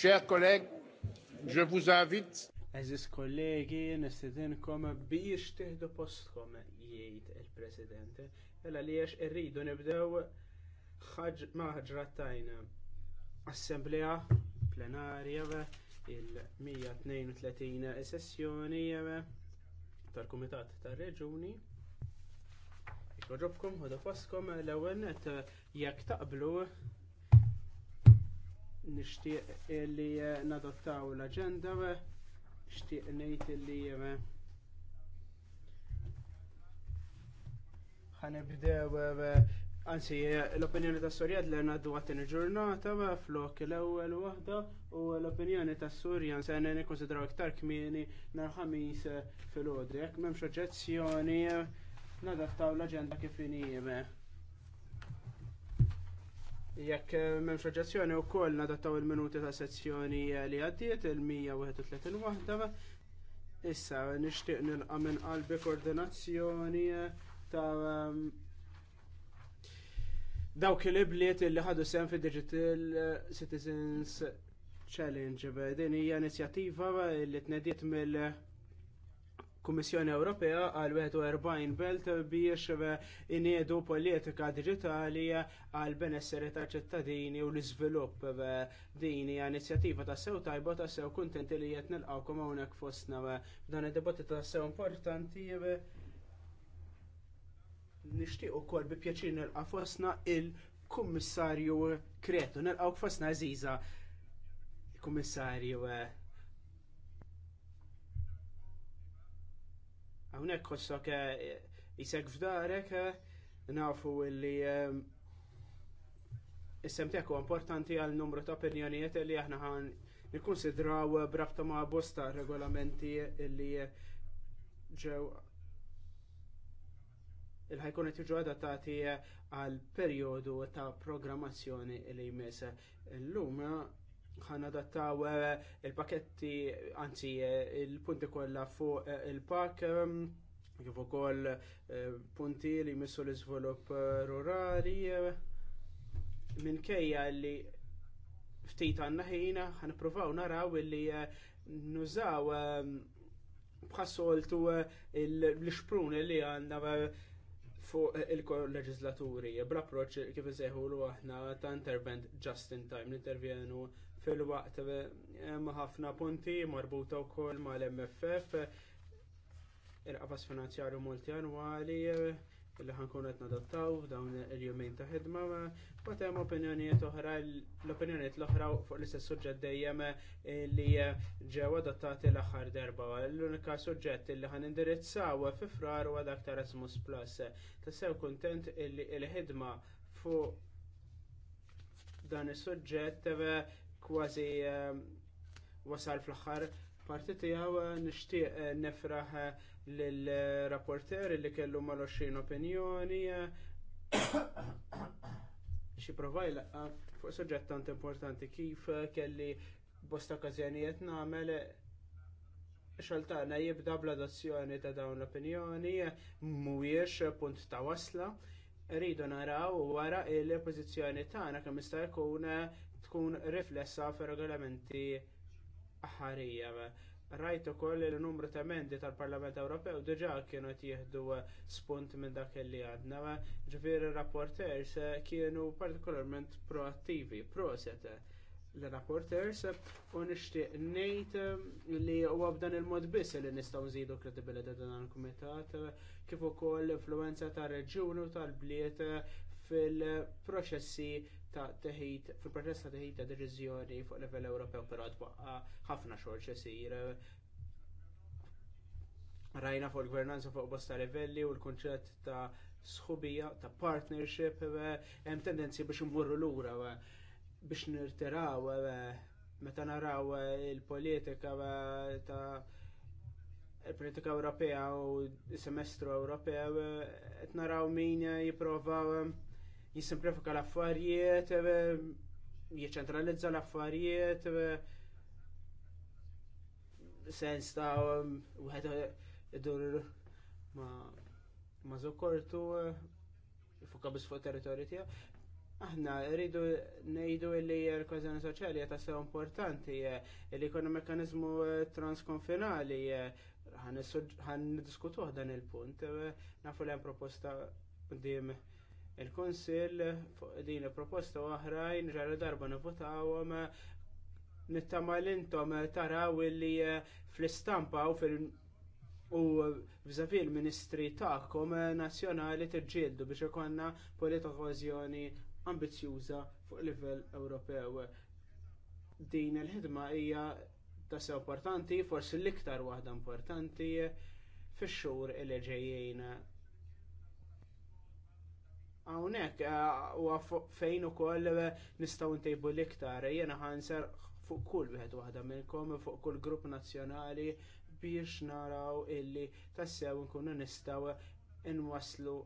Chers collègues, je vous invite. Eżis kollegi, nistedinkom biex teħdu postkom, jgħid il-President. Ella li għax irridu nibdew maħġra tajna. Assemblea plenarja il-132 sessjoni tal-Kumitat tal-Reġuni. Ikkoġobkom, ħodu postkom, l-ewen jek taqblu nixtieq li eh, nadottaw l-aġenda nixtieq ngħid li eh, ħanibdew eh, anzi l-opinjoni tas Surjad li ngħaddu il ġurnata flok l-ewwel waħda u l-opinjoni tas Surjan se konsidraw iktar kmieni nhar ħamis fil odri Jekk m'hemmx oġġezzjoni nadattaw l-aġenda kif inhieme. Jekk eh, minn fraġazzjoni u koll nadattaw il-minuti ta' sezzjoni eh, li għaddiet il-131 waħda, issa nishtiq nilqa minn qalbi koordinazzjoni eh, ta' ehm, dawk il-ibliet li ħadu sem fi Digital Citizens Challenge. Din hija inizjattiva li tnediet mill- Kummissjoni Ewropea għal 41 belt biex iniedu politika digitali għal benesseri ta' ċittadini u l-iżvilupp din hija inizjattiva ta' sew tajba ta' sew kuntenti li qed nilqawkom hawnhekk fostna dan id debatti ta' sew importanti nixtieq ukoll bi pjaċin nilqa' fostna il-Kummissarju Kretu. Nilqgħu fostna Aziza, Kummissarju eh, Hawnhekk ke jisek eh, f'darek eh, nafu li eh, is-semtek huwa importanti għal numru ta' opinjonijiet li aħna ħan nikkonsidraw brabta ma' bosta regolamenti li ġew il-ħajkun qed jiġu adattati għal perjodu ta' programmazzjoni li jmiss. Illum ħana dattaw eh, il-paketti, anzi eh, il-punti kollha fuq eh, il-pak, ehm, kif ukoll punti li jmissu l izvolup rurali minkejja li ftit ħina, ħan provaw naraw li nużaw bħassoltu l-xprun li għanna fuq il-leġislaturi, bl-approċ kif iseħu l aħna ta' intervent just in time, l-intervjenu fil-waqt eh, ħafna punti marbuta wkoll mal-MFF il-qafas finanzjarju annwali illi eh, ħankun qed nadottaw f'dawn il-jumejn ta' ħidma, eh, bat hemm opinjonijiet oħra l-opinjonijiet l-oħra fuq l-istess suġġett dejjem li ġew adottati l-aħħar darba. L-unika suġġett li ħan indirizzaw fi frar huwa dak ta' Erasmus Plus. Tassew kuntent il-ħidma fuq dan is-suġġett kważi ehm, wasal fl aħħar parti tiegħu eh, nixtieq eh, nefraħ eh, lill-rapporter li kellu mal-20 opinjoni xie provaj laqqa fuq soġġett tant importanti kif kelli bosta okkażjonijiet nagħmel xaltana jibda bladazzjoni ta' dawn l-opinjoni mhuwiex punt ta' wasla rridu naraw wara il pozizjoni tagħna kemm jista' jkun tkun riflessa fir-regolamenti ħarija. Rajt ukoll li numru ta' emendi tal-Parlament Ewropew diġà kienu qed jieħdu spunt minn dak li għadna, ġifieri rapporters kienu partikolarment proattivi, proset l-rapporters u nixtieq ngħid li huwa b'dan il-mod biss li nistgħu nżidu kredibilità dan il-kumitat kif ukoll l-influenza tar reġjuni u tal-bliet fil-proċessi ta' teħid, fil-proċess ta' teħid ta' deċiżjoni fuq livell Ewropew, però tbaqqa ħafna xogħol xesir. Rajna fuq il-gvernanza fuq bosta livelli u l-konċett ta' sħubija, ta' partnership, hemm tendenzi biex imburru lura biex nirtiraw meta naraw il-politika ta' il-politika Ewropea u s semestru Ewropew qed naraw min jipprova jisimplifika l-affarijiet, eh, jiċentralizza l-affarijiet, eh, sens ta' u id-dur ma' zokkortu, jifuka eh, bis fuq territorju tiegħu. Aħna rridu nejdu illi l-kohezjoni soċjali ta' sew importanti illi jkunu mekkaniżmu transkonfinali ħan diskutuh dan il-punt. Nafu l-hemm proposta qudiem Il-Konsil fuq din proposta oħrajn ġara darba nivotawhom nittama l-intom taraw li eh, fl-istampa u fil- u vizavi l-ministri tagħkom eh, nazzjonali tiġġieldu biex ikonna politika kożjoni ambizjuża fuq livell Ewropew. Din il-ħidma hija tasa importanti, forsi l-iktar waħda importanti fix-xhur il-ġejjejna Hawnhekk eh, huwa fejn ukoll eh, nistgħu ntejbu l-iktar. Jiena ħanser fuq kull wieħed waħda minnkom, fuq kull grupp nazzjonali biex naraw illi tassew nkunu nistgħu nwasslu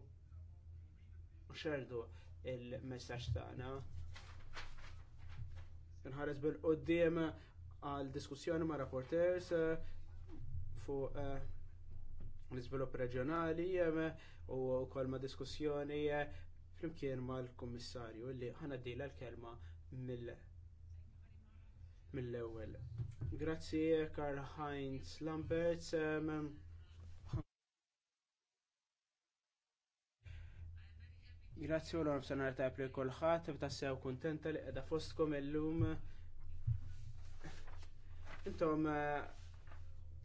xerdu il-messaġġ tagħna. Nħares bil-qoddim għal diskussjoni ma' rapporters eh, fuq l-izvilupp reġjonali u ma' diskussjoni flimkien mal-Kummissarju li ħana ħanaddila l-kelma mill- mill-ewwel. Grazzi Karl Heinz Lambert. Grazzi u l-orb sanar ta' pli kolħat, b'tassew kontenta li edha fostkom illum. Intom, eh,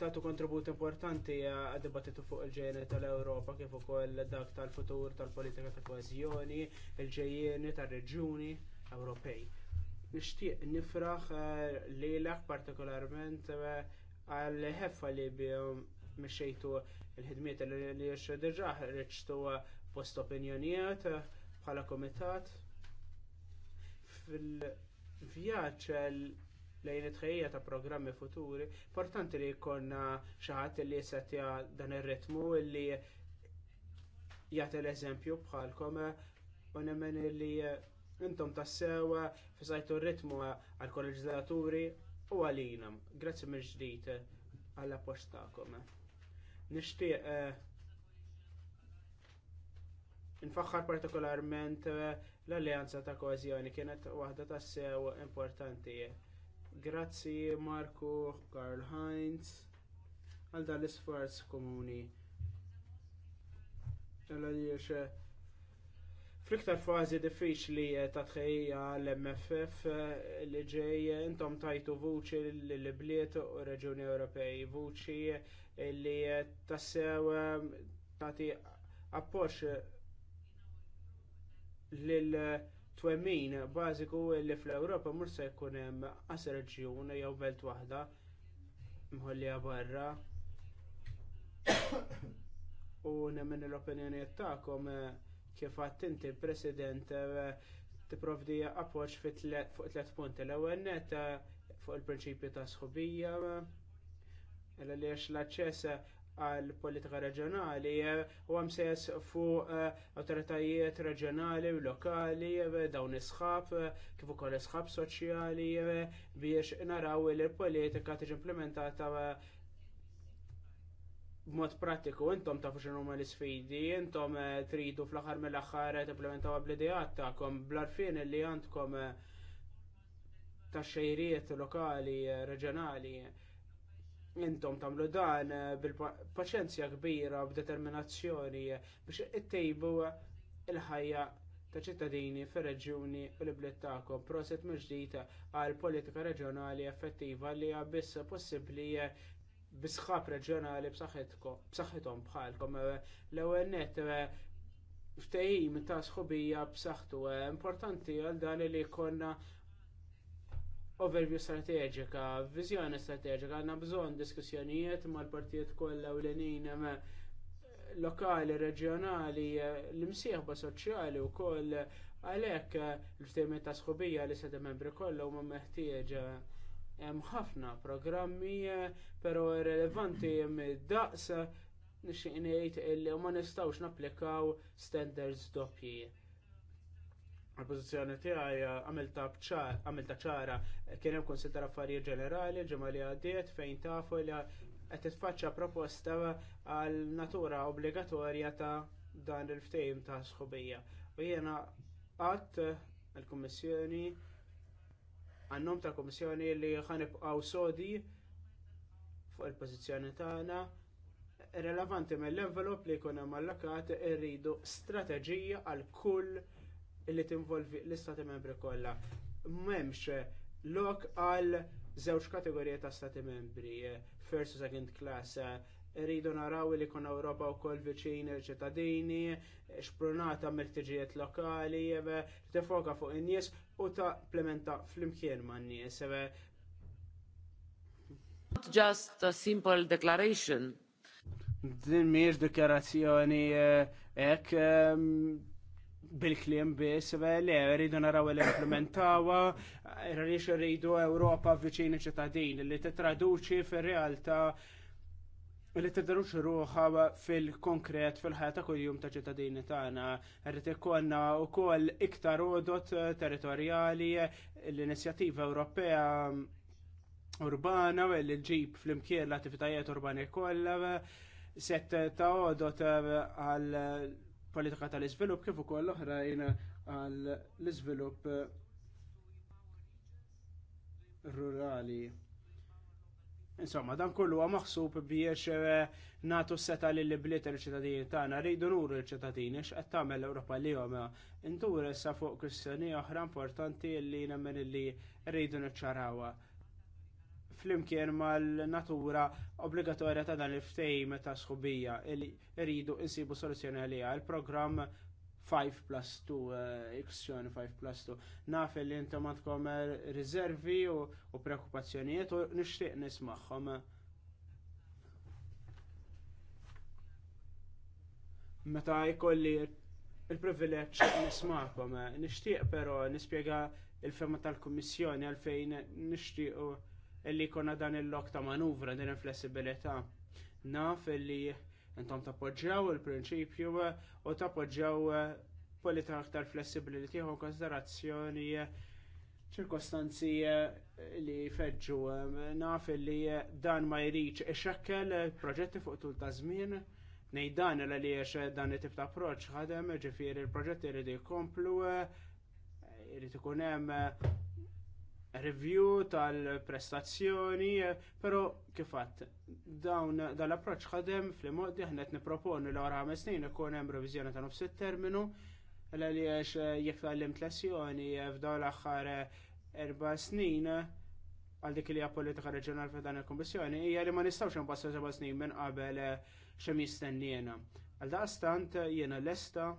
tagħtu kontribut importanti għad-dibattitu fuq il-ġejjeni tal-Ewropa kif ukoll dak tal-futur tal-politika ta' kważjoni, il-ġejjeni tar-reġjuni Ewropej. Nixtieq nifraħ eh, lilek partikolarment eh, għal ħeffa li bihom mixejtu il-ħidmiet li x-dirġa reċtu post opinjonijiet eh, bħala komitat fil-vjaċ lejn it-tħejja ta' programmi futuri, importanti li jkollna xi ħadd li jissetja dan ir-ritmu li jagħti l-eżempju bħalkom u nemmen li intom tassew fisajtu r-ritmu għall kolleġizaturi u għalina. Grazzi mill-ġdid għall appoġġ tagħkom. Nixtieq eh, infaħħar partikolarment eh, l-alleanza ta' kohezjoni kienet waħda tas-sew importanti Grazzi Marco, Karl Heinz, għal dan l-isforz komuni. Għalla li xe, eh, fl-iktar fazi diffiċli eh, ta' tħejja l-MFF eh, li ġej intom tajtu vuċi l-bliet u reġuni Ewropej, vuċi li tassew tati appoċ lil twemmin bażiku li fl-Ewropa mhux se jkun hemm qas reġjun jew belt waħda mħollija barra. U nemmen l-opinjonijiet tagħkom eh, kif għadt inti President eh, tipprovdi appoġġ fuq tliet punti. L-ewwel eh, fuq il-prinċipju ta' sħubija, għaliex l-aċċess għal politika reġjonali u għam sejs fu eh, autoritajiet reġjonali u lokali eh, dawn isħab eh, kif ukoll isħab soċjali biex naraw li l-politika tiġi implementata b'mod pratiku intom tafu x'inhu l-isfidi, intom tridu fl-aħħar mill-aħħar tipplementaw bl-idejat tagħkom bl-arfien li għandkom tax xejriet lokali, reġjonali intom tagħmlu dan eh, bil-paċenzja kbira b'determinazzjoni eh, biex ittejbu eh, il-ħajja ta' ċittadini fir-reġjuni u l-ibliet tagħkom proset ġdid għal politika reġjonali effettiva li hija biss possibbli bi sħab reġjonali b'saħħithom bħalkom l-ewwel nett ftehim ta' sħubija b'saħħtu importanti għal dan li jkollna overview strateġika, viżjoni strateġika, għandna bżonn diskussjonijiet mal-partijiet kollha u l-enin lokali, reġjonali, l-imsieħba soċjali wkoll għalhekk l-ftehmiet ta' sħubija li seda membri kollha huma meħtieġa hemm ħafna programmi però relevanti mid-daqs nixtieq ngħid illi ma nistgħux napplikaw standards doppji l pozizjoni tiegħi għamilta ċara kien hemm konsil tal-affarijiet ġenerali ġimgħa li għaddiet fejn tafu li qed titfaċċa proposta għal natura obbligatorja ta' dan il-ftehim ta' sħubija. U jiena qatt il-Kummissjoni għannom ta' Kummissjoni li ħanibqgħu sodi fuq il-pożizzjoni tagħna relevanti mill-envelop li jkun hemm allokat irridu strateġija għal kull illi tinvolvi l-istati membri kollha. M'hemmx lok għal żewġ kategorija ta' stati membri, eh, first u second class, rridu naraw li kun Ewropa wkoll viċin ċittadini xprunata mill-tiġijiet lokali, eh, tifoka fuq in-nies u ta' implementa flimkien man nies. Not just a simple declaration. Din mhijiex dikjarazzjoni eh, hekk ehm, bil-kliem biss, le, rridu naraw l-implementawa, rriex rridu Ewropa viċini ċittadin li titraduċi fil-realtà li tidruċ ruħa fil-konkret fil-ħajja kull-jum ta' ċittadini tagħna. Rrid ikollna wkoll iktar għodot territorjali l-inizjattiva Ewropea urbana li ġib fil imkien l-attivitajiet urbani kollha set ta' għodot għal politika tal-iżvilupp kif ukoll oħrajn għal l-iżvilupp rurali. Insomma, dan kollu huwa maħsub biex eh, natu seta lil bliet il-ċittadini tagħna rridu nuru l-ċittadini x'qed tagħmel l-Ewropa li Intur issa fuq kwistjoni oħra importanti li nemmen li rridu niċċarawha flimkien mal-natura obbligatorja ta' dan il-ftejm ta' sħubija li rridu insibu soluzzjoni għalija. Il-programm 5 plus 2, iksjoni 5 plus 2. Naf li intom għandkom eh, riservi u preokkupazzjonijiet u nixtieq nismagħhom. Meta jkolli il-privileġġ nismakom, nixtieq però nispjega il-fema tal-Kummissjoni għalfejn nixtiequ Illi jkollna dan il-lok ta' manuvra din il-flessibilità. Naf li intom tappoġġjaw il-prinċipju eh, u tappoġġjaw polita eh, aktar flessibbli li konsiderazzjoni eh, ċirkostanzi li feġġu. Naf illi dan ma jriċ ixekkel proġetti fuq tul ta' żmien nejdan dan li jiex dan it-tip ta' proġ ħadem ġifiri il-proġetti jridi jkomplu, jridi ikun hemm review tal-prestazzjoni, pero kifat, dawn dal-approċ ħadem fl-modi ħnet niproponu l għara ħames snin ikun hemm revizjoni ta' nofs terminu l-għalli għax eh, jek tal-limt lezzjoni eh, f'dawn l-axħar eh, erba snin għal dik li politika reġjonali f'dan il-Kommissjoni hija li ma nistgħux nbassu seba' snin minn qabel xemm jistennijena. Għal daqstant jiena lesta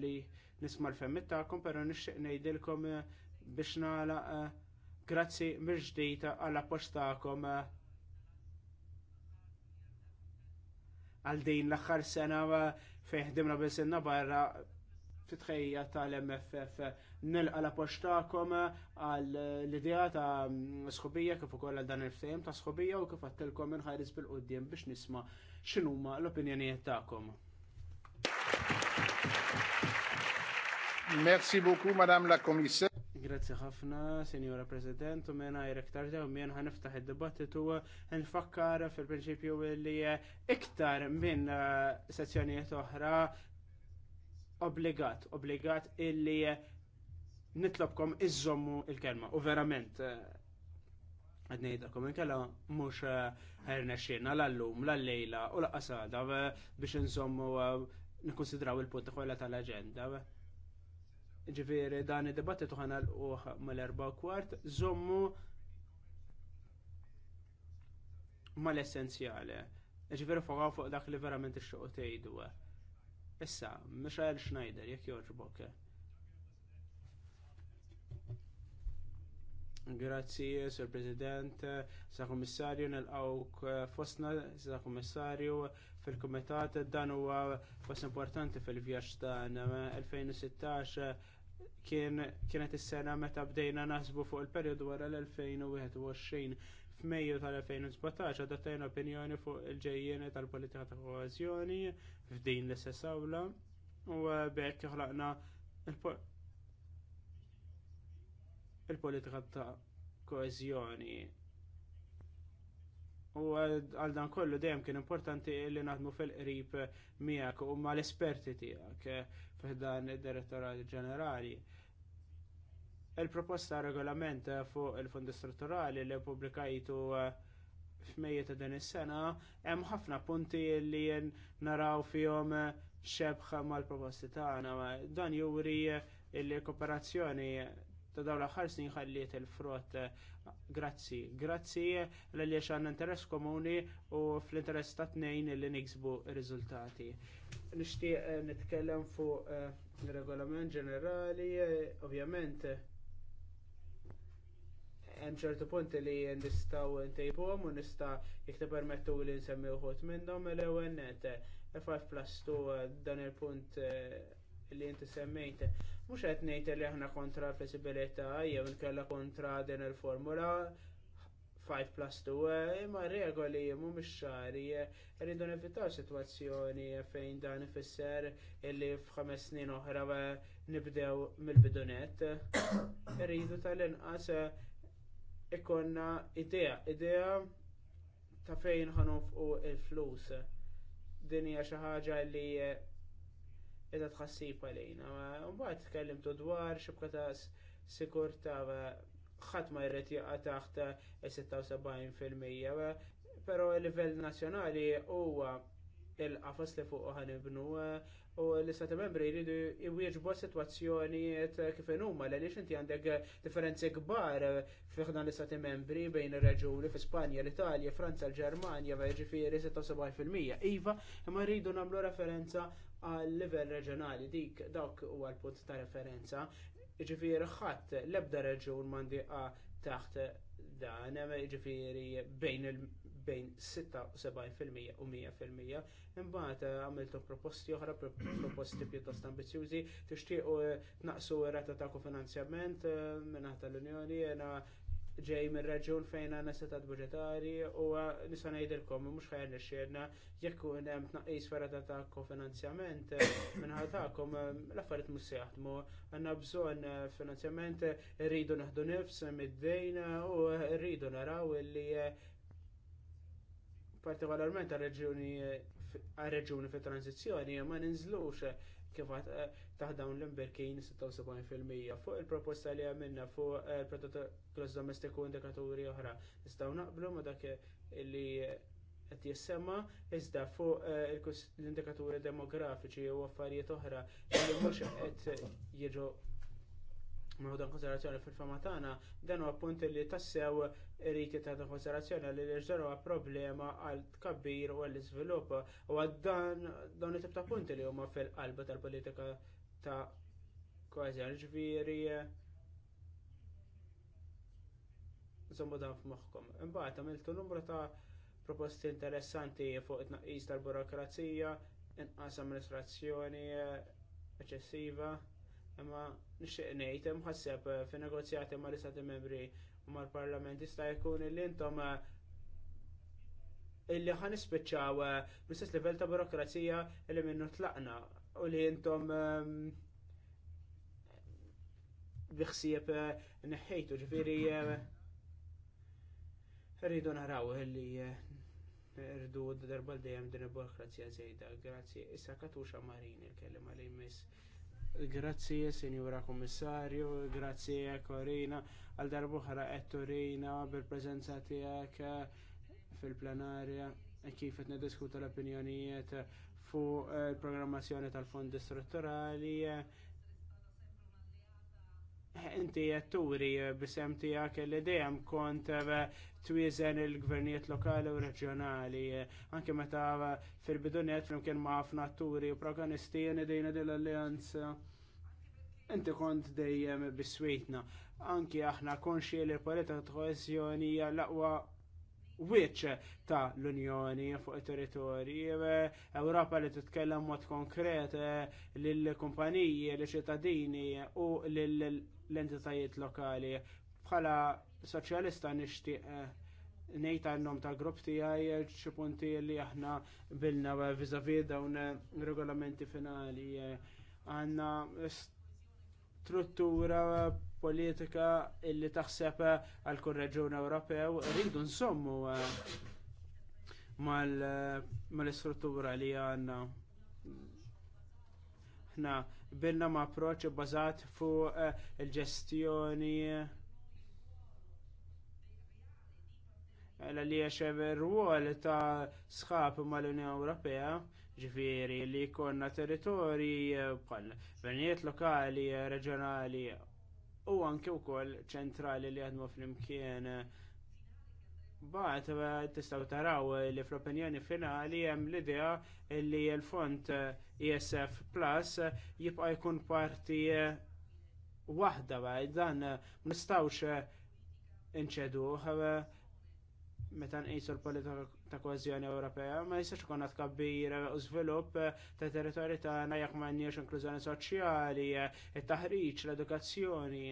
li nisma' l-femmit tagħkom però nixtieq ngħidilkom biex nagħlaq Grazzi mirġdita għall appoġġ tagħkom eh, għal din l-aħħar sena eh, fejn ħdimna bil barra fitħejja tal-MFF nilqa la poċtakom eh, għal l-idea ta' sħobija kif ukoll għal dan il-ftehim ta' sħobija u kif għattilkom inħares bil-qudiem biex nisma' x'inhuma l-opinjonijiet tagħkom. Merci beaucoup, Madame la Commissaire. Grazzi ħafna, Signora President, u mena rektar dew mien ħaniftaħ id-dibattitu nfakkar fil-prinċipju li iktar minn uh, sezzjonijiet oħra obbligat, obbligat illi nitlobkom iżommu il-kelma u verament uh, għadnejdakom inkella mux uh, ħernexxina l-allum, l-lejla u l-qasada biex nżommu nikonsidraw il-punt kollha tal agenda Ġifieri dan id-dibattitu ħanal uħ mal-erba kwart, żommu mal-essenzjali. Ġifieri fuq fuq dak li verament ixtiequ tgħidu. Issa, Michael Schneider, jekk joġbok. Grazzi, Sir President, Sa Komissarju, nil-għawk eh, fosna, Sa Komissarju, fil-Komitat, dan huwa fost importanti fil-vjaġġ dan 2016 kienet is-sena meta bdejna nasbu fuq il-periodu wara l-2021. F'Mejju tal-2017 adattajna opinjoni fuq il-ġejjien tal-politika ta' koeżjoni f'din l-istess awla u eh, bekk ħlaqna il-politika ta' koeżjoni. U eh, għal dan kollu dejjem kien importanti li naħdmu fil-qrib miegħek u mal esperti tiegħek f'dan id-direttorat ġenerali il-proposta regolament eh, fuq il-fondi strutturali li pubblikajtu eh, f'mejja ta' din is-sena hemm ħafna punti li naraw fihom eh, xebħa mal-proposti tagħna. Dan juri il-kooperazzjoni ta' dawn l-aħħar snin ħalliet il-frott. Grazzi, grazzi l-li għandna interess komuni u fl-interess ta' tnejn li niksbu riżultati. Nixtieq nitkellem fuq regolament ġenerali, ovvjament hemm ċertu punti li nistgħu ntejbuhom u nista' jekk permettu li nsemmi uħud minnhom l-ewwel net eh, F5 plus 2 eh, dan il-punt eh, li inti semmejt. Mhux qed ngħid li aħna kontra l jew nkella kontra din il-formula 5 plus 2, imma regoli mhumiex xari, rridu nevitaw sitwazzjoni fejn dan ifisser illi f'ħames snin oħra nibdew mill-bidunet. Rridu tal-inqas ikonna idea, idea ta' fejn ħanof u il-flus. Din hija xi ħaġa li qiegħda tħassib għalina. Mbagħad tkellimtu dwar xibka ta' sikurta ħadd ma jrid jaqa' taħt 76%, però l-livell nazzjonali huwa il-qafas li fuq ħanibnu u l-istati membri jridu jwieġbu situazzjonijiet kif huma għaliex inti għandek differenzi kbar fiħna l-istati membri bejn ir-reġuni Spanja, l-Italja, Franza, l-Ġermanja, fil 76%. Iva, imma rridu nagħmlu referenza għal livell reġjonali dik dawk huwa l-punt ta' referenza. jiġifieri ħadd l-ebda reġun mandi taħt dan, jiġifieri bejn il- bejn 76% u 100%. Imbagħad eh, għamiltu proposti oħra, proposti pjuttost ambizjużi, tixtiequ eh, naqsu rata ta' kofinanzjament eh, minn tal-Unjoni, jena ġej minn reġun fejn għandna setat budġetari u nisa ngħidilkom mhux ħajr nixxierna jekk kun hemm tnaqqis ferata ta' kofinanzjament minn tagħkom l-affarijiet mhux se jaħdmu. Għandna bżonn finanzjament rridu naħdu nifs mid-dejn u rridu naraw li partikolarment għal-reġuni fit tranzizjoni ma ninżlux kif taħdawn l-imberkin 76% fuq il-proposta li għamilna fuq eh, il-protokoll domestiku indikaturi oħra. nistgħu naqblu ma dak li qed jissemma iżda fuq eh, l-indikaturi demografiċi u affarijiet oħra li mhux qed jiġu Ma dan konsiderazzjoni fil-fama tagħna dan huwa punt li tassew irid jitħadu konserazzjoni li l-irġar problema għal tkabbir u għall-iżvilupp u dan dawn it-tip ta' punti li huma fil-qalba tal-politika ta' kważi ġifieri Insomma dan f'moħħkom. Imbagħad għamiltu numru ta' proposti interessanti fuq it-tnaqqis tal-burokrazija, inqas amministrazzjoni eċessiva. Imma nixtieq ngħid hemm ħasseb eh, fin-negozjati mal istati membri u mal-Parlament jista' jkun illi intom eh, illi ħan ispiċċaw eh, l-istess livell ta' burokrazija illi minnu tlaqna u li intom biħsieb neħħejtu ġifiri rridu naraw illi rridu darba dejjem din il-burokrazija zejda. Grazzi, issa katuxa marin il-kellima li jmiss. Grazzi, Sinjura Kommissarju, grazzi Korina, għal darbuħra qed turina bil-preżenza tiegħek fil-plenarja e kif qed nediskuta l-opinjonijiet fuq eh, il-programmazzjoni tal-fondi strutturali eh, Inti jetturi bisem tijak li dejjem kont eh, twizen il-gvernijiet lokali u reġjonali. Anke meta eh, fil-bidunet flimkien ma' ħafna atturi u protagonisti dejna dell-alleanza. Inti kont dejjem biswitna. Anki aħna konxi li l-politika tħossjoni hija l-aqwa wieċ ta' l-Unjoni fuq territorji eh, Ewropa li titkellem mod konkret lill-kumpaniji, li ċittadini u lill l-entitajiet lokali. Bħala soċjalista nixtieq eh, ngħid għan tal-grupp tiegħi xi punti li aħna bilna viżavi dawn regolamenti finali eh, għandna struttura politika illi taħseb għal kull reġun Ewropew rridu nsommu eh, mal-istruttura li għandna ħna bilna ma' approċ bazat fuq eh, il-ġestjoni l li r-ruol ta' sħab mal-Unjoni Ewropea ġifiri li jkollna territorji eh, bħal venijiet lokali, eh, reġjonali u anke wkoll ċentrali li għadmu flimkien Baħt, eh, tistaw taraw li fl-opinjoni finali hemm l-idea li l-font ESF eh, e Plus eh, jibqa' jkun parti waħda dan nistawx inċedu meta nqisu l-politika ta' kohezjoni Ewropea ma jistax ikun qed tkabbir u żvilupp ta' territorju tagħna jekk m'għandniex inklużjoni soċjali, it-taħriġ, l-edukazzjoni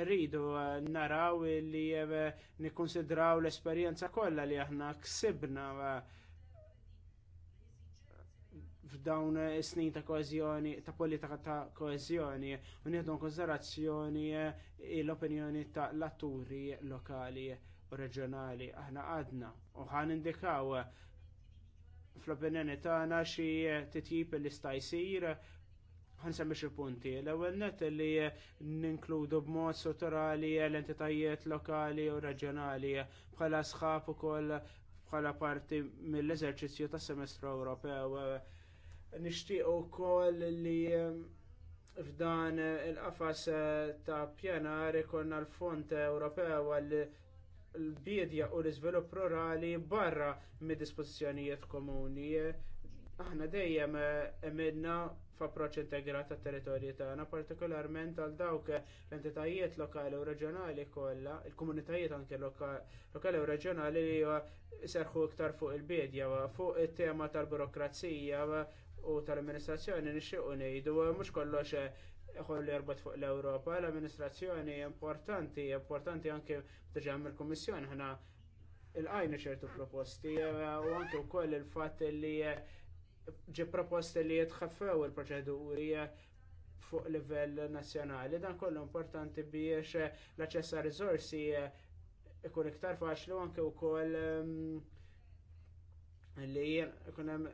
rridu eh, naraw li eh, nikkonsidraw l-esperjenza kollha li aħna ksibna eh, f'dawn is-snin ta' koeżjoni, ta' politika ta' koeżjoni, u nieħdu konsiderazzjoni l-opinjoni ta' l-atturi lokali u reġjonali. Aħna għadna u ħan indikaw fl-opinjoni tagħna xi titjib li sta jsir ħansemmi xie punti. L-ewwel net li ninkludu b'mod strutturali l-entitajiet lokali u reġjonali bħala sħab ukoll bħala parti mill-eżerċizzju tas semestru Ewropew. u koll li f'dan il-qafas ta' pjanar ikonna l-Fond Ewropew għal l-bidja u l-iżvilupp rurali barra mid dispożizzjonijiet komuni. Aħna dejjem eminna f'approċċ integrat tat-territorji tagħna, partikolarment għal dawk l-entitajiet lokali u reġjonali kollha, il-komunitajiet anke lokali u reġjonali li serħu iktar fuq il-bidja, fuq it-tema tal-burokrazija u tal-amministrazzjoni nixxiequ ngħidu mhux kollox ħolli jorbot fuq l-Ewropa, l-amministrazzjoni importanti, importanti anke diġà mill-Kummissjoni ħna il-għajni ċertu proposti u anke wkoll il-fatt li ġi proposti li jitħaffew il-proċeduri fuq livell nazzjonali. Dan kollu importanti biex l-aċċess għal riżorsi ikun iktar faċli anke wkoll um, li ikun hemm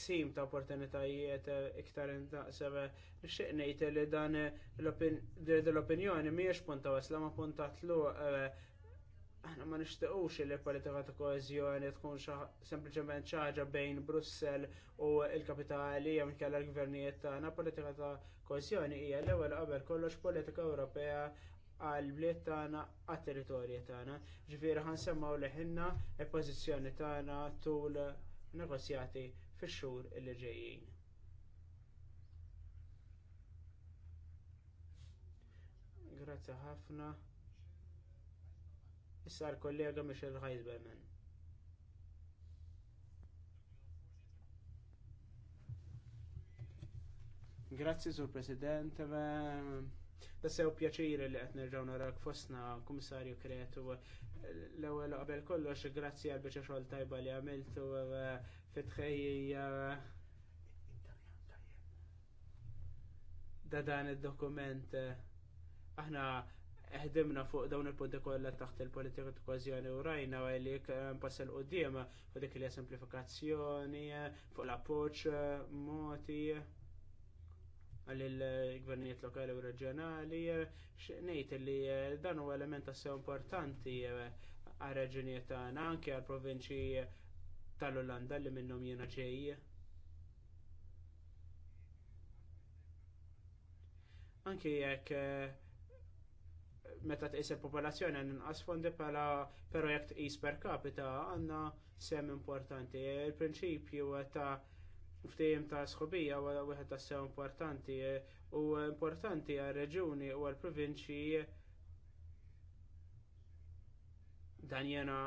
sim ta' opportunitajiet iktar intaqseb nixtieq ngħid li dan l-opinjoni mhijiex punta wasla ma punta tluq aħna ma nixtiequx li politika ta' koeżjoni tkun sempliċement ċaġa bejn Brussell u l-kapitali jew inkella l-gvernijiet tagħna. Politika ta' koeżjoni hija l-ewwel qabel kollox politika Ewropea għall bliet tagħna għat-territorji tagħna. Ġifieri li-ħinna l-pożizzjoni tagħna tul negozjati fix-xhur li ġejjin. Grazie ħafna sar kollega Michel Heisberman. Grazzi, Sur President. Da sew pjaċiri li għet nerġaw narak fosna komissarju kretu. L-ewel qabel kollox, grazzi għal bieċa xogħol tajba li għamiltu fitħejja da dan id dokument aħna ħdimna fuq dawn il-punti kollha taħt il-politika ta' kważjoni u rajna li eh, pass il qudiem fuq dik li semplifikazzjoni, fuq l-appoġġ eh, moti għall-gvernijiet eh, lokali u reġjonali, ngħid li dan huwa element assew importanti għal reġunijiet tagħna anke għal provinċi tal-Olanda li minnhom jiena ġej. Anke jekk meta tqis il-popolazzjoni għandna nqas fondi bħala projekt qis per capita għandna sem importanti. Il-prinċipju ta' ftehim ta' sħobija huwa wieħed tas sew importanti u importanti għar reġuni u għal provinċi dan jena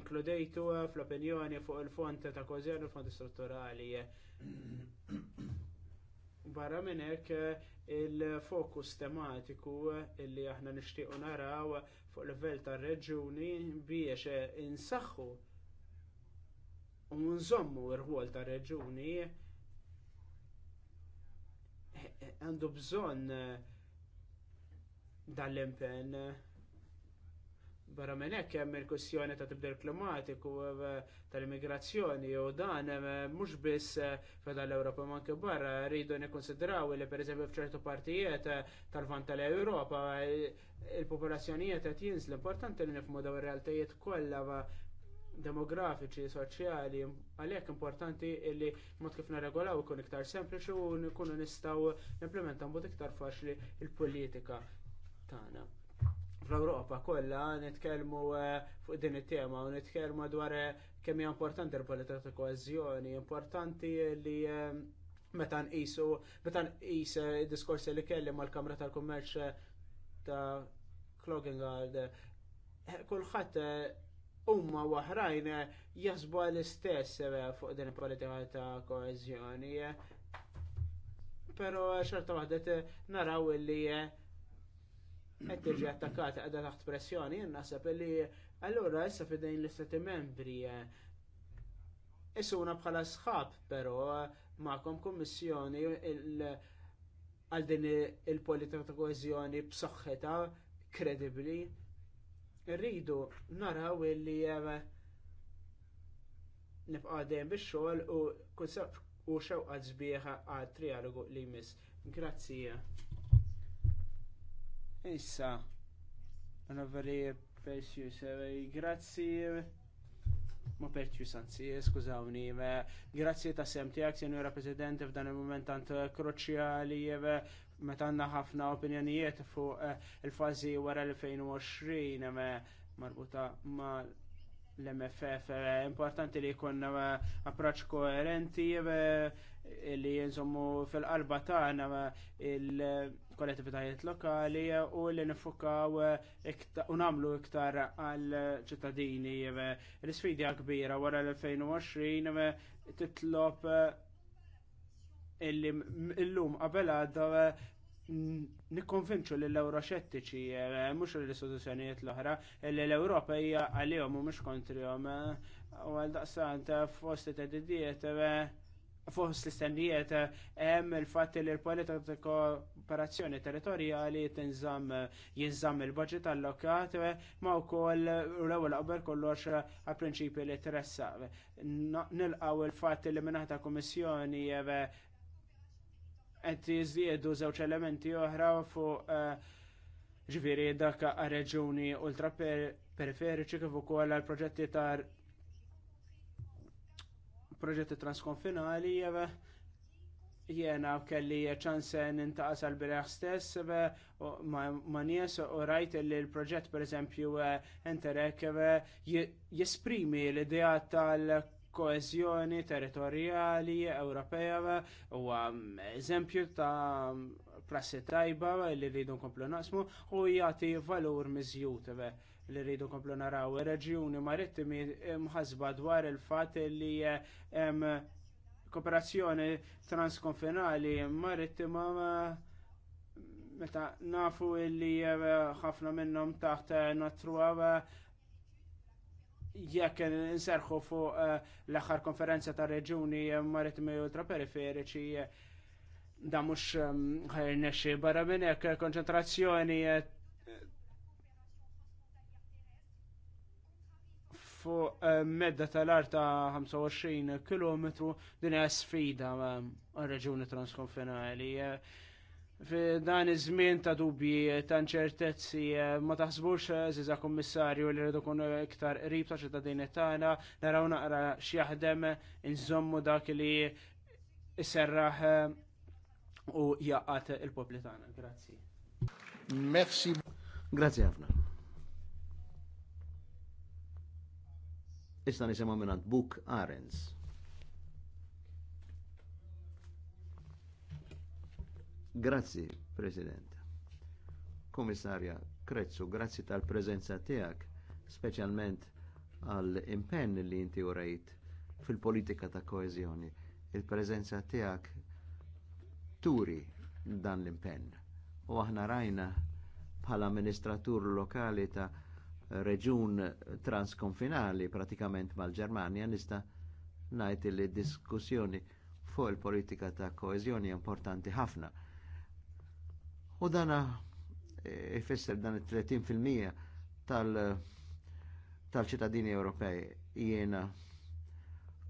inkludejtu fl-opinjoni fuq il-fond ta' kozjoni u l-fond strutturali. Barra minn hekk il-fokus tematiku illi aħna nixtiequ naraw fuq livell tar reġjuni biex insaħħu u nżommu r-ħol tar reġjuni għandu bżonn dal-impenn Barra minn hekk hemm il-kwestjoni ta' tibdil klimatiku eh, tal-immigrazzjoni u dan eh, mhux biss eh, fedha l-Ewropa ma anke barra rridu nikkonsidraw li pereżempju f'ċertu partijiet tal-vant tal-Ewropa il-popolazzjonijiet qed jinżlu importanti li nifhmu dawn ir-realtajiet kollha demografiċi, soċjali, għalhekk importanti li mod kif naregolaw ikun iktar sempliċi u nkunu nistgħu implementaw mod iktar faċli l politika tagħna fl-Europa kollha nitkellmu eh, fuq din it-tema u nitkellmu dwar eh, kemm hija importanti l-politika ta' koeżjoni, importanti li eh, meta nqisu meta nqis id-diskorsi li kelli mal-Kamra tal-Kummerċ ta' Klogengard kulħadd umma waħrajn jasbu l-istess fuq din il-politika ta' koeżjoni. Pero xorta waħdet naraw li qed tiġi attakkata qiegħda taħt pressjoni, jien naħseb li allura issa fidejn l-istati membri eh, Isuna bħala sħab, però eh, ma'kom kummissjoni għal din il-politika ta' koeżjoni b'soħħetha kredibbli. Rridu naraw li eh, nibqa' dejjem bix-xogħol u u xewqa sbieħa għal trialogu li jmiss. Grazzi. Issa, Onorevoli Persius, eh, grazzi. Ma Persius, sanzi, eh, skużawni, eh, grazzi ta' sem għak, senjora President, f'dan il-moment tant kruċjali, meta għandna ħafna opinjonijiet fuq il-fazi wara 2020 marbuta ma l-MFF. Importanti li jkun approċċ koerenti li jinżommu fil-qalba tagħna il- kollettivitajiet lokali u li nifukaw u namlu iktar għal ċittadini. L-sfidja kbira wara l-2020 titlob eh, illum qabel għadda eh, nikkonvinċu lill euroxettiċi eh, mhux l-istituzzjonijiet l-oħra, li l-Ewropa hija għalihom u mhux kontrihom. U għal daqsant fost it-tedidiet fost l-istennijiet hemm il-fatt li l-politika ta' kooperazzjoni territorjali tinżamm jinżamm il-budget allokat ma wkoll l-ewwel qabel kollox għal prinċipju li tressa. Nilqgħu il-fatt li mingħata ta' kummissjoni qed jiżdiedu żewġ elementi oħra fuq eh, ġifieri dak għal reġuni ultra periferiċi kif ukoll għal proġetti ta' proġetti transkonfinali jena kelli ċansen intaqas għal bireħ stess ma nies u rajt li l-proġett per eżempju eh, Enterek jesprimi l-idea tal koezjoni territorjali Ewropea u um, eżempju ta' prassi tajba li rridu nkomplu naqsmu u jagħti valur miżjud li rridu komplu naraw. Reġjuni marittimi mħasba dwar il-fat li hemm eh, kooperazzjoni transkonfinali marittima eh, meta nafu li eh, ħafna minnhom taħt natruwa jekk inserħu fuq l-aħħar konferenza ta' reġuni marittimi ultraperiferiċi da mux ħajrnex barra minn hekk konċentrazzjoni fuq eh, medda tal-art ta' 25 km din hija sfida eh, għar-reġuni transkonfinali. Eh. Fi dan iż-żmien ta' dubji ta' inċertezzi ma taħsbux żiża kummissarju li rridu kun iktar qrib ta' ċittadini tagħna naraw naqra x'jaħdem inżommu dak li isserraħ u jaqat il poplitana tagħna. Grazzi. Merci. Grazie ħafna. Issa nisema minn Book Arens. Grazzi, President. Komissarja Krezzu, grazzi tal-prezenza tiegħek, specialment għall-impenn li inti urejt fil-politika ta' koezjoni. Il-prezenza tiegħek turi dan l-impenn. U aħna rajna bħala amministratur lokali ta' reġun transkonfinali pratikament mal-Ġermanja nista' ngħid li diskussjoni fuq il-politika ta' koeżjoni importanti ħafna. U dana e, ifisser dan it-30% tal-ċittadini tal Ewropej jiena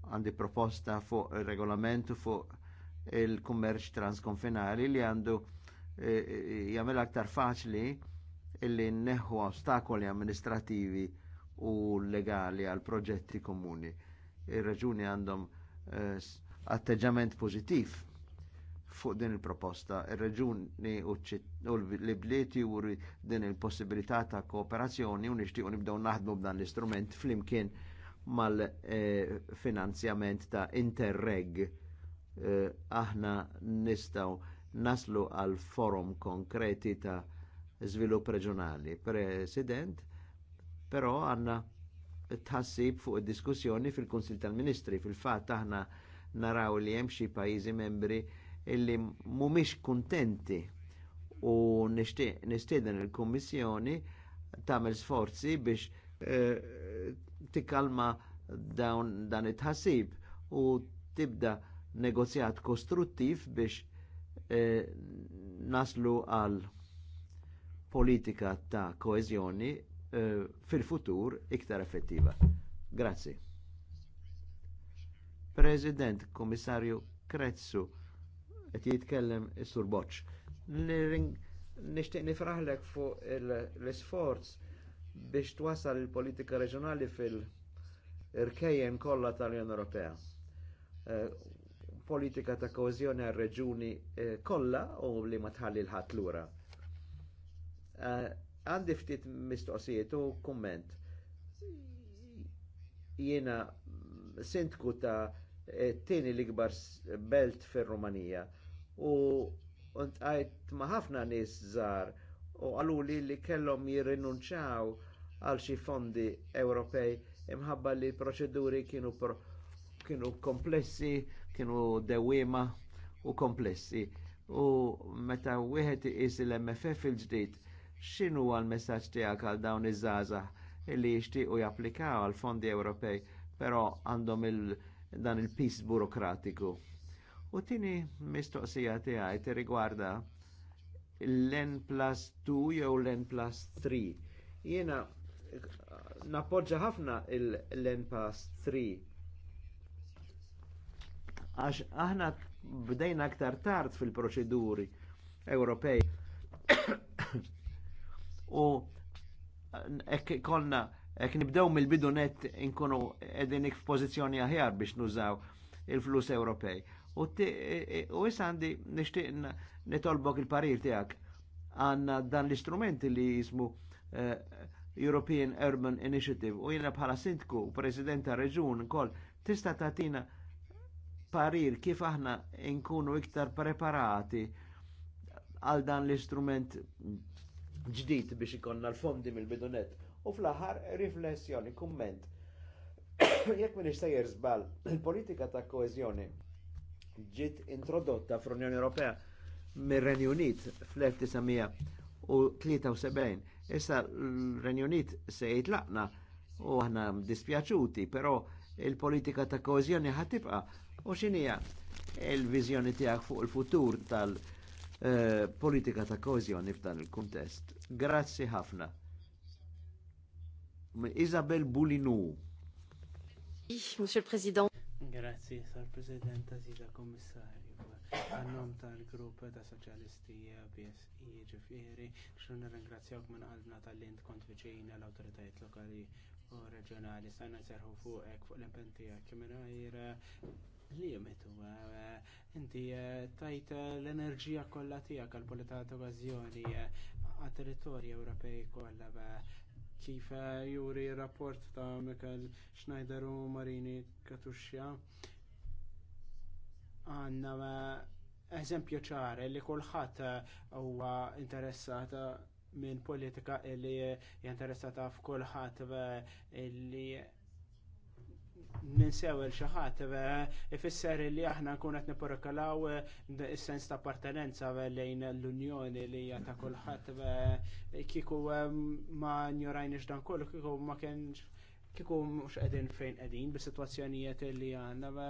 għandi proposta fuq il regolament fuq il-kummerċ transkonfinali li għandu e, e, jagħmel aktar faċli illi neħu ostakoli amministrativi u legali għal proġetti komuni. Ir-reġuni għandhom eh, atteġġament pożittiv fuq din il-proposta. Ir-reġuni u l-bliet juri din il-possibilità ta' kooperazzjoni u nixtiequ nibdew naħdmu b'dan l-istrument flimkien mal-finanzjament eh, ta' Interreg. Eh, aħna nistaw naslu għal forum konkreti ta' żvilupp reġjonali. President, però għandna tħassib fuq id-diskussjoni fil-Kunsil tal-Ministri fil-fatt aħna naraw li hemm xi pajjiżi membri illi mhumiex kuntenti u nistieden il-Kummissjoni tagħmel sforzi biex eh, tikkalma dawn dan it-ħassib u tibda negozjat kostruttiv biex eh, naslu għal politika ta' koezjoni uh, fil-futur iktar effettiva. Grazzi. President, Komissarju Krezzu, qed jitkellem is-Sur Boċ. Nixtieq nifraħlek fuq l-isforz biex twasal il-politika reġjonali fil-irkejjen kollha tal-Unjoni Ewropea. Eh, politika ta' koeżjoni għal reġuni eh, kollha u li ma tħalli l-ħadd lura. Eh, għandi ftit mistoqsijiet u komment. Jiena sindku ta' eh, tieni l-ikbar belt fir-Rumanija u għajt ma' ħafna nies żgħar u għaluli li kellhom jirrinunċaw għal xi fondi Ewropej imħabba li proċeduri kienu pro, kienu komplessi, kienu dewima u komplessi. U meta wieħed is l-MFF il-ġdid xinu l messaġġ tiegħek għal dawn iż illi li jixtiequ japplikaw għal fondi Ewropej, però għandhom il dan il-pis burokratiku. U tini mistoqsija tiegħi rigwarda l-N plus 2 jew l-N plus 3. Jiena nappoġġa ħafna l-N plus 3 għax aħna bdejna aktar tard fil-proċeduri Ewropej u ek konna ek nibdew mill-bidu net inkunu edin ik f'pożizzjoni aħjar biex nużaw il-flus Ewropej. U issa għandi nishtiq nitolbok il-parir tijak għanna dan l istrument li jismu eh, European Urban Initiative u jiena bħala sindku u president ta' reġun kol tista' tatina parir kif aħna nkunu iktar preparati għal dan l-istrument ġdid biex ikonna l-fondi mill-bidunet. U fl-aħħar riflessjoni, kumment. Jekk minn sejjer zbal, il-politika ta' koezjoni ġiet introdotta fl-Unjoni Ewropea mir-Renju Unit fl-1973. Issa l-Renju Unit se jitlaqna u aħna dispjaċuti, però il-politika ta' koezjoni ħatibqa' u xinija il-viżjoni tiegħek fuq il-futur tal- Eh, politika ta' kozjoni f'dan il-kuntest. Grazzi ħafna. Isabel Bulinu. Monsieur le Président. Grazzi, sar President, Aziza Kommissarju. Għannom tal-grupp ta' soċjalisti BS ġifiri, xun ringrazzjawk minn qalbna tal-lint kont viċina l-autoritajiet lokali u reġjonali. Sanna serħu ek fuq l-impentija kimmina limitu. Eh, eh, inti eh, tajt l-enerġija kollha tiegħek għal polita ta' okkażjoni għat-territorju Ewropej kollha kif juri r rapport ta' Mikel Schneider u Marini Katuxja għanna eżempju ċar li kulħadd huwa interessata minn politika li jinteressata f'kulħadd li ninsew il-xaħat, ifisser li aħna nkun qed niporkalaw eh, is-sens ta' appartenenza lejn l-Unjoni li hija ta' kulħadd kieku eh, ma njorajniex dan kollu, kieku ma kienx kiku mux edin fejn edin, bi situazzjonijiet li għanna, ma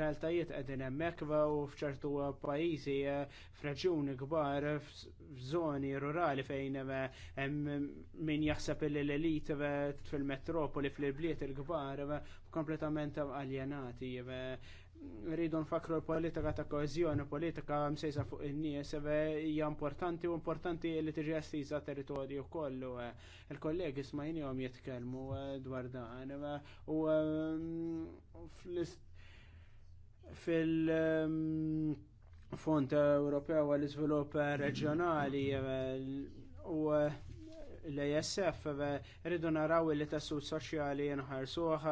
realtajiet edin emmek, u fċertu pajizi, eh, fraġuni kbar, f'żoni rurali fejn min jaħseb l-elit fil-metropoli, fil-bliet il kbar kompletament aljenati, rridu nfakru l-politika ta' koezjoni, politika msejsa fuq in-nies, e, hija importanti u importanti li tiġi assiża territorju kollu. E. Il-kollegi smajnihom jitkellmu e, dwar dan. U fil- Fond Ewropew għall-Iżvilupp Reġjonali u l-ASF eh, rridu naraw li tassu soċjali nħarsuħ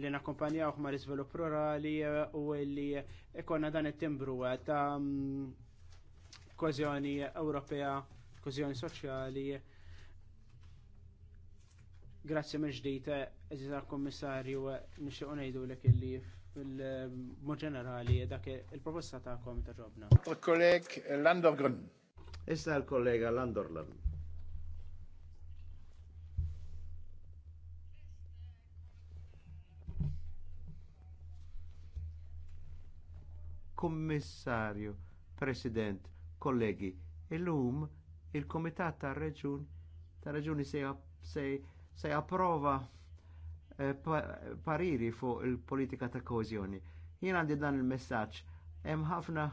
li nakkompanjaw ma iżvilupp rurali eh, u li ikonna dan it-timbru eh, ta' mm, kozjoni Ewropea, kozjoni soċjali. Grazzi minn ġdid eżiza kommissarju, nixtiequ ngħidulek l illi fil mu ġenerali dak il-proposta ta' komi ta' ġobna. Kolleg Landorgren. Issa l-kollega Landorland. Kummissarju, President, kollegi, illum il-Komitat tar reġun ta' reġuni se approva eh, pariri fuq il-politika ta' kohezjoni. Jien għandi dan il-messaġġ hemm ħafna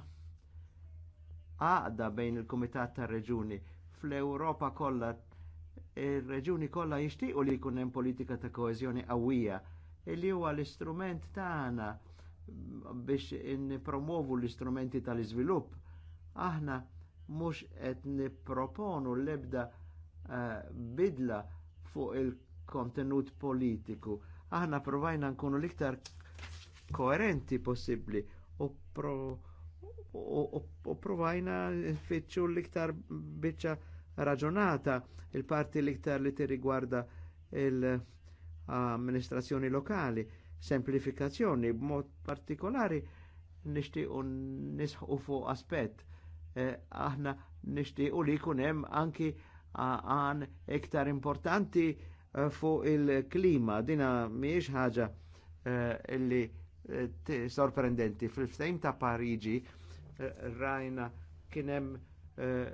għaqda bejn il-Komitat tar reġuni fl europa kollha ir-reġuni kollha jixtiequ li jkun hemm politika ta' koeżjoni qawwija illi huwa l-istrument tagħna ta biex nipromovu l-istrumenti tal-iżvilupp, aħna mhux qed niproponu l-ebda eh, bidla fuq il-kontenut politiku. Aħna provajna nkunu l-iktar koerenti possibbli u, pro, u, provajna fitxu l-iktar biċċa raġunata il-parti l-iktar li tirrigwarda l-amministrazzjoni eh, lokali semplifikazzjoni b'mod partikolari nixtiequ nisħu fuq aspett. Eh, aħna nixtiequ li jkun hemm anki għan iktar importanti eh, fuq il-klima. Dina miex ħaġa eh, illi eh, sorprendenti. Fil-ftejm ta' Pariġi eh, rajna kienem hemm eh,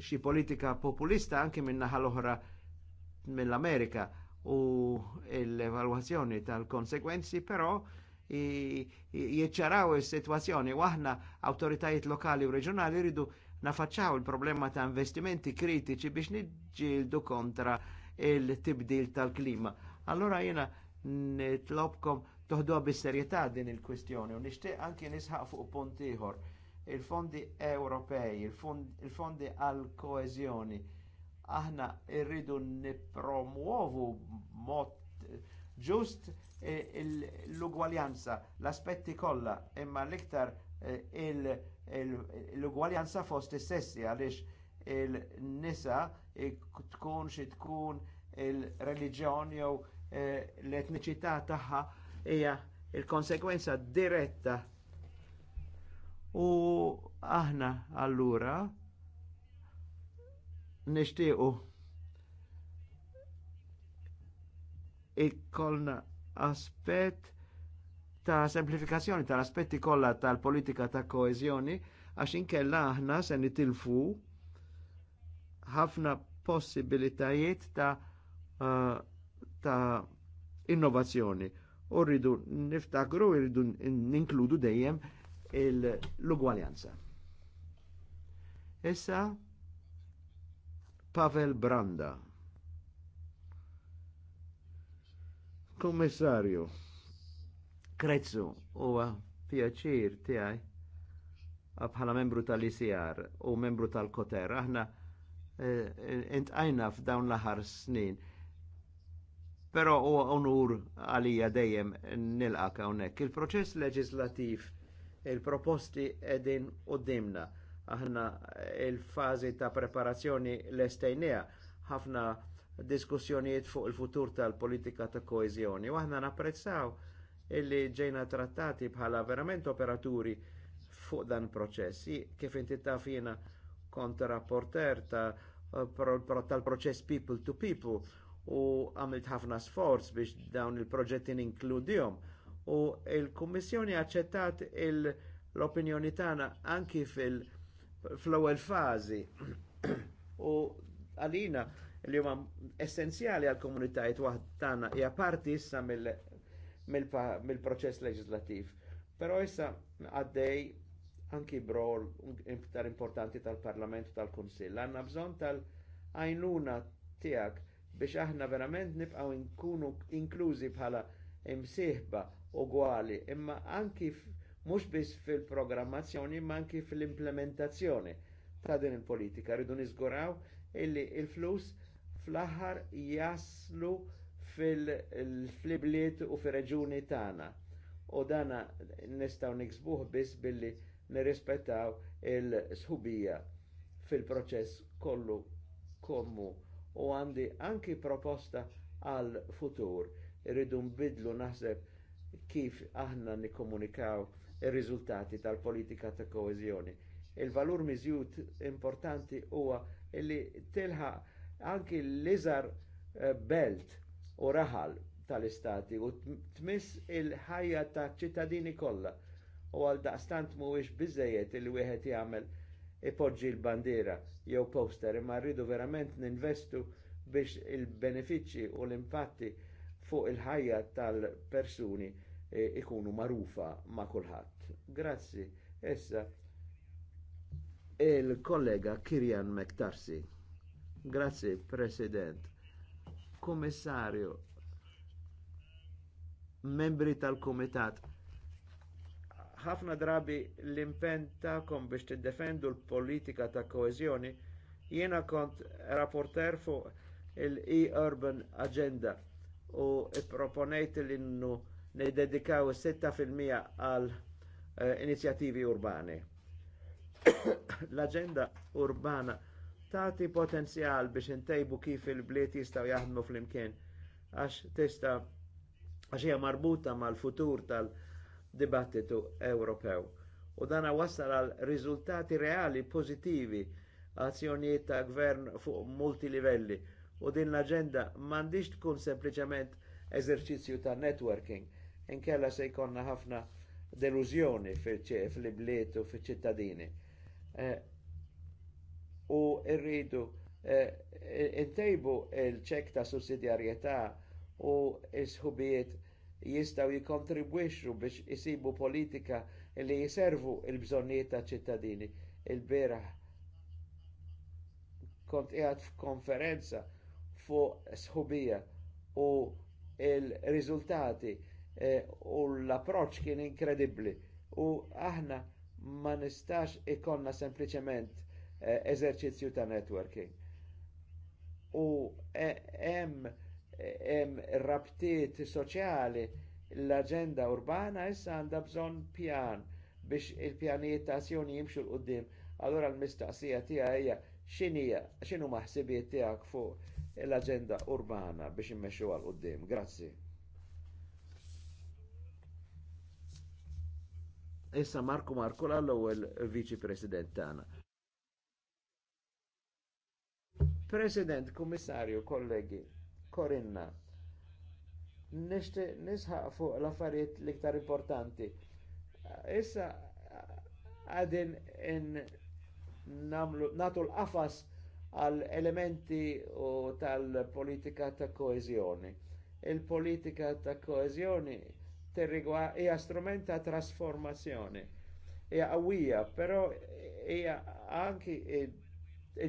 xi politika populista anki minna ħal-oħra l-oħra mill-Amerika u l-evalwazzjoni tal-konsekwenzi, però jieċċaraw il-situazzjoni waħna autoritajiet lokali u reġjonali rridu nafacċaw il-problema ta' investimenti kritiċi biex nġildu kontra il-tibdil tal-klima. Allora jena nitlobkom toħduha bis-serjetà din il-kwistjoni u nixtieq anki nisħaq fuq punt ieħor. Il-fondi Ewropej, il-fondi għal-koeżjoni, il fondi ewropej il fondi għal koeżjoni il aħna irridu nipromuovu mod ġust eh, l-ugwaljanza, l-aspetti kollha, imma l-iktar eh, l-ugwaljanza fost istessi għaliex il-nisa eh, tkun xi tkun il-reliġjon jew l-etniċità tagħha hija il-konsekwenza diretta u aħna allura nishtiqu ikkolna aspet ta' semplifikazzjoni tal-aspetti kollha tal-politika ta' koezjoni għax inkella aħna se nitilfu ħafna possibilitajiet ta' uh, ta' innovazzjoni. U rridu niftakru, rridu ninkludu dejjem l-ugwaljanza. Issa, Pavel Branda. Kommissarju, Krezzu huwa pjaċir tiegħi bħala membru tal-ICR u membru tal-Koter. Aħna eh, intqajna f'dawn l-aħar snin. Però huwa onur għalija dejjem nilqak hawnhekk. Il-proċess leġislativ il-proposti qegħdin qudiemna aħna il-fazi ta' preparazzjoni l-estejnija ħafna diskussjonijiet fuq il-futur tal-politika ta' koezjoni. U aħna napprezzaw illi ġejna trattati bħala verament operaturi fuq dan proċess. Kif inti taf jiena kont rapporter tal-proċess people to people u għamilt ħafna sforz biex dawn il-proġetti ninkludihom. U il-Kummissjoni aċċettat l-opinjoni tagħna anki fil- fl-ewwel fażi. U għalina li huma essenzjali għal komunitajiet waħd tagħna hija parti issa mill-proċess leġislattiv. Però issa għaddej anki brol iktar importanti tal-Parlament u tal-Kunsill. Għanna bżonn tal-għajnuna tiegħek biex aħna verament nibqgħu nkunu inklużi bħala imsieħba ugwali, imma anki mhux biss fil-programmazzjoni ma anki fil-implementazzjoni ta' din il-politika. Rridu niżguraw illi il-flus fl-aħħar jaslu fil-flibliet u fil-reġuni tagħna. U dana nistgħu niksbuh biss billi nirrispettaw il-sħubija fil-proċess kollu kommu u għandi anki proposta għal futur. Irridu nbidlu naħseb kif aħna nikkomunikaw ir-riżultati tal-politika ta' koeżjoni. Il-valur miżjud importanti huwa li tilħa anki l-iżar eh, belt u raħal tal-istati u tmiss il-ħajja ta' ċittadini kollha u għal daqstant mhuwiex biżejjed il wieħed jagħmel ipoġġi l-bandiera jew poster imma rridu verament ninvestu biex il-benefiċċji u l-impatti fuq il-ħajja tal-persuni E, ikunu marufa ma' kulħadd. Grazzi. Essa il-kollega Kirjan Mektarsi. Grazzi, President. Kommissarju, membri tal-Komitat, ħafna drabi l-impen ta'kom biex tiddefendu l-politika ta' koezjoni, jiena kont rapporter fuq il-E-Urban Agenda u proponejt l-innu niddedikaw 6% għal eh, inizjativi urbani. L-agenda urbana tati potenzjal biex intejbu kif il-bliet jistgħu jaħdmu flimkien għax tista' għax hija marbuta mal-futur tal-dibattitu Ewropew. U dana wassal għal riżultati reali pożittivi azzjonijiet ta' gvern fuq multi livelli. U din l-agenda mandiġ tkun sempliciment eżerċizzju ta' networking inkella se jkonna ħafna deluzjoni fil-bliet u fil-ċittadini. Eh, u irridu eh, intejbu il-ċek ta' sussidjarjetà u isħubijiet jistaw jikontribwixxu biex jisibu politika li jiservu il-bżonniet ta' ċittadini. Il-beraħ kont qiegħed f'konferenza fuq sħubija u il-riżultati E, u l-approċ kien inkredibbli u aħna ma nistax ikonna sempliċement e, eżerċizzju ta' networking. U hemm e, hemm rabtiet soċjali l-aġenda urbana issa għandha bżonn pjan biex il-pjanijiet ta' azzjoni jimxu l qudiem Allora l-mistaqsija tiegħi hija x'inhija x'inhu maħsibiet tiegħek fuq l-aġenda urbana biex immexxuha l qudiem Grazzi. Issa Marko Marko l-ewwel viċi president tagħna. President, Kummissarju, kollegi, Korinna, nisħaq fuq l-affarijiet l-iktar importanti. Issa għadin in namlu, natu l-qafas għal elementi u tal-politika ta' koezjoni. Il-politika ta' koezjoni terrigwa hija strument ta' trasformazzjoni. Hija qawwija, però hija anki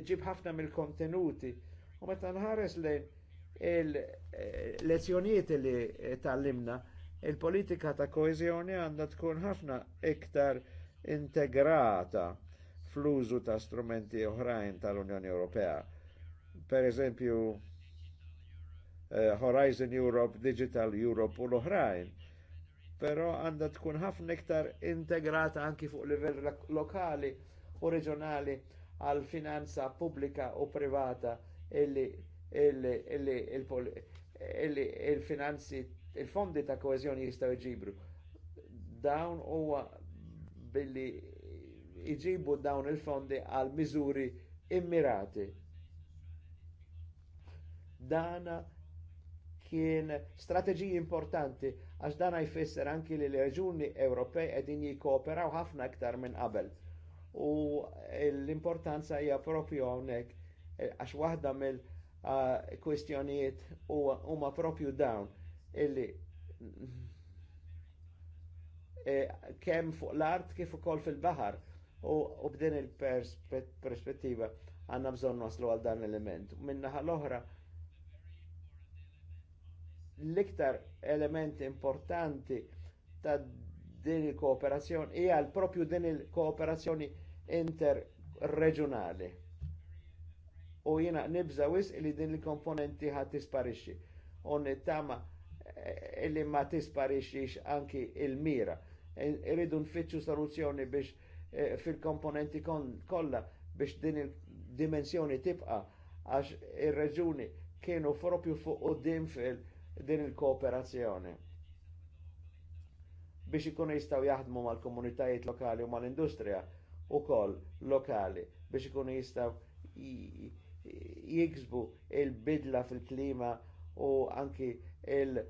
ġib ħafna mill-kontenuti. U meta nħares eh, li il-lezzjonijiet eh, li tallimna, il-politika ta' koezjoni għandha tkun ħafna iktar integrata fl-użu ta' strumenti oħrajn tal-Unjoni Ewropea. Per eżempju, eh, Horizon Europe, Digital Europe u l-oħrajn però għandha tkun ħafna iktar integrata anki fuq livell lokali u reġjonali għal finanza pubblika u privata illi il-finanzi il-fondi ta' koezjoni jistaw iġibru. Dawn huwa billi iġibu dawn il-fondi għal mizuri immirati. Dana kien strateġiji importanti għax dan jfisser anki li l-reġuni Ewropej qegħdin jikkooperaw ħafna iktar minn qabel. U l-importanza hija propju hawnhekk eh, għax waħda mill-kwistjonijiet ah, huma propju dawn illi eh, kemm fuq l-art kif ukoll fil-baħar u b'din il-perspettiva għandna bżonn waslu għal dan l-element. Minnaħa l-oħra, l-iktar element importanti ta' din il-kooperazzjoni hija l propju din il-kooperazzjoni interreġjonali. U jiena nibża wis li din il-komponenti ħad tisparixxi. U nittama eh, li ma tisparixxix anki il-mira. Eh, Iridu nfittxu soluzzjoni biex eh, fil-komponenti kollha biex din il-dimensjoni tibqa' għax ir-reġuni kienu propju fuq u din fil- din il-kooperazzjoni biex ikunu jistaw jaħdmu mal-komunitajiet lokali u mal-industrija u kol lokali biex ikunu jistaw jiksbu il-bidla fil-klima u anki eh,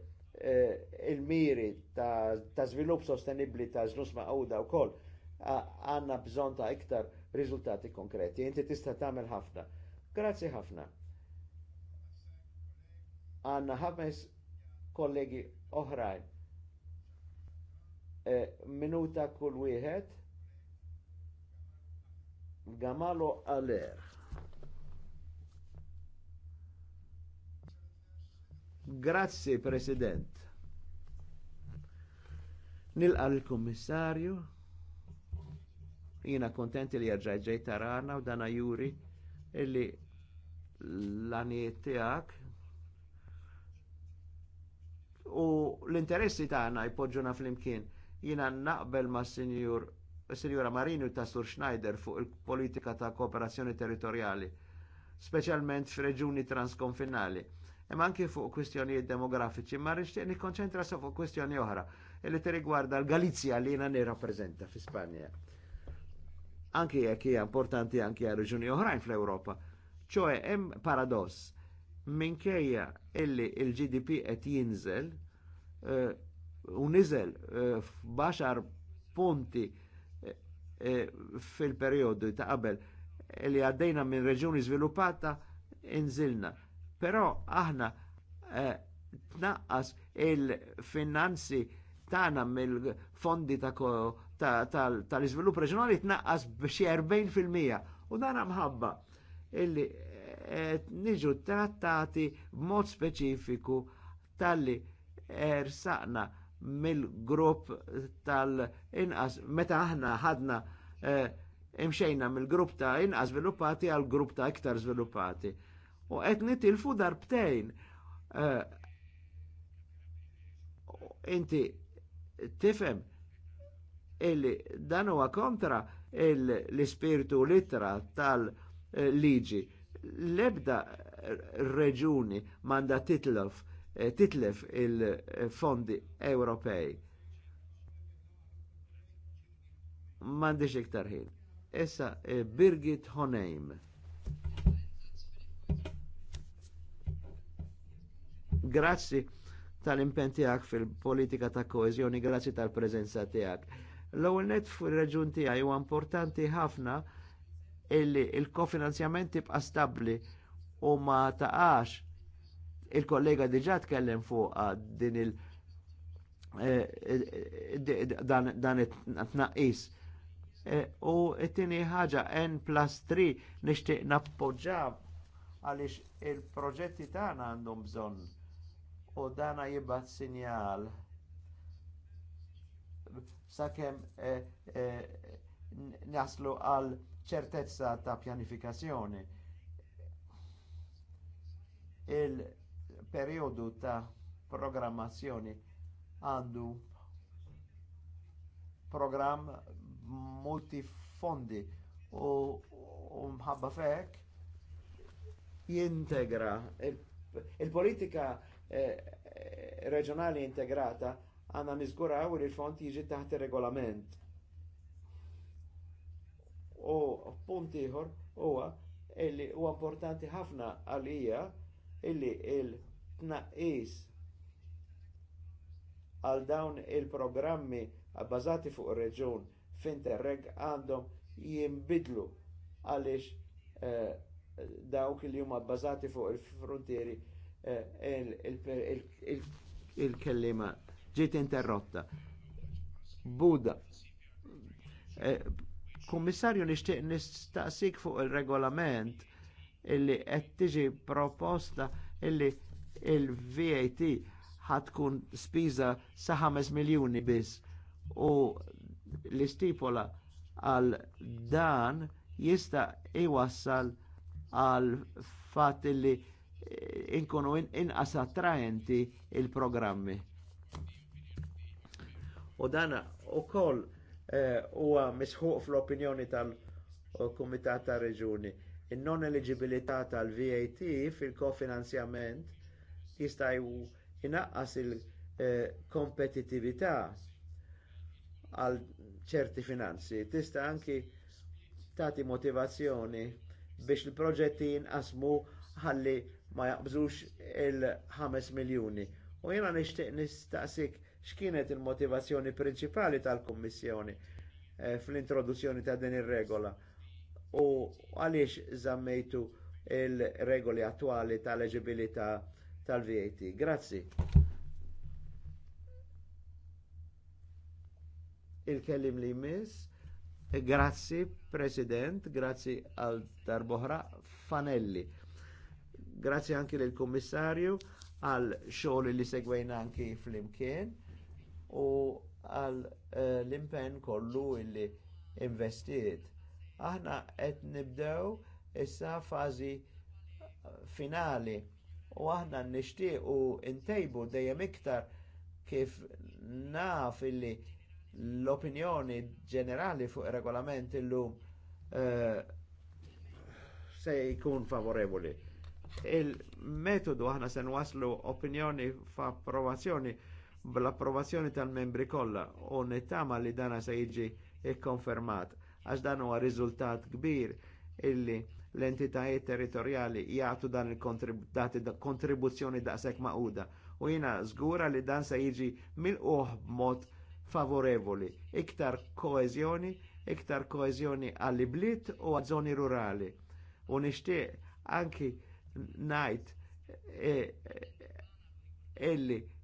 il-miri ta', ta sostenibli ta' żnus maqawda u kol għanna bżon ta' iktar riżultati konkreti. Inti tista' tagħmel ħafna. Grazzi ħafna għanna ħames kollegi oħrajn. E, minuta kull wieħed. Gamalo Aler. Grazzi, President. Nilqa l-Kommissarju. Jina kontenti li jarġaj ġej tarana u dana juri illi l-għaniet tijak u l-interessi tagħna jpoġġuna flimkien. Jiena naqbel ma' Sinjur Sinjura u ta' Sur Schneider fuq il-politika ta' kooperazzjoni territorjali, speċjalment f'reġuni transkonfinali. Imma anke fuq kwistjonijiet demografiċi, ma rixtieq nikkonċentra sa fuq kwistjoni oħra li tirrigwarda l-Galizja li jiena nirrappreżenta fi Spanja. Anke jekk hija importanti anke għal reġuni oħrajn fl-Ewropa. ċoe hemm paradoss minkejja illi il-GDP qed jinżel e, u niżel e, f'baxar punti e, fil-perjodu ta' qabel li għaddejna minn reġjuni żviluppata inżilna. Però aħna tnaqqas il-finanzi tagħna mill-fondi ta' tal iżvilupp reġjonali tnaqqas b'xi 40 fil-mija. U dan mħabba illi niġu trattati b'mod speċifiku tal-li ersaqna mill-grupp tal-inqas, meta aħna ħadna eh, imxejna mill-grupp ta' inqas sviluppati għal grupp ta' iktar sviluppati. U qed nitilfu darbtejn. Eh, inti tifhem illi dan huwa kontra l-ispirtu litra tal-liġi l-ebda reġuni manda titlef, eh, titlef il-fondi Ewropej. Mandiċ iktar ħin. Issa eh, Birgit Honeim. Grazzi tal-impen tijak fil-politika ta' koezjoni, grazzi tal-prezenza tijak. L-ewwel fil reġun tijak ju importanti ħafna il-kofinanzjament tibqa stabli u ma taqax il-kollega diġà tkellem fuq din il- eh, eh, eh, dan it-tnaqqis. U it tini ħaġa N plus 3 nixtieq nappoġġaw għaliex il-proġetti tagħna għandhom bżonn u dana jibgħat sinjal sakemm naslu għal ċertezza ta' pjanifikazzjoni. Il-periodu ta' programmazzjoni għandu program multifondi u mħabba fek jintegra il-politika il eh, eh, reġjonali integrata għanna nizguraw li l-fond jiġi taħt il-regolament U punt ieħor huwa illi huwa importanti ħafna għalija illi il-tnaqqis għal dawn il-programmi bbażati fuq ir-reġun f'Interreg għandhom jinbidlu għaliex eh, dawk li huma bbażati fuq il-frontieri eh, il-kellima ġiet interrotta. Buda, eh, Kummissarju nixtieq nistaqsik fuq il-regolament illi qed tiġi proposta illi il-VAT ħatkun spiża sa 5 miljuni biss u l-istipola għal dan jista' iwassal għal fatt illi eh, inkunu inqas in attraenti il-programmi. U dan ukoll Eh, huwa misħuq fl-opinjoni tal-Kumitat ta' Reġuni. In-non eligibilità tal-VAT fil-kofinanzjament jista' inaqqas il-kompetitività eh, għal ċerti finanzi. Tista' anki tagħti motivazzjoni biex il-proġetti jinqasmu ħalli ma jaqbżux il-5 miljuni. U jiena nixtieq nistaqsik x'kienet il-motivazzjoni prinċipali tal-Kummissjoni eh, fl-introduzzjoni ta' din ir-regola u għaliex żammejtu il-regoli attuali tal-eġibilità tal-VAT. Grazzi. Il-kellim li miss, grazzi President, grazzi għal darboħra Fanelli. Grazzi anki l-Kommissarju għal xogħol li segwejna anki fl-imkien u għal eh, l impen kollu illi investiet. Aħna qed nibdew issa fażi eh, finali u aħna u intejbu dejjem iktar kif naf illi l-opinjoni ġenerali fuq ir regolament illum uh, se jkun favorevoli. Il-metodu aħna se waslu opinjoni approvazzjoni bl-approvazzjoni tal-membri kollha u nittama li dana se jiġi ikkonfermat għax dan huwa riżultat kbir illi l-entitajiet territorjali jagħtu dan il-kontribuzzjoni daqshekk maquda u jiena żgura li dan se jiġi milquh b'mod favorevoli, iktar koeżjoni, iktar koeżjoni għall-ibliet u għaż-żoni rurali. U nixtieq anki ngħid eh, eh, illi e, e,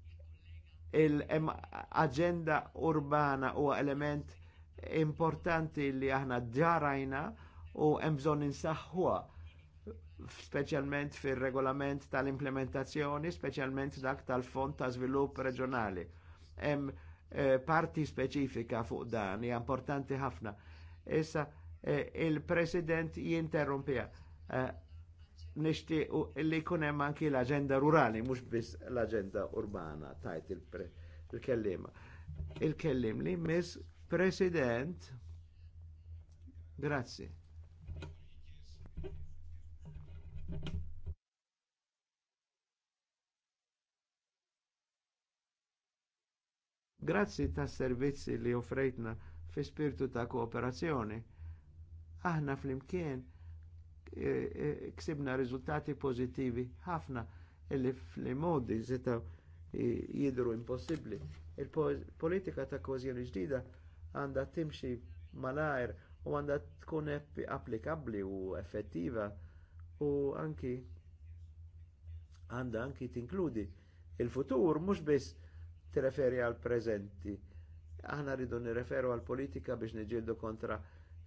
il-agenda urbana huwa element importanti li aħna ġarajna u hemm bżonn insaħħuha specialment fil-regolament tal-implementazzjoni, specialment dak tal-fond ta' svilupp reġjonali. Hemm eh, parti speċifika fuq dan hija importanti ħafna. Issa eh, il-President jinterrompija. Eh, u li kunem hemm anki l agenda rurali mhux biss l agenda urbana tajt il kellim Il-kellim li mis President Grazzi. Grazzi ta' servizzi li offrejtna fi spirtu ta' kooperazzjoni. Aħna flimkien Eh, eh, ksibna rizultati pozittivi ħafna illi fl-modi zitaw eh, jidru impossibli. Il-politika ta' kozjoni ġdida għanda timxi malajr u għanda tkun applikabli u effettiva u anki għanda anki tinkludi il-futur mhux biss t-referi għal prezenti Aħna rridu nirreferu għal politika biex niġildu kontra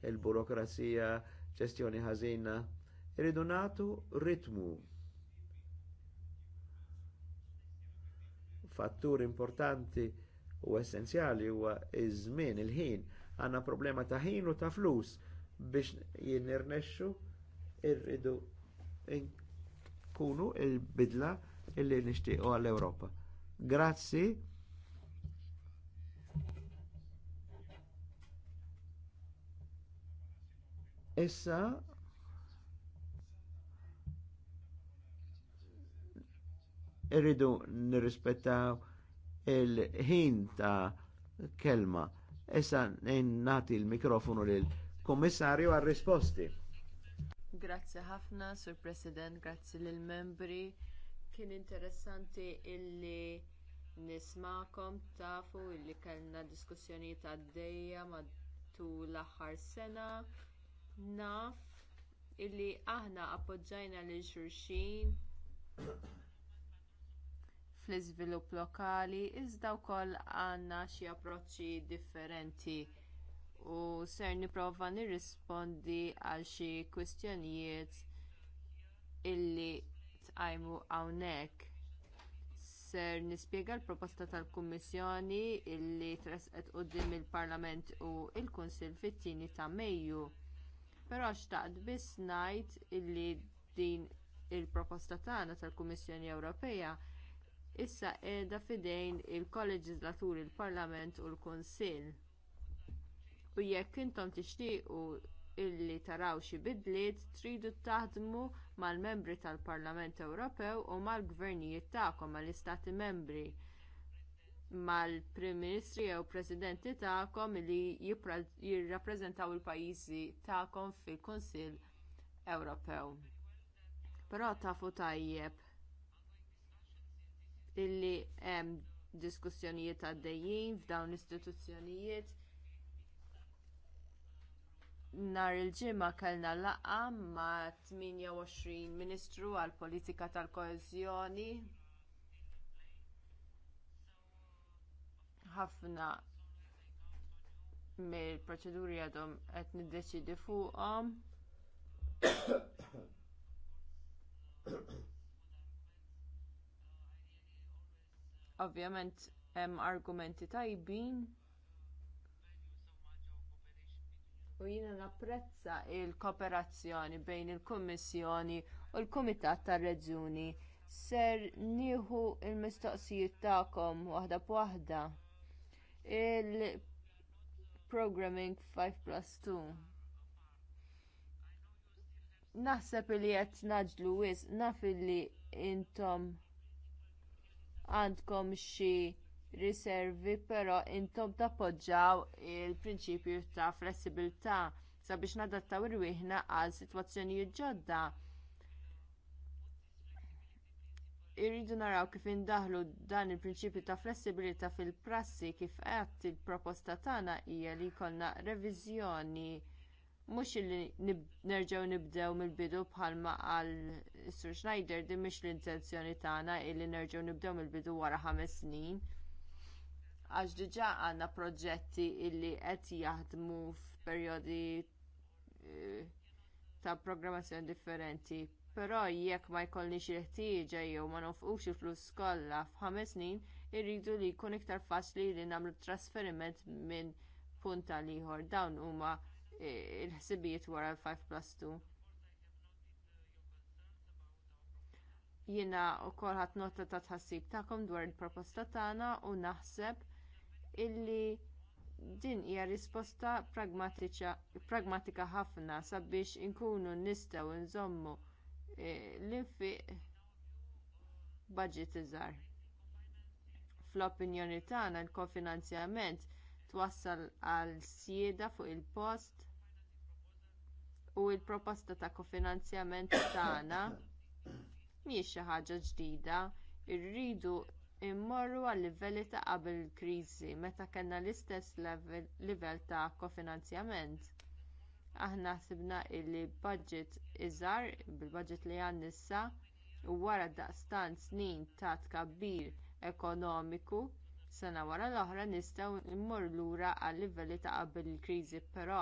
il-burokrazija, ġestjoni ħażina. Irridu nagħtu ritmu. Fattur importanti u essenzjali huwa iż-żmien, il-ħin. Għandna problema ta' ħin u ta' flus biex jinnirnexxu irridu nkunu il-bidla illi nixtiequ għall-Ewropa. Grazzi Issa irridu nirrispettaw il-ħin ta' kelma. Issa nati il-mikrofonu lil kommissarju għal risposti. Grazzi ħafna, Sur President, grazie lil membri Kien interessanti illi nismakom tafu illi kellna diskussjoni ta' d-dejja matul l-aħħar sena naf illi aħna appoġġajna lil xulxin fl-iżvilupp lokali iżda wkoll għandna xi approċċi differenti u ser nipprova nirrispondi għal xi kwistjonijiet illi tqajmu hawnhekk. Ser nispjega l-proposta tal-Kummissjoni illi tresqet quddiem il-Parlament u l kunsill fit-tieni ta' Mejju Però xtaqt biss ngħid illi din il-proposta tagħna tal-Kummissjoni Ewropea issa qiegħda fidejn il kolleġislatur il-Parlament u l-Kunsill. U jekk intom tixtiequ illi taraw xi bidliet tridu taħdmu mal-membri tal-Parlament Ewropew u mal-gvernijiet tagħkom mal-istati membri mal-Prim Ministri jew Presidenti tagħkom li jirrappreżentaw il-pajjiżi tagħkom fil-Kunsill Ewropew. Però tafu tajjeb illi hemm diskussjonijiet għaddejjin f'dawn l-istituzzjonijiet Nhar il-ġimgħa kellna laqgħa ma' 28 Ministru għall politika tal-Koeżjoni ħafna mill-proċeduri għadhom qed niddeċidi fuqhom. Ovvjament hemm argumenti tajbin. U jiena napprezza l kooperazzjoni bejn il-Kummissjoni u l-Kumitat tar-Reġjuni ser nieħu l mistoqsijiet tagħkom waħda b'waħda il-programming 5 plus 2. Naħseb li qed naġlu wis, naf illi intom għandkom xi riservi, però intom tappoġġaw il-prinċipju ta' flessibilità sabiex nadattaw irwieħna għal sitwazzjonijiet ġodda irridu naraw kif indaħlu dan il-prinċipju ta' flessibilità fil-prassi kif qatt il-proposta tagħna hija li jkollna reviżjoni mhux li nib nerġgħu nibdew mill-bidu bħalma qal Sur Schneider din mhix l-intenzjoni tagħna li nerġgħu nibdew mill-bidu wara ħames snin. Għax diġà għandna proġetti li qed jaħdmu f'perjodi eh, ta' programmazzjoni differenti Però jekk ma jkollniex il-ħtieġa jew ma nofqux il-flus kollha f'ħames snin, irridu li jkun iktar faċli li nagħmlu trasferiment minn punt għal ieħor. Dawn huma e, l ħsibijiet wara l-5 plus 2. Jiena wkoll ħadd nota ta' tħassib tagħkom dwar il-proposta tagħna u naħseb illi din hija risposta pragmatika ħafna sabiex inkunu nistgħu nżommu l-infiq budget iżgħar. Fl-opinjoni tagħna l-kofinanzjament twassal għal sieda fuq il-post u l proposta ta' kofinanzjament tagħna mhijiex xi ħaġa ġdida, irridu mmorru għal livelli ta' qabel il-kriżi meta kellna l-istess livell ta' kofinanzjament. Aħna ħsibna li budget iżgħar bil-budget li għan nissa u wara daqstant snin ta' tkabbir ekonomiku sena wara l-oħra nistgħu mmorru lura għal livelli ta' qabel il-kriżi, però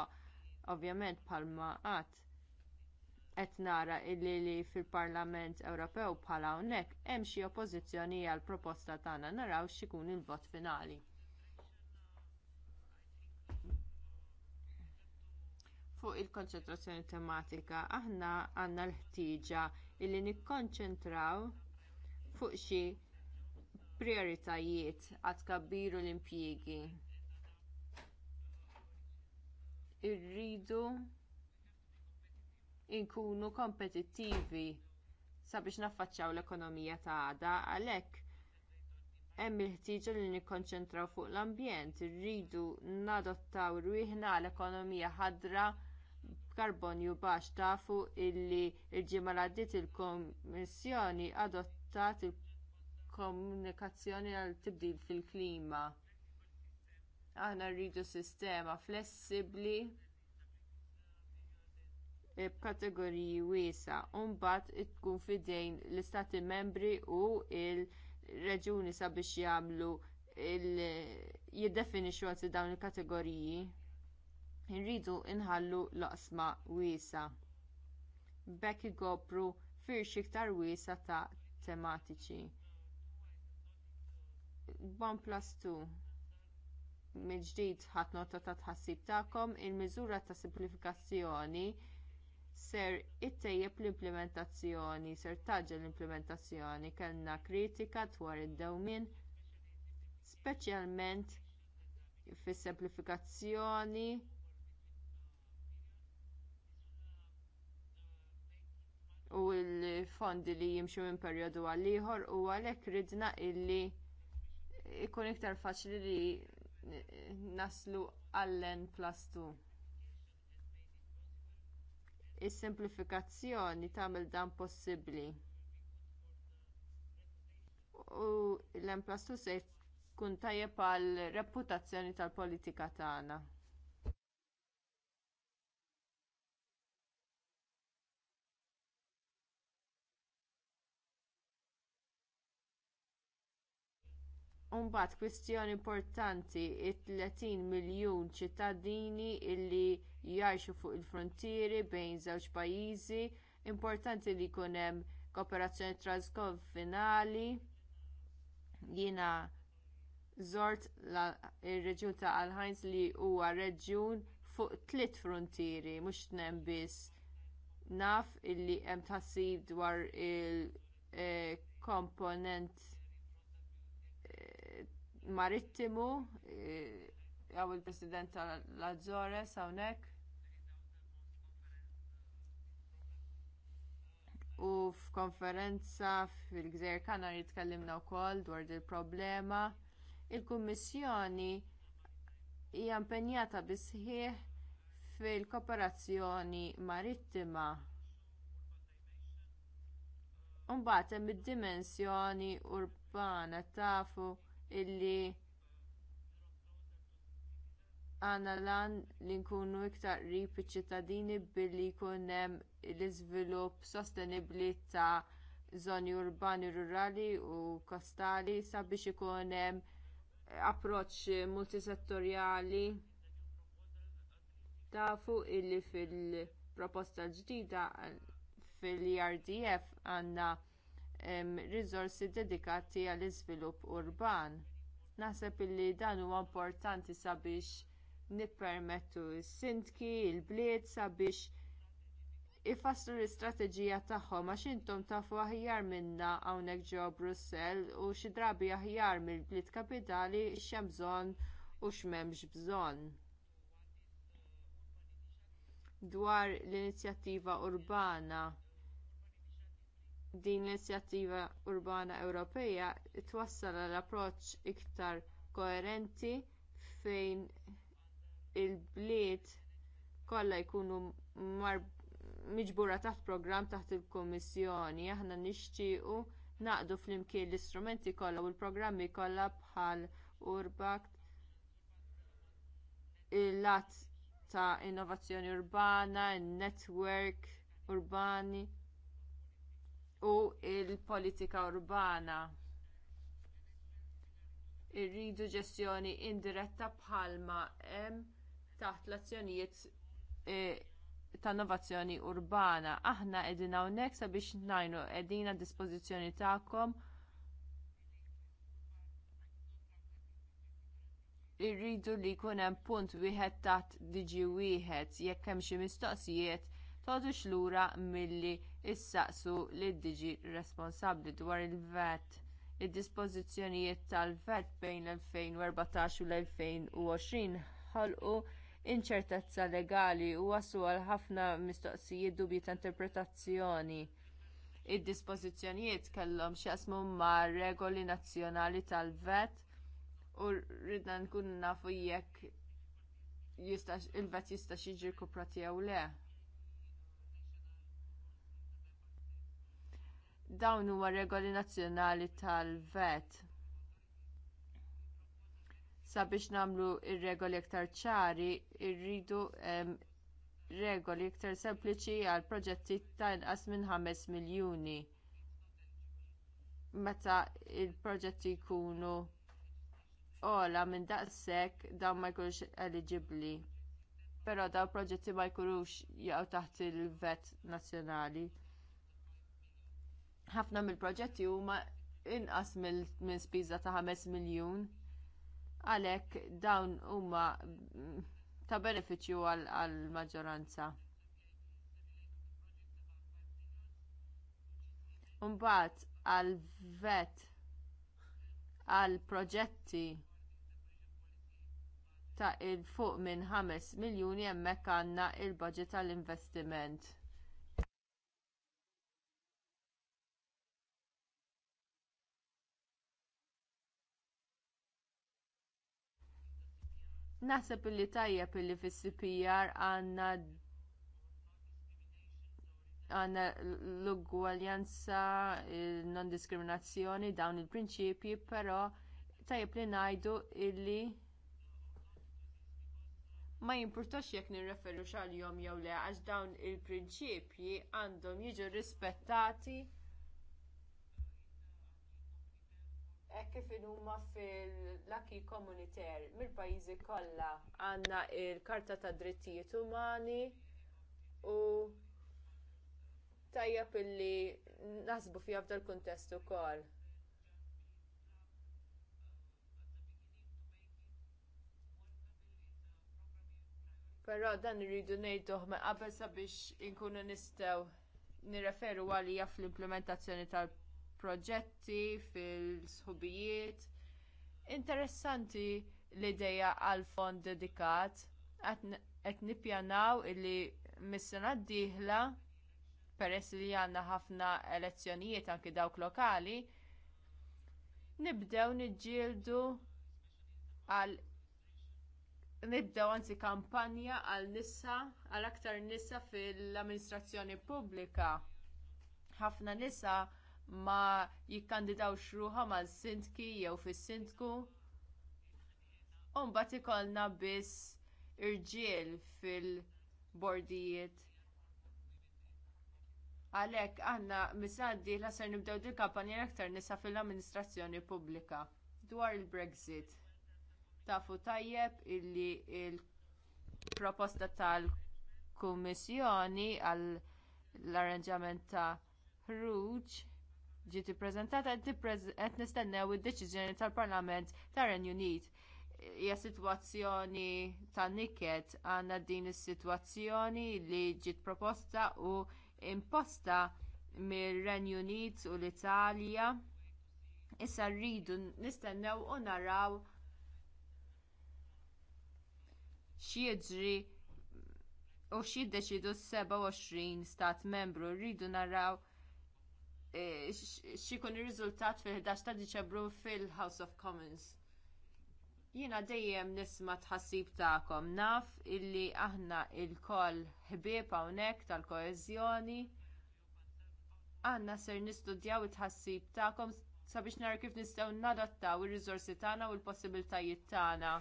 ovvjament bħalma qatt qed nara illi li fil-Parlament Ewropew bħala hawnhekk hemm xi oppożizzjoni għall proposta tagħna naraw x'ikun il-vot finali. fuq il-konċentrazzjoni tematika aħna għandna l-ħtieġa li nikkonċentraw fuq xi prioritajiet għad kabbiru l-impjiegi. Irridu inkunu kompetittivi sabiex naffaċċjaw l-ekonomija ta' għada għalhekk hemm il-ħtieġa li nikkonċentraw fuq l-ambjent, irridu nadottaw rwieħna għal ekonomija ħadra karbonju baxx tafu illi l ġimgħa li għaddiet il-Kommissjoni adottat il-komunikazzjoni għal tibdil fil-klima. Aħna rridu sistema flessibbli b'kategoriji e wiesa u mbagħad tkun fidejn l-istati membri u l reġjuni sabiex jagħmlu jiddefinixxu dawn il-kategoriji. Nridu nħallu loqsma wiesa. B'hekk igopru firx iktar wiesa ta' tematiċi. One plus two. Mil-ġdid ħadd nota ta' tħassib tagħkom il-miżura ta' simplifikazzjoni ser ittejjeb l-implementazzjoni, ser taġġa l-implementazzjoni kellna kritika dwar id-dewmien, speċjalment fis-semplifikazzjoni u l-fondi li jimxu minn perjodu għal ieħor u għalhekk ridna illi ikun iktar faċli li naslu għall-N plus 2. Is-simplifikazzjoni tagħmel dan possibbli. U l-N plus 2 se jkun tajjeb għal reputazzjoni tal-politika tagħna. Umbat, kwistjoni importanti, it-30 miljun ċittadini illi jgħixu fuq il-frontieri bejn żewġ pajjiżi, importanti li jkun hemm kooperazzjoni transkonfinali. Jiena żort ir-reġjun ta' Alhajns li huwa reġjun fuq tliet frontieri, mhux tnem biss. Naf illi hemm tħassib dwar il-komponent eh, marittimu, għaw il-President tal-Azzores hawnhekk. U f'konferenza fil-Gżer jitkellimna u wkoll dwar il-problema. Il-Kummissjoni hija impenjata bisħieħ fil-kooperazzjoni marittima. Imbagħad hemm id-dimensjoni urbana tafu illi għandna lan li nkunu iktar qrib iċ-ċittadini billi jkun hemm l-iżvilupp sostenibbli ta' żoni urbani rurali u kostali sabiex ikun hemm approċċ multisettorjali tafu illi fil-proposta l ġdida fil-RDF għandna riżorsi dedikati għall iżvilupp urban. Naħseb illi dan huwa importanti sabiex nippermettu s sintki il-bliet sabiex ifasslu l-istrateġija tagħhom għax intom tafu aħjar minnha hawnhekk ġew Brussell u xi drabi aħjar mill-bliet kapitali x'hemm bżonn u x'm'hemmx bżonn. Dwar l-inizjattiva urbana din l-inizjattiva urbana Ewropea twassal għal approċċ iktar koerenti fejn il-bliet kollha jkunu miġbura taħt programm taħt il-Kummissjoni aħna nixtiequ naqdu flimkien l-istrumenti kollha u l-programmi kollha bħal Urbact il-lat ta' innovazzjoni urbana, in netwerk urbani u l politika urbana. Irridu ġestjoni indiretta bħalma hemm taħt l-azzjonijiet e, ta' innovazzjoni urbana. Aħna qegħdin hawnhekk sabiex ngħinu qegħdin għad dispożizzjoni tagħkom irridu li jkun hemm punt wieħed taħt diġi wieħed jekk hemm xi mistoqsijiet tgħodux lura milli issaqsu lid diġi responsabbli dwar il-vet id-dispożizzjonijiet tal-vet bejn l-2014 u l-2020 ħolqu inċertezza legali u għassu għal ħafna mistoqsijiet dubji ta' interpretazzjoni. Id-dispożizzjonijiet kellhom x'jaqsmu ma' regoli nazzjonali tal-vet u rridna nkunu nafu jekk il-vet jista' jiġi kuprati jew le. Dawn huwa regoli nazzjonali tal-vet. Sabiex nagħmlu r regoli iktar ċari, irridu regoli iktar sempliċi għal proġetti ta' inqas minn 5 miljuni. Meta l proġetti jkunu ola minn daqshekk dawn ma jkunux eligibbli. Però dawn proġetti ma jkunux jaqgħu taħt il-vet nazzjonali ħafna mill-proġetti huma inqas minn spiża ta' 5 miljun. Għalhekk dawn huma ta' benefiċċju għall maġġoranza Imbagħad għal vet għal proġetti ta' il fuq minn 5 miljuni hemmhekk għandna l budget tal-investiment. Naħseb illi tajjeb illi fis-CPR għandna għandna l-ugwaljanza, non-diskriminazzjoni, dawn il-prinċipji, però tajjeb li ngħidu illi ma jimpurtax jekk nirreferu xal jom jew le għax dawn il-prinċipji għandhom jiġu rispettati hekk kif huma fil-laki komuniter mill-pajjiżi kollha għandna l karta tad Drittijiet Umani u tajjeb illi naħsbu fiha f'dal kuntest ukoll. Però dan irridu ngħiduh ma qabel sabiex inkunu nistgħu nirreferu għalija fl-implementazzjoni tal proġetti, fil-sħubijiet. Interessanti l-ideja għal fond dedikat qed nippjanaw illi missena sena d-dieħla peress li għandna ħafna elezzjonijiet anki dawk lokali, nibdew niġġieldu għal nibdew anzi kampanja għal nisa għal aktar nisa fil-amministrazzjoni pubblika. Ħafna nisa ma jikkandidawx ma mal sindki jew fis-sindku. u mbagħad ikollna biss irġiel fil-bordijiet. Għalhekk aħna misgħaddi la ser nibdew din kampanja aktar nisa fil-amministrazzjoni pubblika dwar il-Brexit. Tafu tajjeb illi l il proposta tal-Kummissjoni għall arranġament ta' ħruġ ġiet ippreżentata qed nistennew id-deċiżjoni tal-Parlament tar-Renju Unit. Hija sitwazzjoni ta' nikket għandna din is-sitwazzjoni li ġiet proposta u imposta mir-Renju Unit u l-Italja. Issa rridu nistennew u naraw x'jiġri u x'jiddeċidu s-27 stat membru rridu naraw E, xikun ir-riżultat fil-11 ta' Diċembru fil-House of Commons. Jiena dejjem nisma tħassib tagħkom naf illi aħna lkoll ħbieb hawnhekk tal-koeżjoni. Aħna ser nistudjaw it-ħassib tagħkom sabiex nara kif nistgħu nadattaw ir-riżorsi tagħna u l-possibiltajiet tagħna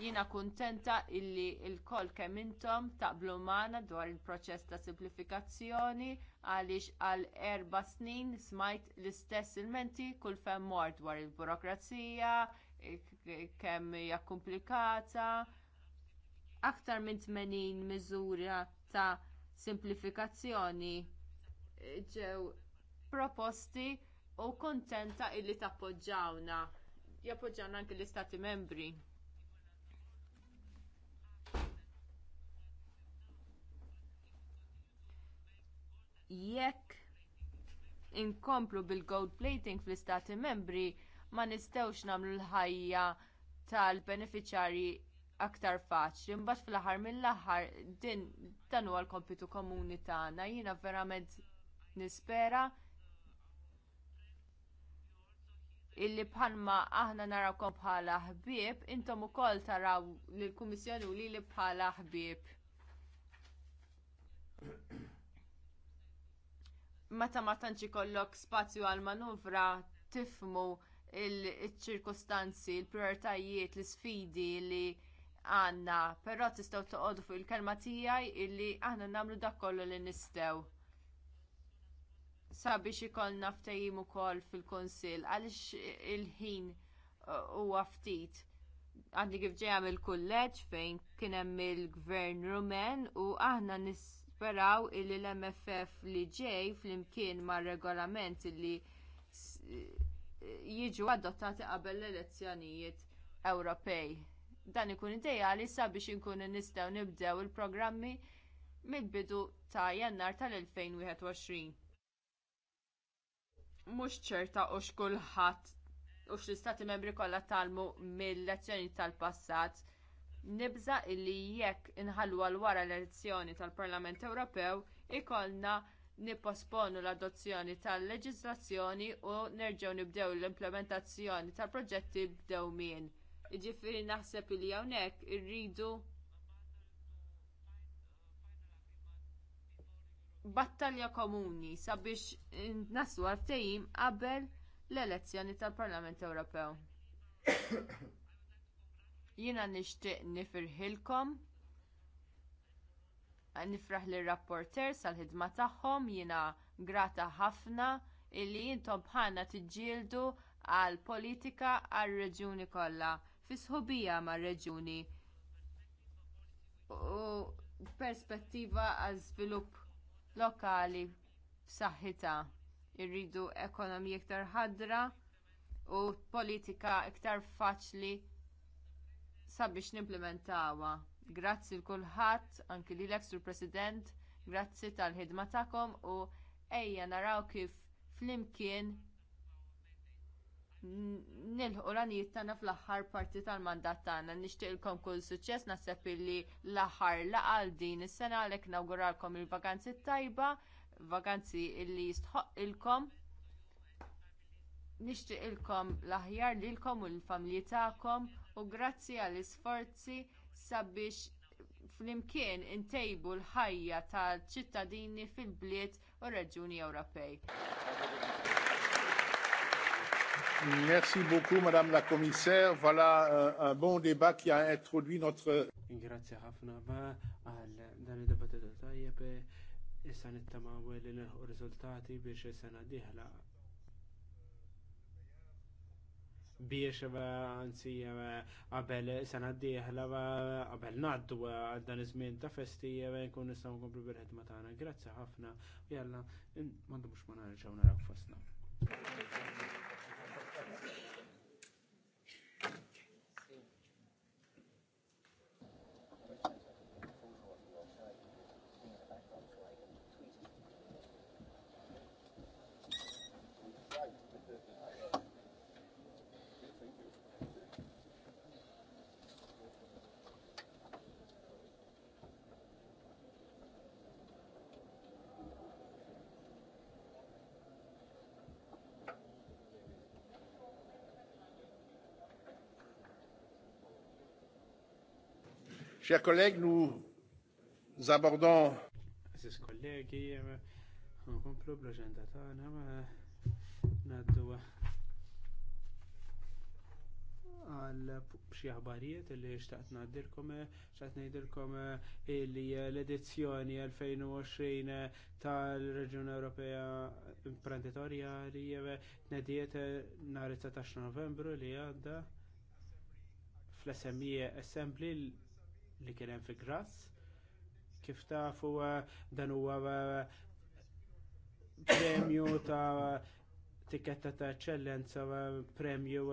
Jiena kuntenta illi l-koll kemm intom taqblu magħna dwar il-proċess ta' simplifikazzjoni għaliex għal erba' snin smajt l-istess ilmenti kull fejn mort dwar il-burokrazija, kemm hija komplikata. Aktar minn 80 miżura ta' simplifikazzjoni ġew proposti u kuntenta illi tappoġġawna. Jappoġġawna anke l-istati membri. jekk inkomplu bil-gold plating fl-istati membri ma nistgħux nagħmlu l-ħajja tal benefiċjarji aktar faċli. Imbagħad fl-aħħar mill-aħħar din dan huwa l-kompitu komuni tagħna. Jiena verament nispera illi bħalma aħna narawkom bħala ħbieb, intom ukoll taraw lill kummissjoni u lili bħala ħbieb meta ma tantx ikollok spazju għal manuvra tifmu il-ċirkostanzi, il-prioritajiet, l-sfidi li għandna, però tistgħu toqgħodu fuq il-kelma tiegħi illi aħna nagħmlu dak kollu li nistgħu. Sabiex ikollna ftehim ukoll fil-kunsill għaliex il-ħin huwa ftit għandi kif ġejja mill-kulleġġ fejn kien hemm il-gvern rumen u aħna nis nisperaw illi l-MFF li ġej flimkien mar regolament li eh, jiġu adottati qabel l-elezzjonijiet Ewropej. Dan ikun ideali sabiex inkunu nistgħu nibdew il-programmi mill-bidu ta' jannar tal-2021. Mhux ċerta u xkulħadd u l-istati membri kollha talmu mill-lezzjoni tal-passat Nibża illi jekk inħallu għal wara l-elezzjoni tal-Parlament Ewropew ikollna nipposponu l-adozzjoni tal-leġiżlazzjoni u nerġgħu nibdew l-implementazzjoni tal-proġetti b'dew min. Jiġifieri naħseb li hawnhekk irridu battalja komuni sabiex naslu għal qabel l-elezzjoni tal-Parlament Ewropew. Jiena nixtieq nifirħilkom nifraħ lir rapporter sal-ħidma tagħhom jiena grata ħafna illi intom bħalna tiġġieldu għal politika għar reġjuni kollha fi sħubija mar-reġjuni u perspettiva għal żvilupp lokali b'saħħitha. Irridu ekonomija iktar ħadra u politika iktar faċli sabiex nimplementawa. Grazzi l-kulħadd, anki li l President, grazzi tal-ħidma tagħkom u ejja naraw kif flimkien nilħu l-għanijiet tagħna fl-aħħar parti tal-mandat tagħna. Nixtieqilkom kull suċċess naħseb illi l-aħħar laqal din is-sena għalhekk nawguralkom il-vakanzi tajba, vakanzi illi jistħoq ilkom. l-aħjar lilkom u l-familji tagħkom u grazzi għall isforzi sabiex flimkien intejbu l-ħajja tal-ċittadini fil-bliet u reġjuni Ewropej. Merci beaucoup, Madame la Commissaire. Voilà euh, un bon débat qui a introduit notre. Grazie ħafna ba għal dan id-dibattitu tajjeb issa nittama' li nilħu riżultati biex sena diħla biex għanzi eh, għabel eh, sena d-dieħla għabel eh, naddu għaddan dan iż-żmien ta' festi nkun nistgħu nkomplu bil-ħidma tagħna. Grazie ħafna u jalla m'għandux ma narġgħu naraw fostna. Chers collègues, nous abordons. Aziz kollegi, nkomplu bl-agenda tagħna ngħaddu għal xi li xtaqt ngħaddirkom, xtaqt ngħidilkom li l-edizzjoni 2020 tal-Reġjun Ewropea Imprenditorjali nediet nhar 19 Novembru li għadda fl-SME Assembly li kien hemm fi Grass. Kif tafu eh, dan huwa eh, premju ta' tiketta ta' eccellenza eh, premju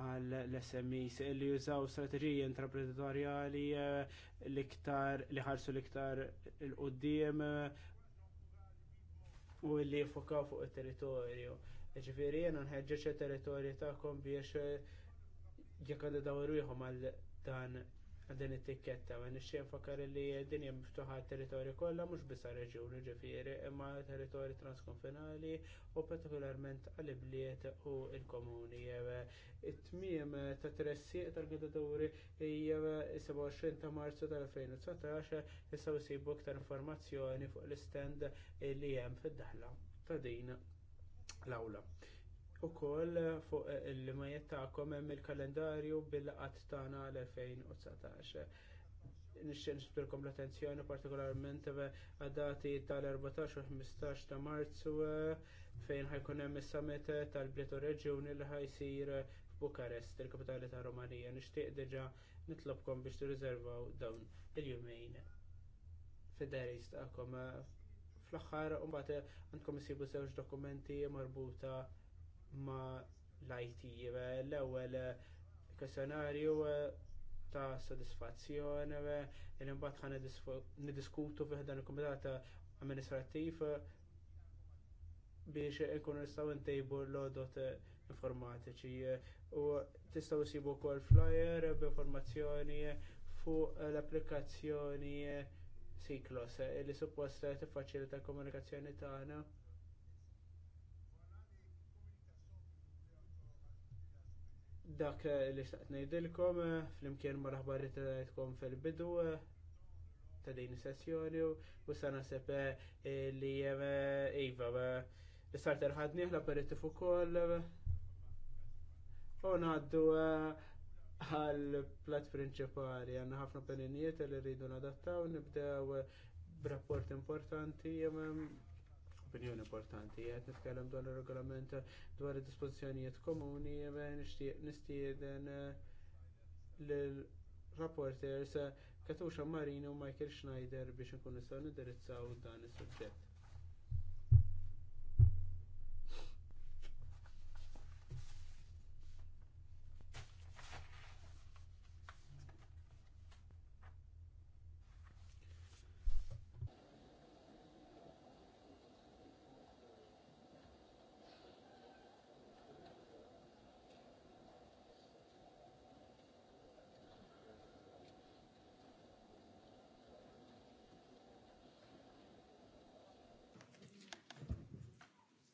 għal l-SMEs li jużaw strateġiji intraprenditorjali l-iktar li ħarsu l-iktar il-qoddim u li jfokaw fuq it territorju Ġifiri, jiena nħeġġeġ it-territorju kom biex jekk għandu dawru għal dan din it-tikketta ma nixxie nfakar li din hija miftuħa territorju kollha mhux biss reġjuni ġifieri imma territorji transkonfinali u partikolarment għall bliet u l-komuni. It-tmiem ta' tressiq tal-gidaduri hija 27 ta' Marzu tal-2019 jistgħu jsibu aktar informazzjoni fuq l-istend li hemm fid-daħla ta' din l-awla ukoll fuq il-limajiet tagħkom hemm il-kalendarju bil-qatt tagħna l-2019. Nixxen xbilkom l-attenzjoni partikolarment għad-dati tal-14 u 15 ta' Marzu fejn ħajkun hemm is-summit tal-Bliet u Reġjuni li ħajsir f'Bukarest, il-kapitali ta' Romanija. Nixtieq diġà nitlobkom biex tirriservaw dawn il-jumejn fid-daris tagħkom fl-axħar, mbagħad għandkom isibu żewġ dokumenti marbuta ma l L-ewwel eh, kwestjonarju eh, ta' sodisfazzjon il eh, e imbagħad ħana niddiskutu fih dan il-Kumitat Amministrattiv biex ikunu nistgħu ntejbu l-odot informatiċi u tistgħu sibu wkoll flyer b'informazzjoni fuq l-applikazzjoni Siklos li suppost tiffaċilita l-komunikazzjoni tagħna. dak eh, li staqt ngħidilkom eh, flimkien ma raħbar ritajtkom fil-bidu eh, ta' din sessjoni u sana naħseb li Iva Sart ħadni l-aperitif ukoll u ngħaddu għal-plat prinċipali għandna ħafna opinjonijiet li rridu nadattaw nibdew b'rapport importanti opinjoni importanti. Qed nitkellem dwar ir regolament dwar id dispożizzjonijiet komuni, nistieden eh, l-rapporters eh, Katusha Marino u Michael Schneider biex nkun nistgħu nindirizzaw dan is-suġġett.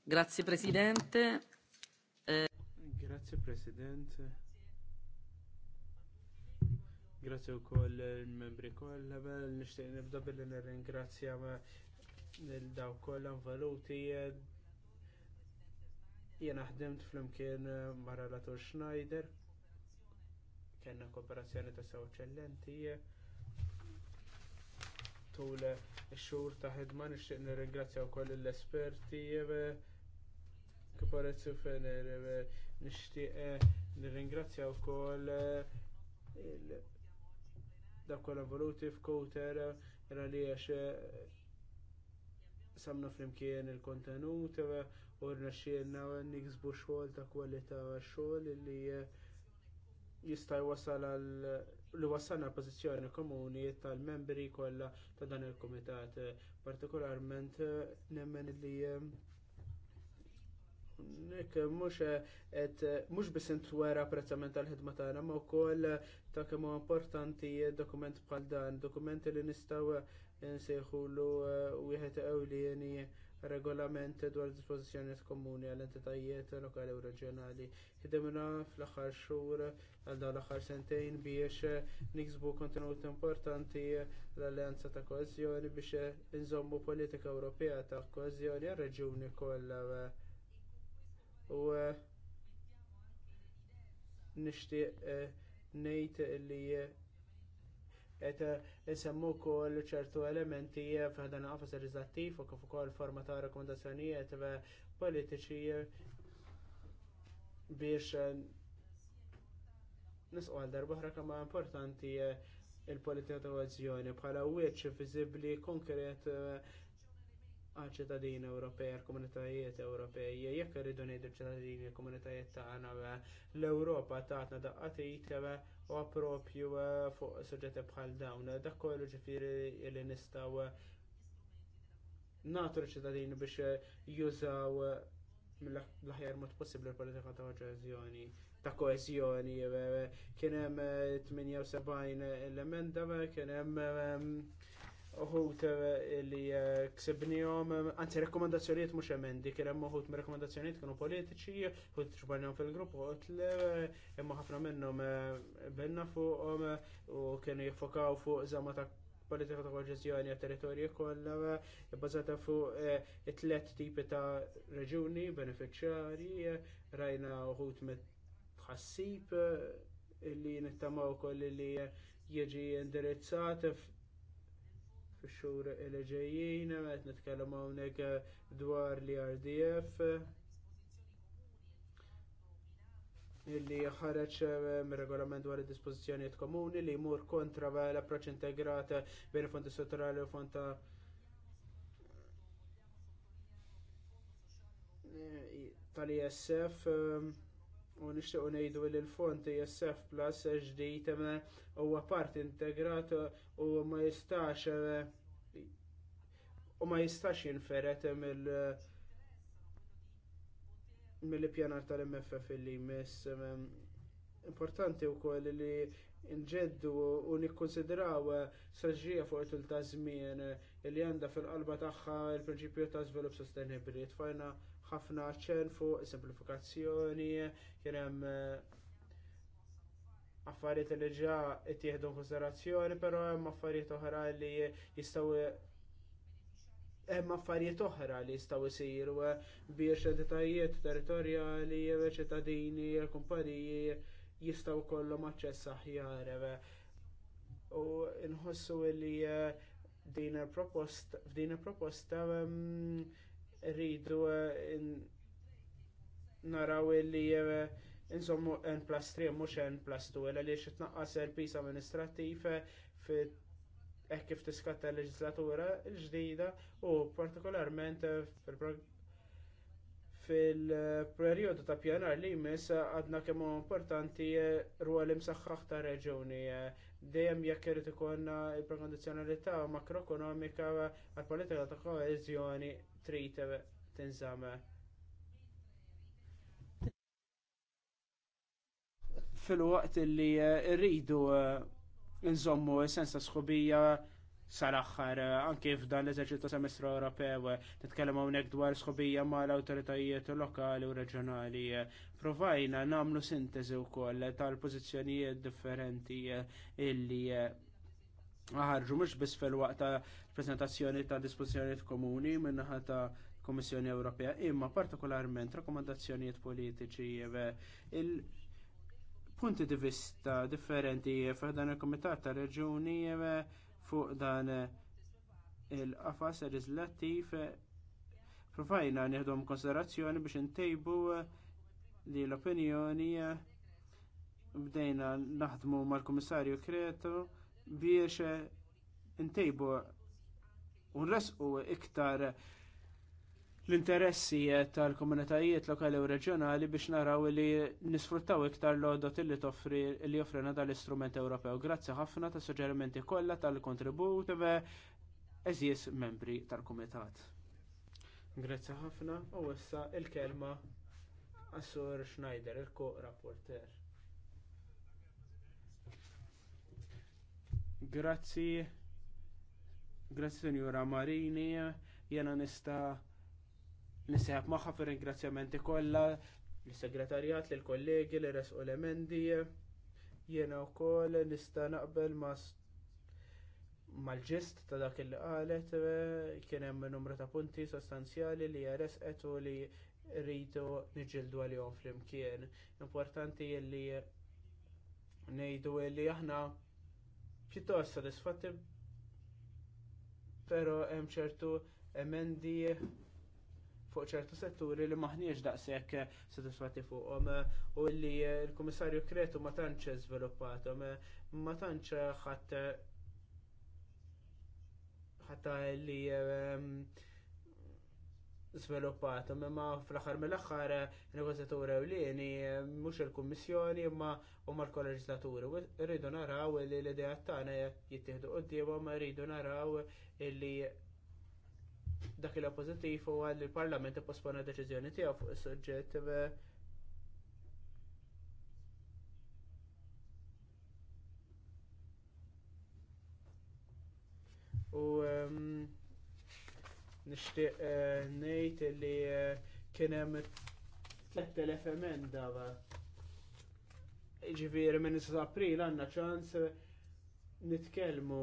Grazie Presidente. Eh. Grazie Presidente. Grazie u koll il-membri koll, nishtiq nibda billi nirringrazzja l-daw koll valuti jena ħdimt fl-imkien mara Relator Schneider, Kenna kooperazzjoni ta' sew eccellenti tul ix-xhur ta' ħidma nixtieq nirringrazzja wkoll l-esperti Kaparezzu Fener, eh, nishtiq eh, nirringrazzja wkoll eh, dak kollha voluti f'Kouter għaliex samna flimkien il-kontenut u rnaxxielna niksbu xogħol ta' kwalità xogħol li jista' jwassal għal li wassalna pożizzjoni komuni tal-membri kollha ta' dan il-kumitat partikolarment nemmen li nek mux et mux bis intwera apprezzament tal-ħidma tagħna ma wkoll ta' kemm importanti dokument bħal dan, dokument li nistgħu nsejħulu eh, wieħed ewlieni regolament dwar dispożizzjonijiet komuni għall entitajiet lokali u reġjonali. Ħidemna fl-aħħar xhur għal dawn l-aħħar sentejn biex niksbu kontenut importanti l-Alleanza ta' Koeżjoni biex inżommu politika Ewropea ta' Koeżjoni għar-reġjuni kollha u eh, nixtieq eh, ngħid li qed eh, isemmu wkoll ċertu elementi f'dan qafas leġislattiv u kif ukoll forma ta' rakkomandazzjonijiet politiċi biex nisqu għal darba kemm importanti il-politika ta' azzjoni bħala wiċċ viżibbli konkret għal ċittadini Ewropej, komunitajiet Ewropej, jekk rridu ngħidu ċittadini komunitajiet tagħna l-Ewropa tagħna daqqatit u appropju eh, fuq suġġetti bħal dawn. Dak kollu ġifieri li nistgħu nagħtu ċittadini biex jużaw l-aħjar mod possibbli l-politika ta' koeżjoni ta' koezjoni kien hemm 78 eh, l-emenda kien hemm eh, uħut eh, li eh, ksebnijom, eh, anzi rekomendazzjoniet mux emendi, kien hemm uħut me rekomendazzjoniet kienu politiċi, uħut xbarnijom fil-grupp, uħut li imma ħafna minnom benna fuqhom u kienu jiffokaw fuq zama ta' politika ta' koġezjoni għat territorji kollha bbażata fuq it-tlet tipi ta' reġuni beneficjari rajna uħut mit tħassib li nittamaw koll li jieġi indirizzat fix-xhur il-ġejjin, qed nitkellem hawnhekk dwar li RDF illi ħareġ eh, regolament dwar id-dispożizzjonijiet komuni li jmur kontra l-approċċ integrat bejn il fondi strutturali u fond ta' eh, tal-ISF ehm, u nixtiequ ngħidu li l-fond ISF e Plus ġdid huwa parti integrat u ma jistax u ma jistax jinferet mill mill-pjanar tal-MFF li jmiss importanti wkoll li nġeddu u nikkonsidraw saġġija fuq il ta' żmien li għandha fil-qalba tagħha l prinċipju ta' żvilupp sostenibbli. Tfajna ħafna ċen fuq simplifikazzjoni, kien hemm eh, affarijiet li ġa ittieħdu konsiderazzjoni, però hemm affarijiet oħra li jistgħu hemm affarijiet oħra li jistgħu jsiru eh, biex entitajiet territorjali, eh, ċittadini, kumpaniji jistgħu jkollhom aċċess aħjar. U nħossu li din il f'din il-proposta mm, rridu eh, naraw li eh, insommu n plus 3 mux n plus 2 għalli tnaqqas il-pis amministrativ hekk eh, kif tiskatta l-leġislatura l-ġdida u partikolarment fil-perjodu ta' pjanar li jmiss għadna kemm importanti rwol imsaħħaħ ta' reġuni. Dejjem jekk irid ikun il-prekondizzjonalità makroekonomika għall politika ta' koeżjoni trita tinżamm fil-waqt li eh, rridu eh, nżommu sens ta' sħubija sal-axħar, eh, anke f'dan l-eżerċizzju ta' semestru Ewropew, titkellem hawnhekk dwar sħubija mal awtoritajiet lokali u reġjonali. Provajna nagħmlu sintesi wkoll tal-pożizzjonijiet differenti illi ħarġu mhux biss fil-waqt ta' prezentazzjoni ta' dispozizjoniet komuni minnaħa ta' Komissjoni Ewropea, imma partikolarment rakkomandazzjonijiet politiċi il-punti di vista differenti f'dan il-Komitat ta' Reġuni fuq dan il-qafas legislattiv provajna nieħdhom konsiderazzjoni biex intejbu li l-opinjoni bdejna naħdmu mal-Kummissarju Kretu biex intejbu eh, unresqu iktar l-interessi eh, tal-komunitajiet lokali u reġjonali biex naraw li nisfruttaw iktar l-odot li toffri li joffrina dal-istrument Ewropew. Grazzi ħafna tas suġġerimenti kollha tal-kontribut eh, eżies membri tal-Kumitat. Grazzi ħafna u issa il-kelma għas-Sur Schneider, il-ko-rapporter. Grazzi, grazzi Senjura Marini, jena nista nisseħab maħħa fir ringrazzjamenti kollha l-segretarjat, l-kollegi, l-res u l-emendi, jena u koll nista naqbel mal-ġist ta' dak il qalet kien hemm numru ta' punti sostanzjali li jares u li rridu niġildu għalihom flimkien. Importanti li ngħidu li aħna pjuttost sodisfatti, pero hemm ċertu emendi fuq ċertu setturi li maħniex daqshekk sodisfatti fuqhom u li l-Kummissarju Kretu ma tantx żviluppathom, ma tantx ħadd ħatta li ehm, sviluppat, imma fl-axar mill-axar negozjaturi ewlieni mhux il-Kummissjoni imma huma l-Kolleġislaturi. Rridu naraw li l-idea tagħna jittieħdu ma rridu naraw li dak il-pożittiv huwa li l-Parlament ippospona deċiżjoni tiegħu fuq is-suġġett nixtieq eh, ngħid li eh, kien hemm 3000 emenda. Ġifieri minn sa April għandna ċans eh, nitkellmu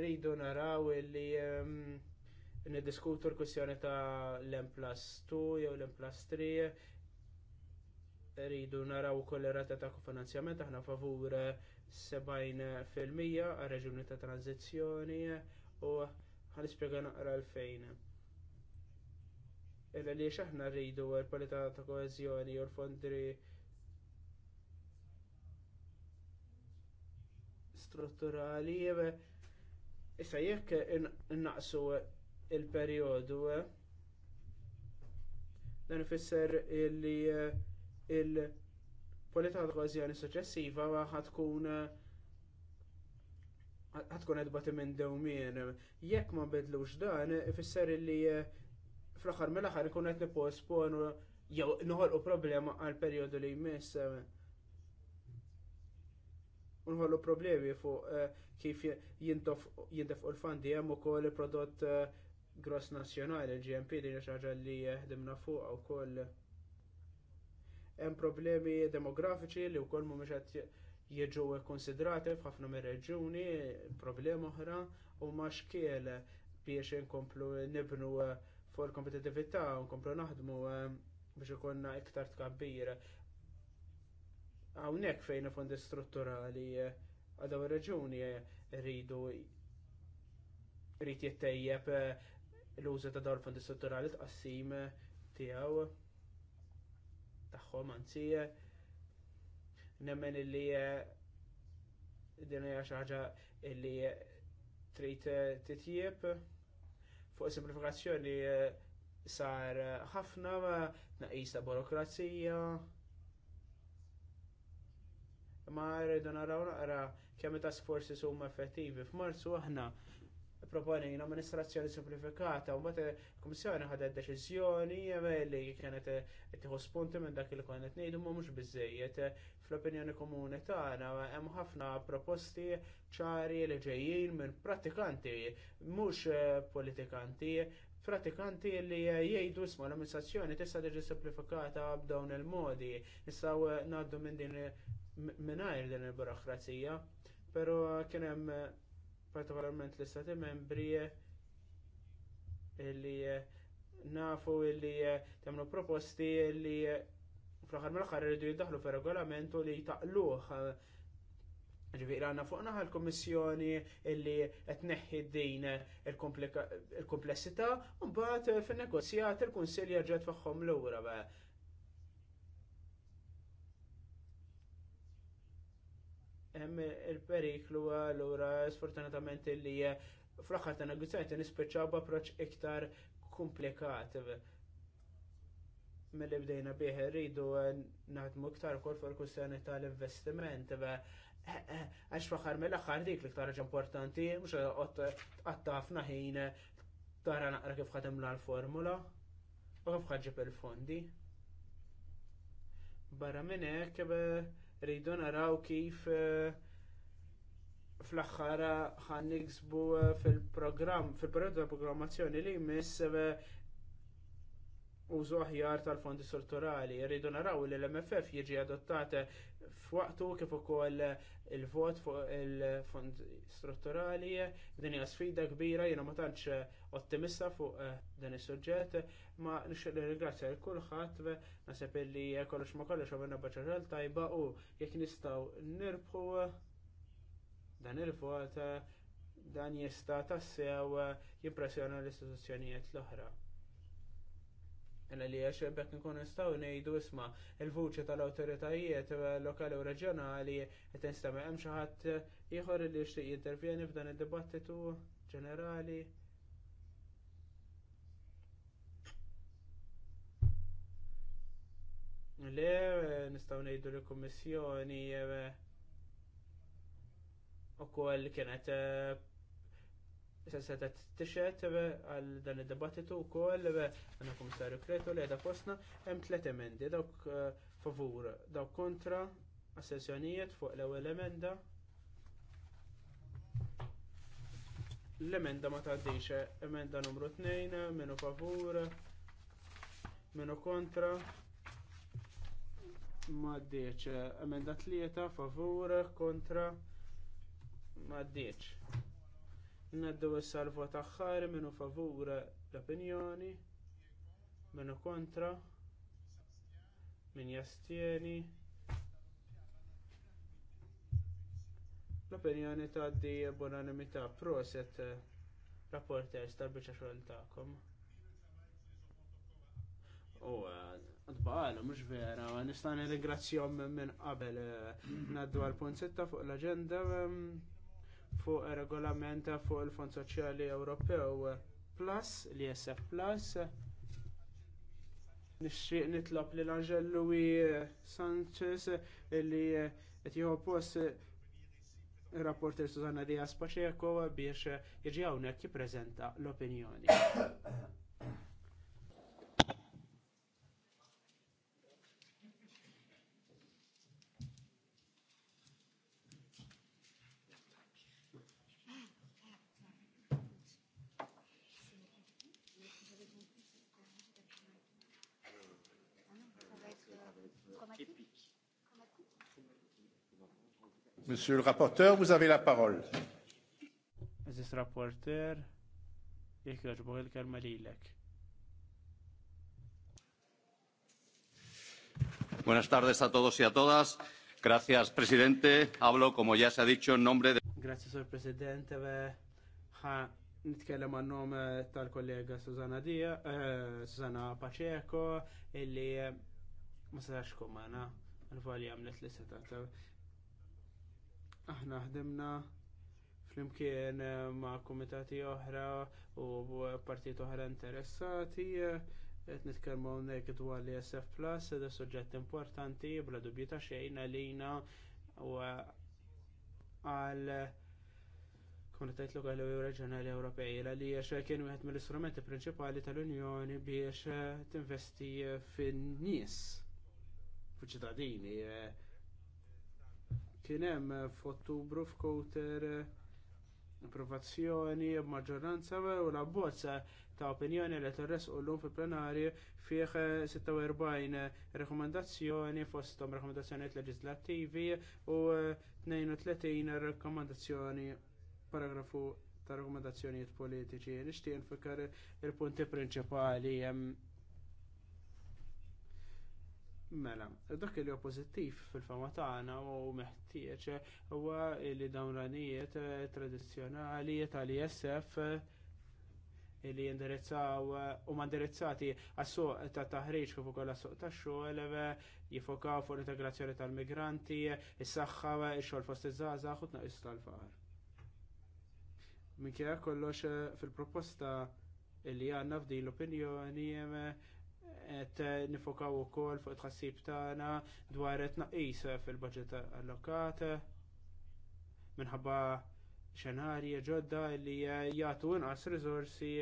rridu naraw li ehm, niddiskutu l-kwistjoni ta' l-M plus 2 jew l-M plus 3 rridu naraw ukoll ir-rata ta' kofinanzjament aħna favur 70% għal reġuni ta' tranzizzjoni u ħanispjega naqra l-fejn. Illa li xaħna rridu l-kwalità ta' koeżjoni u l-fondri strutturali issa jekk innaqsu l perjodu dan ifisser li il- politika ta' kohezjoni suċċessiva ħatkun qed eh, edbati minn dewmien. Jekk ma bidlux dan, ifisser li eh, fl-aħħar mill-aħħar ikun qed nipposponu jew noħolqu problema għal perjodu li jmiss. Unħollu problemi fuq eh, kif jintof u l-fandi hemm ukoll il-prodott gross nazzjonali, il-GMP li xi li ħdimna fuq wkoll hemm problemi demografiċi li wkoll mhumiex qed jiġu konsidrati f'ħafna mir-reġjuni, problema oħra u ma xkiel biex inkomplu nibnu eh, fuq kompetitività u nkomplu naħdmu eh, biex ikonna iktar tkabbir. Hawnhekk fejn fondi strutturali eh, għadaw ir-reġjuni rridu rrid jittejjeb l-użu ta' dawn il-fondi strutturali tqassim tiegħu tagħhom anzi eh, nemmen illi eh, din hija xi ħaġa illi eh, trid titjib fuq simplifikazzjoni sar ħafna tnaqqis ta' burokrazija ma rridu naraw naqra kemm ta' sforzi huma effettivi f'Marzu aħna proponejna amministrazzjoni simplifikata u meta kummissjoni ħadet deċiżjoni li kienet eh, tieħu spunti minn dak li qed ngħidu ma mhux biżejjed fl-opinjoni komuni tagħna hemm ħafna proposti ċari li ġejjin minn pratikanti mhux eh, politikanti pratikanti li eh, jgħidu isma l-amministrazzjoni tista' tiġi simplifikata b'dawn il-modi nistgħu ngħaddu minn din mingħajr din il-burokrazija però kien hemm partikolarment l-istati membri li eh, nafu li eh, temlu proposti li eh, fl aħħar mill aħħar rridu jiddaħlu fir regolamentu li jtaqluħ. Ġiviri għanna fuq naħa l kummissjoni illi etneħi d-din il-komplessita, un mbagħad fil-negozjat il-Konsilja ġet faħħom l-ura hemm il-periklu allura sfortunatament li fl-aħħar ta' negozjati nispiċċaw b'approċċ iktar komplikat mill-li bdejna bih rridu naħdmu iktar ukoll fil kwistjoni tal-investiment għax faħar mill-axħar dik l-iktar ħaġa importanti, mux għatta ħafna ħin tara naqra kif ħadem l-formula u kif ħadġib il-fondi. Barra minn hekk rridu naraw kif eh, fl-axħara ħan eh, fil-programm, fil-periodu ta' programmazzjoni li jmiss eh, użu aħjar tal-fondi strutturali. Rridu naraw li l-MFF jiġi adottat f'waqtu kif ukoll il-vot fuq il fondi strutturali. Din hija sfida kbira jiena ma tantx ottimista fuq eh, dan is-suġġett, ma nixtieq nirringrazzja l kulħadd naħseb li kollox ma kollox għamilna ġol tajba u jekk nistgħu nirbħu dan il-vot dan jista' tassew jimpressjona l-istituzzjonijiet l-oħra. Illa li għax bekk nkun nistaw nejdu isma il-vuċi tal-autoritajiet lokali u reġjonali qed nistema' hemm xi ħadd ieħor li jixtieq jintervjeni f'dan id-dibattitu ġenerali. Le, nistaw nejdu li kummissjoni eh, u kienet eh, setet t-tixet eh, għal dan id-debattitu u koll eh, għanna komissarju Kretu li għada fosna hemm tlet emendi dawk eh, favur dawk kontra assessjonijiet fuq l-ewwel emenda l-emenda ma tgħaddix emenda numru 2 minu favur minu kontra ma emenda 3 favur kontra ma Naddu issa l-vot aħħar minnu favur l-opinjoni, minnu kontra, min jastieni. L-opinjoni ta' di bonanimità proset rapporters tal-bicċa xogħol tagħkom. U eh, għadbaqalu, mux vera, nista' nirringrazzjahom minn qabel eh, naddu għal punt fuq l agenda ehm, fuq regolament fuq il-Fond Soċjali Ewropew Plus, l-ISF Plus. Nixtieq nitlob li l-Anġel Louis Sanchez li qed jieħu post rapporter Susanna Diaz Pacheco biex jiġi hawnhekk jippreżenta l-opinjoni. Monsieur le rapporteur, vous avez la parole. Monsieur le rapporteur, jek joġbuħ il-kelma lilek. Buenas tardes a todos y a todas. Gracias, presidente. Hablo, como ya se ha dicho, en nombre de... Gracias, señor presidente. Ha, nitkellem għan nom eh, tal-kollega Susana Dia, eh, Susanna Paceco, illi eh, ma sarax kumana, għal-vali għamlet li setata. Aħna ħdimna flimkien eh, ma' komitati oħra u partijiet oħra interessati eh, qed nitkellmu hawnhekk dwar li SF Plus da suġġett importanti bla dubju ta' xejn għalina u eh, għal komunitajt lokali u reġjonali Ewropej li kien wieħed mill-istrumenti prinċipali tal-Unjoni biex tinvesti fin-nies, fiċ-ċittadini. Kien hemm eh, f'Ottubru f'Kowter eh, approvazzjoni b'maġġoranza eh, u l-abbozza ta' opinjoni li torres u llum fil-plenari fih 46 rekomandazzjoni fosthom rekomandazzjonijiet leġislattivi u 32 rekomandazzjoni paragrafu ta' rekomendazzjonijiet politiċi. Nixtieq nfikar il-punti prinċipali hemm Mela, dak li huwa pożittiv fil-fama tagħna u meħtieġ huwa li dawn ranijiet tradizzjonali tal-ISF li jindirizzaw u mandirizzati għas-suq ta' taħriġ kif ukoll għas-suq tax-xogħol jifokaw fuq l-integrazzjoni tal-migranti, is-saħħa, ix-xogħol fost iż-żgħażagħ u tnaqqis tal-faqar. Minkejja kollox fil-proposta li għandna f'din l-opinjoni qed nifokaw ukoll fuq tħassib tagħna dwar tnaqqis fil-budget allokat minħabba xenarji ġodda li jagħtu inqas riżorsi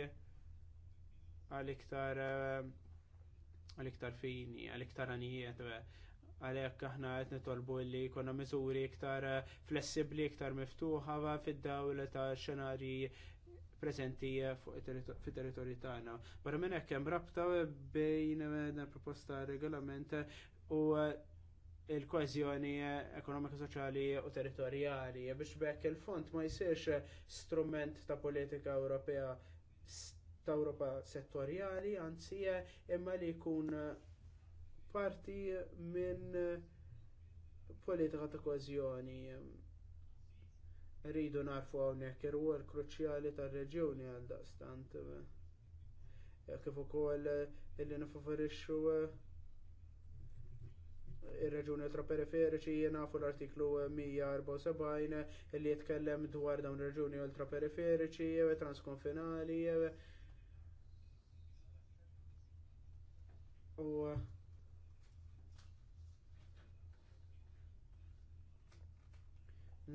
għal iktar għal iktar fini, għal iktar għanijiet għalhekk aħna qed nitolbu li jkollna miżuri iktar flessibbli, iktar miftuħa fid-dawl ta' xenarji preżenti eh, fit territorju tagħna. Barra minn hekk hemm rabta bejn eh, proposta regolament eh, u il-kohezjoni ekonomika, soċjali u territorjali biex bekk il-fond ma jsirx strument ta' politika Ewropea ta' Ewropa settorjali, anzi imma li jkun parti minn politika ta' kohezjoni rridu narfu hawnhekk ir-rwol kruċjali tar-reġjuni għal daqstant eh, kif ukoll eh, illi nifavorixxu eh, ir-reġuni ultraperiferiċi nafu l-artiklu 174 illi jitkellem dwar dawn ir-reġuni ultraperiferiċi transkonfinali u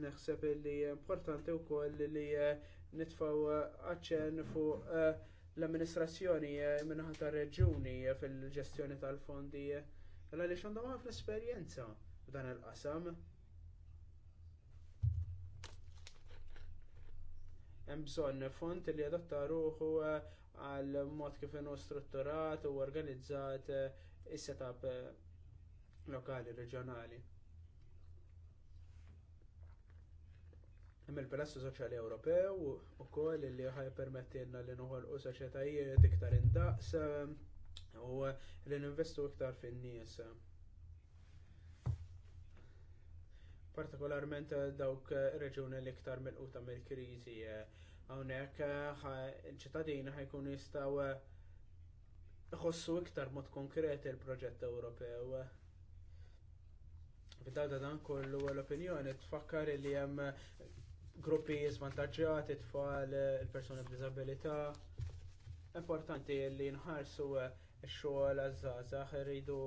Naħseb li importanti wkoll li eh, nitfaw eh, aċċenn fuq eh, l-amministrazzjoni minnaħat tar-reġjuni fil-ġestjoni tal-fondi. Għalla li xandom ħafna esperjenza f'dan il-qasam. Hemm bżonn fond li adatta ruħu għal mod kif inhu strutturat u organizzat is-setup lokali, reġjonali. Imma l-pilastru soċjali Ewropew ukoll li ħaj permettilna li noħolqu soċjetajiet iktar indaqs eh, u li ninvestu iktar fin-nies. Partikolarment eh, dawk reġuni l-iktar mill-quta mill-kriżi eh, hawnhekk il-ċittadini ħajkun jistgħu ħossu iktar mod konkret il-proġett Ewropew. Fidal da dan kollu l-opinjoni tfakkar li hemm gruppi żvantaġġati tfal, il-persuni b'diżabilità Importanti li nħarsu eh, xogħol għazzazax, rridu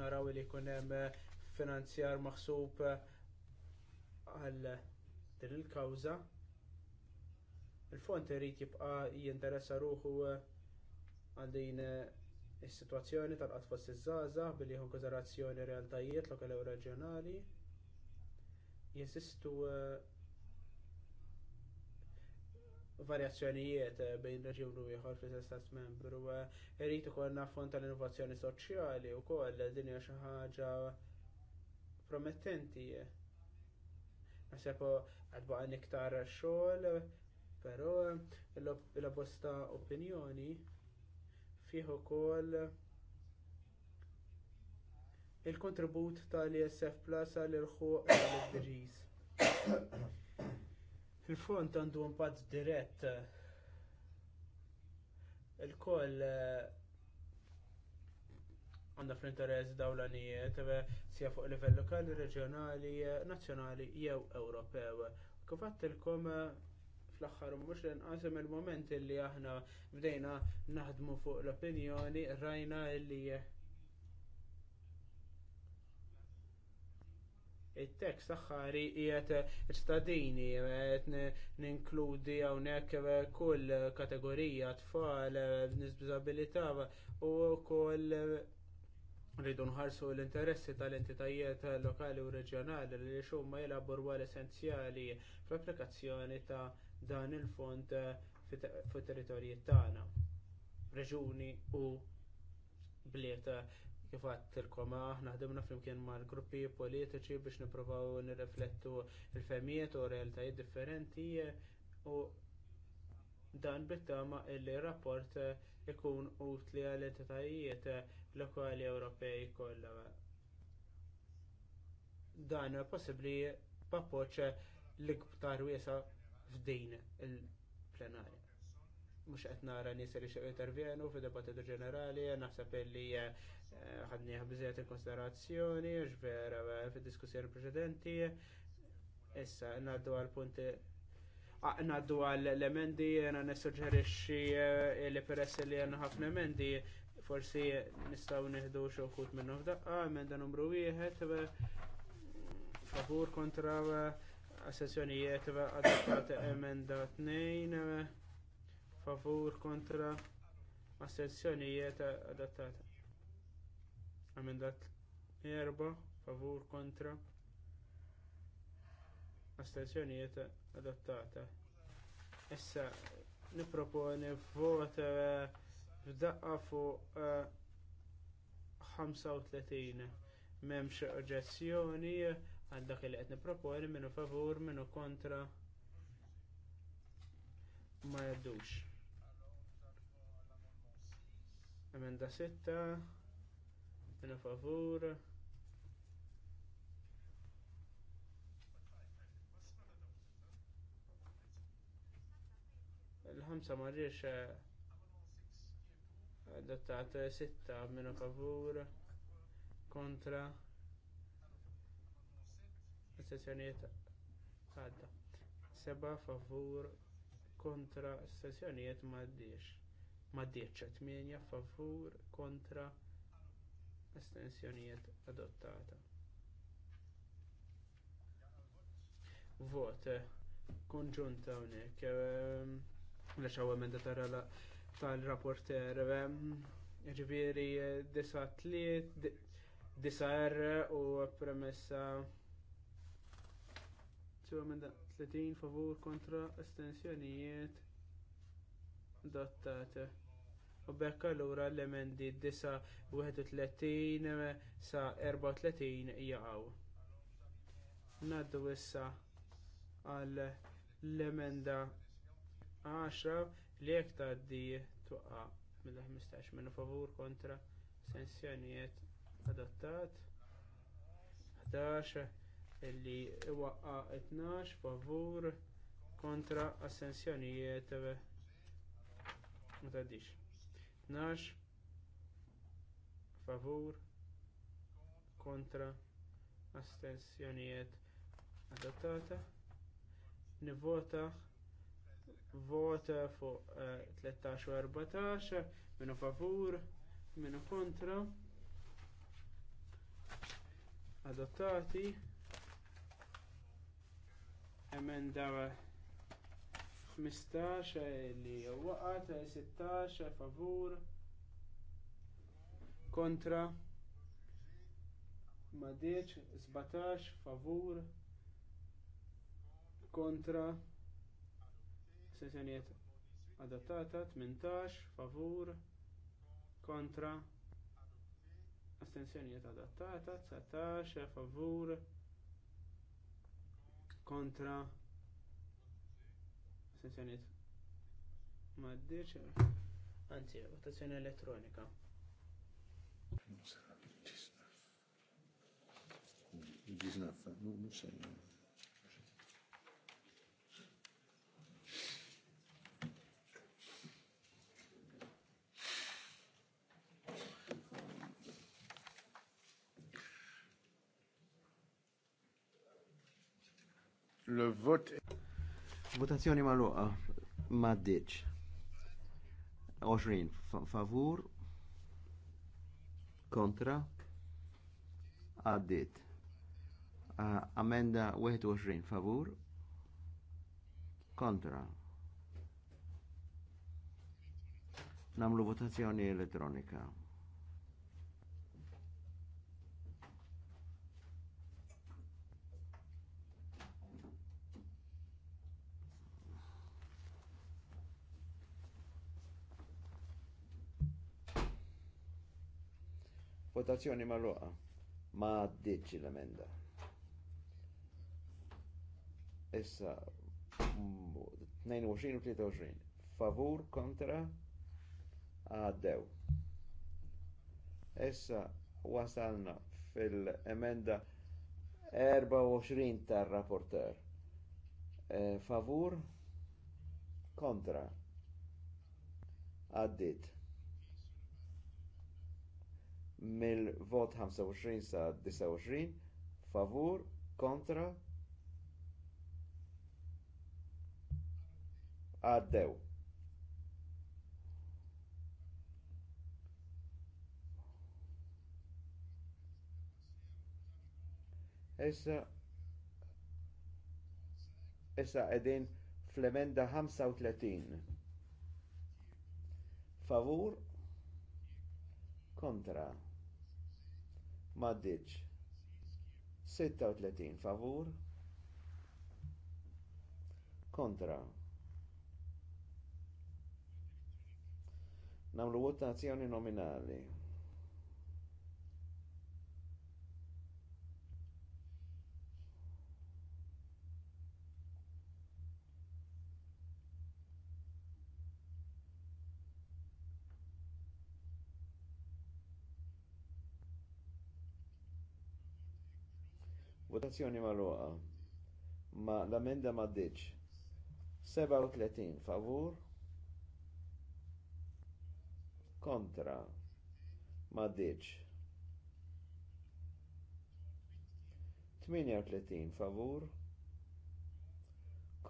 naraw li jkun hemm eh, finanzjar maħsub eh, għal din il kawża Il-fond irid jibqa' jinteressa ruħu għal din is-sitwazzjoni tal-qatfos iż-żgħażagħ billi jieħu konsiderazzjoni realtajiet lokali u reġjonali. Jeżistu varjazzjonijiet eh, bejn reġjun u ieħor fl istess membru. Eh, irrid ikollna fond tal-innovazzjoni soċjali wkoll din hija xi ħaġa promettenti. Naħseb baqa' niktar xogħol, però l-bosta opinjoni fih ukoll il-kontribut tal-ISF Plus għall-irħuq tal-Dirġis. fil-fond għandu impatt dirett il-koll eh, għandha fl-interess dawlanijiet eh, sija fuq livell lokali, reġjonali, eh, nazzjonali jew Ewropew. Kif għattilkom fl-axħar mux inqasem il-moment illi aħna bdejna naħdmu fuq l-opinjoni, rajna illi il-tekst aħħari jiet ċittadini, jiet ninkludi hawnhekk kull kategorija tfal b'nisbizabilità u kull rridu nħarsu l-interessi tal-entitajiet lokali u reġjonali li xumma jilabu rwal essenzjali fl-applikazzjoni ta' dan il-fond fit territorji tagħna, reġuni u bliet kif għattilkom aħna ħdimna flimkien mal-gruppi politiċi biex niprofaw nirriflettu il-femijiet u realtajiet differenti u dan bittama illi rapport ikun utli għal entitajiet lokali Ewropej kollha. Dan possibbli b'appoġġ l-iktar wiesa f'din il-plenarja mux qed nara nies li xeq intervjenu fi dibattitu ġenerali, naħseb li Ħadnieħ bizziet il-konsiderazzjoni, ġvera fil-diskussjoni preċedenti, issa naddu għal-punti Naddu għal l-emendi, jena nissuġġerixxi eh, li peress li għanna ħafna emendi, forsi nistaw nieħdu xi wħud minnu f'daqqa, emenda numru wieħed, eh, favur kontra eh, sessjonijiet adattat emenda tnejn, favur kontra sessjonijiet adattat Amendat erba, favur kontra. Astenzjonijiet adottata. Issa niproponi vot eh, f'daqqa fuq 35. Eh, M'hemmx oġġezzjoni għal dak li qed nipproponi minnu favur hu kontra ma jaddux. Emenda sitta. Minu favur. Il-ħamsa marriċ eh, adottat eh, sitta minu favur kontra sessjonijiet għadda. Seba favur kontra sessjonijiet ma Maddiex, eh, tminja favur kontra Estensjonijiet adottata. Vot eh, konġunta unek, eh, ehm, leċaw emenda tara tal-rapporter, eh, ehm, ġviri disa tliet, disa R u premessa ċu emenda 30 favur kontra estensjonijiet adottata u bekk allura l-emendi 31 sa 34 jaqgħu. Naddu issa għal l-emenda 10 li jekk tgħaddi tuqa mill-15 minu favur kontra sensjonijiet adottat. 11 illi waqqa 12 favur kontra assenzjonijiet ma 12 favur kontra astensjonijiet adottata nivvota vota fuq uh, 13 14 minu favur minu kontra adottati emenda 15 li waqgħet 16 favur kontra Madeċ 17 favur kontra sessjonijiet adattata 18 favur kontra astensjonijiet adattata 19 favur kontra Sessjoniet. Ma Anzi, votazzjoni elettronika. Ġiznaffa, Le vote Votazzjoni maluqa. Maddiċ. 20. Favur. Kontra. Għaddit. Amenda 21. Favur. Kontra. Namlu votazzjoni elettronika. Votazzjoni maluqa. Ma għaddiċ l-emenda. Issa 22 u 23. Favur kontra għaddew. Issa wasalna fil-emenda 24 tar-rapporter. E, favur kontra għaddit mill-vot 25 sa 29 favur kontra għaddew. Issa issa qegħdin fl-emenda 35. Favur kontra. Maddiċ. 36 favur. Kontra. Namlu votazzjoni nominali. Votazzjoni magħluqa. Ma l-amenda ma ddiċ. 37 favur. Kontra. Ma ddiċ. 38 favur.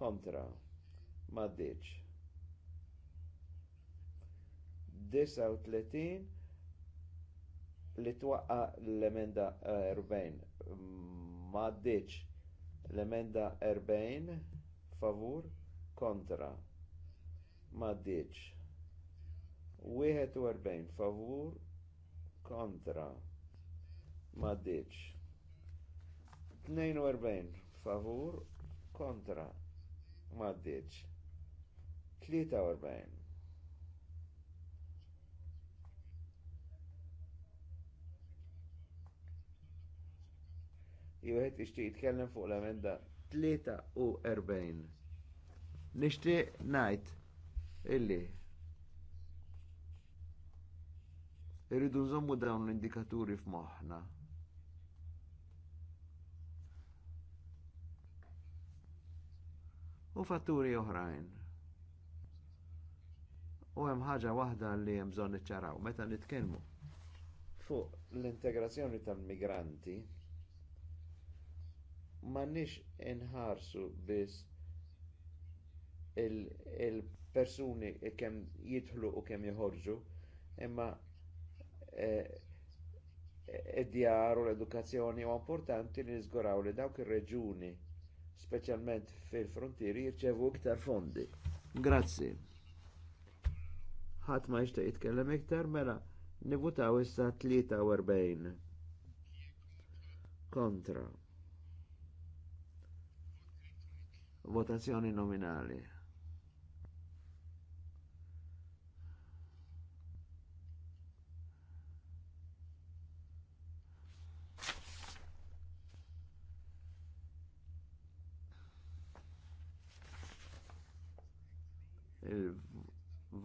Kontra. Ma ddiċ. 39 li twaqqa l-emenda 40 eh, ma ddiċ. L-emenda 40 favur kontra ma ddiċ. 41 favur kontra ma ddiċ. 42 favur kontra ma ddiċ. 43 jgħet ixti jitkellem fuq l-emenda 43. Nishti najt illi irridu nżommu dawn l-indikaturi f'moħħna. U fatturi oħrajn. U hemm ħaġa waħda li hemm bżonn niċċaraw meta nitkellmu fuq l-integrazzjoni tal-migranti m'għandniex inħarsu biss il-persuni il kemm jidħlu u kemm joħorġu, imma id-djar e, e, u l-edukazzjoni huwa importanti li niżguraw li dawk ir-reġuni, speċjalment fil-frontieri, jirċevu iktar fondi. Grazzi. Ħadd ma jixtieq jitkellem iktar mela nivutaw issa 43 kontra. votazzjoni nominali.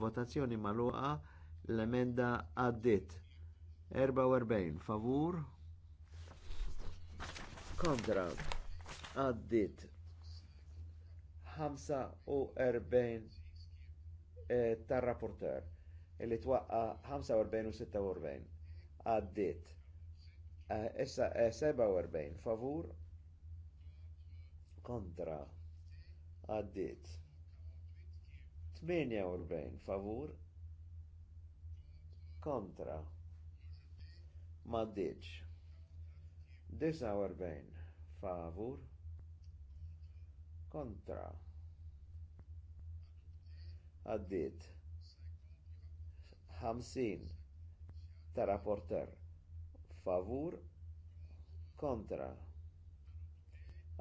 votazzjoni maluqa l-emenda għaddit. 44 favur kontra għaddit 45 eh, tar-rapporter illi twaqqa 45 u 46 għaddit. Eh, issa 47 eh, favur kontra għaddit. 48 favur kontra maddiċ. 49 favur kontra għaddiet. 50 ta' rapporter favur kontra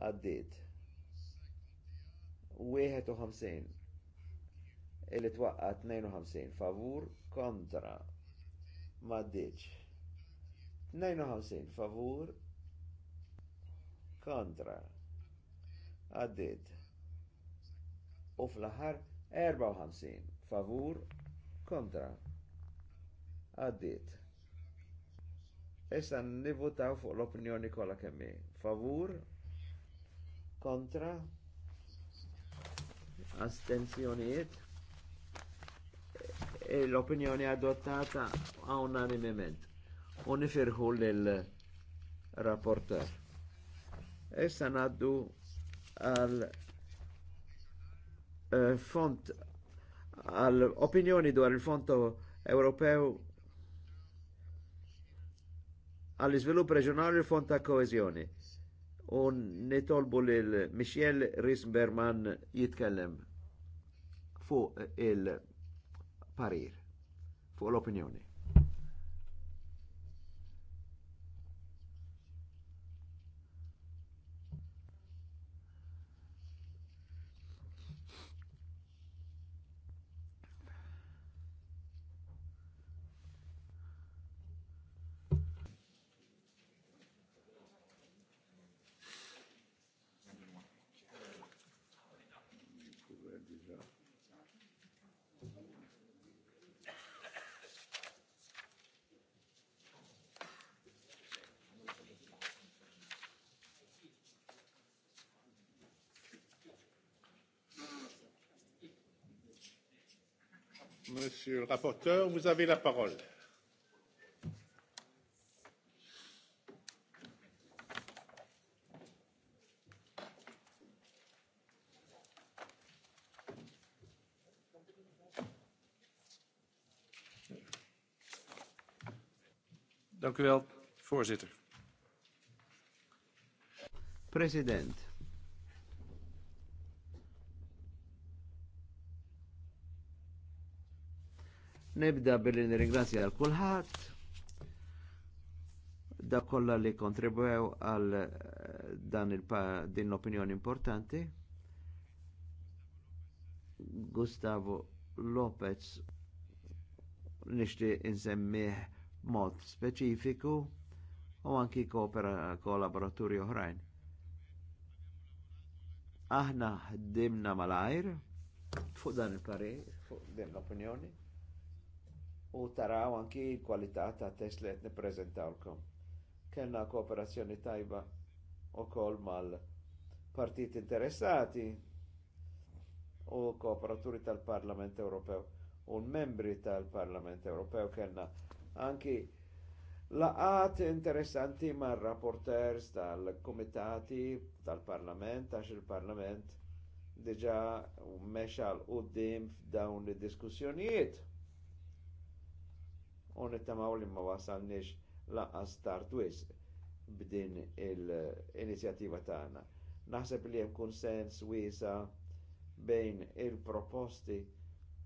għaddiet. 51 illi twaqqa 52 favur kontra maddiċ 52 favur kontra għaddit u fl-aħħar 54 favur kontra għaddit. Issa nivutaw fuq l-opinjoni kolla kemmi. Favur kontra astenzjoniet, e l-opinjoni adottata unanimement. Unifirħu l-rapporter. Issa naddu għal Eh, font għal opinjoni dwar il font Ewropew għal iżvilupp reġjonali il-Fond ta' koezjoni. U nitolbu l Michel Risberman jitkellem fuq il-parir, fuq l-opinjoni. Monsieur le rapporteur, vous avez la parole. Dank u wel, voorzitter. President. Nibda billi nirringrazzja għal kulħadd da kollha li kontribwew għal eh, dan il din l-opinjoni importanti. Gustavo Lopez nixti insemmih mod speċifiku u anki koopera kollaboraturi oħrajn. Aħna ħdimna mal-ajr fuq dan il-parir, fuq din l-opinjoni u taraw anki l-kwalità ta' test li qed nippreżentawlkom. Kellna kooperazzjoni tajba ukoll mal-partit interessati u kooperaturi tal-Parlament Ewropew u membri tal-Parlament Ewropew kellna anki laqat interessanti mar rapporters tal-komitati tal-Parlament għax il-Parlament diġa meċa l-qoddim f'dawn id-diskussjonijiet u nittamaw li ma wasalniex laqqas tard wisq b'din l-inizjattiva tagħna. Naħseb li hemm kunsens wiesa bejn il-proposti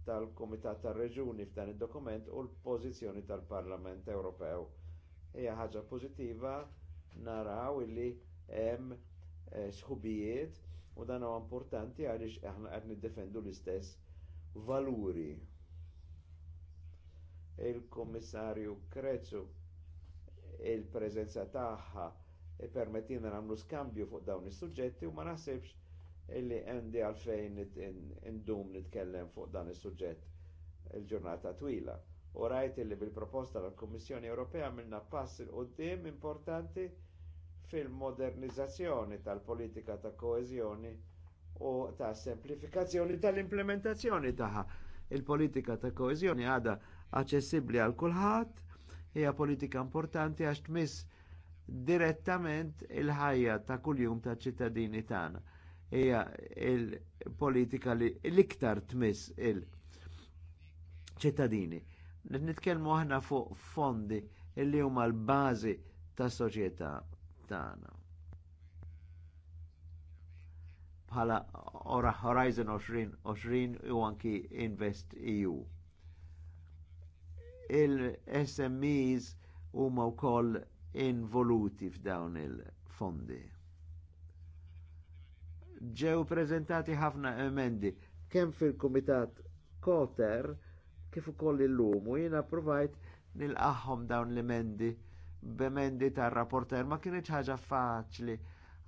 tal-Kumitat tar-Reġuni f'dan id-dokument u l-pożizzjoni tal-Parlament Ewropew. Hija ħaġa pożittiva naraw illi hemm eh, sħubijiet u dan huwa importanti għaliex aħna qed niddefendu l-istess valuri il-Kommissarju Krezu il-prezenza tagħha e permettina nagħmlu skambju fuq dawn is-suġġetti u ma naħsibx illi għandi għalfejn indum nitkellem fuq dan is-suġġett il-ġurnata twila. U rajt illi bil-proposta tal-Kummissjoni Ewropea minna pass il-qoddim importanti fil-modernizzazzjoni tal-politika ta' koeżjoni u ta' semplifikazzjoni tal-implementazzjoni tagħha. Il-politika ta' koeżjoni għadha aċċessibbli għal kulħadd, hija politika importanti għax tmiss direttament il-ħajja ta' kuljum ta' ċittadini tagħna. Hija il-politika li l-iktar tmiss il-ċittadini. Nitkellmu aħna fuq fondi illi huma l-bażi tas soċjetà tagħna. Bħala ora Horizon 2020 u anki Invest EU il-SMEs huma wkoll involuti f'dawn il-fondi. Ġew prezentati ħafna emendi kemm fil-Kumitat Koter kif ukoll illum u jiena provajt nilqahom dawn l-emendi b'emendi tar-rapporter ma kienx ħaġa faċli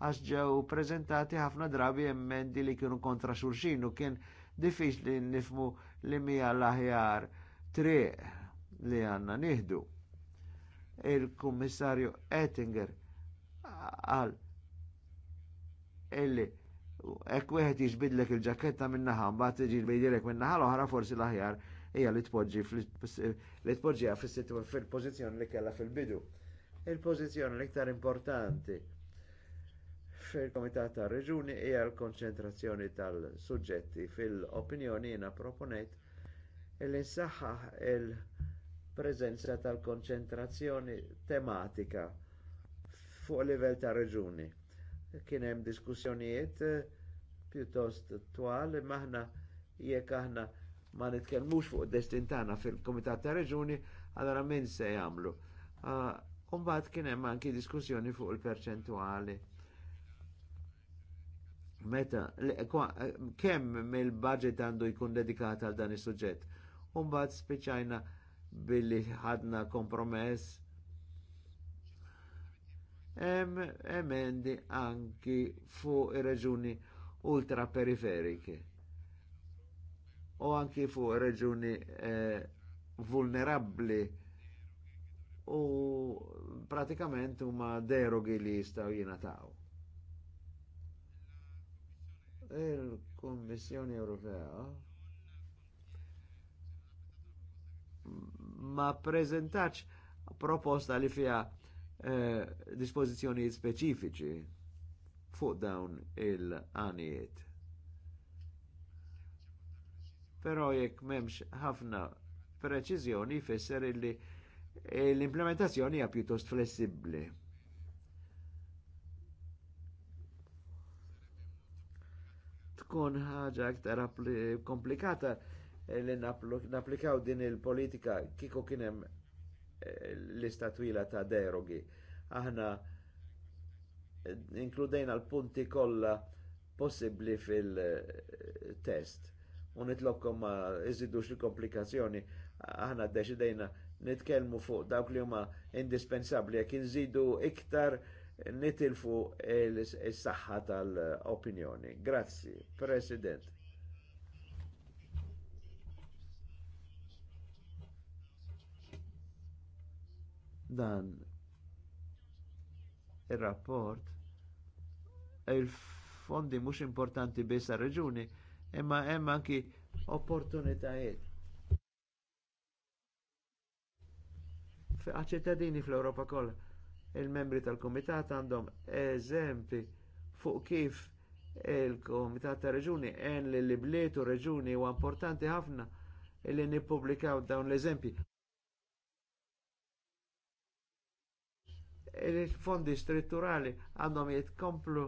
għax ġew prezentati ħafna drabi emendi li kienu kontra xulxin u kien diffiċli nifmu li mija l-aħjar triq li għanna nieħdu. Il-Kummissarju Ettinger għal illi ek wieħed jiġbidlek il-ġaketta minnaħa mbagħad tiġi l-bejdilek minnaħa l-oħra forsi l-aħjar hija li tpoġġi li tpoġġiha fil-pożizzjoni li kellha fil-bidu. Il-pożizzjoni l-iktar importanti fil-Komitat tar reġuni hija l-konċentrazzjoni tal-suġġetti fil-opinjoni jiena proponejt il-insaħħaħ il-, -insaħħa il preżenza tal-konċentrazzjoni tematika fuq livell ta' reġuni. Kien hemm diskussjonijiet eh, pjuttost twal imma aħna jekk aħna ma nitkellmux fuq destin tagħna fil-Kumitat ta' Reġuni, allora min se jagħmlu. Ah, umbagħad kien hemm anki diskussjoni fuq il-perċentwali. Meta eh, kemm mill-budget għandu jkun dedikat għal dan is-suġġett. Umbagħad spiċajna billi ħadna kompromess. Em, emendi anki fuq ir-reġuni ultra periferike u anki fuq reġuni eh, vulnerabli u pratikament huma derogi li jistgħu jingħataw. Il-Kommissjoni Ewropea ma prezentax proposta li fija eh, dispozizjoni speċifiċi fuq dawn il-għanijiet. Però jekk memx ħafna preċiżjoni jfisser illi eh, l-implementazzjoni hija pjuttost flessibbli. Tkun ħaġa aktar komplikata li naplikaw din il-politika kieku kien hemm eh, l-istatwila ta' derogi. Aħna eh, inkludejna l-punti kollha possibbli fil-test. Unitlokkom ma iżidux il-komplikazzjoni, aħna deċidejna nitkellmu fuq dawk li huma indispensabbli jekk inżidu iktar nitilfu is-saħħa tal-opinjoni. Grazzi, President. dan ir-rapport il fondi mhux importanti biss għar-reġuni imma hemm anki opportunitajiet. Għaċ-ċittadini fl-Ewropa kollha il-membri tal-Kumitat għandhom eżempi fuq kif il kumitat ta' Reġuni għen li l-bliet u Reġuni u importanti ħafna li nippubblikaw dawn l-eżempji. il-fondi strutturali għandhom jitkomplu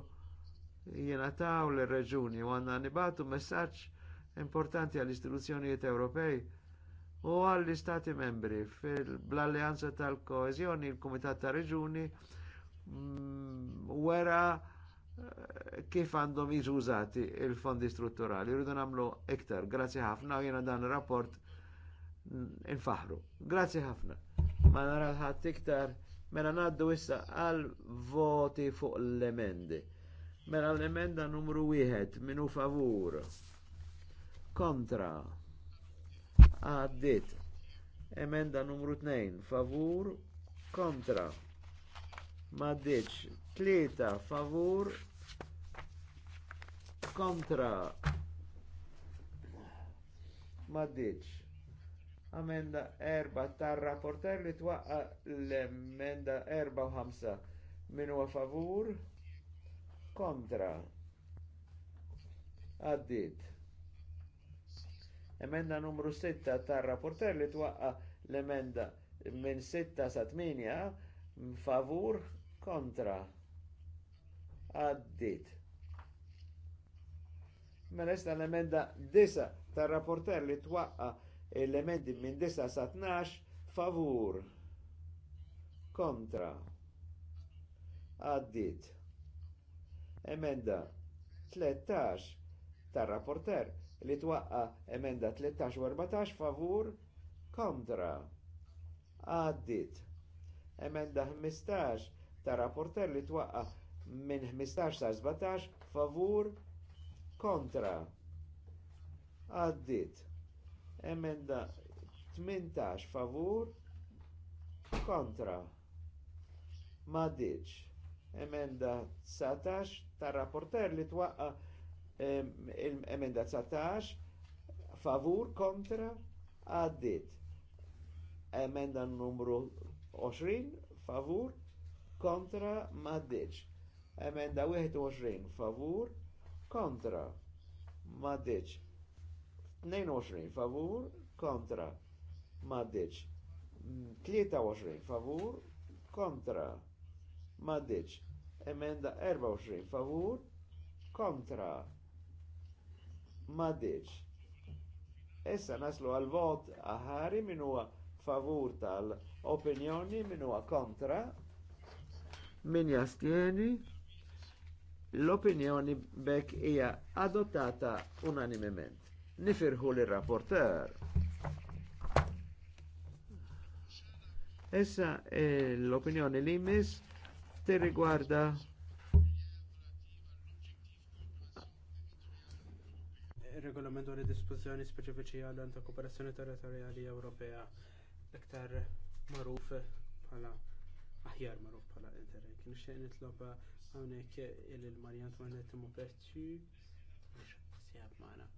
jenataw l-reġuni u għanna nibatu messaċ importanti għall-istituzzjonijiet Ewropej u għall-istati membri fil-alleanza tal-koezjoni il-Kumitat ta' Reġuni mm, wera eh, kif għandhom jiżużati il-fondi strutturali. Rridu nagħmlu iktar. Grazzi ħafna u jiena dan ir-rapport mm, infaħru. Grazzi ħafna. Ma nara iktar Mela naddu issa għal voti fuq l-emendi. Mela l-emenda numru wieħed minu favur. Kontra. Għaddit. Emenda numru 2 favur. Kontra. Maddiċ. Tlieta favur. Kontra. Maddiċ amenda erba tar-rapporter li twaqqa l-emenda erba u ħamsa minu a favur kontra għaddit. Emenda numru 6 tar-rapporter li twaqqa l-emenda minn 6 sa 8 favur kontra għaddit. Mela l-emenda 9 tar-rapporter li twaqqa Elementi minn 9 sa 12 favur kontra għaddit. Emenda 13 tar rapporter li twaqqa emenda 13 u 14 favur kontra għaddit. Emenda 15 tar rapporter li twaqqa minn 15 sa 17 favur kontra għaddit Emenda 18 favur kontra ma Emenda 19 tar rapporter li twaqqa emenda 19 favur kontra għaddit. Emenda numru 20 favur kontra ma Emenda 21 favur kontra ma 22 favur kontra Madic 23 favur kontra Madic emenda 24 favur kontra Madic Essa naslu għal vot aħari min huwa favur tal-opinjoni min huwa kontra min jastieni l-opinjoni bekk hija adottata unanimement nifirħu l rapporter Essa eh, l-opinjoni li mis ti riguarda regolament dwar dispożizzjoni speċifiċi għal ta' kooperazzjoni territorjali Ewropea iktar magħruf bħala aħjar magħruf bħala interreg. Nixtieq nitlob hawnhekk il-Marjan Twanet Mopertu biex sejab magħna.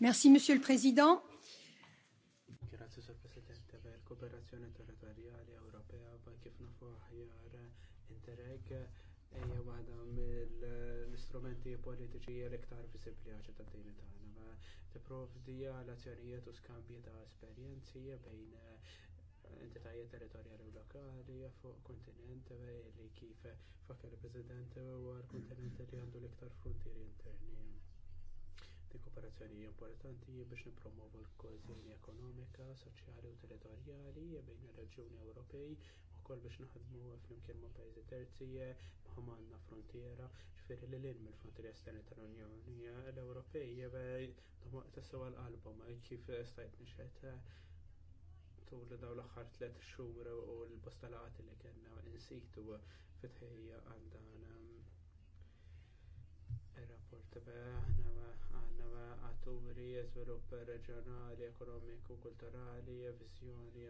Merci, Monsieur le Président. Grazie, Sor Presidente, per cooperazione territoriale europea, ba kif a aħjar Interreg, eja waħda mill-istrumenti politiċi e l-iktar visibli għaxa ta' dini tagħna. Tipprovdi l-azzjonijiet u skambji ta' esperjenzi bejn eh, entitajiet territorjali u lokali fuq kontinent e li kif fakka il-President huwa l-kontinent li għandu l-iktar frontieri interni. Di kooperazzjoni importanti biex nippromovu l-kohezjoni ekonomika, soċjali u territorjali bejn ir-reġjuni Ewropej wkoll biex naħdmu flimkien ma' pajjiżi terzi għandna frontiera ġifieri li lin mill-frontiera esterni tal-Unjoni l-Ewropej eh, tassew għall-qalba ma' eh, kif stajt nixed tul dawn l-aħħar tliet xhur u l-bosta laqati li kellna insitu fitħejja għal dan eh, ir-rapport atturi żvilupp reġjonali, ekonomiku, kulturali, viżjoni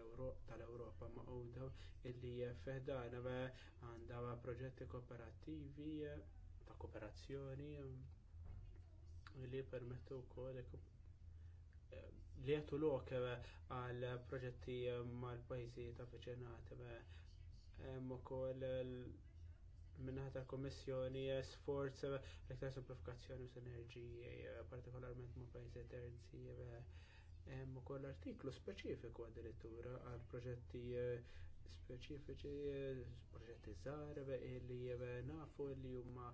tal-Ewropa maqgħuda illi fedan eh, għandha proġetti kooperattivi eh, ta' kooperazzjoni eh, li permettu wkoll li jagħtu lok għal proġetti mal-pajjiżi ta' viċinat hemm minnaħa ta' kommissjoni sforz iktar simplifikazzjoni u sinerġiji partikolarment ma' pajjiżi terzi hemm ukoll artiklu speċifiku addirittura għal proġetti eh, speċifiċi proġetti żgħar li eh, nafu li huma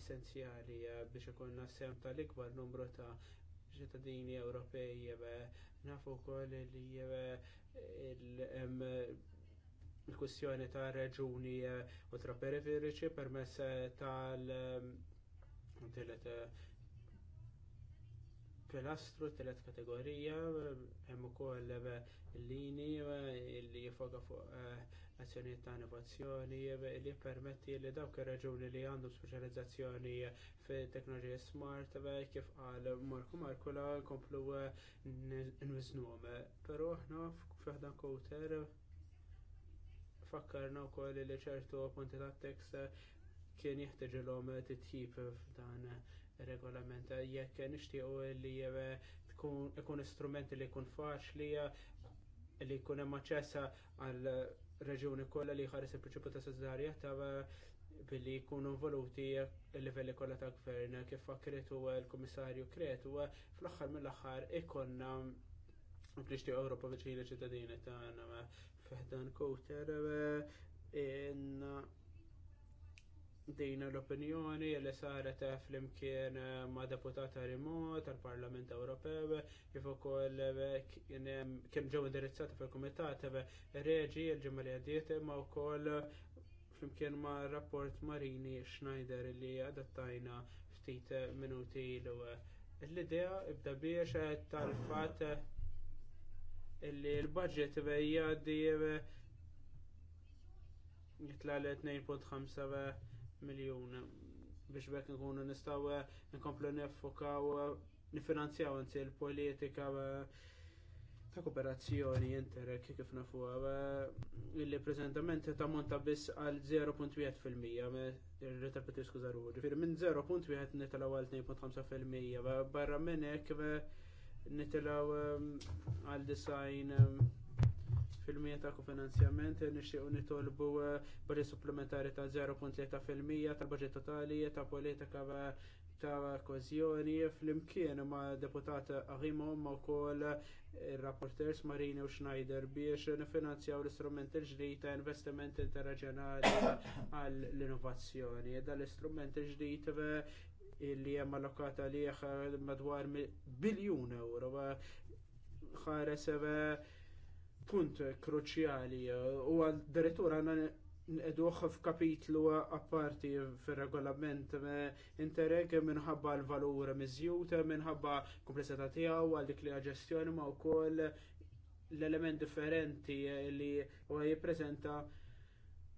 essenzjali eh, biex ikonna sem tal-ikbar numru ta' ċittadini Ewropej nafu wkoll li hemm il-kwestjoni ta' reġuni ultraperiferiċi permess tal tilet pilastru, tilet kategorija, hemm ukoll l-lini li jifoka fuq azzjonijiet ta' innovazzjoni li permetti li dawk ir-raġuni li għandhom speċjalizzazzjoni fit-teknoloġija smart kif qal Marku Markula nkomplu nwiżnuhom. Però aħna f'ħdan kowter fakkarna wkoll li ċertu appunti tat tekst kien jeħtieġilhom titjib f'dan regolament jekk nixtiequ li ikun istrumenti li jkun faċli li jkun hemm aċċess għal reġjuni kollha li jħares il-prinċipju ta' sussidjarjetà billi jkunu involuti il-livelli kollha ta' gvern kif fakkretu l-Kummissarju Kretu fl-aħħar mill-aħħar ikonna nixtieq Ewropa viċin ċittadini tagħna fiħdan kowter eh, in Din l-opinjoni li saret flimkien eh, ma' deputata rimot tal-Parlament Ewropew kif ukoll eh, kien ġew indirizzati fil-Kumitat Reġi l-ġimgħa li għaddiet ma' wkoll flimkien ma' rapport Marini Schneider li adattajna ftit minuti l l-idea ibda biex tal-fatt illi l-budget jgħaddi eh, jitla l 2.5 miljon biex bekk nkunu nistaw eh, nkomplu nifokaw eh, nifinanzjaw anzi l-politika ta' kooperazzjoni interreg kif nafu illi prezentament ta' monta biss għal 0.1% il mija skużaru ġifir minn 0.1 nitalaw għal 2.5% barra minn hekk nitilaw um, għal design um, fil-mija ta' kofinanzjament nixtiequ nitolbu uh, budget supplementari ta' 0.3 fil-mija tal-budget totali ta' politika uh, ta' kozjoni fl-imkien ma' deputat Arimo ma' wkoll il-rapporters uh, Marini u Schneider biex nifinanzjaw l-istrument il ġdid ta' investiment interreġjonali għall innovazzjoni Dal-istrument il-ġdijt Illi hemm allokata li madwar biljun euro ħares punt kruċjali u għal direttur għandna Eduħ f'kapitlu apparti fil-regolament interreg minħabba l-valur miżjut, minħabba komplessità tiegħu għal dik li ġestjoni ma' wkoll l-element differenti li huwa jippreżenta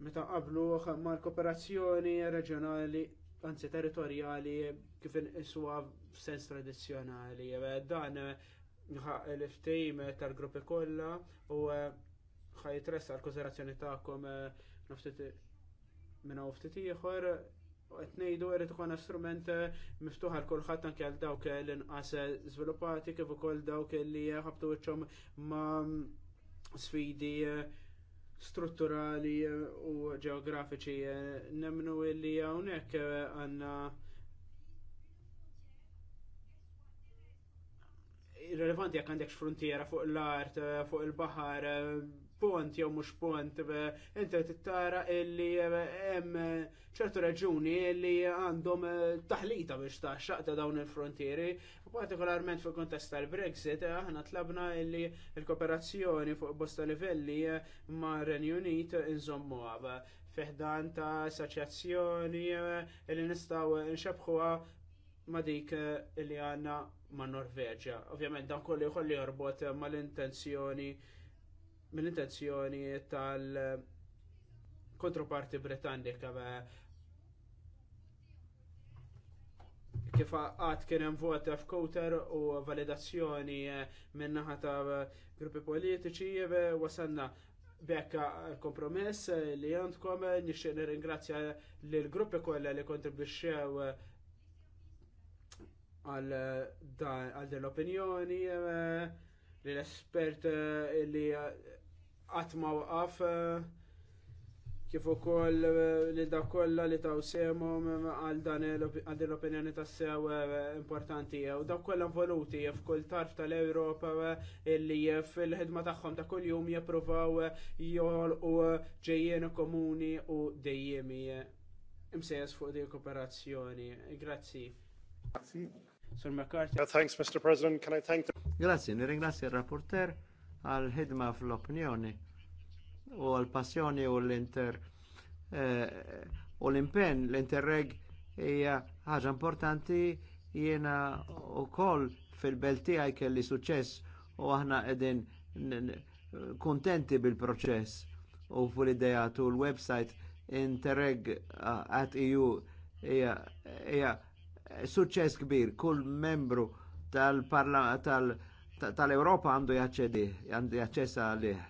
meta qabluh mal-kooperazzjoni reġjonali anzi territorjali kif iswa f'sens tradizzjonali. Dan l-ftejm tal-gruppi kollha u eh, ħajtressa l-konsiderazzjoni tagħkom naftit eh, minn ftit ieħor qed ngħidu jrid ikun strument eh, miftuħ għal kulħadd anke għal dawk l-inqas żviluppati kif ukoll dawk li ħabtu wiċċhom ma' sfidi strutturali eh, u ġeografiċi eh, nemnu li hawnhekk eh, għandna irrelevanti jekk għandek frontiera fuq l-art, fuq il-baħar, pont jew mhux pont, inti tittara illi hemm ċertu raġuni li għandhom eh, taħlita biex taxxaq ta' dawn il-frontieri, partikolarment fil kontest tal-Brexit, eh, aħna tlabna illi l-kooperazzjoni fuq bosta livelli eh, ma' Renju Unit inżommu fiħdan ta' assoċjazzjoni illi nistgħu nxabħuha ma' dik illi għandna ma' Norveġja. Ovvjament dan kollu jħolli jorbot mal intenzjoni mill-intenzjoni tal-kontroparti eh, Britannika kif għad kien hemm vot f'kouter u validazzjoni eh, min-naħa ta' gruppi politiċi eh, wasanna b'hekk kompromess li għandkom nixtieq nirringrazzja lill gruppi kollha li kontribwixxew għal dan l-opinjoni l espert li għatma waqaf eh, kif ukoll eh, li da kollha li taw semhom eh, għal dan l-opinjoni ta' sew importanti u da kollha involuti f'kull tarf tal-Ewropa illi fil-ħidma tagħhom ta' kuljum jippruvaw jolqu ġejjien komuni u dejjemi imsejjes fuq di kooperazzjoni. Grazzi. Grazzi. Sur McCarthy. Thanks, Mr. President. Can I thank the... Grazie, nirringrazzja il-rapporter għal ħidma fl-opinjoni u għal passjoni u l-inter eh, u l-impen l-interreg hija ħaġa importanti jiena u koll fil-belti għaj kelli suċess u aħna edin kontenti bil-proċess u fil-ideja tu l-website interreg għat EU hija suċess kbir kull membru tal-parlament tal, -parla, tal tal-Europa għandu jaċċedi, għandu jaċċessa għalih.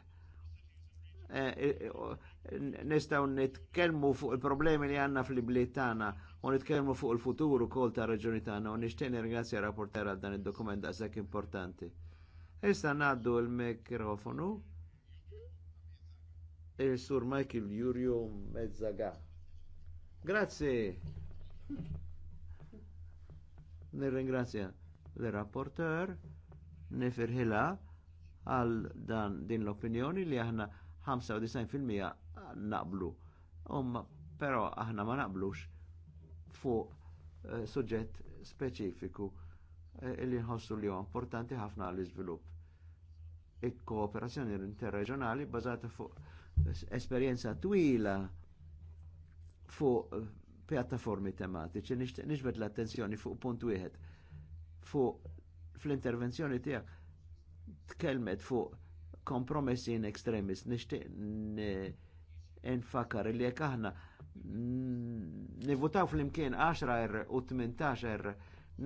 Eh, eh, eh, nistaw nitkelmu fuq il-problemi li għanna fl-ibliet tagħna u nitkelmu fuq il-futuru kol ta' raġuni tagħna u nishtieni ringrazzja rapporter għal dan il dokument daqshekk importanti. Issa naddu il mikrofonu il-sur Michael Jurio Mezzaga. Grazie. Nirringrazzja l-rapporter nifirħila għal dan din l-opinjoni li aħna 95% naqblu. Um, pero aħna ma naqblux fuq uh, suġġett speċifiku uh, li nħossu li huwa importanti ħafna għal iżvilupp Il-kooperazzjoni interreġjonali bbażata fuq esperienza twila fuq eh, pjattaformi tematiċi nixbet l-attenzjoni fuq punt wieħed fuq fl-intervenzjoni tiegħek tkelmet fuq kompromessi in extremis, nishtiq nfakar li jek aħna nivutaw fl-imkien 10 u 18 er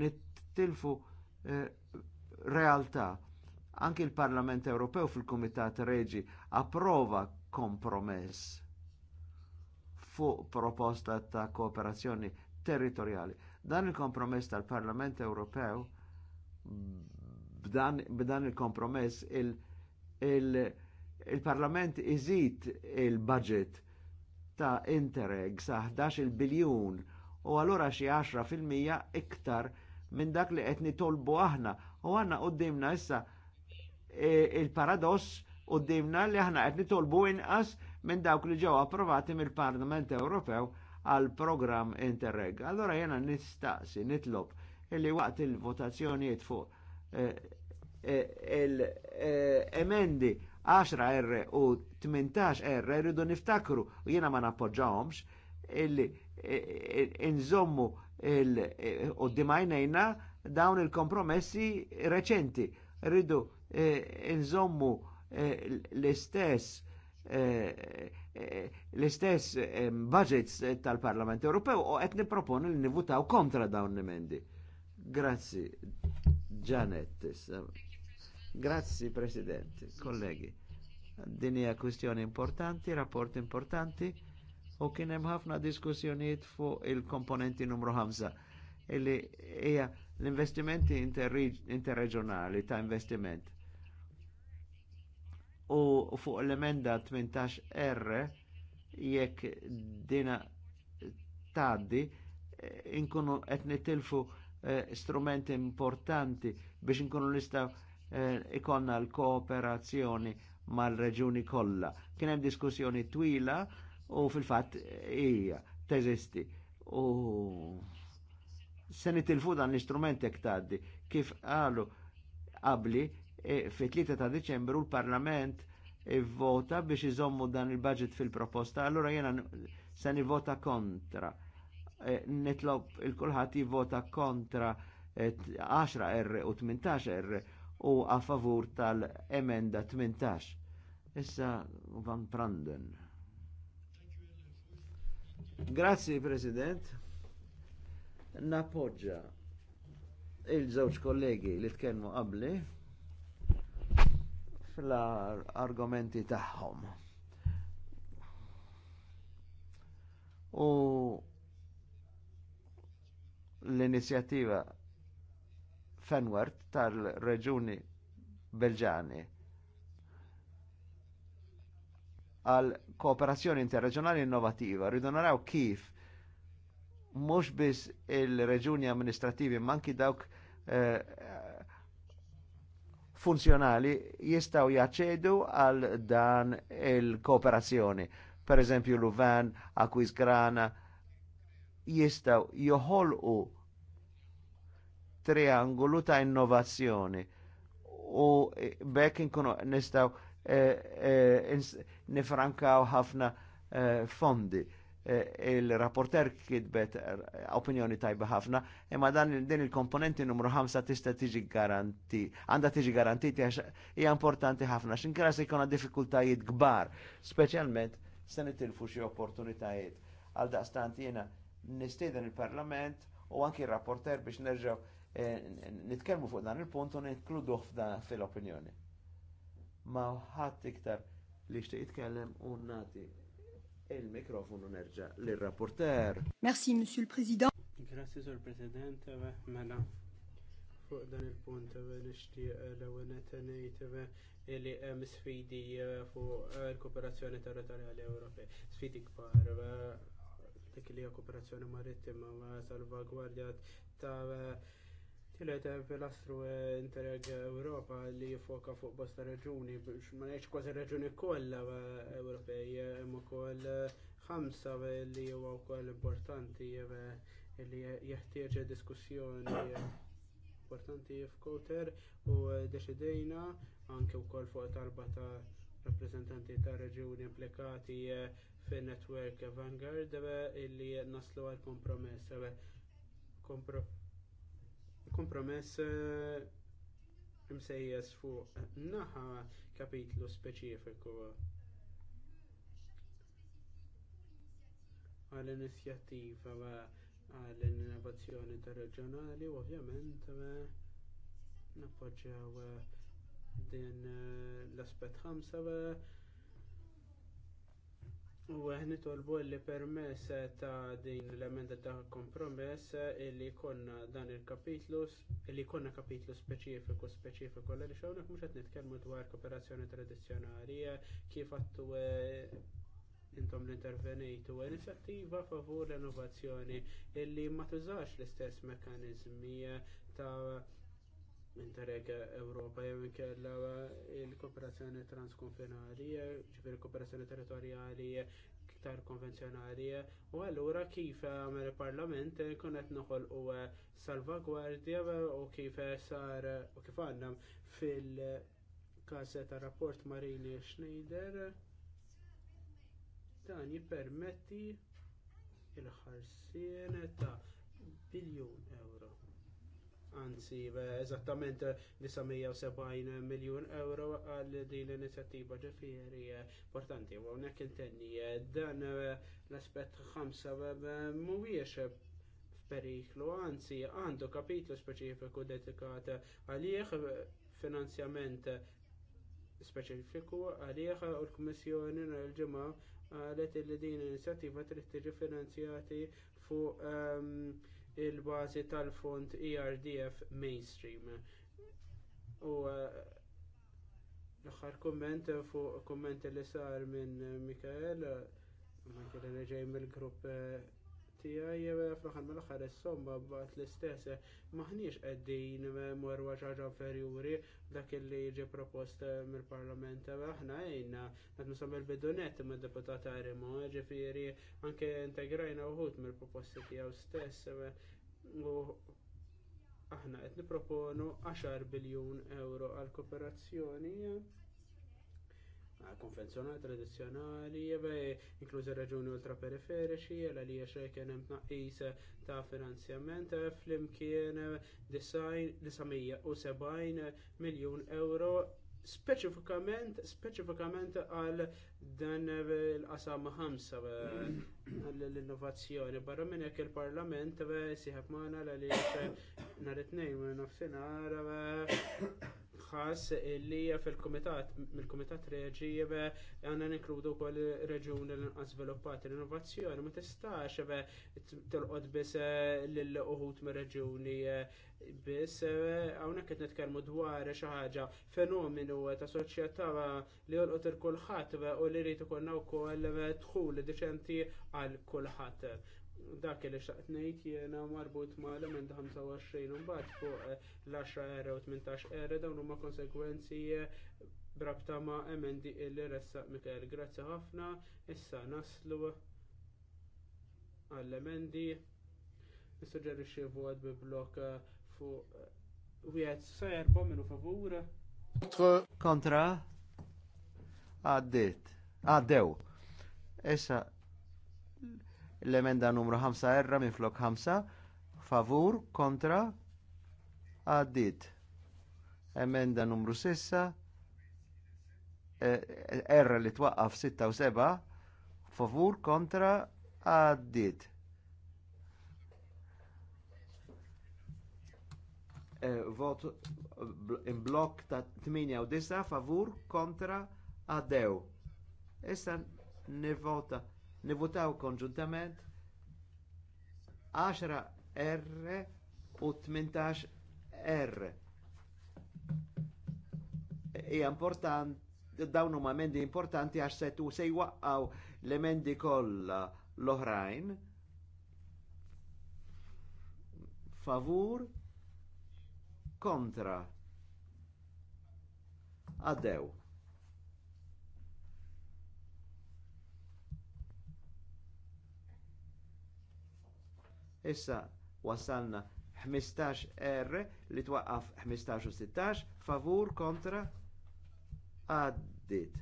nittilfu eh, realtà. Anki l-Parlament Ewropew fil-Kumitat Reġi approva kompromess fuq proposta ta' kooperazzjoni territoriali. Dan il-kompromess tal-Parlament Ewropew b'dan, b'dan il-kompromess il-Parlament il, il iżid il-budget ta' Interreg sa' 11 biljun u allura xi 10 fil-mija iktar minn dak li qed nitolbu aħna u għanna qoddimna issa e, il-paradoss qoddimna li aħna qed nitolbu inqas minn dawk li ġew approvati mill-Parlament Ewropew għal program Interreg. Allora jena nistaqsi, nitlob li waqt il-votazzjonijiet fuq eh, eh, il-emendi eh, 10R u 18R rridu niftakru u jiena ma nappoġġawhomx illi inżommu u dimajnejna dawn il-kompromessi reċenti. Rridu inżommu l-istess l-istess budgets tal-Parlament Ewropew u qed nipproponu li nivutaw kontra dawn l-emendi. Grazzi, Janet. Grazzi, Presidente, colleghi. Din hija kwistjoni importanti, rapport importanti, u kien hemm ħafna diskussjonijiet fuq il-komponenti numru 5 illi hija l-investimenti interreġjonali ta' investiment. U fuq l-emenda 18R jekk dina taddi eh, inkunu qed nitilfu Eh, strument importanti biex nkunu nistaw eh, ikonna l-kooperazzjoni mal-reġuni kollha. Kien hemm diskussjoni twila u fil-fatt hija teżisti. U se nitilfu dan l-istrument hekk tgħaddi. Kif qalu qabli e, eh, fit-3 ta' Deċembru l-Parlament vota biex iżommu dan il-budget fil-proposta, allura jena se nivvota kontra nitlob il-kulħat jivvota kontra 10R eh, u 18R u a favur tal-emenda 18. Issa Van Pranden. Grazzi, President. Napoġġa il-żewġ kollegi li tkellmu qabli fl-argumenti tagħhom. U l-inizjattiva Fenward tal-Reġuni Belġani għal kooperazzjoni interreġjonali innovativa. Rridu naraw kif mhux biss il-reġuni amministrativi manki dawk eh, funzjonali jistgħu jaċċedu għal dan il-kooperazzjoni. Per eżempju Luvan, Grana, jistaw joħolqu triangolu ta' innovazzjoni u e, bekk nkunu nistaw e, e, nifrankaw ħafna fondi. Il-rapporter kidbet opinjoni tajba ħafna, imma dan din il-komponenti numru 5 tista tiġi garanti, għanda tiġi garantiti għax hija importanti ħafna, x'inkera se jkun diffikultajiet kbar, speċjalment se nitilfu xi opportunitajiet. Għal daqstant jiena nistejden il-Parlament u anki rapporter biex nerġaw eh, nitkelmu fuq dan il-punt u ninkluduh fil-opinjoni. Ma ħadd iktar li xtieq jitkellem u nagħti il-mikrofonu nerġa' lir-rapporter. Merci, Monsieur il-President. Grazie, Sur President, mela fuq dan il-punt nixtieq eh, eh, l-ewwel ngħid li hemm sfidi fuq il-kooperazzjoni territorjali Ewropea. Sfidi kbar dik li hija kooperazzjoni marittima ma' salvagwardja ta' Tilet fil-astru eh, Interreg Europa li jifoka fuq bosta reġuni, biex ma neċ kważi reġuni kollha eh, Ewropej, imma eh, koll ħamsa li huwa wkoll importanti li jeħtieġ diskussjoni importanti f'Koter u deċidejna anke wkoll fuq talba ta' rappresentanti ta' reġuni implikati eh, fin netwerk Vanguard eh, illi naslu għal kompromess. Eh, kompromess imsejjes fuq naħa kapitlu speċifiku għall inizjattiva għall innovazzjoni interreġjonali u ovvjament nappoġġjaw din l-aspet ħamsa u tolbu li permess ta' din l-emenda ta' kompromess li konna dan il-kapitlu li konna kapitlu speċifiku speċifiku l xawnek mux qed nitkelmu dwar kooperazzjoni tradizzjonali kif għattu eh, intom l-intervenejtu inizjattiva favur l-innovazzjoni illi ma tużax l-istess mekanizmi ta' Interreg Ewropa jew inkella il-kooperazzjoni transkonfinali, ġifir kooperazzjoni territorjali iktar konvenzjonali, u allura kif għamel il-Parlament kun qed noħolqu salvagwardja u kif sar u kif għandna fil-każ tar rapport Marini Schneider dan jippermetti il-ħarsien ta' biljun euro anzi eh, eżattament 970 eh, eh, miljon euro għal din l-inizjattiva ġifieri importanti u hawnhekk intenni dan l-aspett ħamsa mhuwiex f'periklu, anzi għandu kapitlu speċifiku dedikat għalih finanzjament speċifiku għalih u l-Kummissjoni l-ġimgħa qalet li din l-inizjattiva trid tiġi finanzjati fuq ehm, il bażi tal-fond ERDF mainstream. U eh, l aħħar komment fuq komment li sar minn Mikael, ma kien ġej mill-grupp eh, tiegħi fl-aħħar mill-aħħar is-somma mbagħad l-istess maħniex qegħdin morwa ħaġa inferjuri dak li jiġi propost mill-Parlament aħna għejna qed nisam il-bidunet ma' deputat Arimo, ġifieri anke integrajna uħud mill-proposti tiegħu stess aħna qed nipproponu 10 biljun euro għal kooperazzjoni konvenzjonali tradizjonali, inklużi reġuni ultraperiferiċi, għal li kien hemm tnaqis ta' finanzjament flimkien imkien 970 miljun euro speċifikament speċifikament għal dan l-qasam ħamsa l-innovazzjoni. Barra minn jekk il-parlament siħab maħna l-għalli nhar it-tnejn minn nofsinhar ħas li fil-komitat, mill kumitat reġi għanna ninkludu kol reġuni l-sviluppati l-innovazzjoni, ma tistax telqod bis eh, l-uħut me reġuni eh, bis eh, għawna kiet netkermu dwar xaħġa fenomenu ta' soċjetà li jolqot il-kulħat u li rritu konna u kol tħul deċenti għal kulħat dak li xaqt ngħid jiena marbut ma' minn 25 imbagħad fuq eh, l-10 era u 18 era dawn huma konsegwenzi eh, brabta ma' emendi illi ressaq Mikel. Grazzi ħafna, issa naslu għall-emendi. Nissuġġerixxi vot bi blok eh, fuq wieħed sa erba' minu favur. Kontra? Għaddit. Għaddew. Issa l-emenda numru 5 erra minn flok 5 favur kontra għaddit emenda numru 6 e, erra li twaqqaf 6 u 7 favur kontra għaddit e, vot in blok ta' 8 u 9 favur kontra għaddew. Issa nivota nivutaw konġuntament 10 R u 18 R. Ija importanti, dawn huma mendi importanti għax se tu se jwaqqaw l-emendi kollha l-oħrajn. Favur kontra. Adeu. Issa wasalna 15 R li twaqqaf 15 u 16 favur kontra għaddit.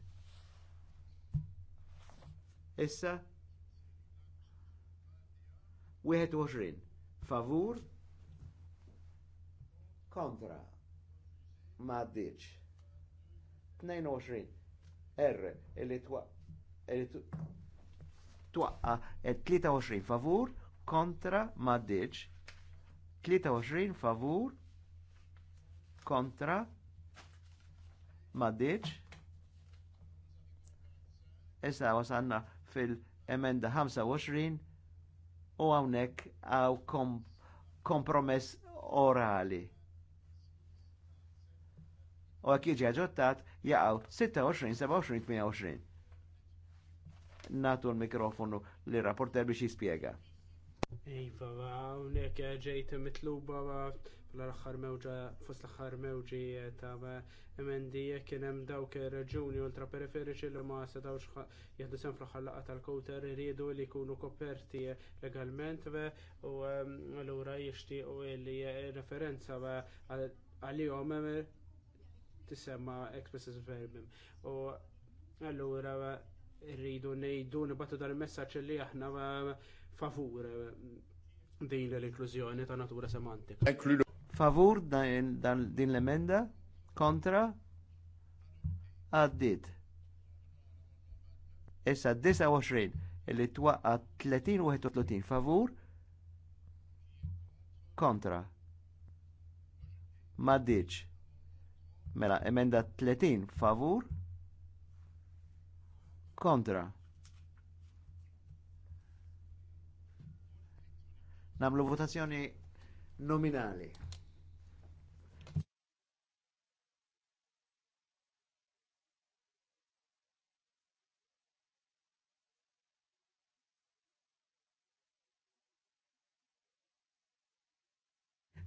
Issa 21 favur kontra ma għaddiċ. 22 R li twaqqa 23 eh, favur kontra maddiċ 23 favur kontra maddiċ Issa wasanna fil-emenda 25 u għawnek għaw kom kompromess orali. U għak jieġi għagġottat jgħaw 26, 27, 28. Natu l-mikrofonu li rapporter biex jispiega. Iva, unek ġejt mitluba fl-axar mewġa, fost l-axar mewġi ta' MND kien hemm dawk reġuni ultra periferiċi li ma setawx jieħdu sem fl-ħallaqa tal-kowter rridu li jkunu koperti legalment ehm, u allura u li referenza għalihom tisemma expresses verbim. U allura rridu ngħidu nibatu dal-messaġġ li aħna favur eh, din l-inklużjoni ta' natura semantika. Favur din l-emenda kontra għaddit. Issa 29 illi twaqqa 30 u 31 favur kontra ma ddiċ. Mela emenda 30 favur kontra. Namlu votazzjoni nominali.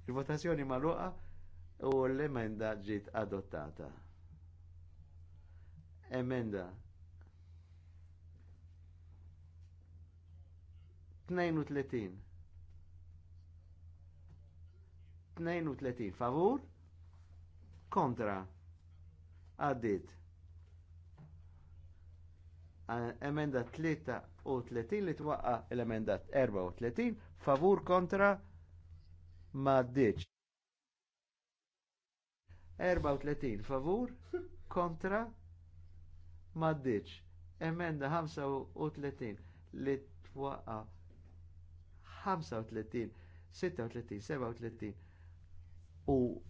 Il-votazzjoni maluqa u l-emenda ġiet adottata. Emenda 32 32 favur kontra għaddit emenda 33 li twaqqa l-emenda 34 favur kontra maddiċ 34 favur kontra maddiċ emenda 35 li twaqqa 35 36 37 u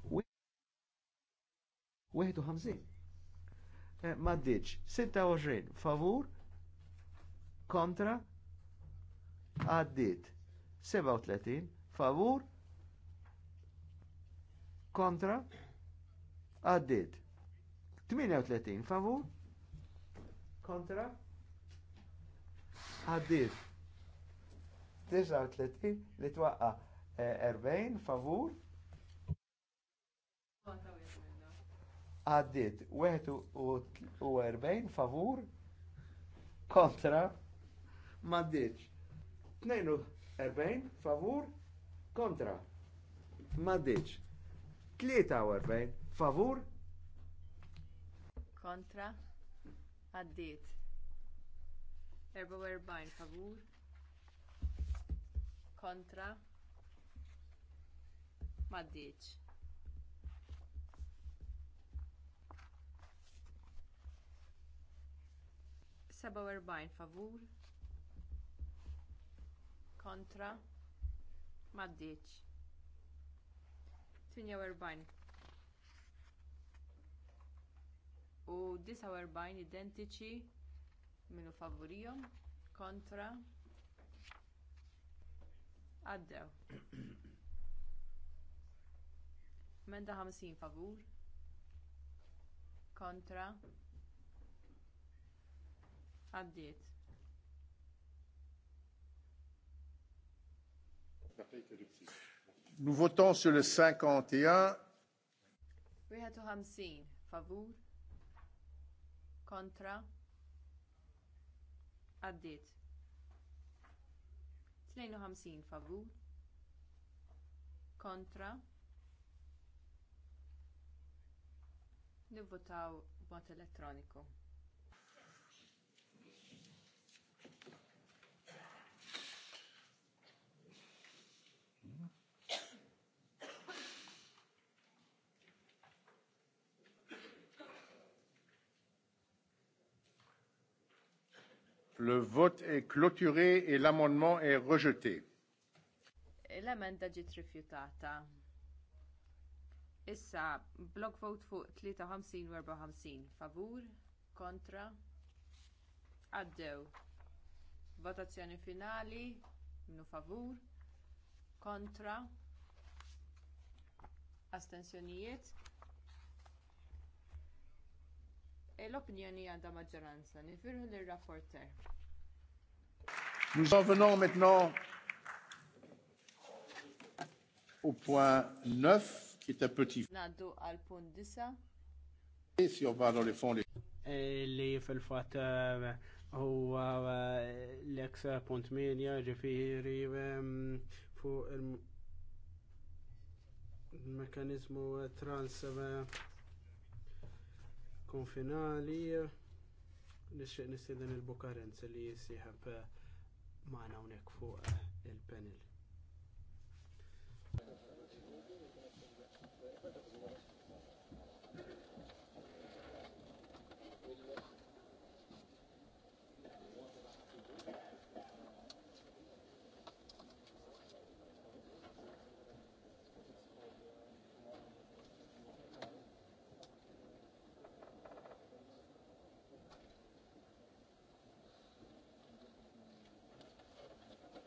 51. Eh, Maddiċ, 26 favur kontra għaddit 37 favur kontra għaddit 38 favur kontra għaddit 39 li twaqqa 40 eh, favur Għaddit, 41 favur kontra maddiċ. 42 favur kontra maddiċ. 43 favur kontra għaddit. 44 favur kontra maddiċ. 47 favur kontra maddiċ 48 u 49 identiċi minu favorijom kontra għaddew Menda 50 favur kontra għaddiet. Nous votons sur le 51. favur kontra għaddiet. 52 favur kontra nivvotaw b'mod elettroniku. Le vote est clôturé et l'amendement est rejeté. L-emenda ġiet rifjutata. Issa, block vote fuq 53-54, favur, kontra, għaddew. Votazzjoni finali, minu favur, kontra, astensjonijiet, l-opinjoni għandha maġġoranza. Nifirħu lir-rapporter. Nous en maintenant au point 9, qui est un petit. Naddu għal punt 9. si on eh, Li fil-fat eh, u eh, l-ex punt minja ġifiri ehm, fu il-mekanizmu trans finali transkonfinali nixxieq din il-Bukarenz li jissieħab eh, magħna hawnhekk fuq eh, il-panel.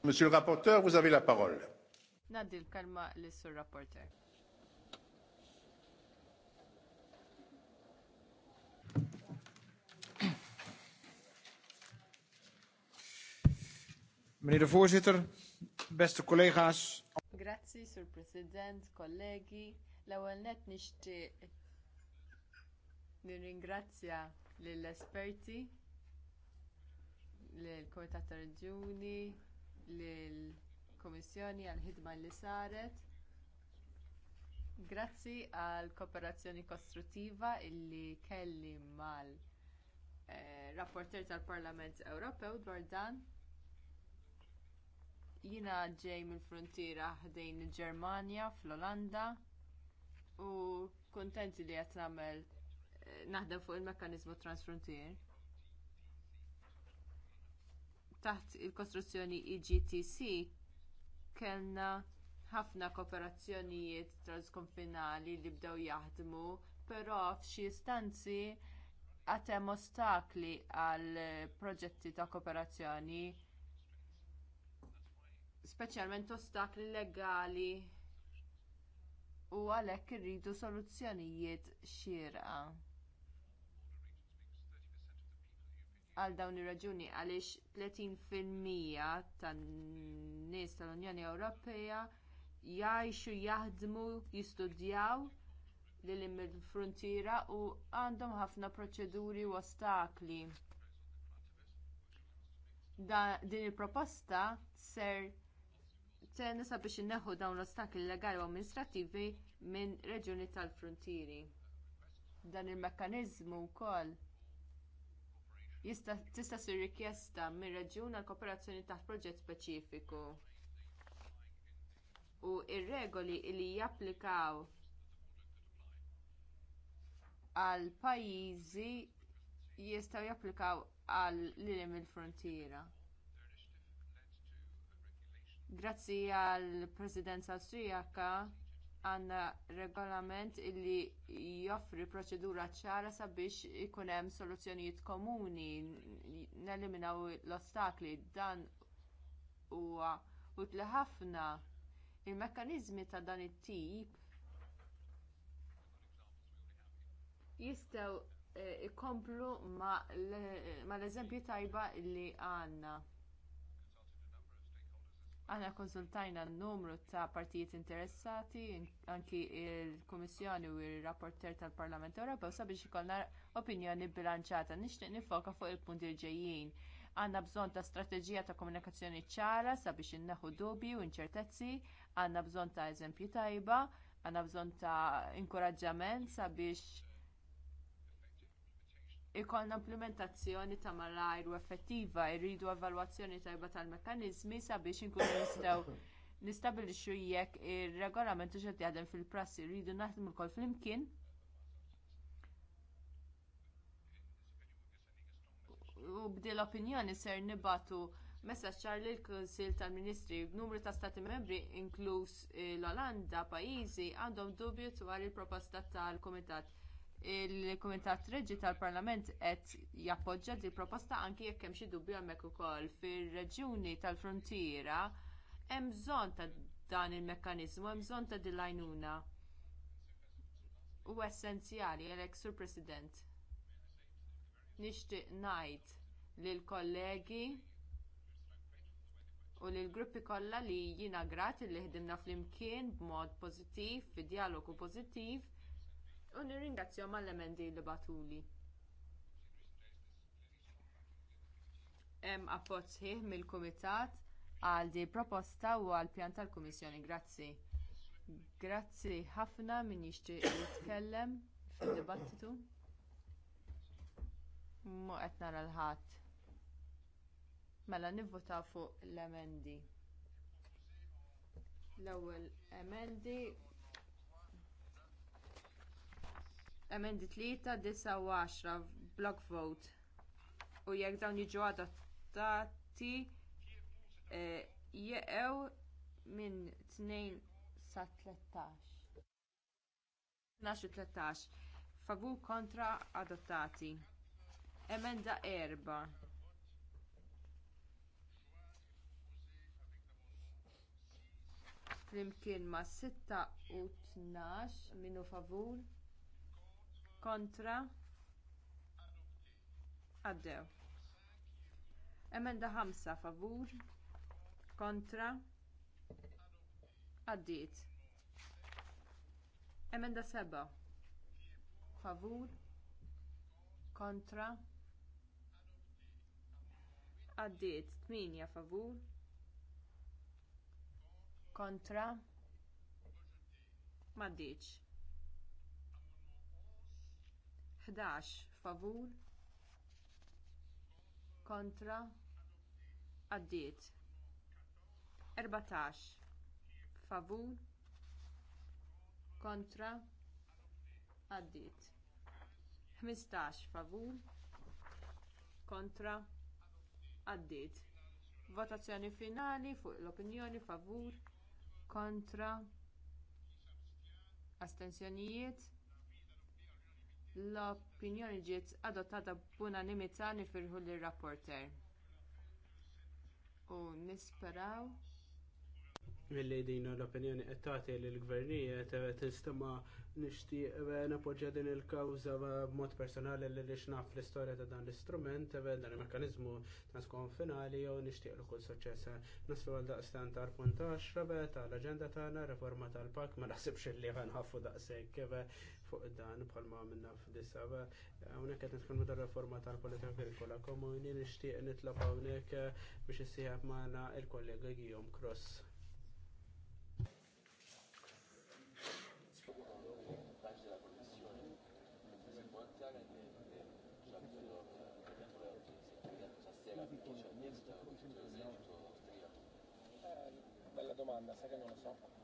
Monsieur le rapporteur, vous avez la parole. Nadil kalma le sur rapporteur. Meneer de voorzitter, beste collega's. Grazie, sur president, kollegi. L-ewwel net nixtieq nirringrazzja lill-esperti, lill-Kumitat Reġjuni, lill-Kummissjoni għall ħidma li saret. Grazzi għall kooperazzjoni kostruttiva illi kelli mal eh, rapporter tal-Parlament Ewropew dwar dan. Jiena ġej mill-frontiera ħdejn il-Ġermanja, fl-Olanda u kuntenti li qed nagħmel eh, naħdem fuq il mekkaniżmu transfrontier taħt il-kostruzzjoni IGTC e kellna ħafna kooperazzjonijiet transkonfinali li bdew jaħdmu, però f'xi istanzi għad hemm ostakli għal proġetti ta' kooperazzjoni speċjalment ostakli legali u għalhekk irridu soluzzjonijiet xieraqa. għal dawn ir-raġuni għaliex 30% tan-nies tal-Unjoni Ewropea jgħixu jaħdmu jistudjaw lil mill-frontiera u għandhom ħafna proċeduri u ostakli. din il-proposta ser tenisa biex inneħu dawn l-ostakli legali u amministrattivi minn reġjuni tal-frontieri. Dan il mekkaniżmu wkoll tista' ssir rikjesta mir-reġjun għal kooperazzjoni taħt proġett speċifiku. U r regoli li japplikaw għal pajjiżi jistgħu japplikaw għal lilhem il-frontiera. Grazzi għall presidenza Austrijaka għandna regolament illi joffri proċedura ċara sabiex ikun hemm soluzzjonijiet komuni neliminaw l-ostakli dan huwa utli ħafna il-mekkaniżmi ta' dan it-tip jistgħu eh, ikomplu ma' l-eżempju tajba li għandna. Aħna konsultajna n-numru ta' partijiet interessati, anki il-Kummissjoni u il-Rapporter tal-Parlament Ewropew sabiex ikollna opinjoni bilanċata. Nixtieq nifoka fuq il-punti ġejjin. Għandna bżonn ta' strateġija ta' komunikazzjoni ċara sabiex inneħu dubju u inċertezzi, għandna bżonn ta' eżempju tajba, għandna bżonn ta' inkoraġġament sabiex ikollna implementazzjoni ta' malajr u effettiva jridu evalwazzjoni tajba tal-mekkaniżmi sabiex inkunu nistgħu nistabilixxu jekk ir-regolament u xed jaħdem fil-prassi jridu naħdmu ukoll flimkien. U bdil opinjoni ser nibatu messaġġ ċar lill kunsil tal-Ministri b'numru ta' stati membri inkluż l-Olanda pajjiżi għandhom dubju dwar il-proposta tal-Kumitat il-Kumitat Reġi tal-Parlament qed jappoġġja di proposta anki jekk hemm xi dubju hemmhekk ukoll fir-reġjuni tal-frontiera hemm bżonn ta' dan il-mekkaniżmu, hemm bżonn ta' din għajnuna Huwa essenzjali għalhekk sur President. Nixtieq ngħid lill kollegi u lill gruppi kollha li jiena grat li ħdimna flimkien b'mod pożittiv, fi dialogu pożittiv U nirringrazzjom għall-emendi li batuli. Hemm appoġġ sħiħ mill-Kumitat għal di proposta u għal pjan tal-Kummissjoni. Grazzi. Grazzi ħafna min jixtieq jitkellem fid-dibattitu. Mu qed nara l-ħadd. Mela nivvota fuq l-emendi. L-ewwel emendi emendi tlieta, disa 10 block vote. U jekk dawn jiġu adottati eh, jeqew minn 2 sa 13. 12 13. Favur kontra adottati. Emenda erba. Flimkien ma' 6 u 12 minu favur kontra għaddew. Emenda 5 favur kontra għaddiet. Emenda 7 favur kontra għaddiet 8 favur kontra maddiċ. 11 favur kontra għaddiet 14 favur kontra għaddiet 15 favur kontra għaddiet votazzjoni finali fuq l-opinjoni favur kontra astensjonijiet L-opinjoni ġiet adottata b'unanimità nifirħu lir rapporter U nisperaw Milli din l-opinjoni qed tagħti lill gvernijiet tistima nixtieq napoġġja din il-kawża b'mod personali li lix naf l-istorja ta' dan l-istrument dan il-mekkaniżmu finali jew nixtieq l kull suċċess. Naslu għal daqstan ta' punt 10 tal-aġenda tagħna reforma tal-pak ma naħsibx li ħanħaffu daqshekk fuq dan bħalma minna f'dissa hawnhekk qed nitkellmu dar reforma tal-politika agrikola komuni nixtieq nitlob hawnhekk biex issieħab magħna il-kollega Guillaume Cross. Bella domanda, sai che non lo so.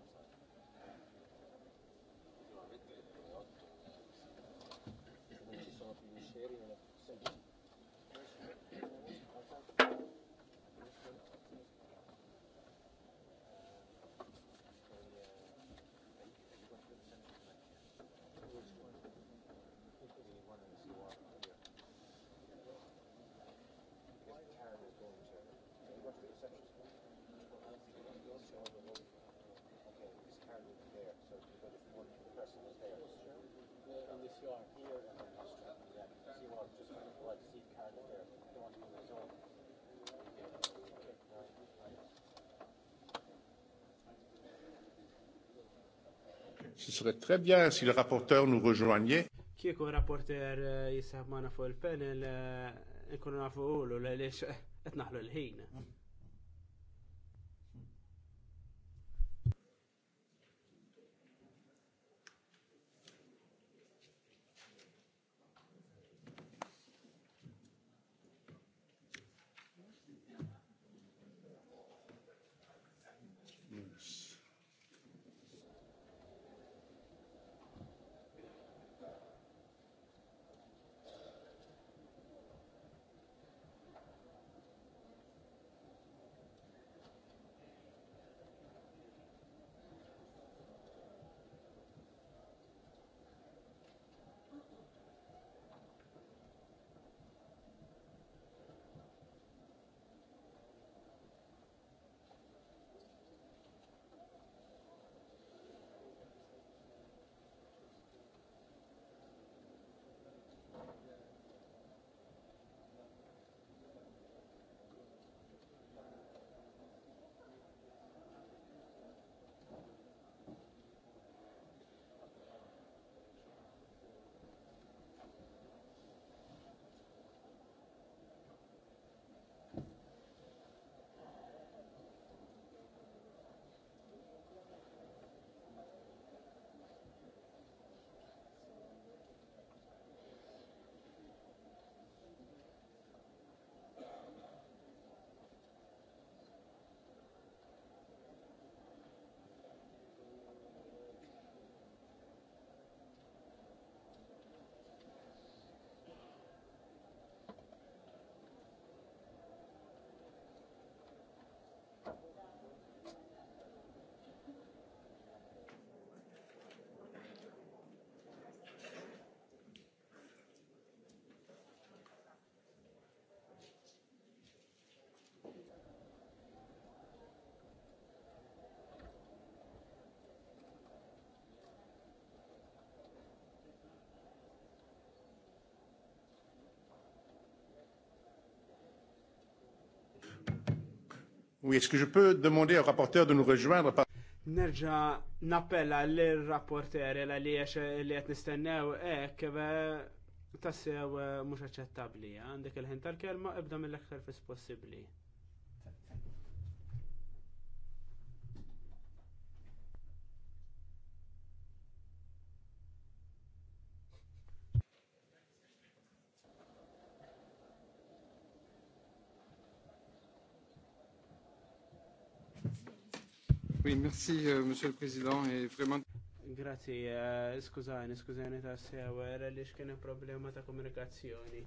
Ce serait très bien si le rapporteur nous rejoignait. rapporteur rapporter jisab mana fuq il-panel, nkunu nafu ulu l-għalix, etnaħlu l Oui, est-ce que je peux demander au rapporteur de nous rejoindre par... Nerġa nappella l-rapporter li għax li għet nistennew ek ve tassew eh, mux aċċettabli. Għandek il ħintar kelma ibda mill-aktar fis possibli. Oui, merci, euh, Monsieur le Président, et vraiment. Grazie, uh, eh, skużani, skużani ta' sewer li xkien problema ta' komunikazzjoni.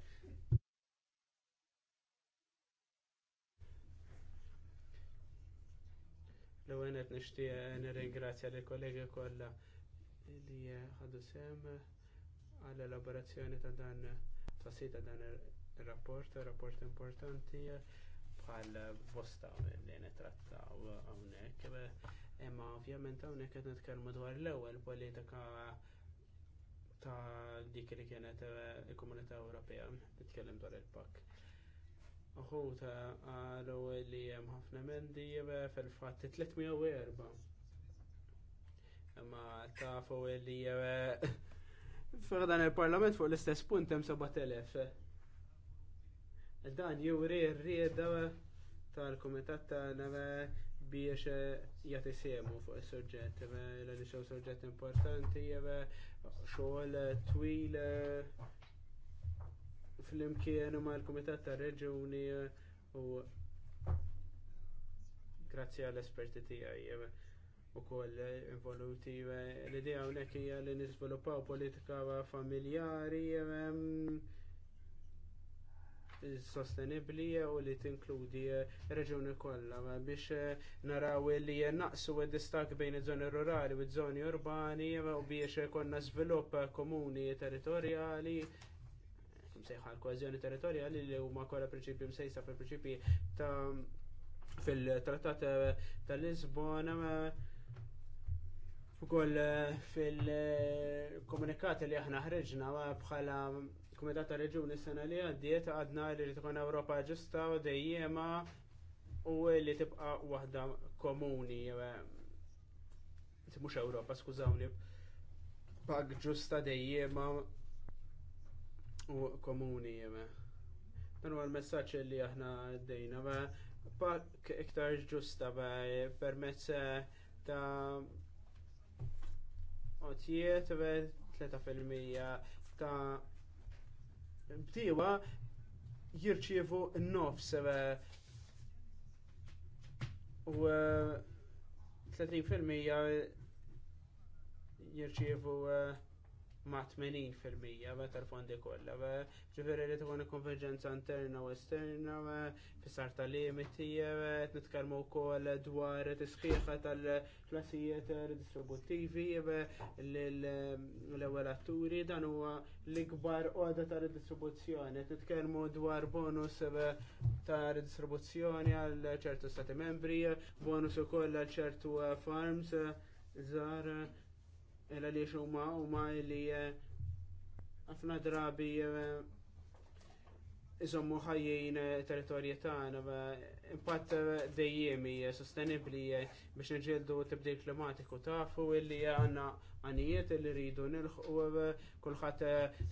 L-ewwel qed nixtieq eh, nirringrazzja kollegi kollha li eh, ħadu sem għall elaborazzjoni ta' dan ta' sita dan ir-rapport, rapport importanti bħal bosta li nitrattaw hawnhekk. Imma ovvjament hawnhekk qed nitkellmu dwar l-ewwel politika ta' dik li kienet il-Komunità Ewropea nitkellem dwar il pak Uħu ta' li hemm ħafna mendi fil-fatt 304. Imma tafu li eh, Fuq dan il-parlament fuq l-istess punt hemm 7000. Dan juri r-rieda tal-komitat tagħna biex eh, jagħti semu fuq is-suġġett eh, l xew suġġett importanti eh, xogħol twil fl-imkien mal-kumitat tar-reġuni u grazzi għall-esperti tiegħi ukoll involuti l-idea hawnhekk hija li niżviluppaw politika familjari sostenibli u li tinkludi eh, reġuni kollha biex eh, naraw li naqsu id-distak bejn iż-żoni rurali u iż-żoni urbani u biex konna żvilupp komuni territorjali msejħa l-kohezjoni territorjali li huma kollha prinċipji msejsa fil-prinċipji ta' fil-trattat eh, tal-Lisbona Ukoll fil komunikat li aħna ħriġna bħala Kumitat ta' Reġuni sena li għaddiet għadna li tkun Ewropa ġusta u dejjema u li tibqa waħda komuni. Eh, Mux Ewropa, skużawni, pag ġusta dejjema u komuni. Eh. Dan huwa l-messaġġ li aħna dejna pak iktar ġusta permezz eh, ta' otijiet 3% ta' btiewa jirċievu n-nofs eh, u 30% eh, jirċievu uh, ma' 80% tal-fondi kollha. Ġifieri li tkun konverġenza interna u esterna fis tal-limiti, qed nitkellmu wkoll dwar tisħiħa tal-klassijiet redistributtivi l-ewwel atturi dan huwa l-ikbar għoda ta' redistribuzzjoni. Qed nitkellmu dwar bonus ta' redistribuzzjoni għal ċertu stati membri, bonus ukoll għal ċertu farms, żgħar Ela li huma huma li eh, ħafna drabi eh, iżommu ħajjin eh, territorji tagħna impatt dejjemi sostenibbli biex nġildu tibdil klimatiku tafu illi għanna għanijiet li rridu nilħu kulħadd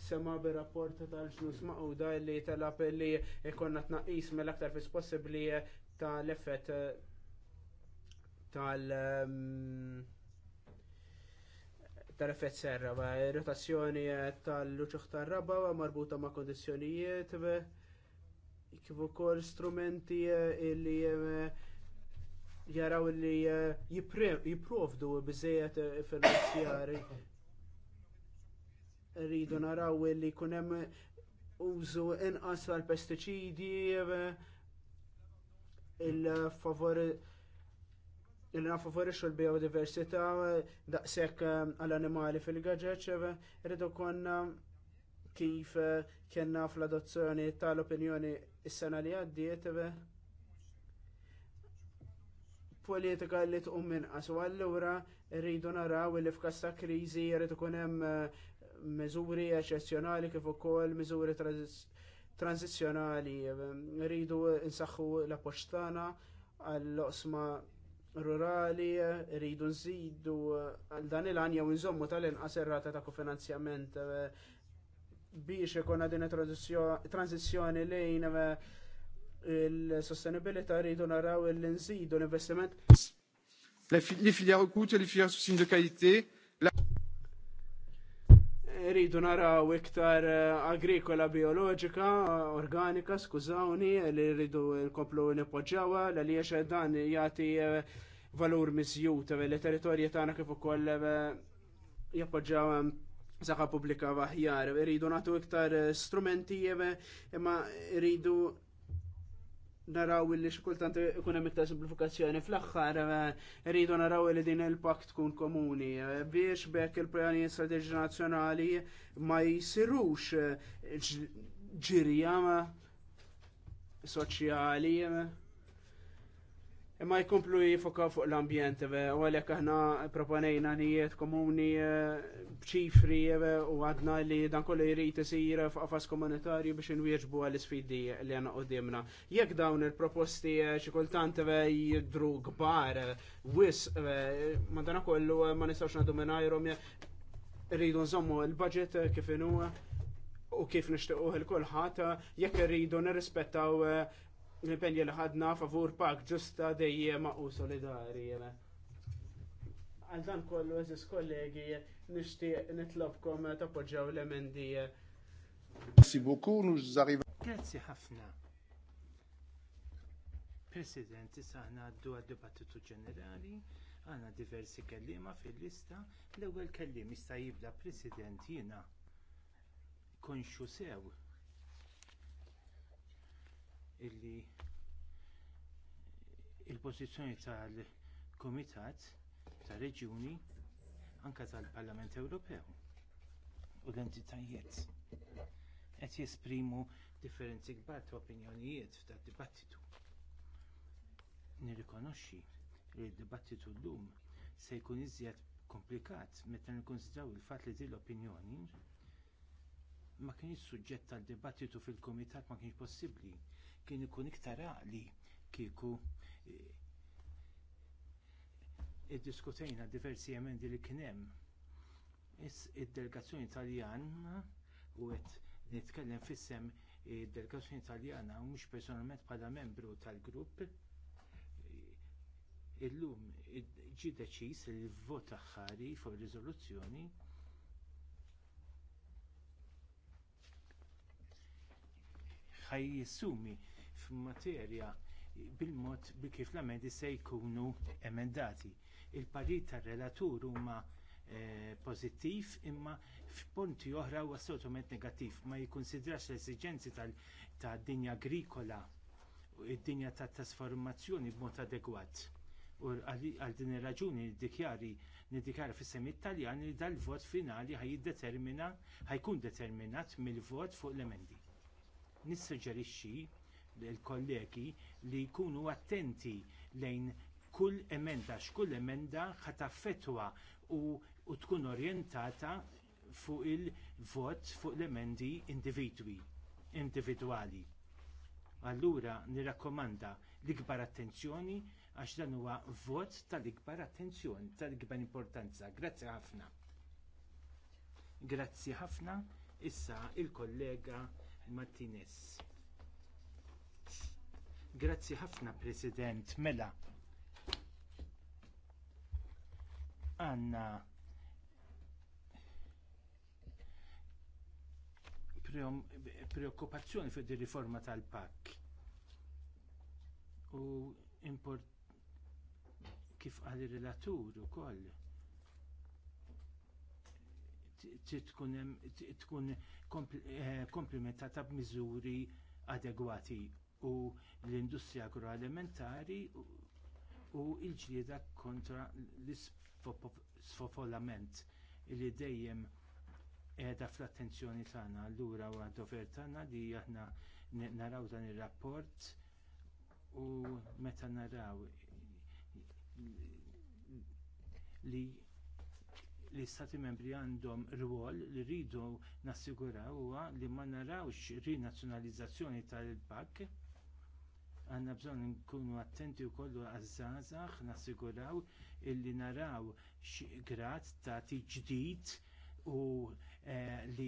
sema bir-rapport tal-ġnus maquda li talab li jkollna tnaqqis mill-aktar fis possibbli tal-effett tal- ehm, ta' effett serra, rotazzjoni eh, tal-luċuħ tar-raba marbuta ma' kondizzjonijiet, kif ukoll strumenti eh, li eh, jaraw li jipprovdu biżejjed finanzjari. Rridu naraw li jkun hemm użu inqas tal-pestiċidi il-favori li nafavorixxu l-biodiversità daqshekk eh, għall-animali fil-gaġeċ, eh, rridu konna kif eh, kienna fl-adozzjoni tal-opinjoni s-sena li għaddiet politika li tqum minqas u allura rridu naraw li f'kas ta' kriżi jrid ikun hemm miżuri eċċezzjonali kif ukoll miżuri tranzizzjonali rridu nsaħħu l-appoġġ tagħna għall-oqsma rurali rridu nżidu eh, għal dan il-għanja u nżommu tal-inqas rata ta' kofinanzjament eh, biex ikonna din tranzizjoni lejn eh, il-sostenibilità rridu naraw l nżidu l-investiment. Les filières coûtent les filières soutien de qualité rridu naraw iktar eh, agrikola biologika, organika, skużawni, li rridu nkomplu nipoġġawa, li għaliex dan jagħti eh, valur miżjut li territorji tagħna kif ukoll eh, jappoġġaw saħħa pubblika waħjar. Rridu nagħtu iktar strumenti imma rridu naraw li xikultant ikun hemm ta' simplifikazzjoni fl-aħħar eh, rridu naraw li din il-pakt tkun komuni eh, biex bekk il plani strateġi nazzjonali ma jsirux eh, ġirja soċjali imma jkomplu jifoka fuq l-ambjent, u għalek aħna proponejna nijiet komuni eh, bċifri u għadna li dan kollu jirrit jisir f'qafas komunitarju biex nwieġbu għall sfidi li għana qoddimna. Jekk dawn il-proposti eh, xi jidru kbar eh, wis madana kollu ma nistawx nagħdu mingħajrhom rridu nżommu l-budget kif inhu u kif nixtiequ il kulħadd jekk irridu nirrispettaw l-impenja li ħadna favur pak ġusta dejjema u solidari. Għal dan kollu eżis kollegi nixtieq nitlobkom tappoġġaw l-emendi. Grazzi ħafna. President, saħna għaddu għad-dibattitu ġenerali, għana diversi kelliema fil-lista, l ewwel kelliem jista' jibda President jina. konxu sew illi il-pożizzjoni tal-Kumitat tar-Reġjuni anke tal-Parlament Ewropew u l-entitajiet qed jesprimu differenzi kbar ta' opinjonijiet f'dan dibattitu. Nirrikonoxxi li d-dibattitu llum se jkun iżjed komplikat meta nikkonsidraw il-fatt li din l-opinjoni ma kienx suġġett tal dibattitu fil-kumitat ma kienx possibbli kien ikun iktar għaqli kieku eh, iddiskutejna diversi emendi li kien hemm. Id-delegazzjoni Taljan u qed nitkellem fissem id-delegazzjoni Taljana u mhux personalment bħala membru tal-grupp eh, illum ġie deċiż li l-vot aħħari fuq ir-riżoluzzjoni ħajjissumi f'materja bil-mod bi kif l emendi se jkunu emendati. Il-parit tar-relatur huma eh, pożittiv imma f'punti oħra huwa assolutament negattiv ma jikkunsidrax l-esigenzi tad-dinja agrikola u d-dinja tat trasformazzjoni b'mod adegwat. U għal din ir-raġuni niddikjari niddikjara fis-semi Italjan li dal-vot finali ħajjiddetermina ħajkun determinat mill-vot fuq l-emendi. Nissuġġerixxi l-kollegi li jkunu attenti lejn kull emenda, x'kull emenda ħataffetwa u, u tkun orjentata fuq il-vot fuq l-emendi individwi, individwali. Allura nirrakkomanda l-ikbar attenzjoni għax dan huwa vot tal-ikbar attenzjoni, tal-ikbar importanza. Grazzi ħafna. Grazzi ħafna issa il-kollega Martinez. Grazzi ħafna, President. Mela, għanna preokkupazzjoni di riforma tal pac U import kif għal relatur u koll. tkun eh, komplementata b'miżuri adegwati u l-industrija agroalimentari u l-ġlieda kontra l-sfofolament li dejjem qiegħda fl-attenzjoni tagħna allura għad dover tagħna li aħna naraw dan ir-rapport u meta naraw li l-istati membri għandhom rwol li rridu nassiguraw huwa li ma narawx rinazzjonalizzazzjoni tal-pak Għanna bżon nkunu attenti u kollu għazzazax, nassiguraw illi naraw grad ta' ġdid u eh, li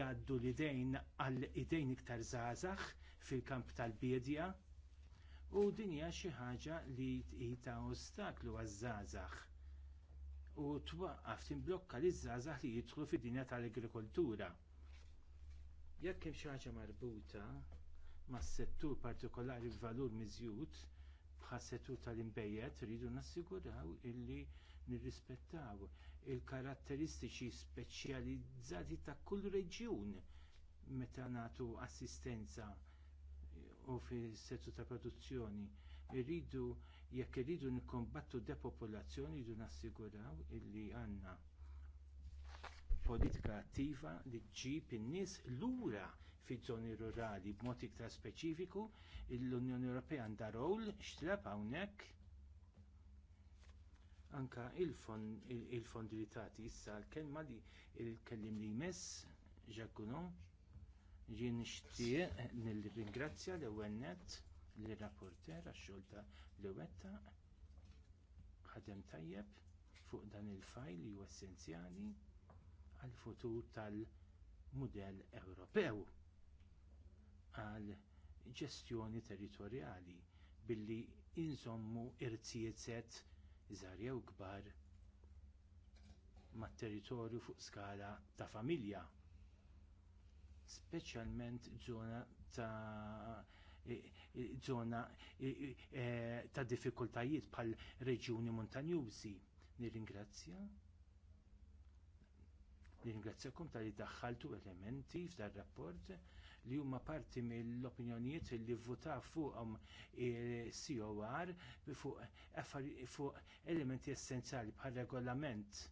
jaddu l-idejn għal idejn iktar zazax fil-kamp tal-bidja u dinja xi ħaġa li tqita ostaklu għaż-żgħażagħ u twaqqaf timblokka li żgħażagħ li jidħlu fid-dinja tal-agrikoltura. Jekk hemm xi ħaġa marbuta mas settur partikolari b'valur miżjud bħas settur tal-imbejjed rridu nassiguraw illi nirrispettaw il-karatteristiċi speċjalizzati ta' kull reġjun meta nagħtu assistenza eh, u fis settur ta' produzzjoni. Irridu jekk irridu nikkombattu depopolazzjoni jridu nassiguraw illi għandna politika attiva li ġġib in-nies lura fiż-żoni rurali. B'mod iktar speċifiku, l-Unjoni Ewropea għandha rol xtrab hawnhekk anka il-fondi li tagħti issa l-kelma li il-kellim li jmiss Jacquino ġien nixtieq nil-ringrazzja l-ewwel nett l-rapporter għax-xolta l ewwel ħadem tajjeb fuq dan il-fajl li huwa essenzjali għall futur tal-mudell Ewropew għal ġestjoni territorjali billi inżommu irtijiet set jew kbar mat territorju fuq skala ta' familja. Speċjalment żona ta' żona e, e, e, ta' diffikultajiet bħal reġjuni montanjużi. Nirringrazzja. Nirringrazzjakom tal-li daħħaltu elementi f'dar rapport li huma parti mill-opinjonijiet li vvuta fuqhom il-COR fuq elementi essenzjali bħal regolament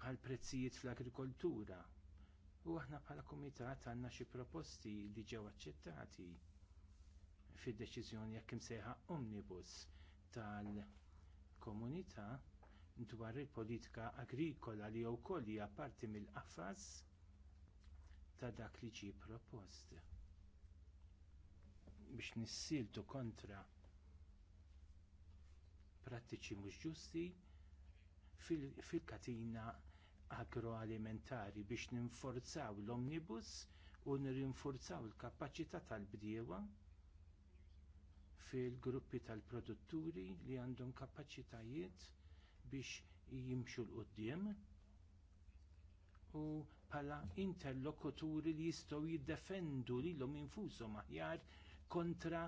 bħal prezzijiet fl-agrikoltura. U aħna bħala kumitat għandna xi proposti li ġew aċċettati fid-deċiżjoni jekk imsejħa omnibus tal-komunità dwar il-politika agrikola li wkoll hija parti mill-qafas ta' dak li ġie propost. Biex nissiltu kontra prattiċi mhux ġusti fil-katina fil agroalimentari biex ninforzaw l-omnibus u nirinforzaw il kapaċità tal-bdiewa fil-gruppi tal-produtturi li għandhom kapaċitajiet biex jimxu l-qoddim u bħala interlokuturi li jistgħu jiddefendu lilhom infushom aħjar kontra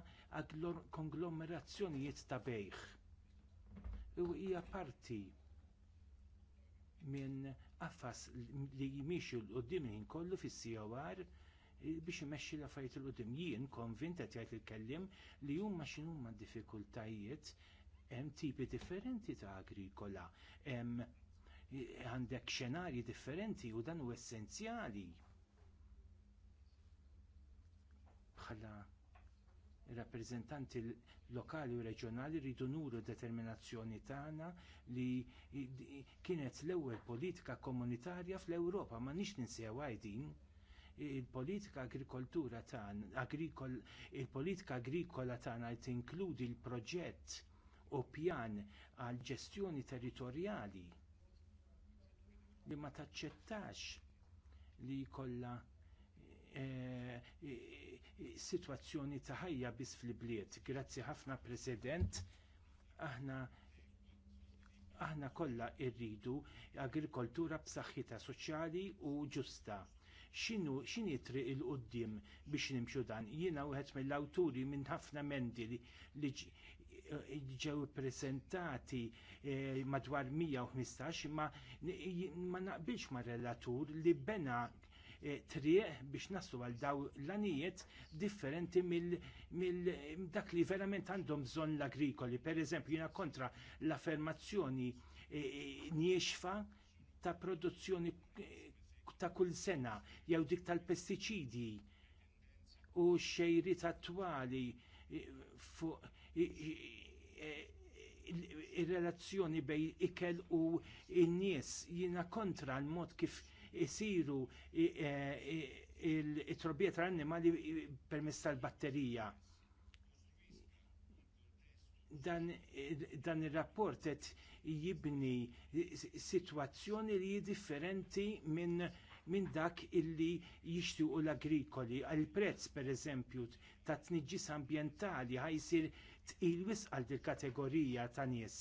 konglomerazzjonijiet ta' bejgħ. U hija parti minn affas li jimixu l-qoddim kollu fis-COR eh, biex imexxi l affarijiet il qudiem jien konvint qed jgħid il kelliem li huma x'inhu diffikultajiet hemm tipi differenti ta' agrikola, hemm għandek xenarji differenti u dan u essenzjali. Bħala rappreżentanti lokali u reġjonali rridu nuru determinazzjoni tagħna li kienet l-ewwel politika komunitarja fl-Ewropa ma nix ninsew din il-politika agrikoltura tagħna agrikol, il-politika agrikola tagħna tinkludi l-proġett u pjan għal ġestjoni territorjali li ma taċċettax li jkollha eh, eh, eh, sitwazzjoni ta' ħajja biss fil-bliet. Grazzi ħafna President, aħna aħna kollha rridu agrikoltura b'saħħitha soċjali u ġusta. X'inhu x'inhi triq il qudiem biex nimxu dan? Jiena wieħed mill-awturi minn ħafna mendi li ġew prezentati eh, madwar 115 ma, ma naqbilx ma' relatur li bena eh, triq biex naslu għal daw l-anijiet differenti mill dak li verament għandhom bżonn l-agrikoli. Per eżempju, jina kontra l-affermazzjoni eh, njiexfa ta' produzzjoni ta' kull sena jew dik tal-pestiċidi u xejrit attwali fuq Eh, il-relazzjoni bej ikel u n-nies jina kontra l-mod kif isiru eh, il-trobiet tal-annimali permess tal-batterija dan, ir il-rapport qed jibni situazzjoni li differenti minn min dak illi jixtiequ l-agrikoli. Għal prezz pereżempju ta' tniġġis ambjentali ħajsir tqilwis għal dil kategorija ta' nies.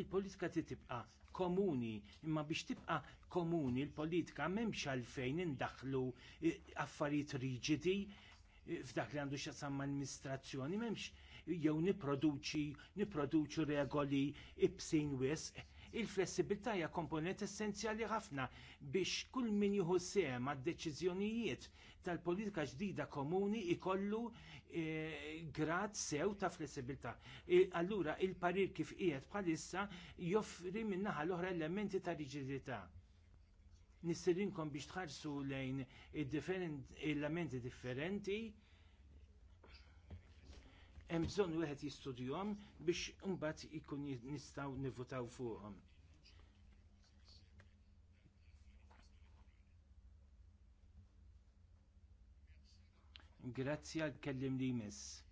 Il-politika ti tibqa komuni, imma biex tibqa komuni il-politika m'hemmx għalfejn indaħħlu eh, affarijiet riġidi eh, f'dak li għandu xasam mal-amministrazzjoni m'hemmx jew niproduċi niproduċu regoli ibsin wisq il-flessibilità hija komponent essenzjali ħafna biex kull min jieħu sehem għad-deċiżjonijiet tal-politika ġdida komuni ikollu eh, grad sew ta' flessibilità. E, allura il-parir kif qiegħed bħalissa joffri minnaħa l-oħra elementi ta' riġidità. Nistirinkom biex tħarsu lejn il differenti hemm bżonn wieħed jistudjhom biex imbagħad ikun nistgħu nivvutaw fuqhom. Grazzi għal kellim li jmiss.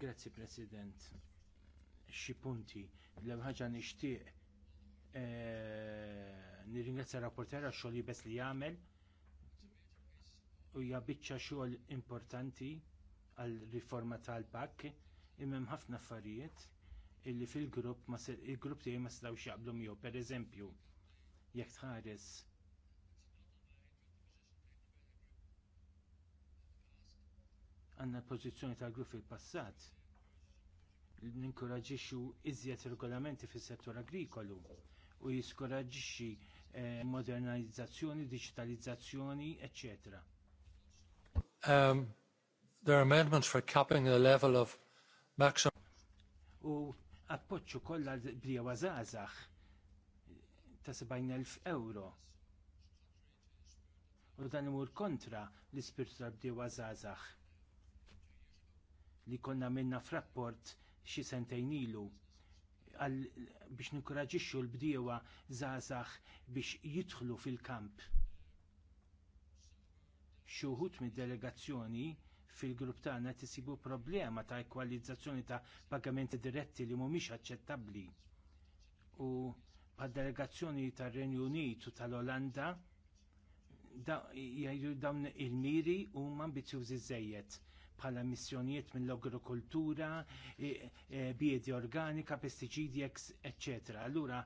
Grazzi President. Xi punti l-ħaġa nixtieq e, nirringrazzja rapporter għax xogħol jibes li jagħmel u hija biċċa xogħol importanti għal riforma tal-pakk imma hemm ħafna affarijiet illi fil-grupp il-grupp tiegħi ma setgħu jaqblu miegħu. Pereżempju, jekk tħares għandna l-pożizzjoni tal-grupp fil-passat ninkoraġixxu iżjed regolamenti fis-settur agrikolu u jiskoraġixxi eh, modernizzazzjoni, diġitalizzazzjoni, eccetera. Um, there are amendments for capping the level of maximum. U appoċċu kollha briewa żgħażagħ ta' 70,000 euro. U dan imur kontra l-ispirtu ta' bdiewa żgħażagħ li konna minna frapport xi sentejn ilu biex ninkoraġixxu l-bdiewa żgħażagħ biex jidħlu fil-kamp. Xi wħud mid-delegazzjoni fil-grupp tagħna qed isibu problema ta' ekwalizzazzjoni ta' pagamenti diretti li mhumiex aċċettabbli. U pad delegazzjoni tar-Renju Unit u tal-Olanda jgħidu dawn il-miri huma ambizjużi żejjed bħala missjonijiet mill-agrikoltura, e, biedi organika, pestiċidi, etc. Allura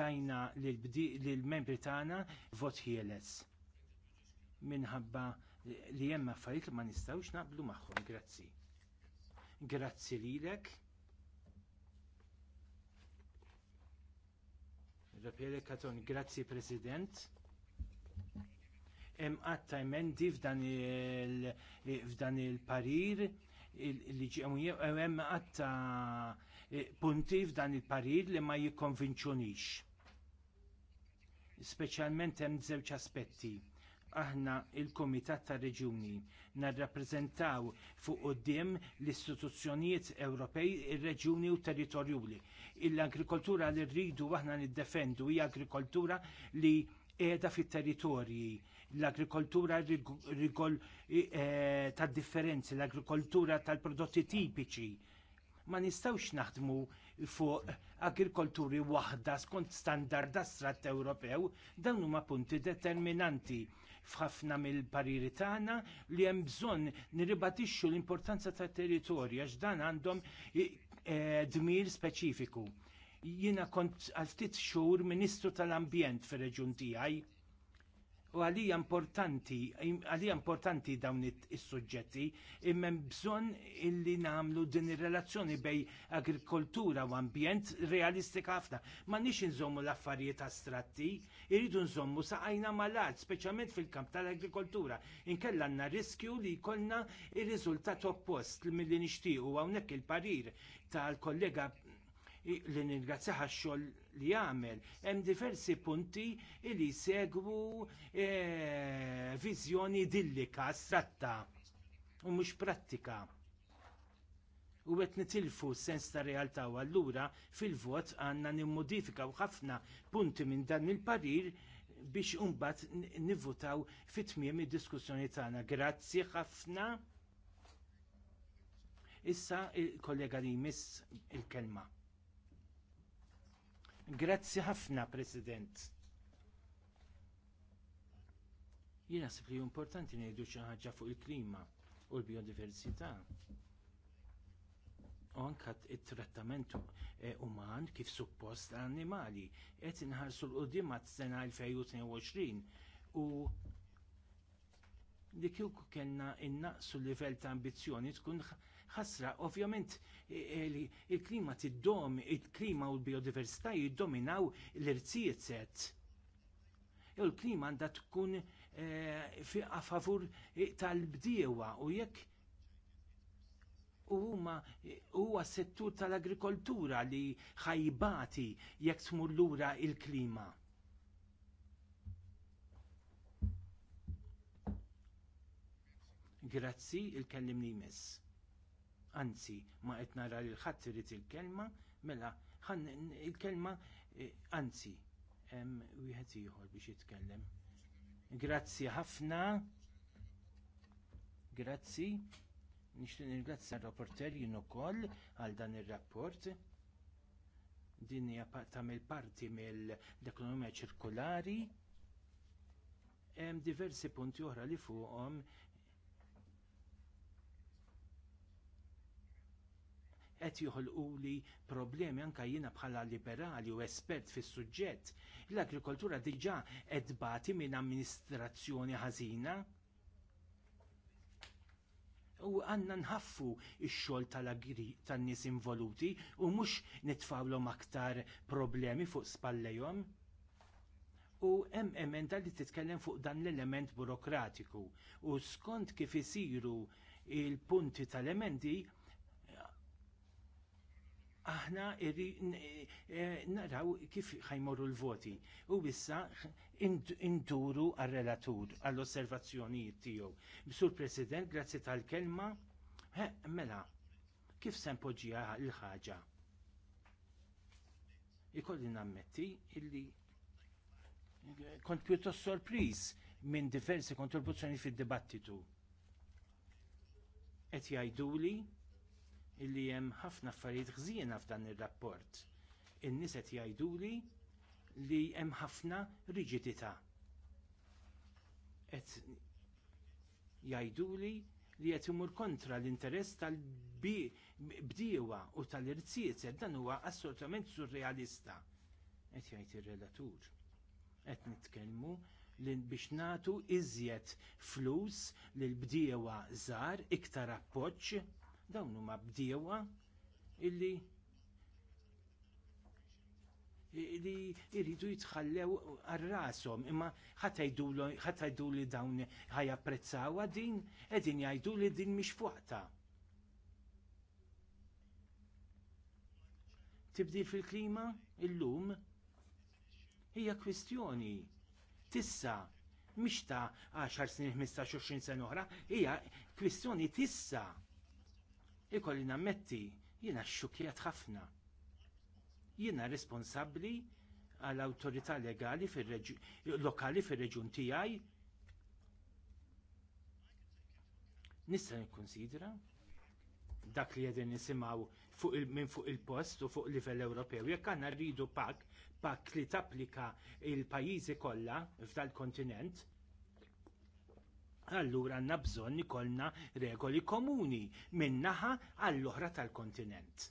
tajna lill membri tagħna vot ħieles minħabba li hemm affarijiet li ma nistgħux naqblu magħhom. Grazzi. Grazzi lilek. Rapjele Katon, grazzi President. Hemm għatta emendi f'dan il-parir li hemm għatta eh, punti f'dan il-parir li ma jikkonvinċunix. Speċjalment hemm żewġ aspetti aħna il-Komitat tar Reġuni narrappreżentaw fuq quddiem l-istituzzjonijiet Ewropej, ir-reġuni u territorjuli. Il-agrikoltura li rridu aħna niddefendu hija agrikoltura li qiegħda fit-territorji. L-agrikoltura e, tad-differenzi, l-agrikoltura tal-prodotti tipiċi. Ma nistgħux naħdmu fuq agrikolturi waħda skont standard astrat Ewropew, dawn huma punti determinanti f'ħafna mill-pariri tagħna li hemm bżonn niribatixxu l-importanza tat territorju għax dan għandhom e, dmir speċifiku. Jiena kont għal ftit xhur Ministru tal-Ambjent fir-reġjun tiegħi u għalija importanti, għalija importanti dawn is-suġġetti, imma bżonn illi namlu din ir-relazzjoni bej agrikoltura u ambjent realistika ħafna. Ma nix nżommu l-affarijiet astratti, irridu nżommu saqajna mal-art, speċjalment fil-kamp tal-agrikoltura. Inkella għandna riskju li jkollna ir-riżultat oppost milli nixtiequ hawnhekk il-parir tal-kollega li nirgazzaħa xogħol li għamel Hemm diversi punti li segwu e, viżjoni dillika, astratta u mhux prattika. U qed nitilfu sens ta' realtà u allura fil-vot għandna nimmodifikaw ħafna punti minn dan il-parir biex umbat nivvotaw fit-tmiem id-diskussjoni tagħna. Grazzi ħafna. Issa il-kollega li jmiss il-kelma. Grazzi ħafna, President. Jiena sib li importanti ngħidu xi ħaġa fuq il-klima u l-biodiversità. U anka t trattament eh, uman kif suppost ta' annimali qed inħarsu l-qudiem għat-sena 2022 u li kieku kellna innaqsu l livell ta' ambizzjoni tkun ħasra. Ovvjament e, e, il-klima tiddom, il-klima u l-biodiversità jiddominaw l-irzijiet set. E, u l-klima għandha tkun a favur tal-bdiewa u jekk huma huwa settur tal-agrikoltura li ħajbati jekk tmur lura l klima Grazzi il-kellim li jmiss anzi ma qed nara li l-ħadd irid il-kelma, mela il-kelma eh, anzi hemm wieħed ieħor biex jitkellem. Grazzi ħafna. Grazzi. Nixtieq nirringrazzja r-rapporter jien ukoll għal dan ir-rapport. Din hija tagħmel parti mill-ekonomija ċirkolari hemm diversi punti oħra li fuqhom qed joħolquli problemi anke jiena bħala liberali u espert fis-suġġett. L-agrikoltura diġà qed bati minn amministrazzjoni ħażina. U għandna nħaffu x-xogħol tal tan-nies involuti u mhux nitfawlhom aktar problemi fuq spallejhom. U hemm emenda li titkellem fuq dan l-element burokratiku u skont kif isiru l punti tal-elementi aħna e, naraw kif ħajmorru l-voti. U issa induru għal-relatur, għall-osservazzjonijiet tiegħu. Sur President, grazzi tal-kelma, mela, kif sempoġija l-ħaġa? Ikolli nammetti illi kont pjuttost sorpriż minn diversi kontribuzzjoni fid-dibattitu. Qed jgħiduli illi hemm ħafna affarijiet ħżiena f'dan ir-rapport. In-nies qed jgħiduli li hemm ħafna riġidità. Qed jgħiduli li qed imur kontra l-interess tal-bdiewa u tal-irziezer dan huwa assolutament surrealista. Qed jgħid ir-relatur. Qed nitkellmu biex nagħtu iżjed flus lill bdiewa żgħar iktar appoġġ Dawn huma bdiewa illi li jridu jitħallew għal imma ħatajdu li dawn ħajapprezzawa din, edin jajdu li din mish fuqta. Tibdil fil-klima illum hija kwistjoni tissa mhix ta' 10 snin 15 20 sena oħra, hija kwistjoni tissa ikolli nammetti jiena x-xukjat ħafna. Jiena responsabbli għall awtorità legali fir lokali fir-reġjun tiegħi nista' nikkonsidra dak li qegħdin nisimgħu minn fuq il-post u fuq livell Ewropew. Jekk aħna rridu pak, pak li tapplika l pajjiżi kollha f'dal kontinent, allura għandna bżonn ikollna regoli komuni minn naħa għall-oħra tal-kontinent.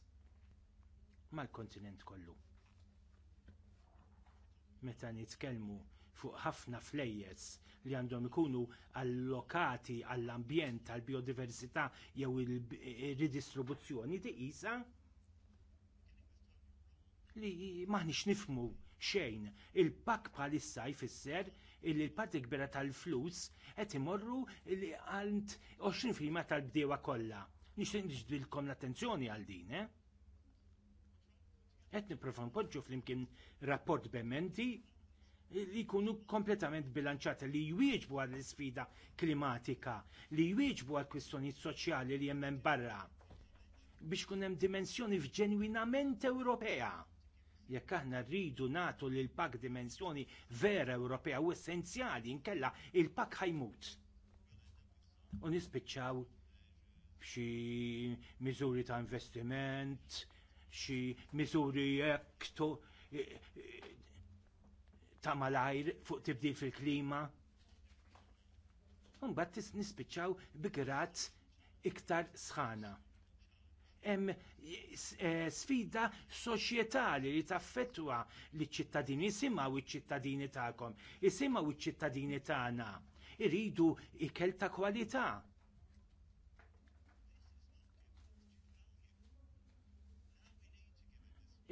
Mal-kontinent kollu. Meta nitkellmu fuq ħafna flejjes li għandhom ikunu allokati għall-ambjent, għall-biodiversità jew il-ridistribuzzjoni di isa li maħniex nifmu xejn. Il-pak bħalissa jfisser illi l-parti kbira tal-flus qed imorru li għand 20% tal-bdewa kollha. Nixtieq niġdilkom l-attenzjoni għal din, eh? Qed nipprova npoġġu flimkien rapport bementi li jkunu kompletament bilanċati li jwieġbu għall isfida klimatika, li jwieġbu għal kwistjonijiet soċjali li jemmen barra biex tkun hemm dimensjoni f'ġenwinament Ewropea jekk aħna rridu nagħtu lil pak dimensjoni vera Ewropea u essenzjali nkella il-pak ħajmut. U nispiċċaw xi miżuri ta' investiment, xi miżuri ektu ta' malajr fuq tibdil fil-klima. Un-bat nispiċċaw bi iktar sħana hemm eh, sfida soċjetali li taffettwa liċ ċittadini isimgħu iċ-ċittadini tagħkom, isimgħu iċ-ċittadini tagħna. Iridu ikel ta' kwalità.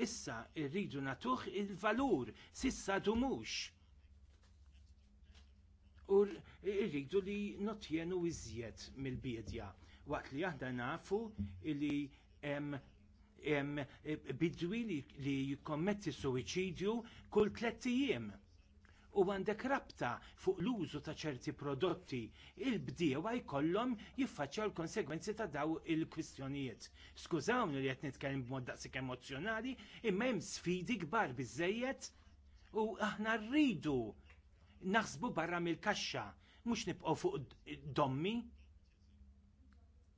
Issa rridu nagħtuh il-valur, sissa dumux. U rridu li notjenu iżjed mill-bidja waqt li aħna nafu li hemm eh, bidwi li jikkommetti suwiċidju kull tliet ijiem. U għandek rabta fuq l-użu ta' ċerti prodotti, il-bdiewa jkollhom jiffaċċja l-konsegwenzi ta' daw il-kwistjonijiet. Skużawni li qed nitkellem b'mod daqsik emozzjonali, imma hemm sfidi kbar biżejjed u aħna rridu naħsbu barra mill-kaxxa mux nibqaw fuq dommi,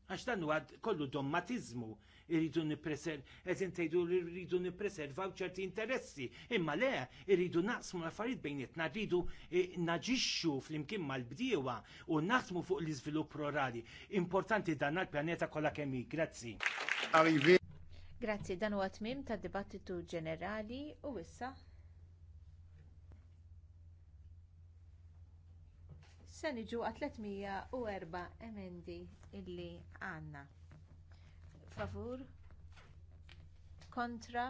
Għax dan għad kollu dommatizmu irridu nipreser, eżin tejdu irridu nipreservaw ċerti interessi. Imma le, irridu naqsmu l-affarijiet bejnietna, rridu eh, naġixxu fl-imkien mal-bdiewa u naħdmu fuq l izvilupp rurali. Importanti dan għal-pjaneta kollha kemm Grazzi. Grazzi, dan huwa tmim tad-dibattitu ġenerali u issa se niġu għat 304 emendi illi għandna. Favur, kontra,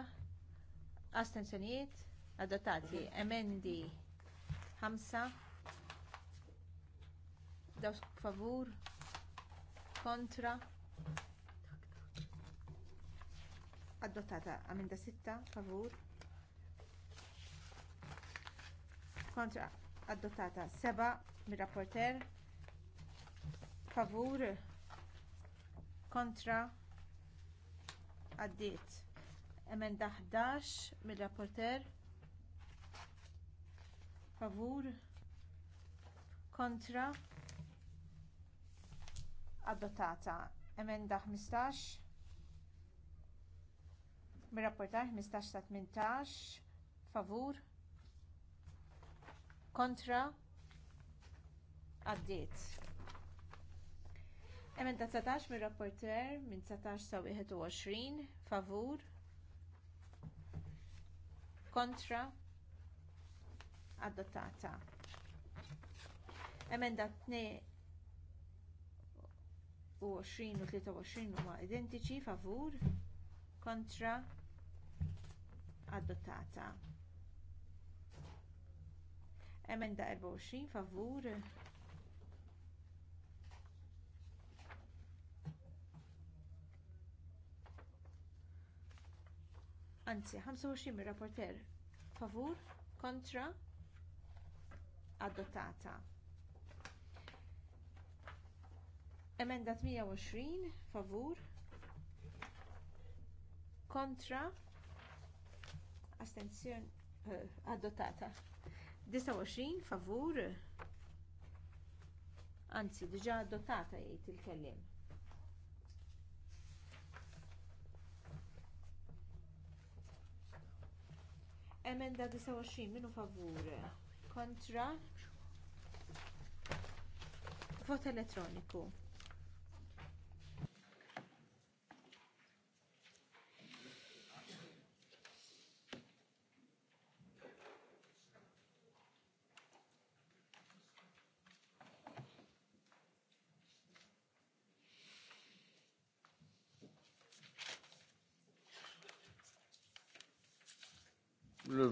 astensjonijiet, Adattati? emendi 5, daw favur, kontra, adottata, amenda 6, favur, kontra, adottata, 7, mir-rapporter favur kontra għaddiet. Emenda 11 mir-rapporter favur kontra adottata. Emenda 15 mir-rapporter 15 ta' 18 favur kontra għaddiet. Emenda 19 mir rapporter minn 19 sa 21 favur kontra adottata. Emenda 2 u 20 u 23 huma identiċi favur kontra adottata. Emenda 24 favur anzi 25 mir rapporter favur kontra adottata. Emenda 120 favur kontra astenzjon eh, adottata. 29 favur anzi diġà adottata jgħid il-kellim. Emenda 29 minu favur kontra vot elettroniku.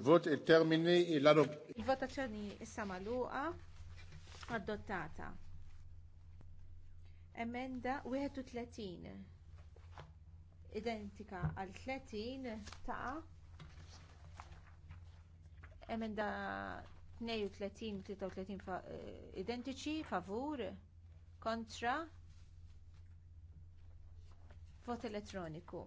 Vot il-termini il-adob. Il-votazzjoni issa maluqa adottata. Emenda 31. Identika għal 30 ta' emenda 32-33 fa eh, identiċi favur kontra vot elettroniku.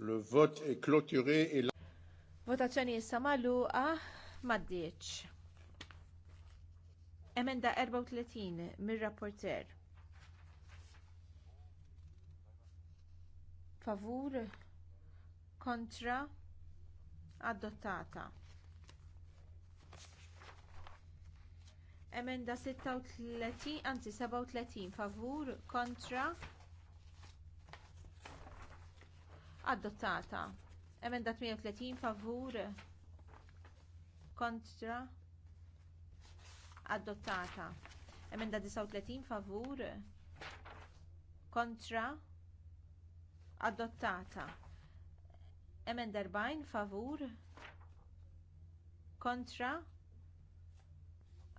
Le vote est clôturé et la... Votazzjoni issa magħluqa m'għaddiex. Emenda 34 mir-rapporter. Favur kontra adottata. Emenda 36 anzi 37 favur kontra adottata. Emenda 38 favur kontra adottata. Emenda 39 favur kontra adottata. Emenda 40 favur kontra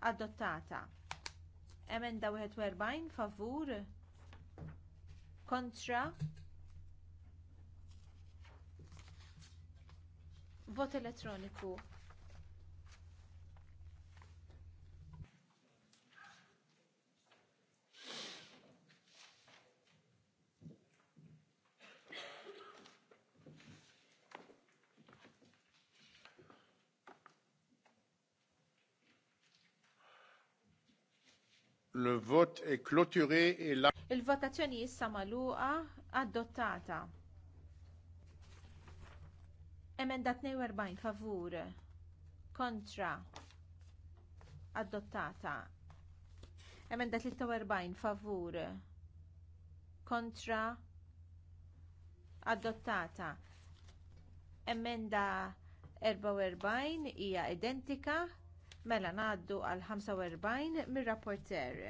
adottata. Emenda 41 favur kontra Vot elettroniku. Le vote est clôturé et la... Il-votazzjoni issa magħluqa adottata. Emenda 42 favur kontra adottata. Emenda 43 favur kontra adottata. Emenda 44 hija identika mela ngħaddu għal 45 mir-rapporter.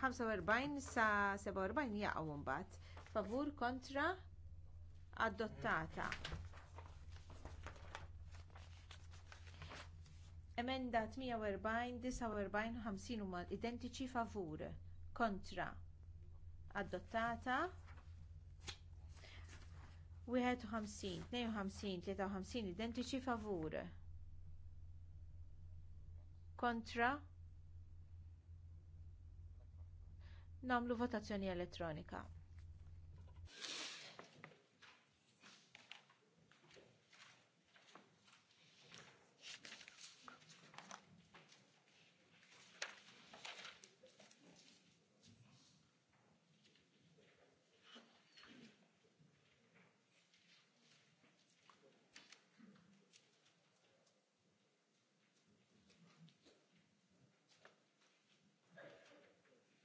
45 sa 47 jaqgħu mbagħad. Favur kontra adottata. Emenda 48, 49, 50 huma identiċi favur kontra adottata. 51, 52, 53 identiċi favur kontra Nagħmlu votazzjoni elettronika.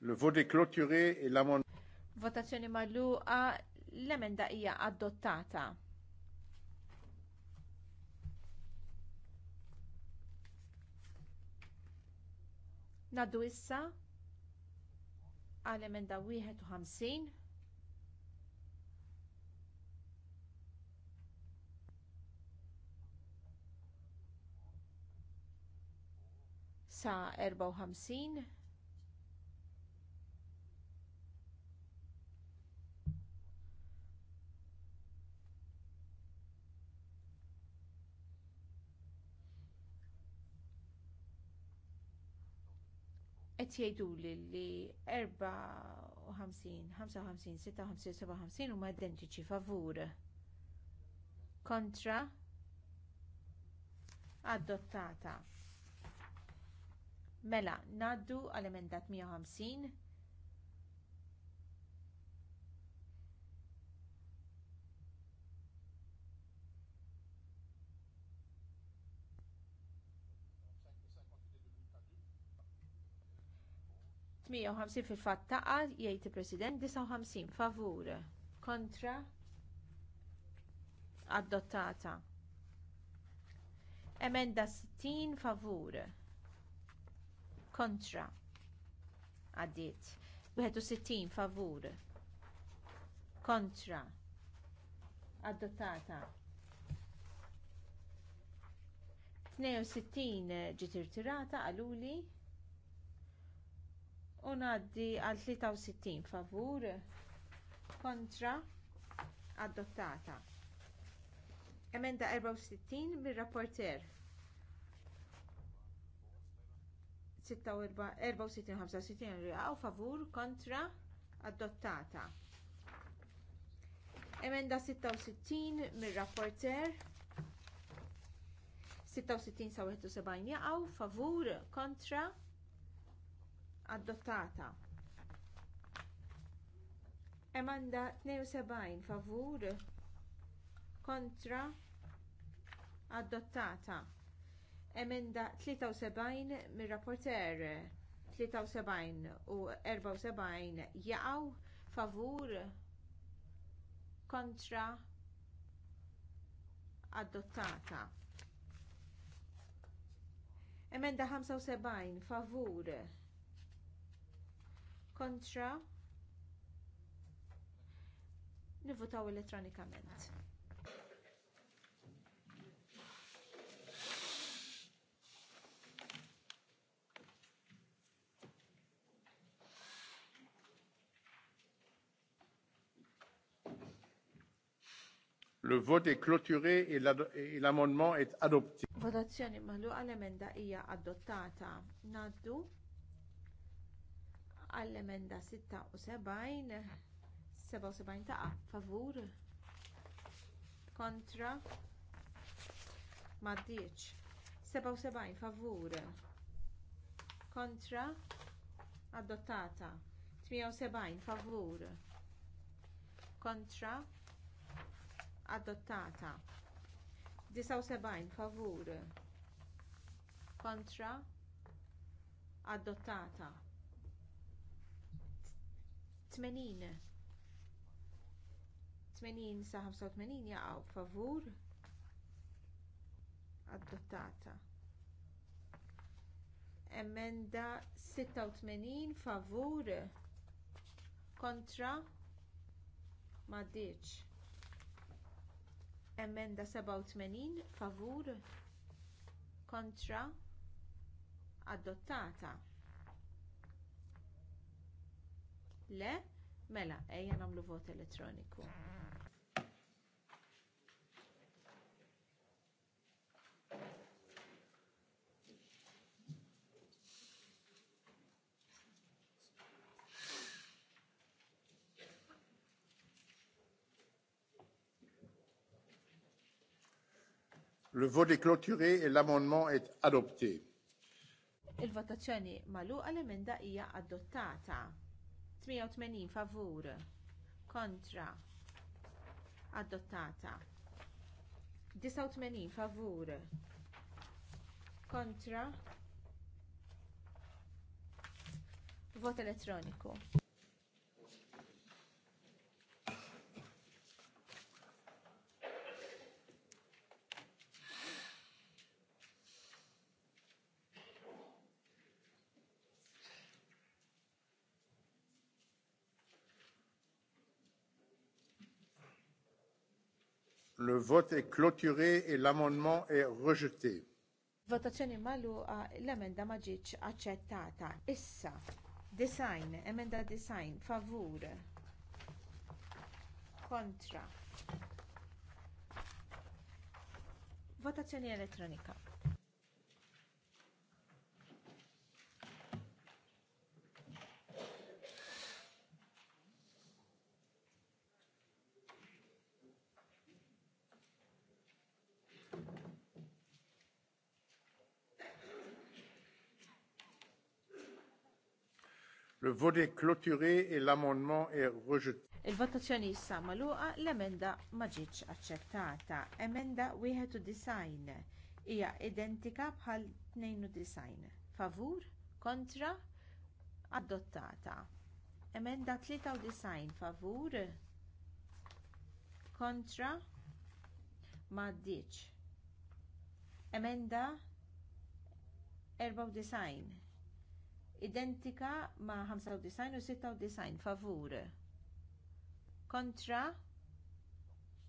Le vote est clôturé et l'amendement. Votazione magħluqa l-emenda hija adottata. Naddu issa għal emenda 51. Sa 54 qed jgħiduli li 54, 55, 56, 57 huma identiċi favur kontra adottata. Mela, ngħaddu għal emendat 150 58 fil-fatt taqa, jgħid il-President, 59 favur kontra adottata. Emenda 60 favur kontra għaddiet. 61 favur kontra adottata. Ad 62 ġiet tirata għaluli u ngħaddi għal 63 favur kontra adottata. Emenda 64 mir-rapporter 64-65 għaw favur kontra adottata. Emenda 66 mir-rapporter 66-71 jaqgħu favur kontra adottata adottata. Emanda 72 favur kontra adottata. Emenda 73 mir rapporter 73 u 74 jaqgħu favur kontra adottata. Emenda 75 favur kontra nivvotaw elettronikament. Le vote est clôturé et l'amendement est adopté. Votazzjoni maħluqa l-emenda hija adottata. Naddu għall-emenda 76 77 taqa favur kontra maddiċ 77 favur kontra adottata 78 favur kontra adottata 79 favur kontra adottata 80 80 sa 85 jaqgħu favur adottata. Ad Emenda 86 favur kontra m'għaddiex. Emenda 87 favur kontra adottata. Le? Mela, ejja nagħmlu vot elettroniku. Le vote est clôturé et l'amendement est adopté. Il-votazzjoni magħluqa l-emenda hija adottata. 88 favur kontra adottata 89 favur kontra vot elettroniku Le vote est clôturé et l'amendement est rejeté. Votazzjoni magħluqa l-emenda ma ġietx aċċettata. Issa, design, emenda design, favur, kontra. Votazzjoni elettronika. vote est clôturé et l'amendement est rejeté. Il-votazzjoni issa magħluqa l-emenda ma ġietx aċċettata. Emenda wieħed u design hija identika bħal 92. Favur, kontra, adottata. Emenda 93 favur, kontra, ma ġietx. Emenda 94 identika ma' 95 u 96 favur kontra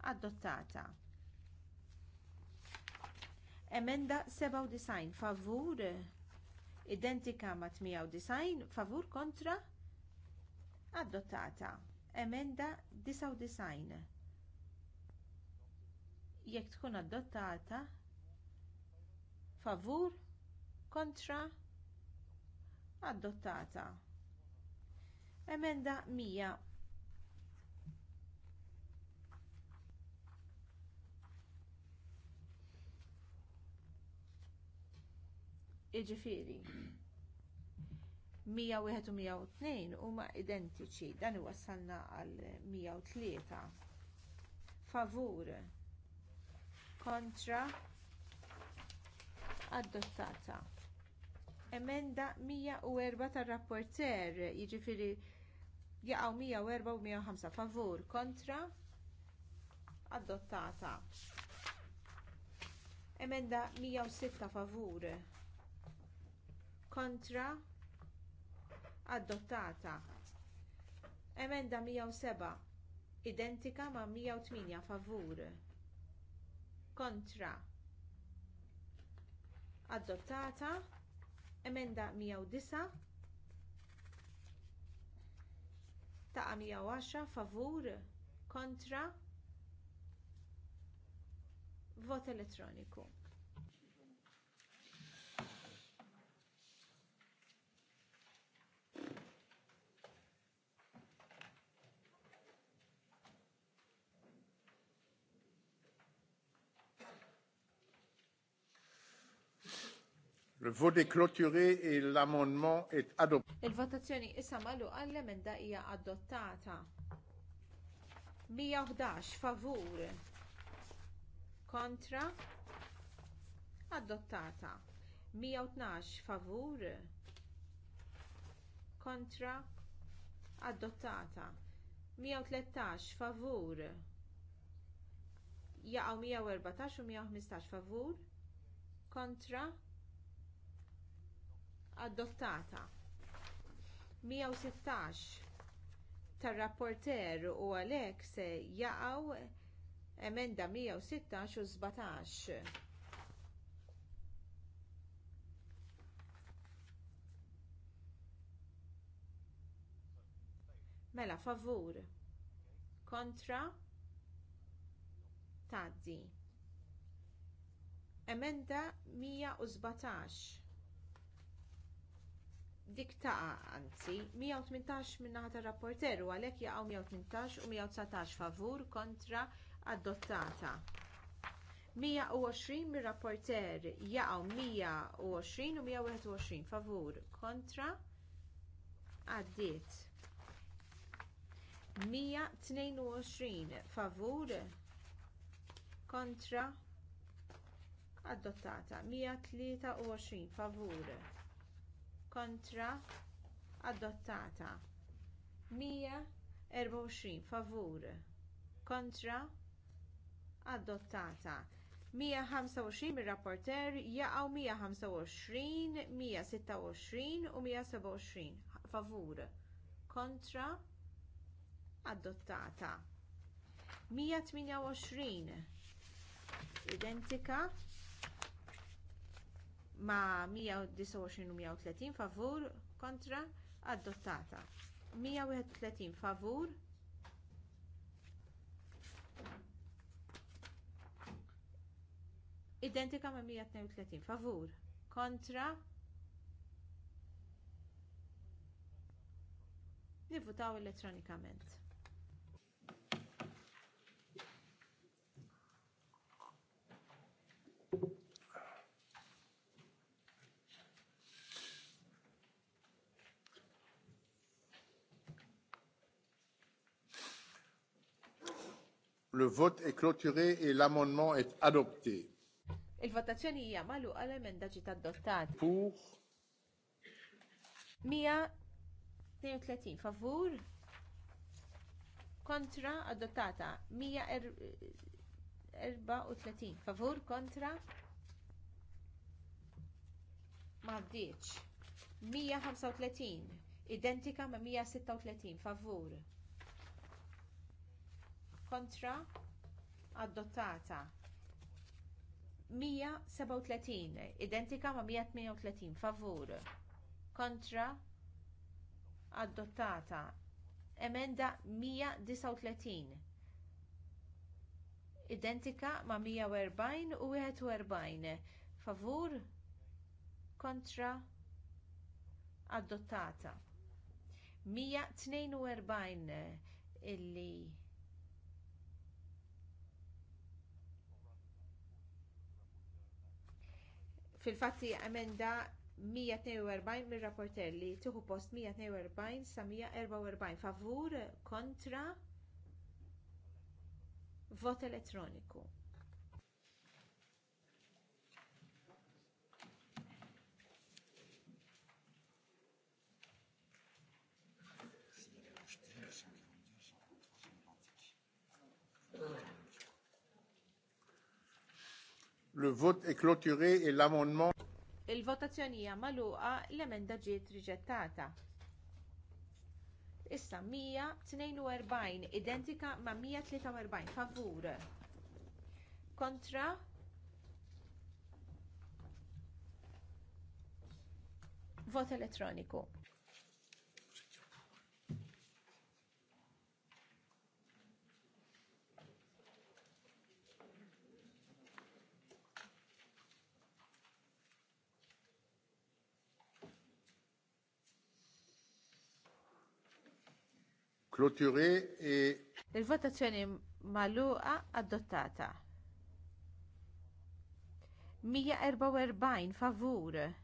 adottata. Emenda 97 favur identika ma' 98 favur kontra adottata. Emenda 99 jekk tkun adottata favur kontra adottata adottata. Emenda 100 Jiġifieri 101 u 102 huma identiċi dan iwassalna għal 103 favur kontra adottata emenda 104 tar-rapporter, jiġifieri jaqgħu 104 u 105 favur kontra adottata. Emenda 106 favur kontra adottata. Emenda 107 identika ma' 108 favur kontra adottata. Emenda 109 ta' 110 favur kontra vot elettroniku. Le vote est clôturé et Il-votazzjoni issa malu għall-emenda hija adottata. 111 favur kontra adottata. 112 favur kontra adottata. 113 favur jaqgħu 114 u 115 favur kontra adottata. 116 tar-rapporter u għalhekk se jaqgħu emenda 116 u 17. Mela favur kontra tgħaddi. Emenda 117 dik taqa anzi 118 min-naħa rapporter u għalhekk jaqgħu 118 u 119 favur kontra adottata. 120 mir rapporter jaqgħu 120 u 121 favur kontra għaddiet. 122 favur kontra adottata 123 favur kontra adottata 124 favur kontra adottata 125 mir-rapporter jaqgħu 125, 126 u 127 favur kontra adottata 128 identika ma' 129 u 130 favur kontra adottata. 131 favur Identika ma' 132 favur kontra nivvutaw elettronikament. Le vote est clôturé et l'amendement est adopté. Il-votazzjoni hija malu l-emenda ġiet adottat. Pour 132 favur kontra adottata 134 er, favur kontra m'għaddiex 135 identika ma' 136 favur kontra adottata. 137 identika ma' 138 favur kontra adottata emenda 139 identika ma' 140 u 41 favur kontra adottata 142 illi Fil-fatti emenda 142 mir rapporter li tieħu post 142 sa 144 favur kontra vot elettroniku. Le vote est clôturé et l'amendement. Il-votazzjoni hija magħluqa l-emenda ġiet riġettata. Issa 142 identika ma' 143 favur. Kontra vot elettroniku. e... Il-votazzjoni maluqa adottata. 144 favur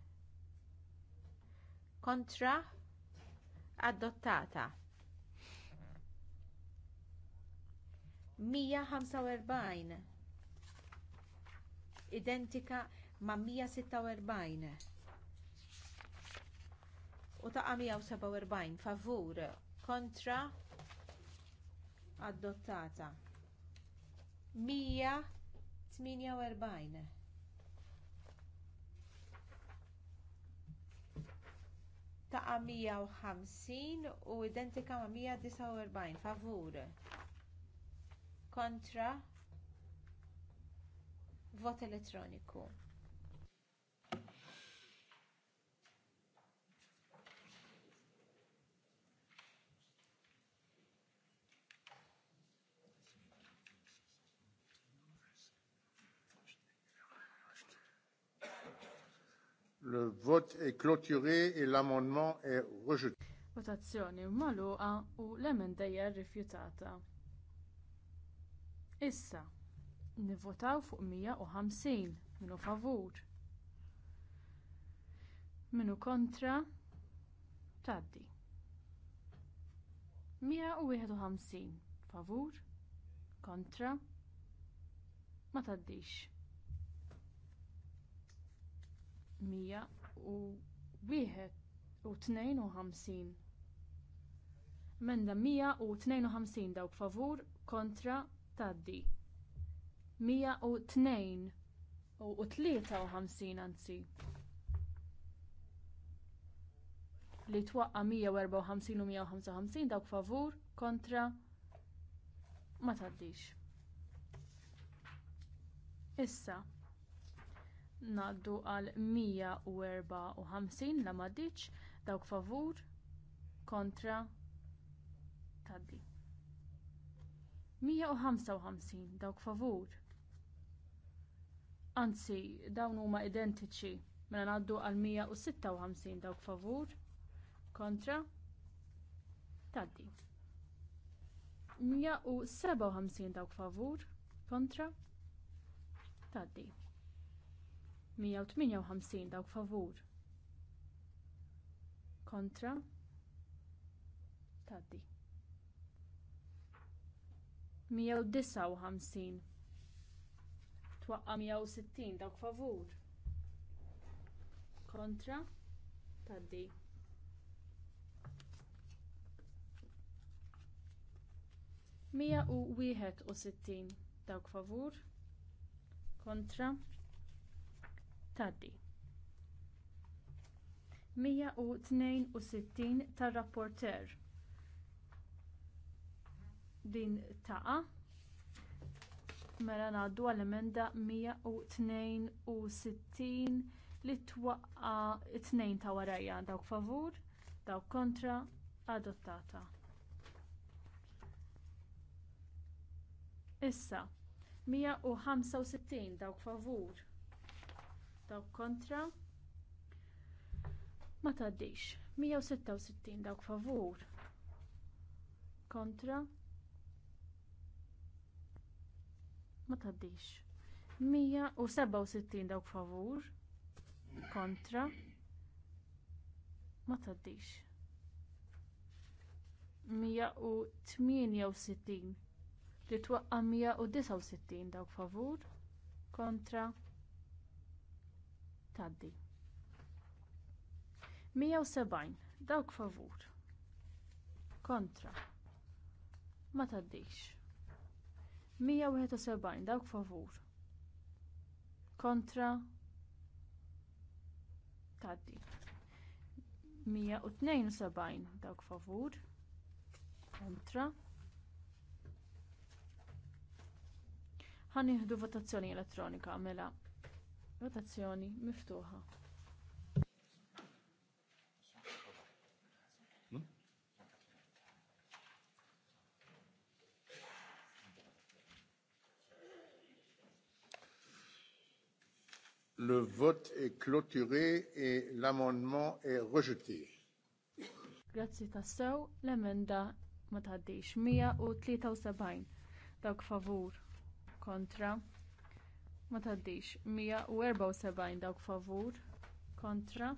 kontra adottata. 145 identika ma' 146 u ta' 147 favur kontra adottata. 148 ta' 150 u identika ma' 149 favur kontra vot elettroniku. Le vote est clôturé et l'amendement est rejeté. Votazzjoni magħluqa u l-emenda hija rrifjutata. Issa, nivvotaw fuq 150 minu favur. Minu kontra taddi. 151 favur kontra ma taddix. mija u wieħed u tnejn u ħamsin. Menda mija u tnejn u ħamsin dawk favur kontra taddi. Mija u tnejn u tlieta u ħamsin anzi. Li twaqqa 154 u 155 dawk favur kontra ma taddix. Issa, Ngħaddu għal 154 la maddiċ dawk favur kontra taddi. 155 dawk favur. Anzi, dawn huma identiċi mela ngħaddu għal 156 dawk favur kontra taddi. 157 dawk favur kontra taddi. 158 dawk favur kontra taddi 159 twaqqa 160 dawk favur kontra taddi Mija u wieħed u sittin dawk favur kontra tgħaddi. 162 tar-rapporter din taqa mela ngħaddu għall emenda 162 li twaqqa tnejn ta' warajja dawk favur, dawk kontra adottata. Issa, 165 dawk favur, dawk kontra ma tgħaddix. 166 dawk favur kontra ma tgħaddix. 167 dawk favur kontra ma tgħaddix. 168 li twaqqa 169 dawk favur kontra tgħaddi. 170 dawk favur kontra ma tgħaddix. 171 dawk favur kontra tgħaddi 172 dawk favur kontra ħan votazzjoni elettronika mela Votazzjoni miftuħa. Le vote est clôturé et l'amendement est rejeté. Grazzi tassew, l-emenda ma tgħaddix 173 dawk favur kontra ma taddix 174 dawk favur kontra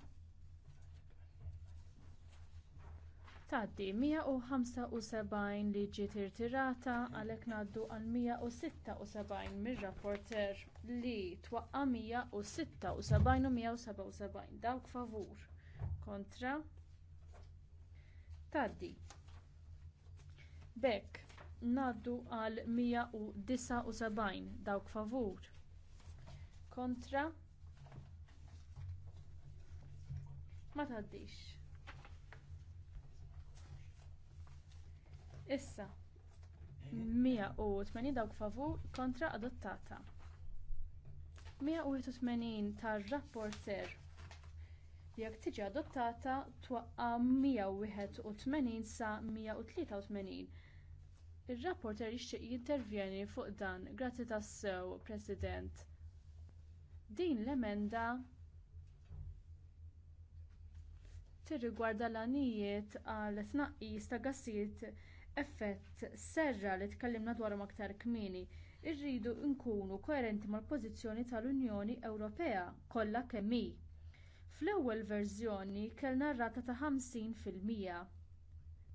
tgħaddi 175 li ġiet irtirata għalhekk ngħaddu għal 176 mir-rapporter li twaqqa 176 u 177 dawk favur kontra tgħaddi. B'hekk ngħaddu għal 179 dawk favur kontra ma taddix. Issa, 180 dawk favur kontra adottata. 181 tar-rapporter jekk tiġi adottata twaqqa 181 sa 183. Ir-rapporter jixtieq jintervjeni fuq dan. Grazzi tas-sew President. Din l-emenda tirrigwarda l-għanijiet għal tnaqqis ta' gassijiet effett serra li tkellimna dwarhom aktar kmieni. Irridu nkunu koerenti mal-pożizzjoni tal-Unjoni Ewropea kollha kemm hi. Fl-ewwel verżjoni kellna rata ta' 50% fil-mija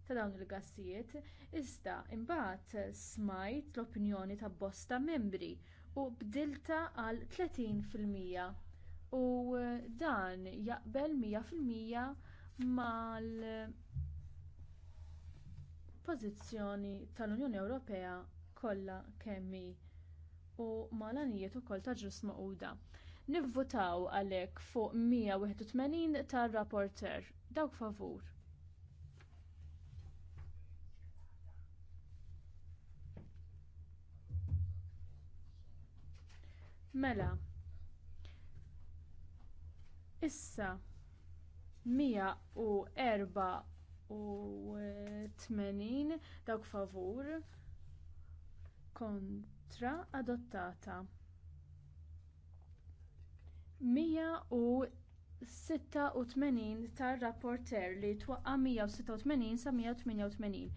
ta' dawn il-gassijiet, iżda imbagħad smajt l-opinjoni ta' bosta membri u bdilta għal 30% u eh, dan jaqbel 100% mal eh, pożizzjoni tal-Unjoni Ewropea kollha kemmi u mal-anijiet ukoll ta' ġus maquda. Nivvotaw għalhekk fuq 181 tar-rapporter dawk favur. Mela. Issa 184 dawk favur kontra adottata. 186 tar-rapporter li twaqqa 186 sa 188.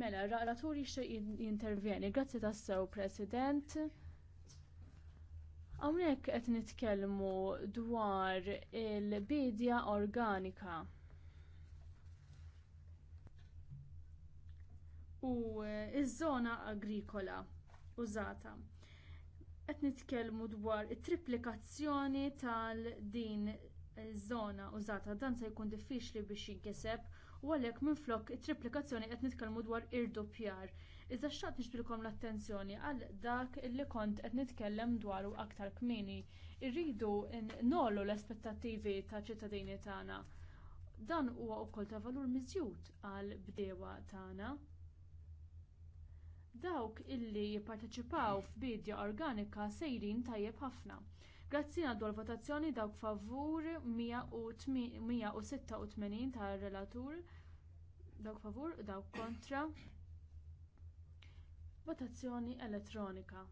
Mela, r-raturi jintervjeni. Grazzi tassew, President. Hawnhekk qed nitkellmu dwar il-bidja organika. U iż-żona agrikola użata. Qed nitkellmu dwar it-triplikazzjoni tal-din iż-żona użata dan se jkun diffiċli biex jinkiseb u għalhekk minflok it-triplikazzjoni qed nitkellmu dwar irdoppjar. Iżda xtaqt nixbilkom l-attenzjoni għal dak li kont qed nitkellem dwaru aktar kmieni. Irridu nollu l-aspettattivi ta' ċittadini tagħna. Dan huwa wkoll ta' valur miżjud għal bdewa tagħna. Dawk illi jipparteċipaw f'bidja organika sejrin tajjeb ħafna. Grazzi għaddu l-votazzjoni dawk favur 186 tar relatur dawk favur, dawk kontra, Votazzjoni elettronika.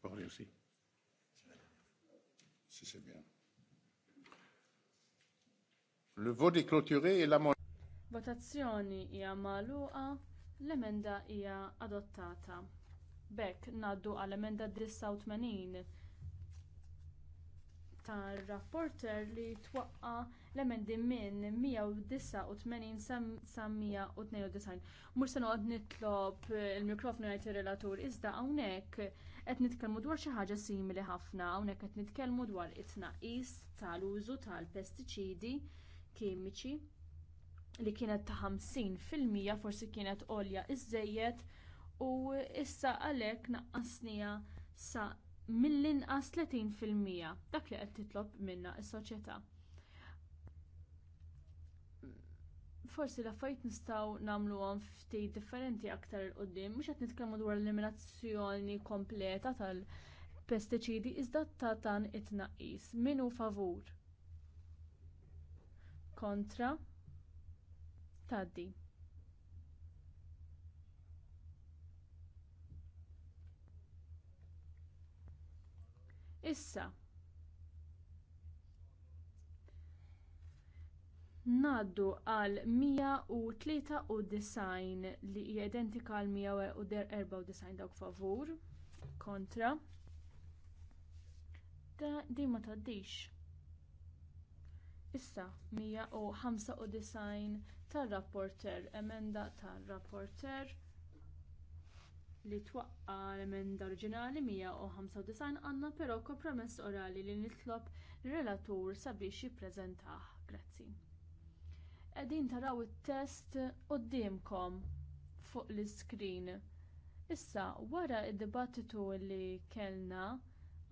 parler aussi. Si c'est bien. Le vote est clôturé et l'amendement. Votazzjoni hija magħluqa, l-emenda hija adottata. B'hekk ngħaddu għal emenda 89 tar rapporter li twaqqa l-emendi minn 189 sa 192. Mhux se noqgħod nitlob il-mikrofonu għajt ir-relatur iżda hawnhekk qed nitkellmu dwar xi ħaġa simili ħafna, hawnhekk qed nitkellmu dwar it-tnaqqis tal-użu tal-pestiċidi kimiċi li kienet ta' 50% forsi kienet għolja iżżejjed u issa għalhekk naqqasnija sa mill-inqas 30% dak li qed titlob minnha s-soċjetà. Forsi l-affarijiet nistgħu nagħmluhom ftit differenti aktar il qudiem mhux qed nitkellmu dwar l-eliminazzjoni kompleta tal-pestiċidi iżda ta' dan it-tnaqqis. Min hu favur? Kontra? Taddi. Issa, Ngħaddu għal 193 li hija identika għal 194 dawk favur kontra da din ma tgħaddix. Issa 195 tar-rapporter, emenda tar-rapporter li twaqqa l-emenda oriġinali 195 għandna però kompromess orali li nitlob relatur sabiex jippreżentah. Grazzi. Qegħdin taraw it-test quddiemkom fuq l-iskrin. Issa, wara d dibattitu li kellna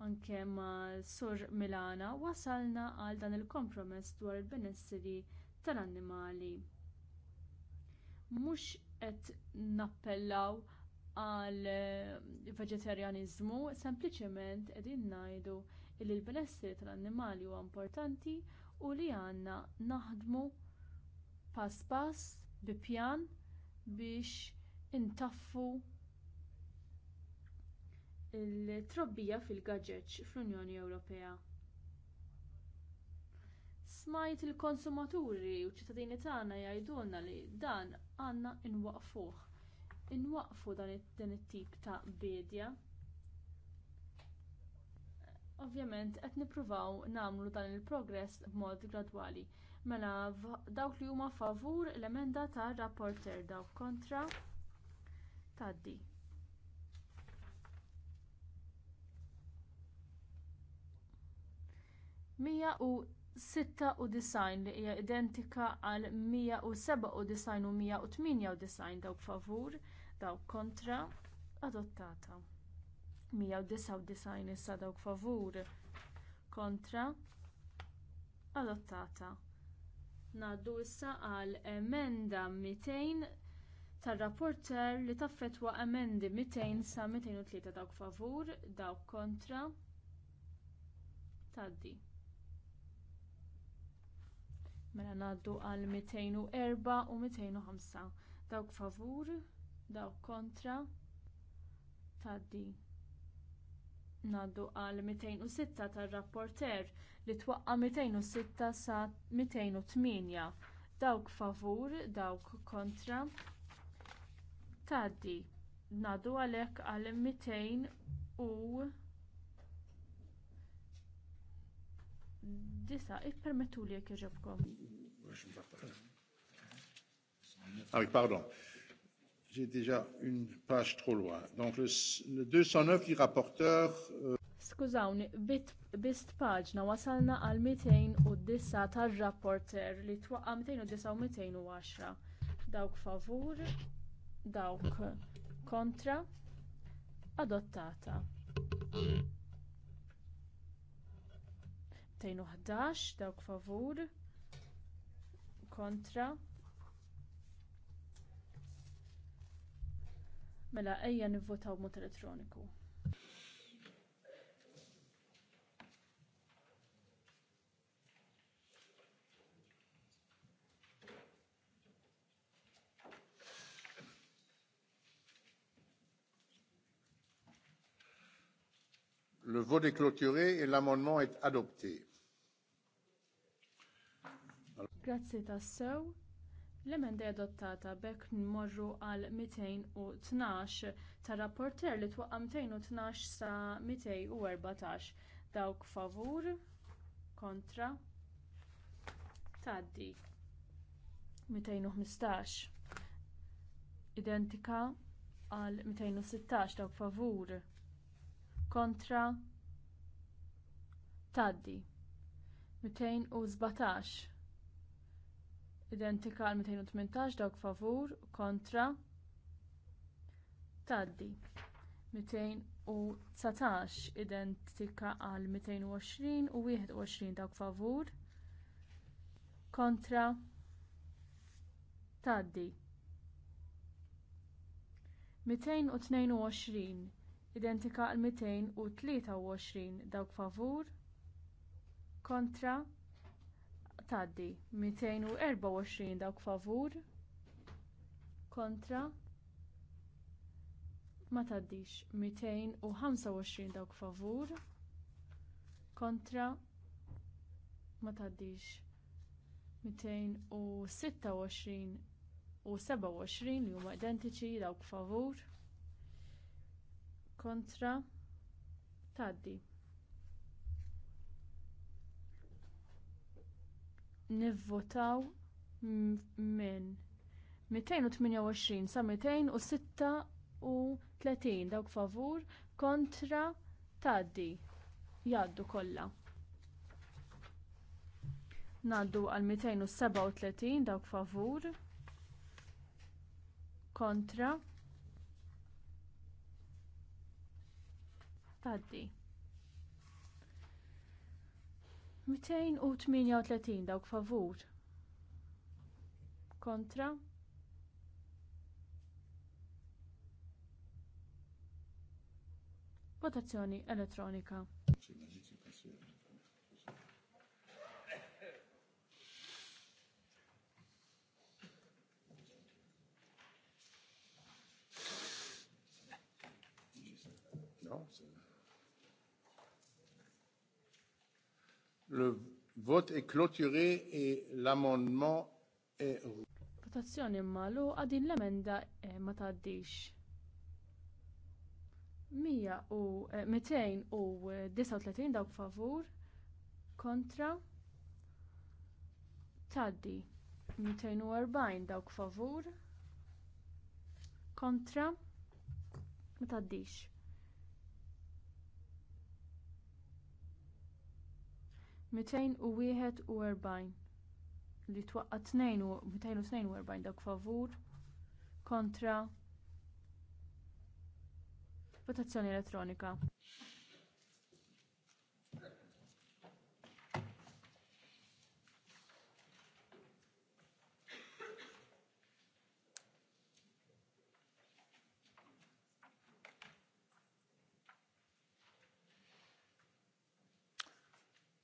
anke ma' Sur Milana, wasalna għal dan il-kompromess dwar il benessiri tal-annimali. Mhux qed nappellaw għal eh, veġetarjaniżmu sempliċement qegħdin ngħidu li l-benessri tal-annimali huwa importanti u li għandna naħdmu pass pass bi pjan biex intaffu t trobbija fil-gaġeġġ fl-Unjoni Ewropea. Smajt il-konsumaturi u ċittadini tagħna jgħidulna li dan għandna inwaqfuh inwaqfu dan it-tip ta' bedja. Ovvjament qed nippruvaw nagħmlu dan il-progress b'mod gradwali. Mela dawk li huma favur l-emenda tar rapporter dawk kontra taddi. Mija u 96 li hija identika għal 197 u 198 dawk favur dawk kontra adottata. 199 issa dawk favur kontra adottata. Ngħaddu issa għal emenda 200 tar-rapporter li taffetwa emendi 200 sa 203 dawk favur, dawk kontra tgħaddi. Mela ngħaddu għal 204 u 205 dawk favur daw kontra tgħaddi. Ngħaddu għal 206 tal rapporter li twaqqa' 206 sa 208 dawk favur dawk kontra tgħaddi. Ngħaddu għalhekk għal 200 u disa ippermettu li jekk iġobkom. Ah, pardon. J'ai déjà une page trop loin. Donc le, le 209 du rapporteur. Euh... Skużawni, bit bist paġna wasalna għal 209 tar-rapporter li twaqqa 209 u 210. Dawk favur, dawk kontra, adottata. 211 dawk favur, kontra, Mela ejja nivvotaw mod elettroniku. Le vote est clôturé et l'amendement est adopté. Grazie tassew. L-emenda adottata bekk nmorru għal 212 ta' rapporter li twaqqa 212 sa 214 dawk favur kontra taddi 215 identika għal 216 dawk favur kontra taddi 217 Identika għal 218 dawk favur kontra taddi. 219 identika għal 220 u 21 dawk favur kontra taddi. 222 identika għal 223 dawk favur kontra taddi tgħaddi 224 dawk favur kontra ma tgħaddix 225 dawk favur kontra ma tgħaddix 226 u 27 li huma identiċi dawk favur kontra tgħaddi nivvotaw minn 228 sa 236 dawk favur kontra tgħaddi jgħaddu kollha. Ngħaddu għal 237 dawk favur kontra tgħaddi. 238 dawk favur kontra votazzjoni elettronika. Le vote est clôturé et l'amendement est... Votazzjoni malu għadin l-emenda eh, ma taddix. 239 eh, eh, dawk favur kontra taddi 240 dawk favur kontra ma taddix 241 li twaqqa 242 dak favur kontra votazzjoni elettronika.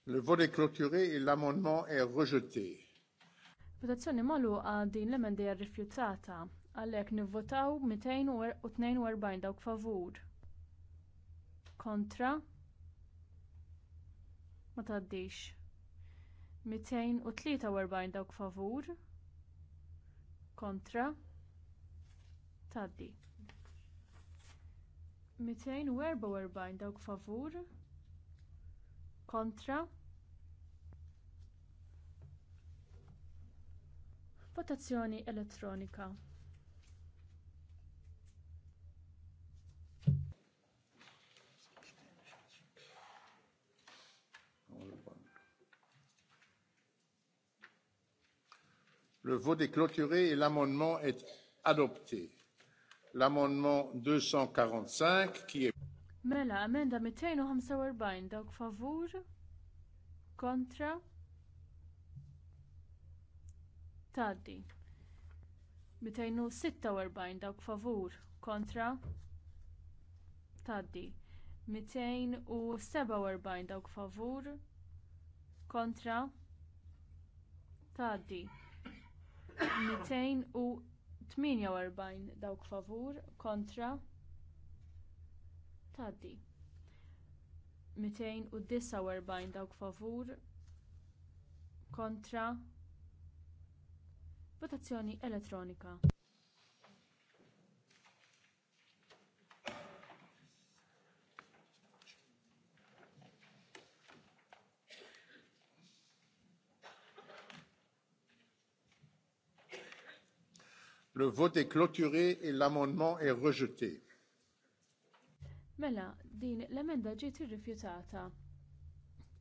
Le vote est clôturé et l'amendement est rejeté. Votazzjoni magħluqa din l-emendi rrifjutata għalhekk nivvotaw 242 er- dawk favur. Kontra ma tgħaddix. 243 dawk favur. Kontra Taddi. 244 dawk favur. Kontra Votazzjoni elettronika. Le vote est clôturé et l'amendement est adopté. L'amendement 245 qui est... Mela, amenda 245 donc favor. Contra? tgħaddi. 246 dawk favur kontra tgħaddi. 247 dawk favur kontra tgħaddi. 248 dawk favur kontra tgħaddi. 249 dawk favur kontra Votazzjoni elettronika. Le vote est clôturé et l'amendement est rejeté. Mela, din l-emenda ġiet irrifjutata.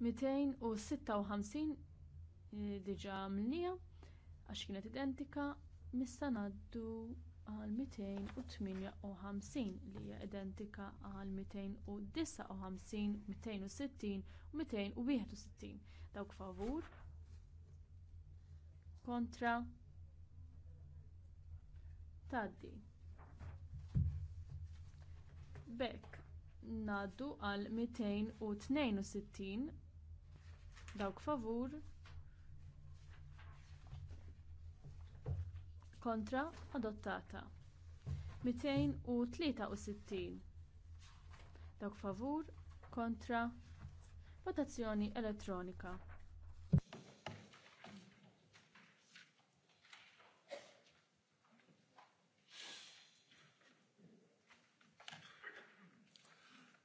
256 eh, diġà mlija għax kienet identika mista ngħaddu għal 258 li hija identika għal 259, 260 u 261 dawk favur kontra tgħaddi. B'hekk ngħaddu għal 262 dawk favur kontra adottata 263 dawk favur kontra votazzjoni elettronika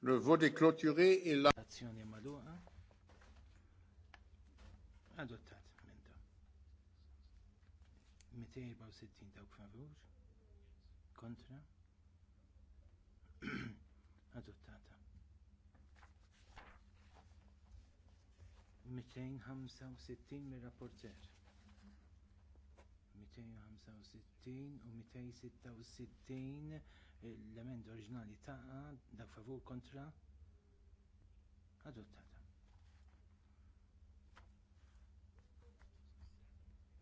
Le vote est clôturé et la adottat menta. 264 dawk favur kontra adottata. 265 mir-rapporter. 265 u 266 eh, l-emend oriġinali taqa dak favur kontra adottat.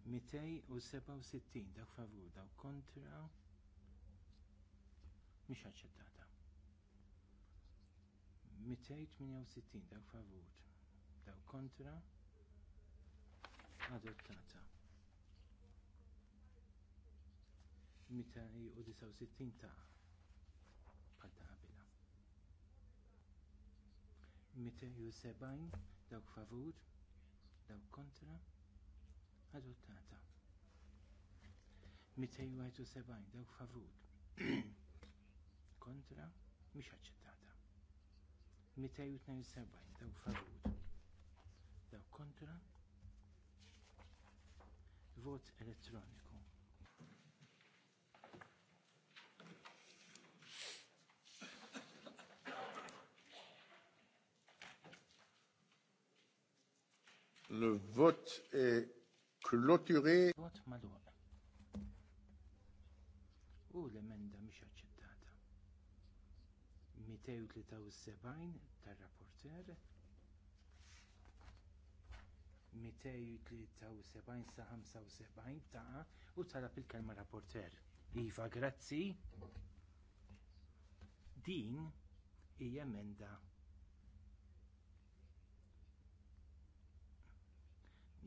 267 dak favur dak kontra mhix aċċettata. 268 dak favur dak kontra adottata. 269 ta' palta qabila. 270 dawk favur, dawk kontra, adottata. 271 dawk favur kontra mhix aċċettata. 272 dawk favur dawk kontra vot elettroniku. Le vote est clôturé. Vot maluq. U l-emenda mhix aċċettata. 273 tar-rapporter. 273 sa 75 ta' u talab il-kelma rapporter. Iva, grazzi. Din hija emenda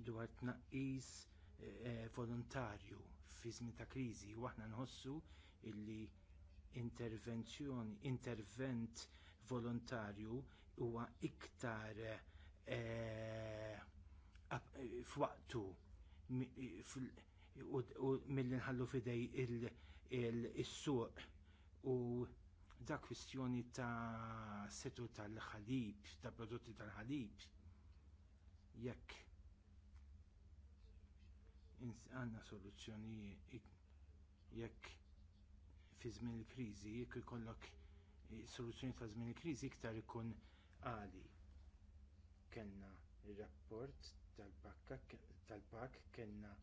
dwar tnaqqis eh, eh, volontarju fi żmien ta' kriżi u aħna nħossu li intervenzjoni intervent volontarju huwa iktar eh, f'waqtu milli nħallu fidej il-suq u da kwistjoni ta' setu tal-ħalib, ta' prodotti tal-ħalib, jekk għandna soluzzjoni jekk fi żmien il-kriżi jekk ikollok eh, soluzzjoni ta' żmien il-kriżi iktar ikun għali. Kellna r rapport tal-pak kellna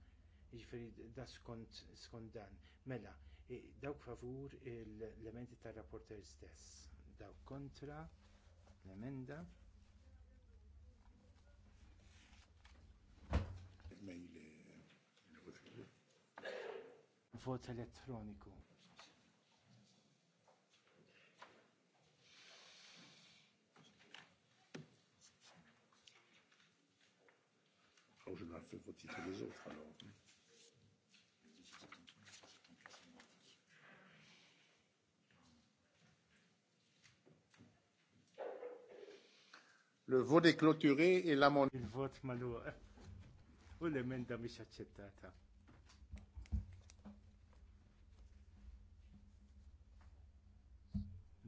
jiġifieri da skont skont dan. Mela, eh, dawk favur l-elementi tar-rapporter stess, dawk kontra l-emenda. Mejli vot elettroniku. Għaw ġen għarfi voti tal-izot għallu. Le vote est clôturé et l'amendement. Il vote malheureux. Ou l'amendement est accettata.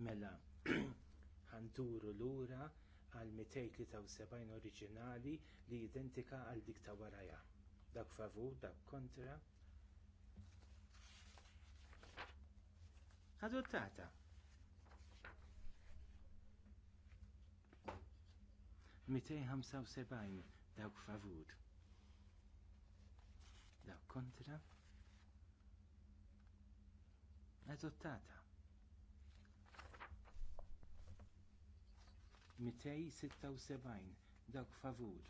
Mela, ħanduru lura għal 273 oriġinali li identika għal dik ta' warajja. Dak favur, dak kontra. Adottata. Mitej ħamsa sebajn dawk favur. Dawk kontra. Adottata. 276 dawk favur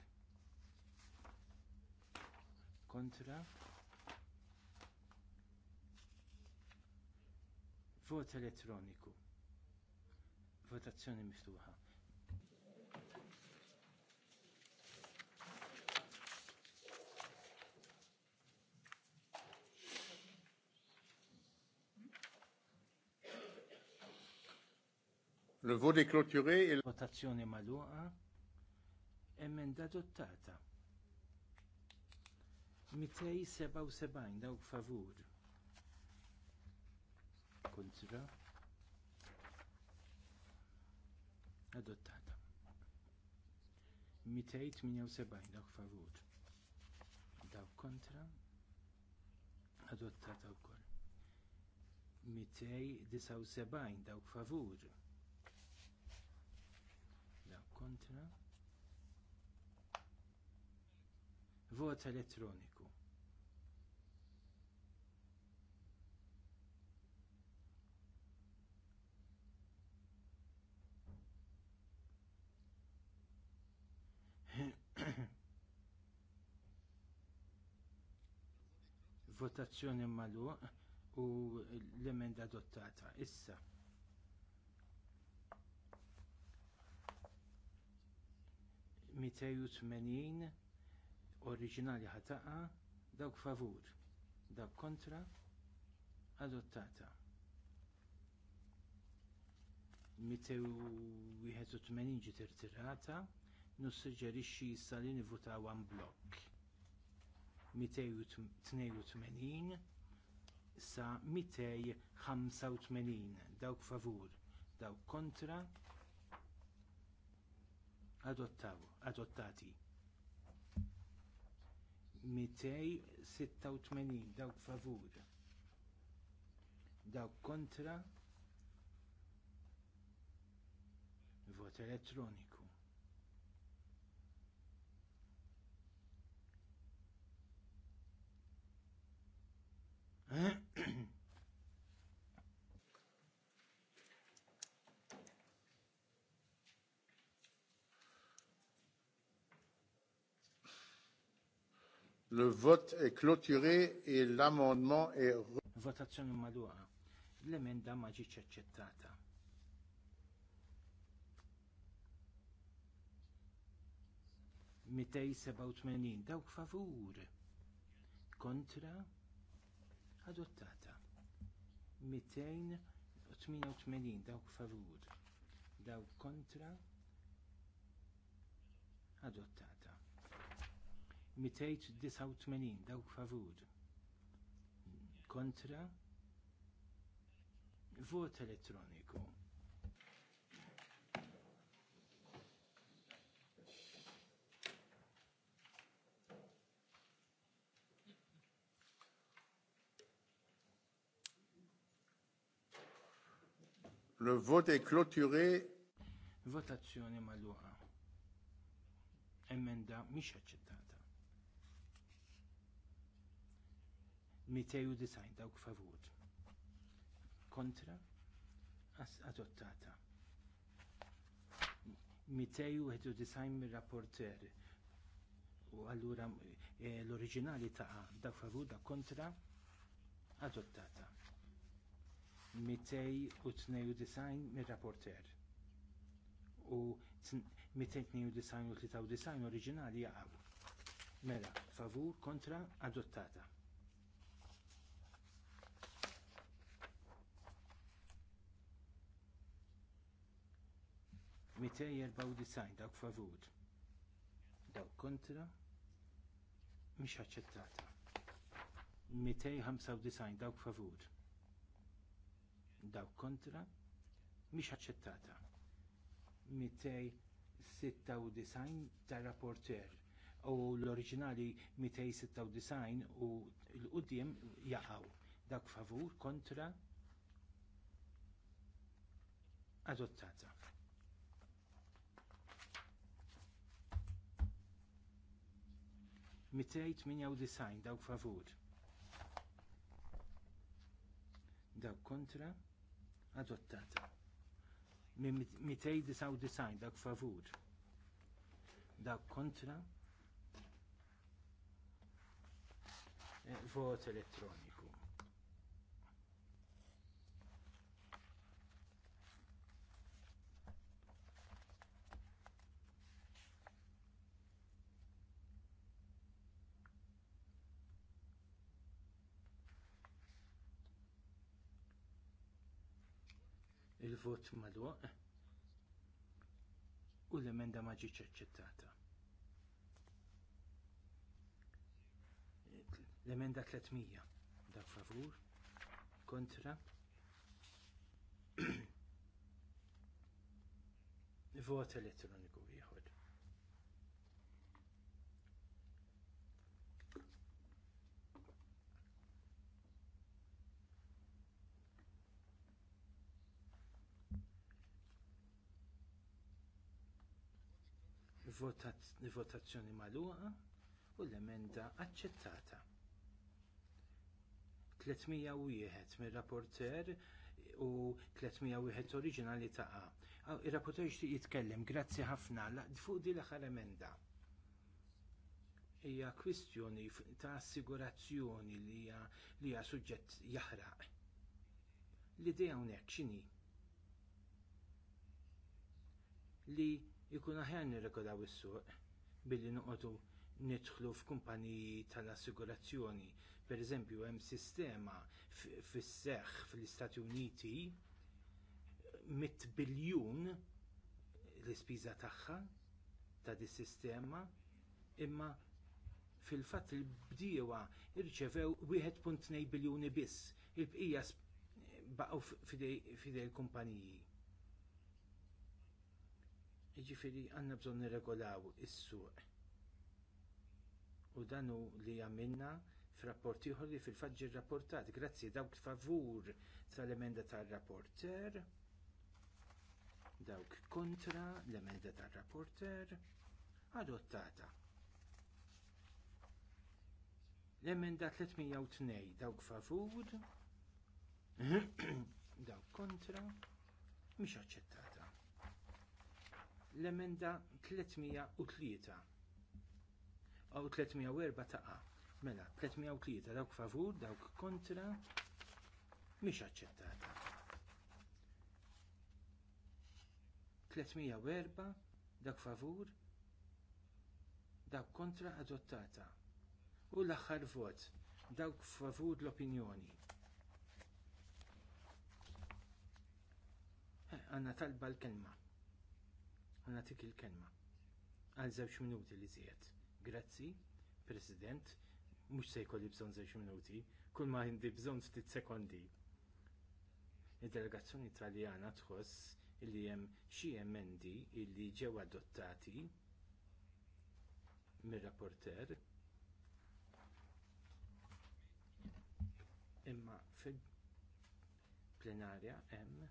kontra vot elettroniku votazzjoni miftuħa Le vote clôturé et votazzjoni magħluqa emenda adottata. 277 dawk favur. Kontra. Adottata. 278 dawk favur. Dawk kontra. Adottata wkoll. 279 dawk favur kontra. Vot elettroniku. votazzjoni magħluq u l-emenda adottata. Issa, 280 oriġinali ħataqa dawk favur, dawk kontra adottata. 281 ġiet irtirata, nussuġġerixxi issa li nivutaw għan blokk. 282 sa 285 dawk favur, dawk kontra adottati. 286 dawk favur, dawk kontra, vot elettroniku. Eh? Le vote est clôturé et l'amendement est... Votazzjoni madwa. L-emenda ma ġietx aċċettata. Mitej 87 dawk favur kontra adottata. 288 dawk favur dawk kontra adottata. 289 dawk favur kontra vot elettroniku. Le vote est clôturé. Votazione maluqa. Emenda mhix aċċettata. 290 dawk favur. Kontra as adottata. 291 mir-rapporter. U allura eh, l-oriġinali ta' dawk favur da kontra adottata. 292 mir-rapporter. U 292 u 93 oriġinali jaqgħu. Mela, favur kontra adottata. 294 dak favur dawk kontra mhix aċċettata 295 dawk favur dawk kontra mhix aċċettata 296 tar rapporter u l-oriġinali 296 u l-qudiem jaqgħu dak favur kontra adottata. 298 dawk favur. Dawk kontra adottata. 299 dawk favur. Dawk kontra eh, vot elettroniku. il-vot magħluq u l-emenda ma ġietx aċċettata. L-emenda 300 dak favur kontra vot elettroniku votazzjoni magħluqa u l-emenda aċċettata. 301 mir-rapporter u 301 oriġinali taqa. Ir-rapporter jixtieq jitkellem, grazzi ħafna, fuq di l-aħħar emenda. Hija kwistjoni ta' assigurazzjoni li hija suġġett jaħraq. L-idea hawnhekk x'inhi? Li Ikun aħjar nirregolaw is-suq billi noqogħdu nidħlu f'kumpaniji tal-assigurazzjoni. pereżempju hemm sistema fis seħħ fl-Istati Uniti mit biljun l-ispiża tagħha ta' dis sistema imma fil-fatt il-bdiewa irċevew 1.2 biljuni biss, il-bqija baqgħu fidej il-kumpaniji. Jiġifieri għandna bżonn nirregolaw is-suq. U dan li għamilna f'rapport ieħor li fil-fatt ġie rrapportat. Grazzi dawk favur tal-emenda tar-rapporter, dawk kontra l-emenda tar-rapporter adottata. L-emenda 302 dawk favur, dawk kontra, mhix aċċettata l-emenda 303 u 304 taqa. Mela, 303 dawk favur, dawk kontra, mhix aċċettata. 304 dak favur, dak kontra adottata. U l-aħħar vot, dawk favur l-opinjoni. Eh, għanna talba l-kelma tik il-kelma. Għal żewġ minuti li zijet. Grazzi, President, mux se jkolli bżon żewġ minuti, kull ma għindi bżon ftit sekondi. Id-delegazzjoni Italjana tħoss illi hemm xi emendi illi ġew adottati mir-rapporter imma fil-plenarja hemm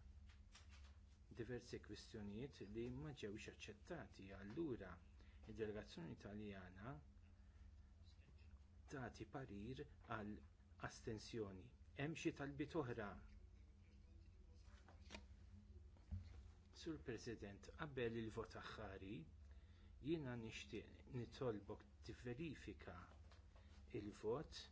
diversi kwistjonijiet li ma ġewx aċċettati allura id-delegazzjoni Italjana tagħti parir għal astensjoni. Hemm xi talbiet oħra. Sur President, qabel il-vot aħħari, jiena nixtieq nitolbok tivverifika l vot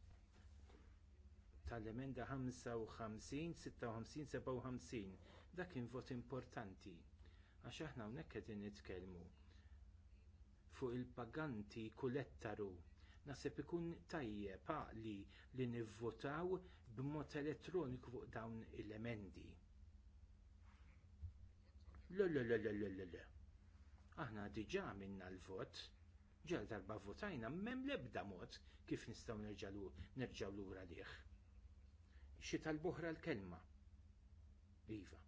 tal-emenda 55, 56, 57 Dak kien vot importanti għax aħna hawnhekk qegħdin nitkellmu fuq il-paganti kulettaru. naħseb ikun tajjeb għaqli li nivvotaw b'mod elettroniku fuq dawn il-emendi. Lolololololol. Aħna diġà minna l-vot, ġal darba votajna m'hemm l-ebda mod kif nistgħu nerġgħu lura liħ. Xi tal-boħra l-kelma. Iva.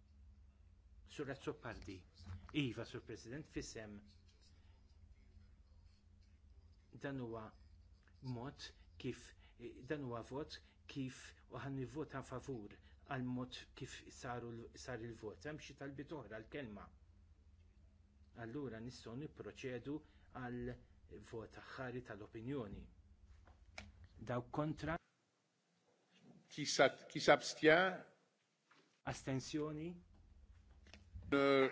Sur Azzopardi. Iva, Sur President, fissem dan huwa mod kif dan huwa vot kif uħan nivvota favur għal mod kif saru, sar il-vot. Hemm xi talbit oħra l-kelma. Allura nistgħu nipproċedu għal vot aħħari tal-opinjoni. Daw kontra. Kisat, kisabstja? Astensjoni?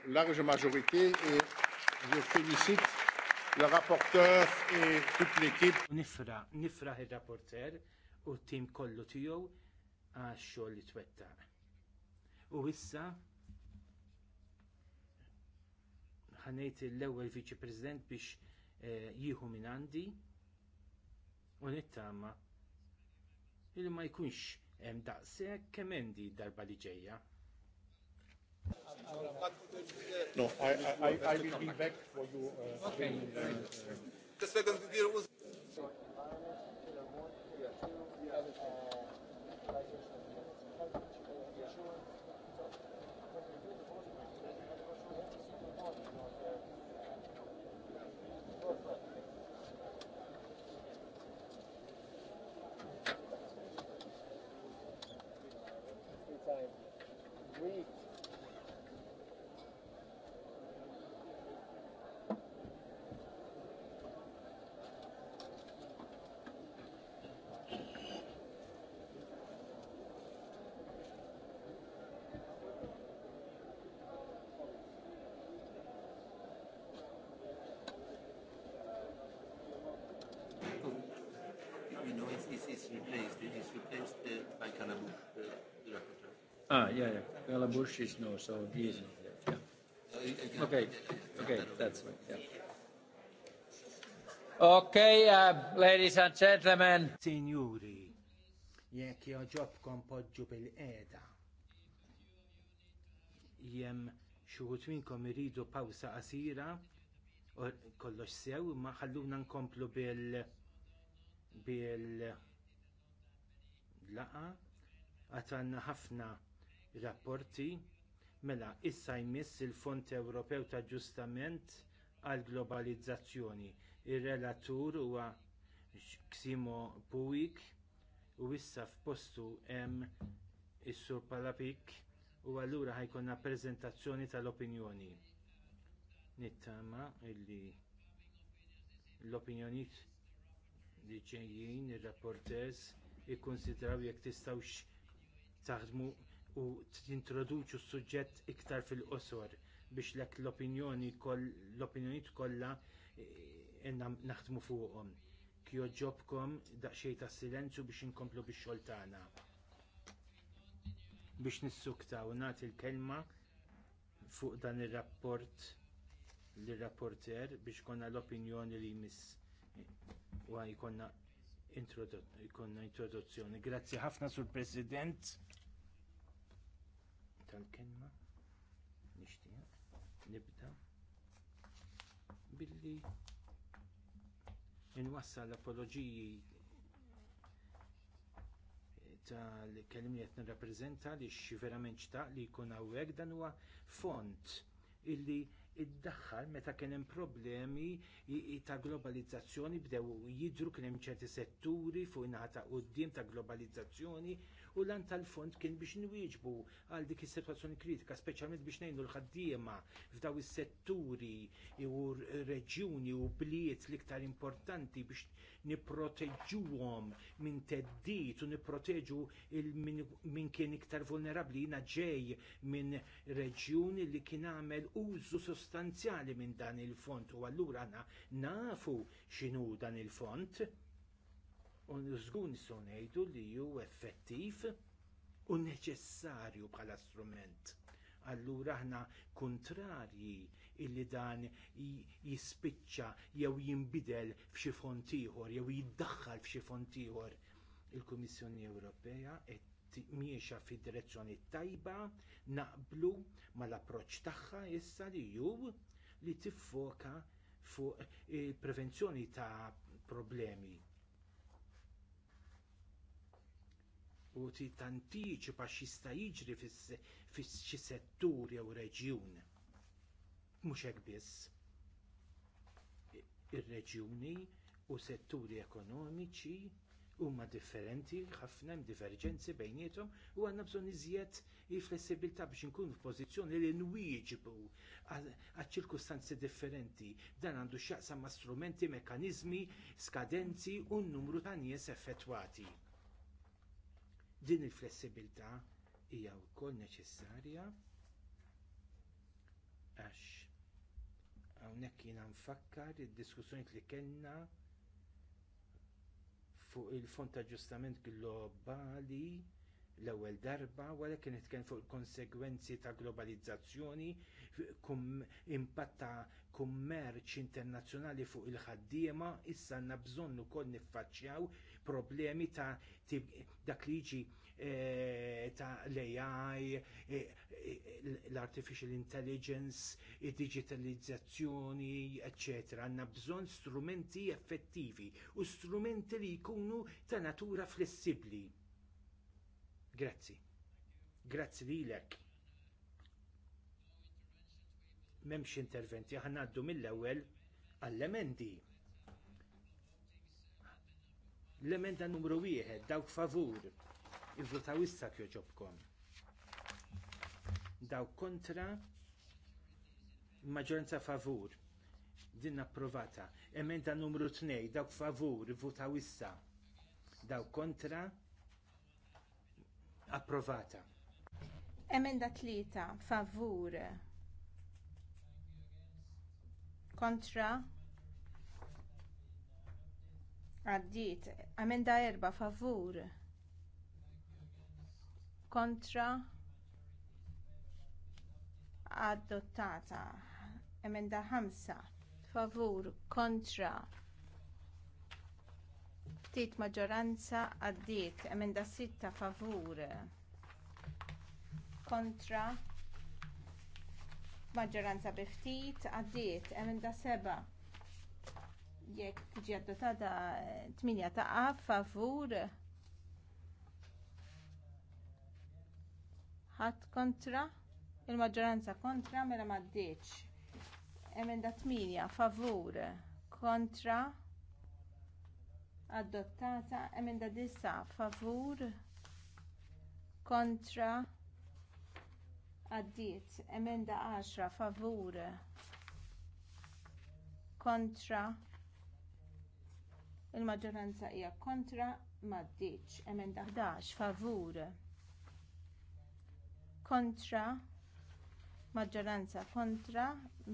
large majorité et je félicite le rapporteur et toute l'équipe. Nifra, nifra il-rapporter u tim kollu tiegħu għax-xogħol li twettaq. U issa ħanejt l-ewwel viċi president biex eh, jieħu minn għandi u nittama il ma jkunx hemm daqshekk kemm hemm darba li ġejja. No, I, I, I will be back for you. Uh, okay. Uh, uh, Ah, yeah, yeah. Bella Bush is no, so he is not there. Yeah. Okay, okay, that's right. Yeah. Okay, uh, ladies and gentlemen. Signori, jekk joġobkom podġu bil eda Jem xuħut minkom iridu pawsa qasira u kollox sew ma ħalluna nkomplu bil bil laqa għatanna ħafna rapporti mela issa jmiss il-Fond Ewropew ta' Ġustament għall Globalizzazzjoni. Ir-relatur huwa Ximo Puig u issa f'postu hemm is-Sur Palapik u allura ħajkonna preżentazzjoni tal-opinjoni. Nittama illi l opinjoni li ġejjin ir rapporters ikkunsidraw jekk tistgħux taħdmu u tintroduċu s-suġġett iktar fil-qosor biex l-opinjoni l-opinjoniet kollha eh, naħdmu fuqhom. Kjoġobkom daqsxejn ta' silenzju biex inkomplu biex xogħol tagħna. Biex u nagħti l-kelma fuq dan ir-rapport lir-rapporter biex konna l-opinjoni li jmiss u jkollna introduzzjoni. Grazzi ħafna sur President tal-kelma nixtieq nibda billi inwassal l-apologiji tal-kelim li qed nirrappreżenta li verament xtaq li jkun hawnhekk dan huwa font illi iddaħħal meta kien hemm problemi ta' globalizzazzjoni bdew jidhru kien hemm ċerti setturi fuq in-naħa ta' quddiem ta' globalizzazzjoni u lan tal-fond kien biex nwieġbu għal dik is-sitwazzjoni kritika, speċjalment biex ngħinu l-ħaddiema f'daw is-setturi u reġjuni u bliet l-iktar importanti biex nipproteġuhom minn teddit u nipproteġu minn kien iktar vulnerabbli jina ġej minn reġjuni li kien għamel użu sostanzjali minn dan il fond u allura għana nafu x'inhu dan il fond u nżgur nistgħu ngħidu li hu effettiv u neċessarju bħala strument. Allura aħna kuntrarji illi dan jispiċċa jew jinbidel f'xi fond ieħor jew jiddaħħal f'xi fond ieħor. Il-Kummissjoni Ewropea qed miexa fid-direzzjoni tajba naqblu mal-approċċ tagħha issa li ju li tiffoka fuq il-prevenzjoni ta' problemi u ti tantiċipa xista jiġri fis xi settur jew reġjun. Mhux hekk biss. Ir-reġjuni u setturi ekonomiċi huma differenti, ħafna hemm diverġenzi bejniethom u għandna bżonn iżjed flessibilità biex inkunu f'pożizzjoni li nwieġbu għal ċirkustanzi differenti. Dan għandu x'jaqsam ma' strumenti, mekkaniżmi, skadenzi u n-numru ta' nies effettwati. Din il-flessibilità hija wkoll neċessarja għax hawnhekk jiena nfakkar id-diskussjoni li kellna fuq il-fond ta' ġustament globali l-ewwel darba wara kien itkellem fuq il-konsegwenzi ta' globalizzazzjoni impatt ta' kummerċ internazzjonali fuq il-ħaddiema issa għandna bżonn ukoll niffaċċjaw problemi ta' dak li jiġi eh, ta' l-AI, eh, eh, l-artificial intelligence, digitalizzazzjoni, ecc. Għanna bżon strumenti effettivi u strumenti li jkunu ta' natura flessibli. Grazzi. Grazzi lilek. Memx interventi, għaddu mill-ewel għall-emendi. L-emenda numru wieħed dawk favur ivvotaw issa kjoġobkom. Dawk kontra maġġoranza favur din approvata. Emenda numru 2 dawk favur ivvotaw issa. Dawk kontra approvata. Emenda 3 favur kontra Għaddit, amenda erba favur kontra adottata. Ad Emenda ħamsa favur kontra ftit maġġoranza għaddiet. Emenda sitta favur kontra maġġoranza bi ftit għaddiet. Emenda seba' jekk tiġi adottata eh, ta' taqa favur ħadd kontra il-maġġoranza kontra mela m'għaddiex. Emenda tminja favur kontra adottata emenda disa, favur kontra għaddiet emenda 10 favur kontra il-maġġoranza hija kontra m'għaddiċ emenda 11 favur kontra maġġoranza kontra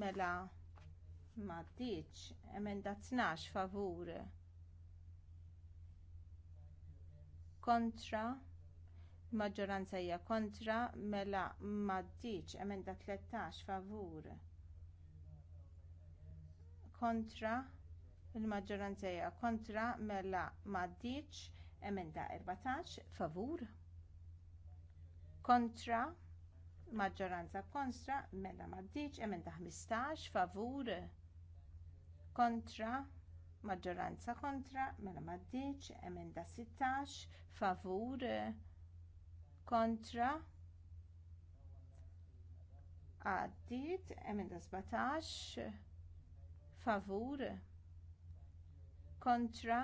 mela m'għaddiċ emenda 12 favur kontra maġġoranza hija kontra mela m'għaddiċ emenda 13 favur kontra il-maġġoranza hija kontra mela m'għaddiċ emenda 14 mela favur kontra maġġoranza kontra mela m'għaddiċ emenda 15 favur kontra maġġoranza kontra mela m'għaddiċ emenda 16 favur kontra għaddiet emenda 17 favur kontra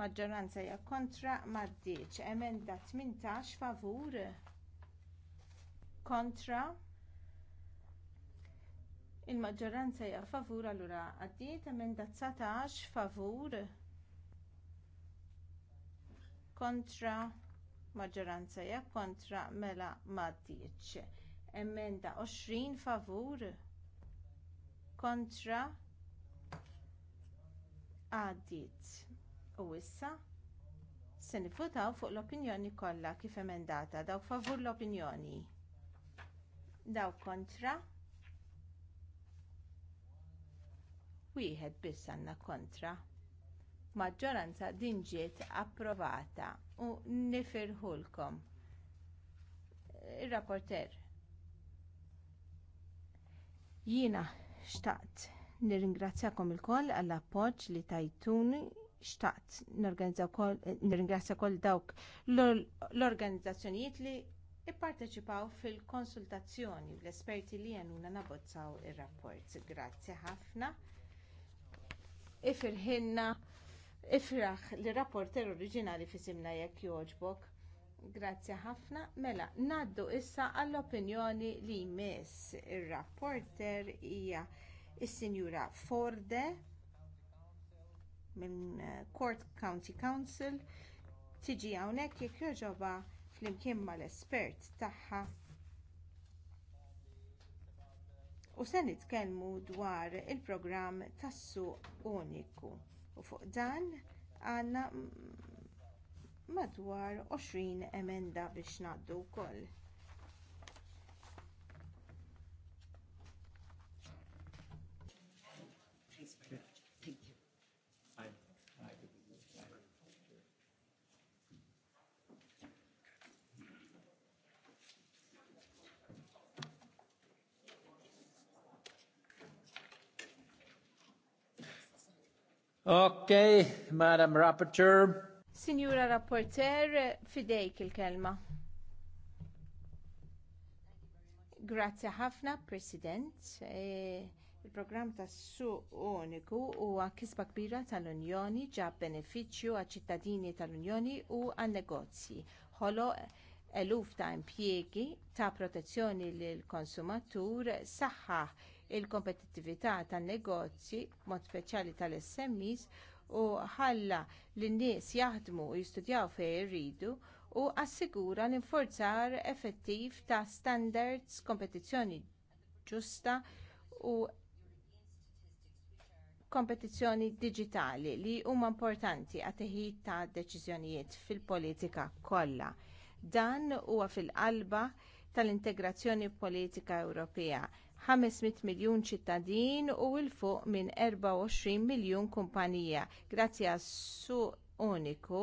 maġġoranza hija kontra m'għaddiex. Emenda 18 favur kontra il-maġġoranza hija favur allura għaddiet emenda 19 favur kontra maġġoranza hija kontra mela m'għaddiex. Emenda 20 favur kontra għaddiet. U issa se nifutaw fuq l-opinjoni kollha kif emendata dawk favur l-opinjoni. Dawk kontra. Wieħed biss għandna kontra. Maġġoranza din ġiet approvata u nifirħulkom. Ir-rapporter. Jiena xtaqt Nirringrazzjakom ukoll għall appoġġ li tajtuni xtaqt. Nirringrazzja wkoll dawk l-organizzazzjonijiet li ipparteċipaw fil-konsultazzjoni l-esperti li għanuna nabozzaw ir rapport Grazzi ħafna. Ifirħinna, ifraħ li rapporter oriġinali fisimna jekk jogħġbok. Grazzi ħafna. Mela, ngħaddu issa għall-opinjoni li jmiss ir rapporter hija is-Sinjura Forde minn eh, Court County Council tiġi hawnhekk jekk joġoba flimkien mal-espert tagħha u se nitkellmu dwar il-programm tas-suq uniku u fuq dan għandna madwar 20 emenda biex ngħaddu wkoll. Okay, Madam Rapporteur. Signora Rapporteur, fidejk il-kelma. Grazie ħafna, President. Eh, Il-programm tas su uniku huwa kisba kbira tal-Unjoni ġab beneficju għal ċittadini tal-Unjoni u għan negozji. Ħolo eluf ta' impjiegi ta' protezzjoni lill konsumatur saħħa il-kompetittività tan-negozji, mod speċjali tal-SMEs, u ħalla lin-nies jaħdmu u jistudjaw fejn irridu u assigura l effettiv ta' standards kompetizzjoni ġusta u kompetizzjoni diġitali li huma importanti għat ta' deċiżjonijiet fil-politika kollha. Dan huwa fil-qalba tal-integrazzjoni politika Ewropea 500 miljun ċittadin u l fuq minn 24 miljun kumpanija. Grazzi għas suq uniku,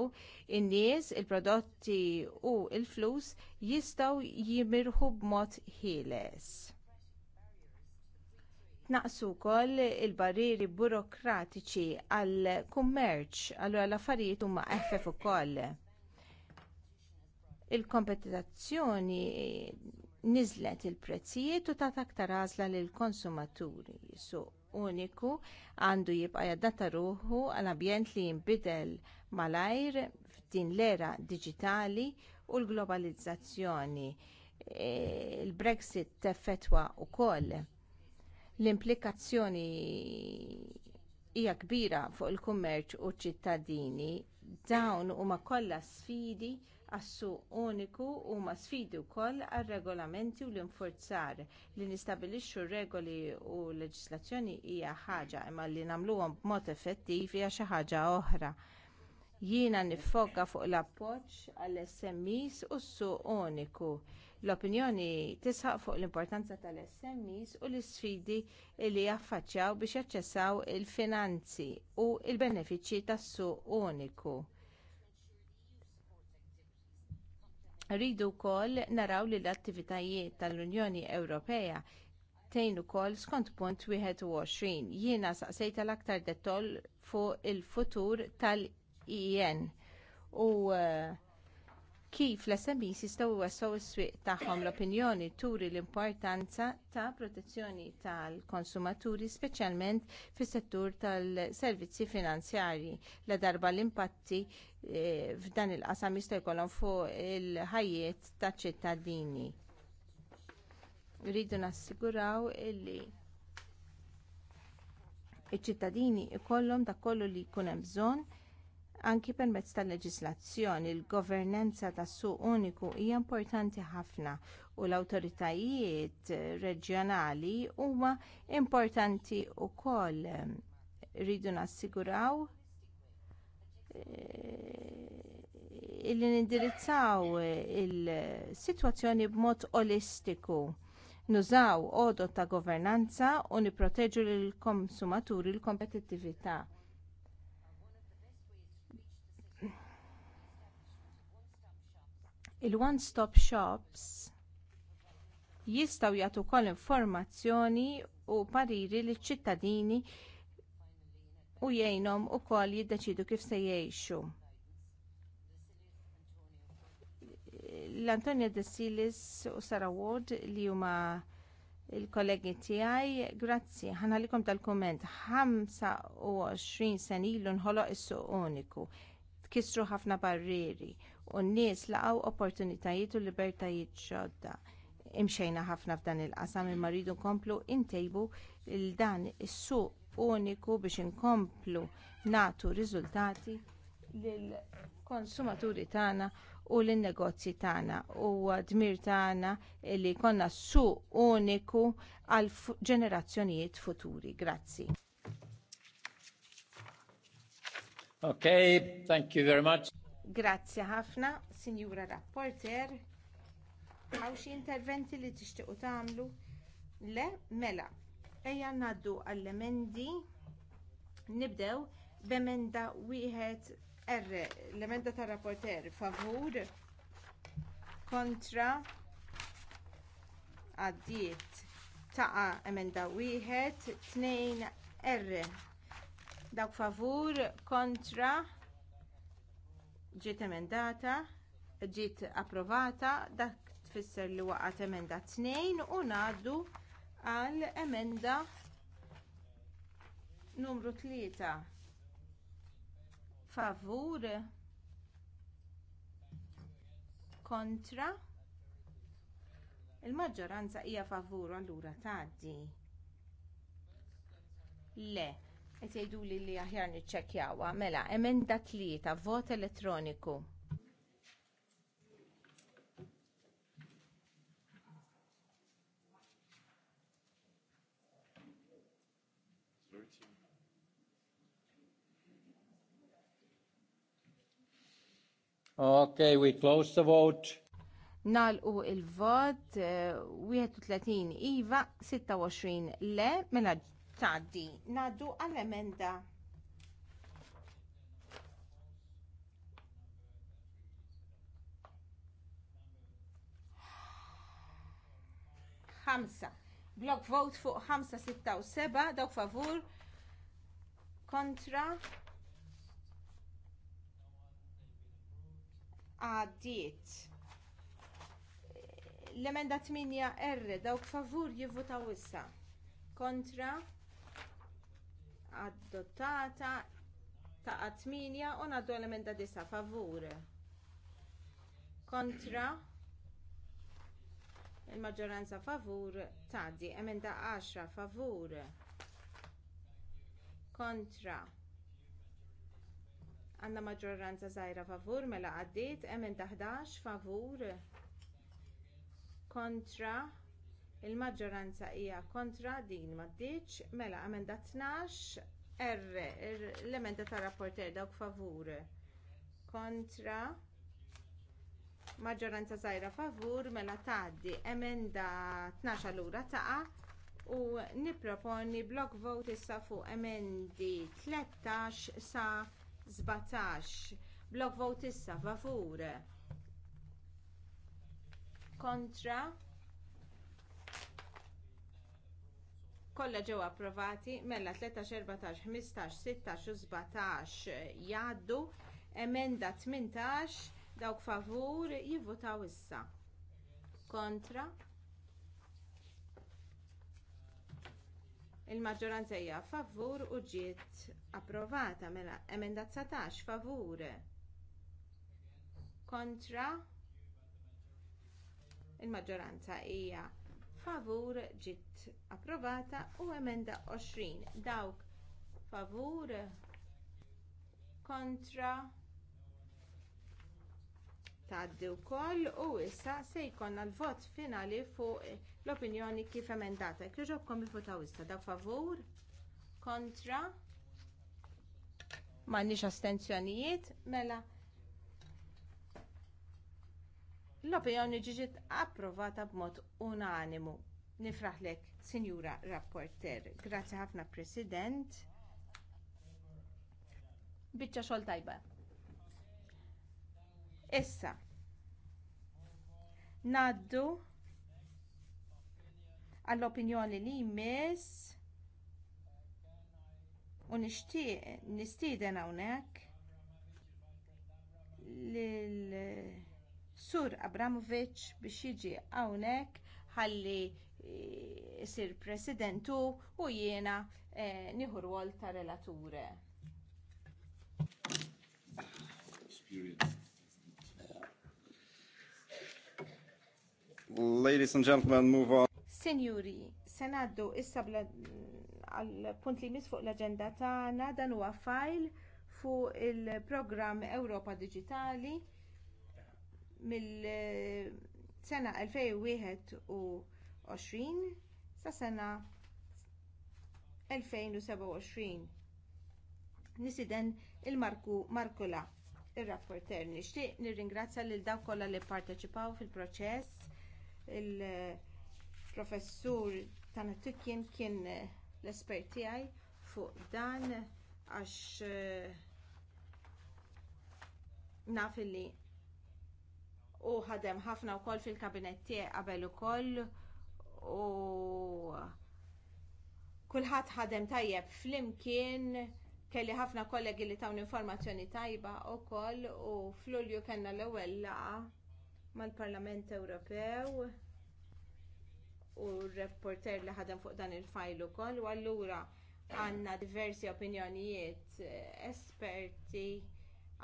in-nies, il-prodotti u l il flus jistgħu jimirħu b'mod ħieles naqsu wkoll il-barrieri burokratiċi għall kummerċ allura l-affarijiet huma eħfef ukoll. Il-kompetizzjoni niżlet il-prezzijiet u tat aktar għażla lill konsumaturi Suq uniku għandu jibqa' jadatta ruħu għal ambjent li jinbidel malajr f'din l-era diġitali u l-globalizzazzjoni. E, Il-Brexit teffettwa wkoll. L-implikazzjoni hija kbira fuq il-kummerċ u ċ-ċittadini dawn huma kollha sfidi għassu uniku huma sfidi wkoll għar regolamenti u l-infurzar li nistabilixxu regoli u leġislazzjoni hija ħaġa imma li nagħmluhom b'mod effettiv hija xi ħaġa oħra. Jiena niffoka fuq l-appoġġ għall-SMEs u s-suq uniku. L-opinjoni tisħaq fuq l-importanza tal-SMEs u l-isfidi li jaffaċċjaw biex jaċċessaw il-finanzi u l benefiċċji tas-suq uniku Rridu wkoll naraw li l-attivitajiet tal-Unjoni Ewropea tejn ukoll skont punt 21. Jiena saqsejt l-aktar dettol fuq il-futur tal-IN u uh, kif l-SMEs jistgħu jwassaw is-swieq tagħhom l-opinjoni turi l-importanza ta' protezzjoni tal-konsumaturi speċjalment fis-settur tal-servizzi finanzjarji la darba l-impatti eh, f'dan il-qasam jista' jkollhom fuq il-ħajjiet taċ ċittadini. Rridu nassiguraw illi iċ-ċittadini ikollhom dak kollu li jkun hemm bżonn Anki permezz tal-leġislazzjoni, il-governanza tas suq uniku hija importanti ħafna u l-awtoritajiet reġjonali huma importanti wkoll rridu nassiguraw eh, illi nindirizzaw il-sitwazzjoni b'mod olistiku nużaw għodot ta' governanza u nipproteġu lill konsumaturi l-kompetittività. il-one-stop shops jistgħu jagħtu wkoll informazzjoni u pariri liċ ċittadini u jgħinhom ukoll jiddeċidu kif se jgħixu. L-Antonio De Silis u Sara Ward li huma il-kollegi tiegħi, grazzi, ħanalikom tal kumment 25 sen ilu nħoloq is-suq uniku. Tkissru ħafna barrieri u n-nies laqgħu opportunitajiet u libertajiet ġodda. Imxejna ħafna f'dan il-qasam imma rridu nkomplu intejbu il dan is-suq uniku biex inkomplu nagħtu riżultati lill konsumaturi tagħna u lin negozji tagħna u dmir tagħna li jkollna suq uniku għal ġenerazzjonijiet futuri. Grazzi. Okay, thank you very much. Grazzi ħafna, Sinjura Rapporter. Għaw xi interventi li tixtiequ tagħmlu? Le, mela. Ejja ngħaddu għall-emendi. Nibdew b'emenda wieħed R, l-emenda tar rapporter favur kontra għaddiet taqa emenda wieħed 2 R. Dawk favur kontra ġiet emendata, ġiet approvata, dak tfisser li waqgħet emenda tnejn u ngħaddu għal emenda numru tlieta. Favur kontra il-maġġoranza hija favur allura tgħaddi. Le. Qed jgħiduli li aħjar niċċekkjawha. Mela, emenda tlieta, vot elettroniku. Okay, we close the vote. Nalqu il-vot, uh, eh, 31 iva, 26 le, mela tgħaddi. Ngħaddu għall-emenda ħamsa. Block vote fuq 567 6 dawk favur, kontra, għaddiet. L-emenda 8 R, dawk favur jivvotaw issa. Kontra, adottata ta' għatminja u naddu l-emenda disa favur. Kontra il-maġġoranza favur tgħaddi. emenda 10 favur kontra għandna maġġoranza żgħira favur mela għaddiet emenda 11 favur kontra il-maġġoranza hija kontra din m'għaddiċ, mela emenda 12, R, l-emenda tar rapporter dawk favur kontra maġġoranza żgħira favur mela tgħaddi emenda 12 allura taqa' u nipproponi block vote issa fuq emendi 13 sa 17. Block vote issa favur kontra kollha ġew approvati mela 13, 14, 15, 16 u 17 jgħaddu, emenda 18 dawk favur jivvotaw issa. Kontra. Il-maġġoranza hija favur u ġiet approvata mela emenda 19 favur. Kontra. Il-maġġoranza hija favur ġiet approvata u emenda 20 dawk favur kontra tgħaddi wkoll u issa se jkollna l-vot finali fuq eh, l-opinjoni kif emendata. Kieġobkom votaw issa da favur, kontra, m'għandniex astenzjonijiet, mela L-opinjoni ġiet approvata b'mod unanimu. Nifraħlek, Sinjura Rapporter. Grazzi ħafna, President. Biċċa xogħol tajba. Issa. Naddu għall-opinjoni li jmiss u nixtieq nistieden hawnhekk lil Sur Abramovic biex jiġi hawnhekk ħalli e, sir presidentu u jiena eh, nieħu rwol ta' relature. Ladies and gentlemen, move on. Senjuri, senaddu issa għal punt li nis fuq l-agenda tagħna dan huwa għafajl fuq il-programm Ewropa Digitali mill-sena 2021 sa sena 2027. Nisiden il-Marku Markula, il-rapporter. Nixtieq nirringrazzja lil dawk kollha li pparteċipaw fil-proċess. Il-professur Tana kien eh, l-espert tiegħi fuq dan għax eh, naf li u ħadem ħafna wkoll fil-kabinet tiegħi qabel ukoll u kulħadd ħadem tajjeb flimkien kelli ħafna kollegi li tawni informazzjoni tajba wkoll u f'Lulju kellna l-ewwel laqa mal-Parlament Ewropew u r-reporter li ħadem fuq dan il-fajl ukoll u allura għandna diversi opinjonijiet eh, esperti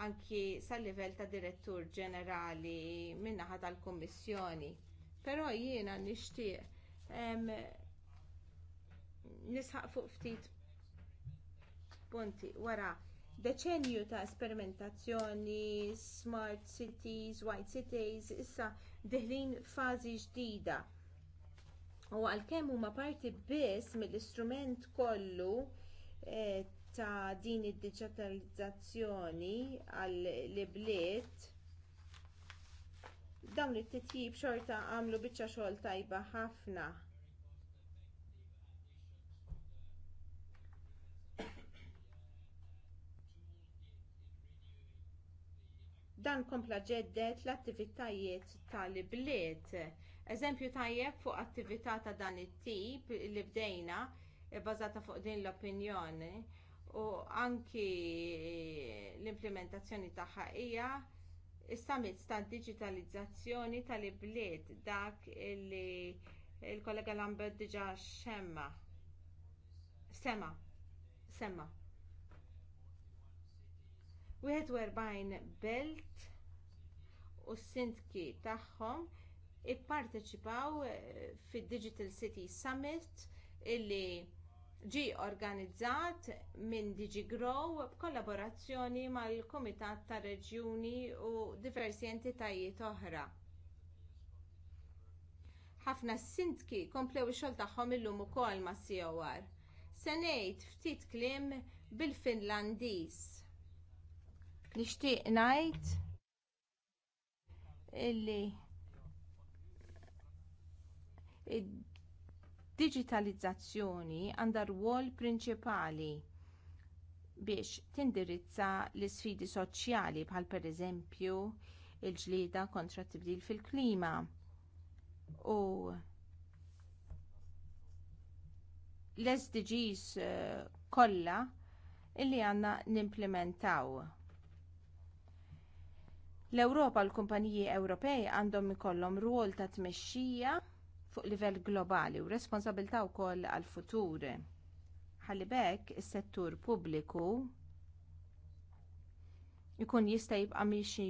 anki sal-livell ta' direttur ġenerali min-naħa tal kummissjoni Però jiena nixtieq nisħaq fuq ftit punti wara deċenju ta' sperimentazzjoni, smart cities, white cities, issa diħlin fażi ġdida. U għalkemm huma parti biss mill-istrument kollu eh, ta' din id-diġitalizzazzjoni għall-bliet dawn it-titjib xorta għamlu biċċa xogħol tajba ħafna. Dan kompla ġeddet l-attivitajiet tal-bliet. Eżempju tajjeb fuq attività ta' dan it-tip li bdejna bbażata fuq din l-opinjoni u anki l-implementazzjoni tagħha hija is-summit ta' digitalizzazzjoni tal-ibliet dak li l kollega Lambert diġà xemma. Sema. Sema. 41 belt u sintki tagħhom ipparteċipaw eh, fid Digital City Summit illi ġie organizzat minn DigiGrow b'kollaborazzjoni mal-Kumitat tar Reġjuni u diversi entitajiet oħra. Ħafna sintki komplew ix-xogħol tagħhom illum ukoll ma' COR. Se ngħid ftit kliem bil-Finlandiż. Nixtieq ngħid illi digitalizzazzjoni għandha rwol prinċipali biex tindirizza l isfidi soċjali bħal pereżempju il ġlieda kontra tibdil fil-klima u l-SDGs eh, kollha illi għandna nimplementaw. L-Ewropa l-kumpaniji Ewropej għandhom ikollhom rwol ta' tmexxija fuq livell globali u responsabilità wkoll għall futur Ħalli is-settur pubbliku jkun jista' jibqa' miexi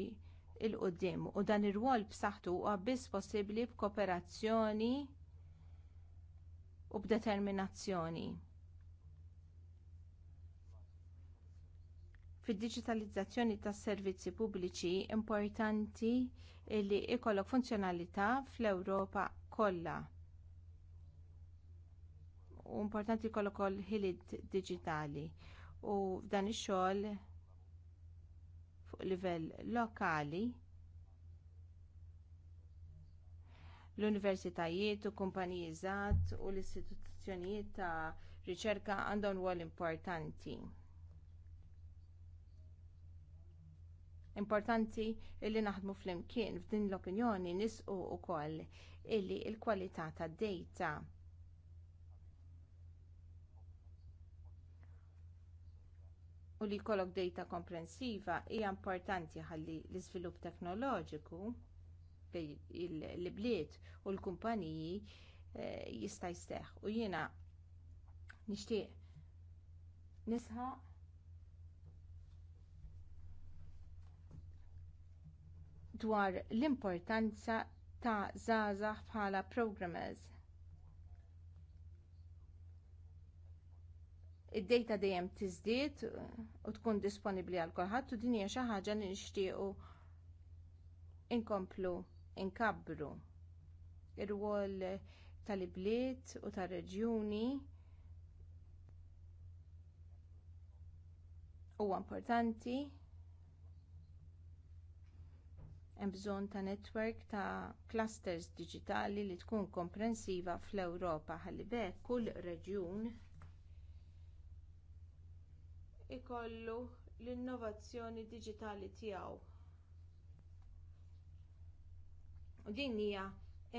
il qudiem u dan ir-rwol b'saħħtu huwa biss possibbli b'kooperazzjoni u b'determinazzjoni. Fid-diġitalizzazzjoni tas servizzi pubbliċi importanti li jkollok funzjonalità fl-Ewropa kollha. U importanti kollha ukoll ħiliet diġitali u f'dan ix-xogħol fuq livell lokali l-universitajiet u kumpaniji u l-istituzzjonijiet ta' riċerka għandhom rwol importanti. Importanti illi naħdmu flimkien f'din l-opinjoni nisqu wkoll illi l il kwalità tad-dejta u li jkollok dejta komprensiva hija importanti ħalli l-iżvilupp teknoloġiku l-bliet u l-kumpaniji eh, jista' jsteħħ u jiena nixtieq nisħaq dwar l-importanza ta' żgħażagħ bħala programmers. Id-data dejjem tiżdied u tkun disponibbli għal kulħadd u din hija xi ħaġa li nixtiequ inkomplu inkabbru ir-rwol tal-ibliet u tar-reġjuni huwa importanti hemm bżonn ta' netwerk ta' clusters diġitali li tkun komprensiva fl-Ewropa ħalli kull reġjun ikollu l-innovazzjoni diġitali tiegħu. U din hija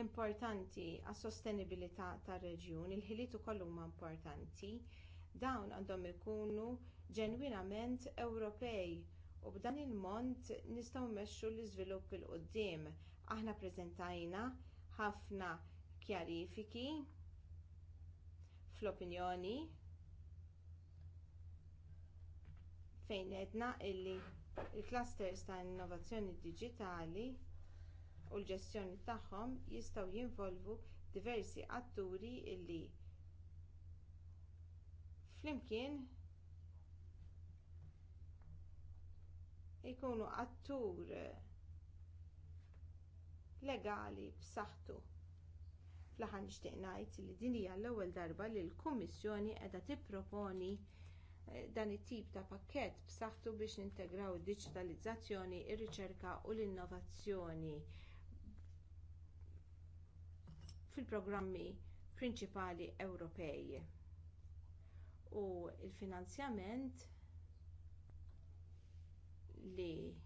importanti għas sostenibilità tar-reġjun, il-ħiliet ukoll huma importanti, dawn għandhom ikunu ġenwinament Ewropej u b'dan il-mont nistgħu mmexxu l-iżvilupp il qudiem Aħna ppreżentajna ħafna kjarifiki fl-opinjoni fejn edna illi l il clusters ta' innovazzjoni diġitali u l-ġestjoni tagħhom jistgħu jinvolvu diversi atturi illi flimkien Ikunu attur legali b'saħħtu. Fl-aħħar nixtieq ngħid li din hija l-ewwel darba li l-Kummissjoni qiegħda tipproponi eh, dan it-tip ta' pakkett b'saħħtu biex integraw id-diġitalizzazzjoni, ir-riċerka u l-innovazzjoni fil-programmi prinċipali Ewropej. U l-finanzjament li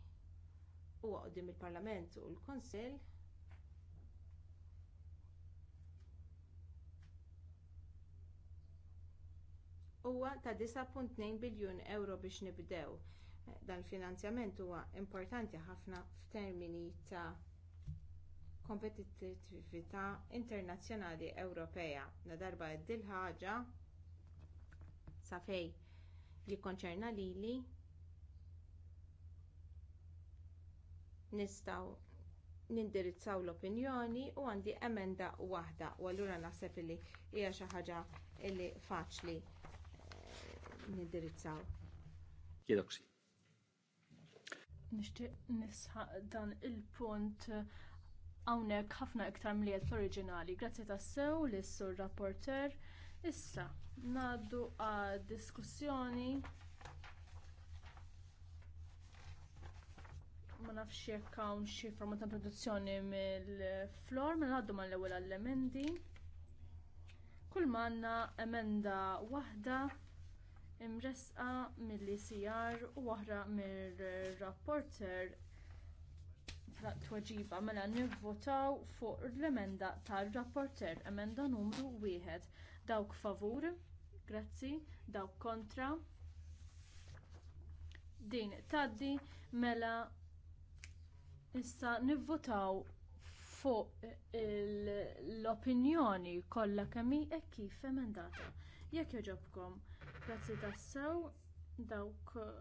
huwa quddiem il-Parlament u l-Kunsill huwa ta' 9.2 biljun euro biex nibdew. Dan il-finanzjament huwa importanti ħafna f'termini ta' kompetittività internazzjonali Ewropea. Na darba dil ħaġa sa' fej jikkonċerna lili nistgħu nindirizzaw l-opinjoni u għandi emenda waħda u allura naħseb li hija xi ħaġa li faċli eh, nindirizzaw. Kiedoksi. Nixtieq nisħaq dan il-punt eh, hawnhekk ħafna iktar mlijed fl originali Grazzi tassew lis sur rapporter. Issa, ngħaddu għad diskussjoni ma nafx jekk hawn xi forma ta' produzzjoni mill-flor minn mela għaddu mal ewwel għall-emendi. Kull manna emenda waħda imresqa mill-ICR u oħra mir-rapporter tweġiba mela nivvotaw fuq l-emenda tar-rapporter emenda numru wieħed dawk favur, grazzi, dawk kontra. Din tgħaddi mela Issa nivvotaw fuq l-opinjoni kollha kemm hi e kif emendata. Jekk jogħġobkom, grazzi tassew dawk eh,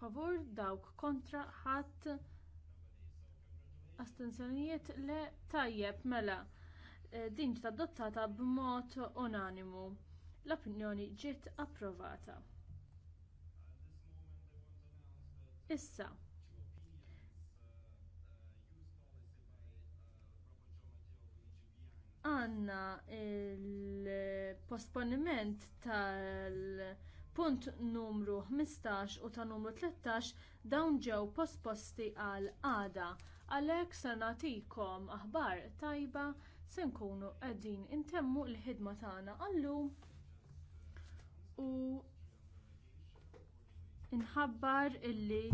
favur, dawk kontra ħadd astenzjonijiet le tajjeb mela eh, din ġiet adottata b'mod unanimu. L-opinjoni ġiet approvata. Issa, għanna il-posponiment tal-punt numru 15 u ta' numru 13 dawn ġew posposti għal għada. Għalhekk se nagħtikom aħbar tajba se nkunu qegħdin intemmu l-ħidma tagħna għallum u inħabbar illi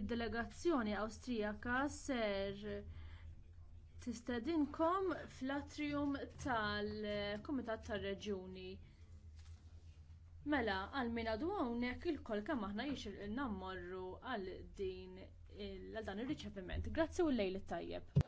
id-delegazzjoni Awstrijaka ser tistedinkom fl-atrium tal-Komitat tal-Reġjuni. Mela, għal min għadu hawnhekk il-kol kemm aħna jixil nammorru għal din għal dan ir-riċeviment. Grazzi u lejl tajjeb.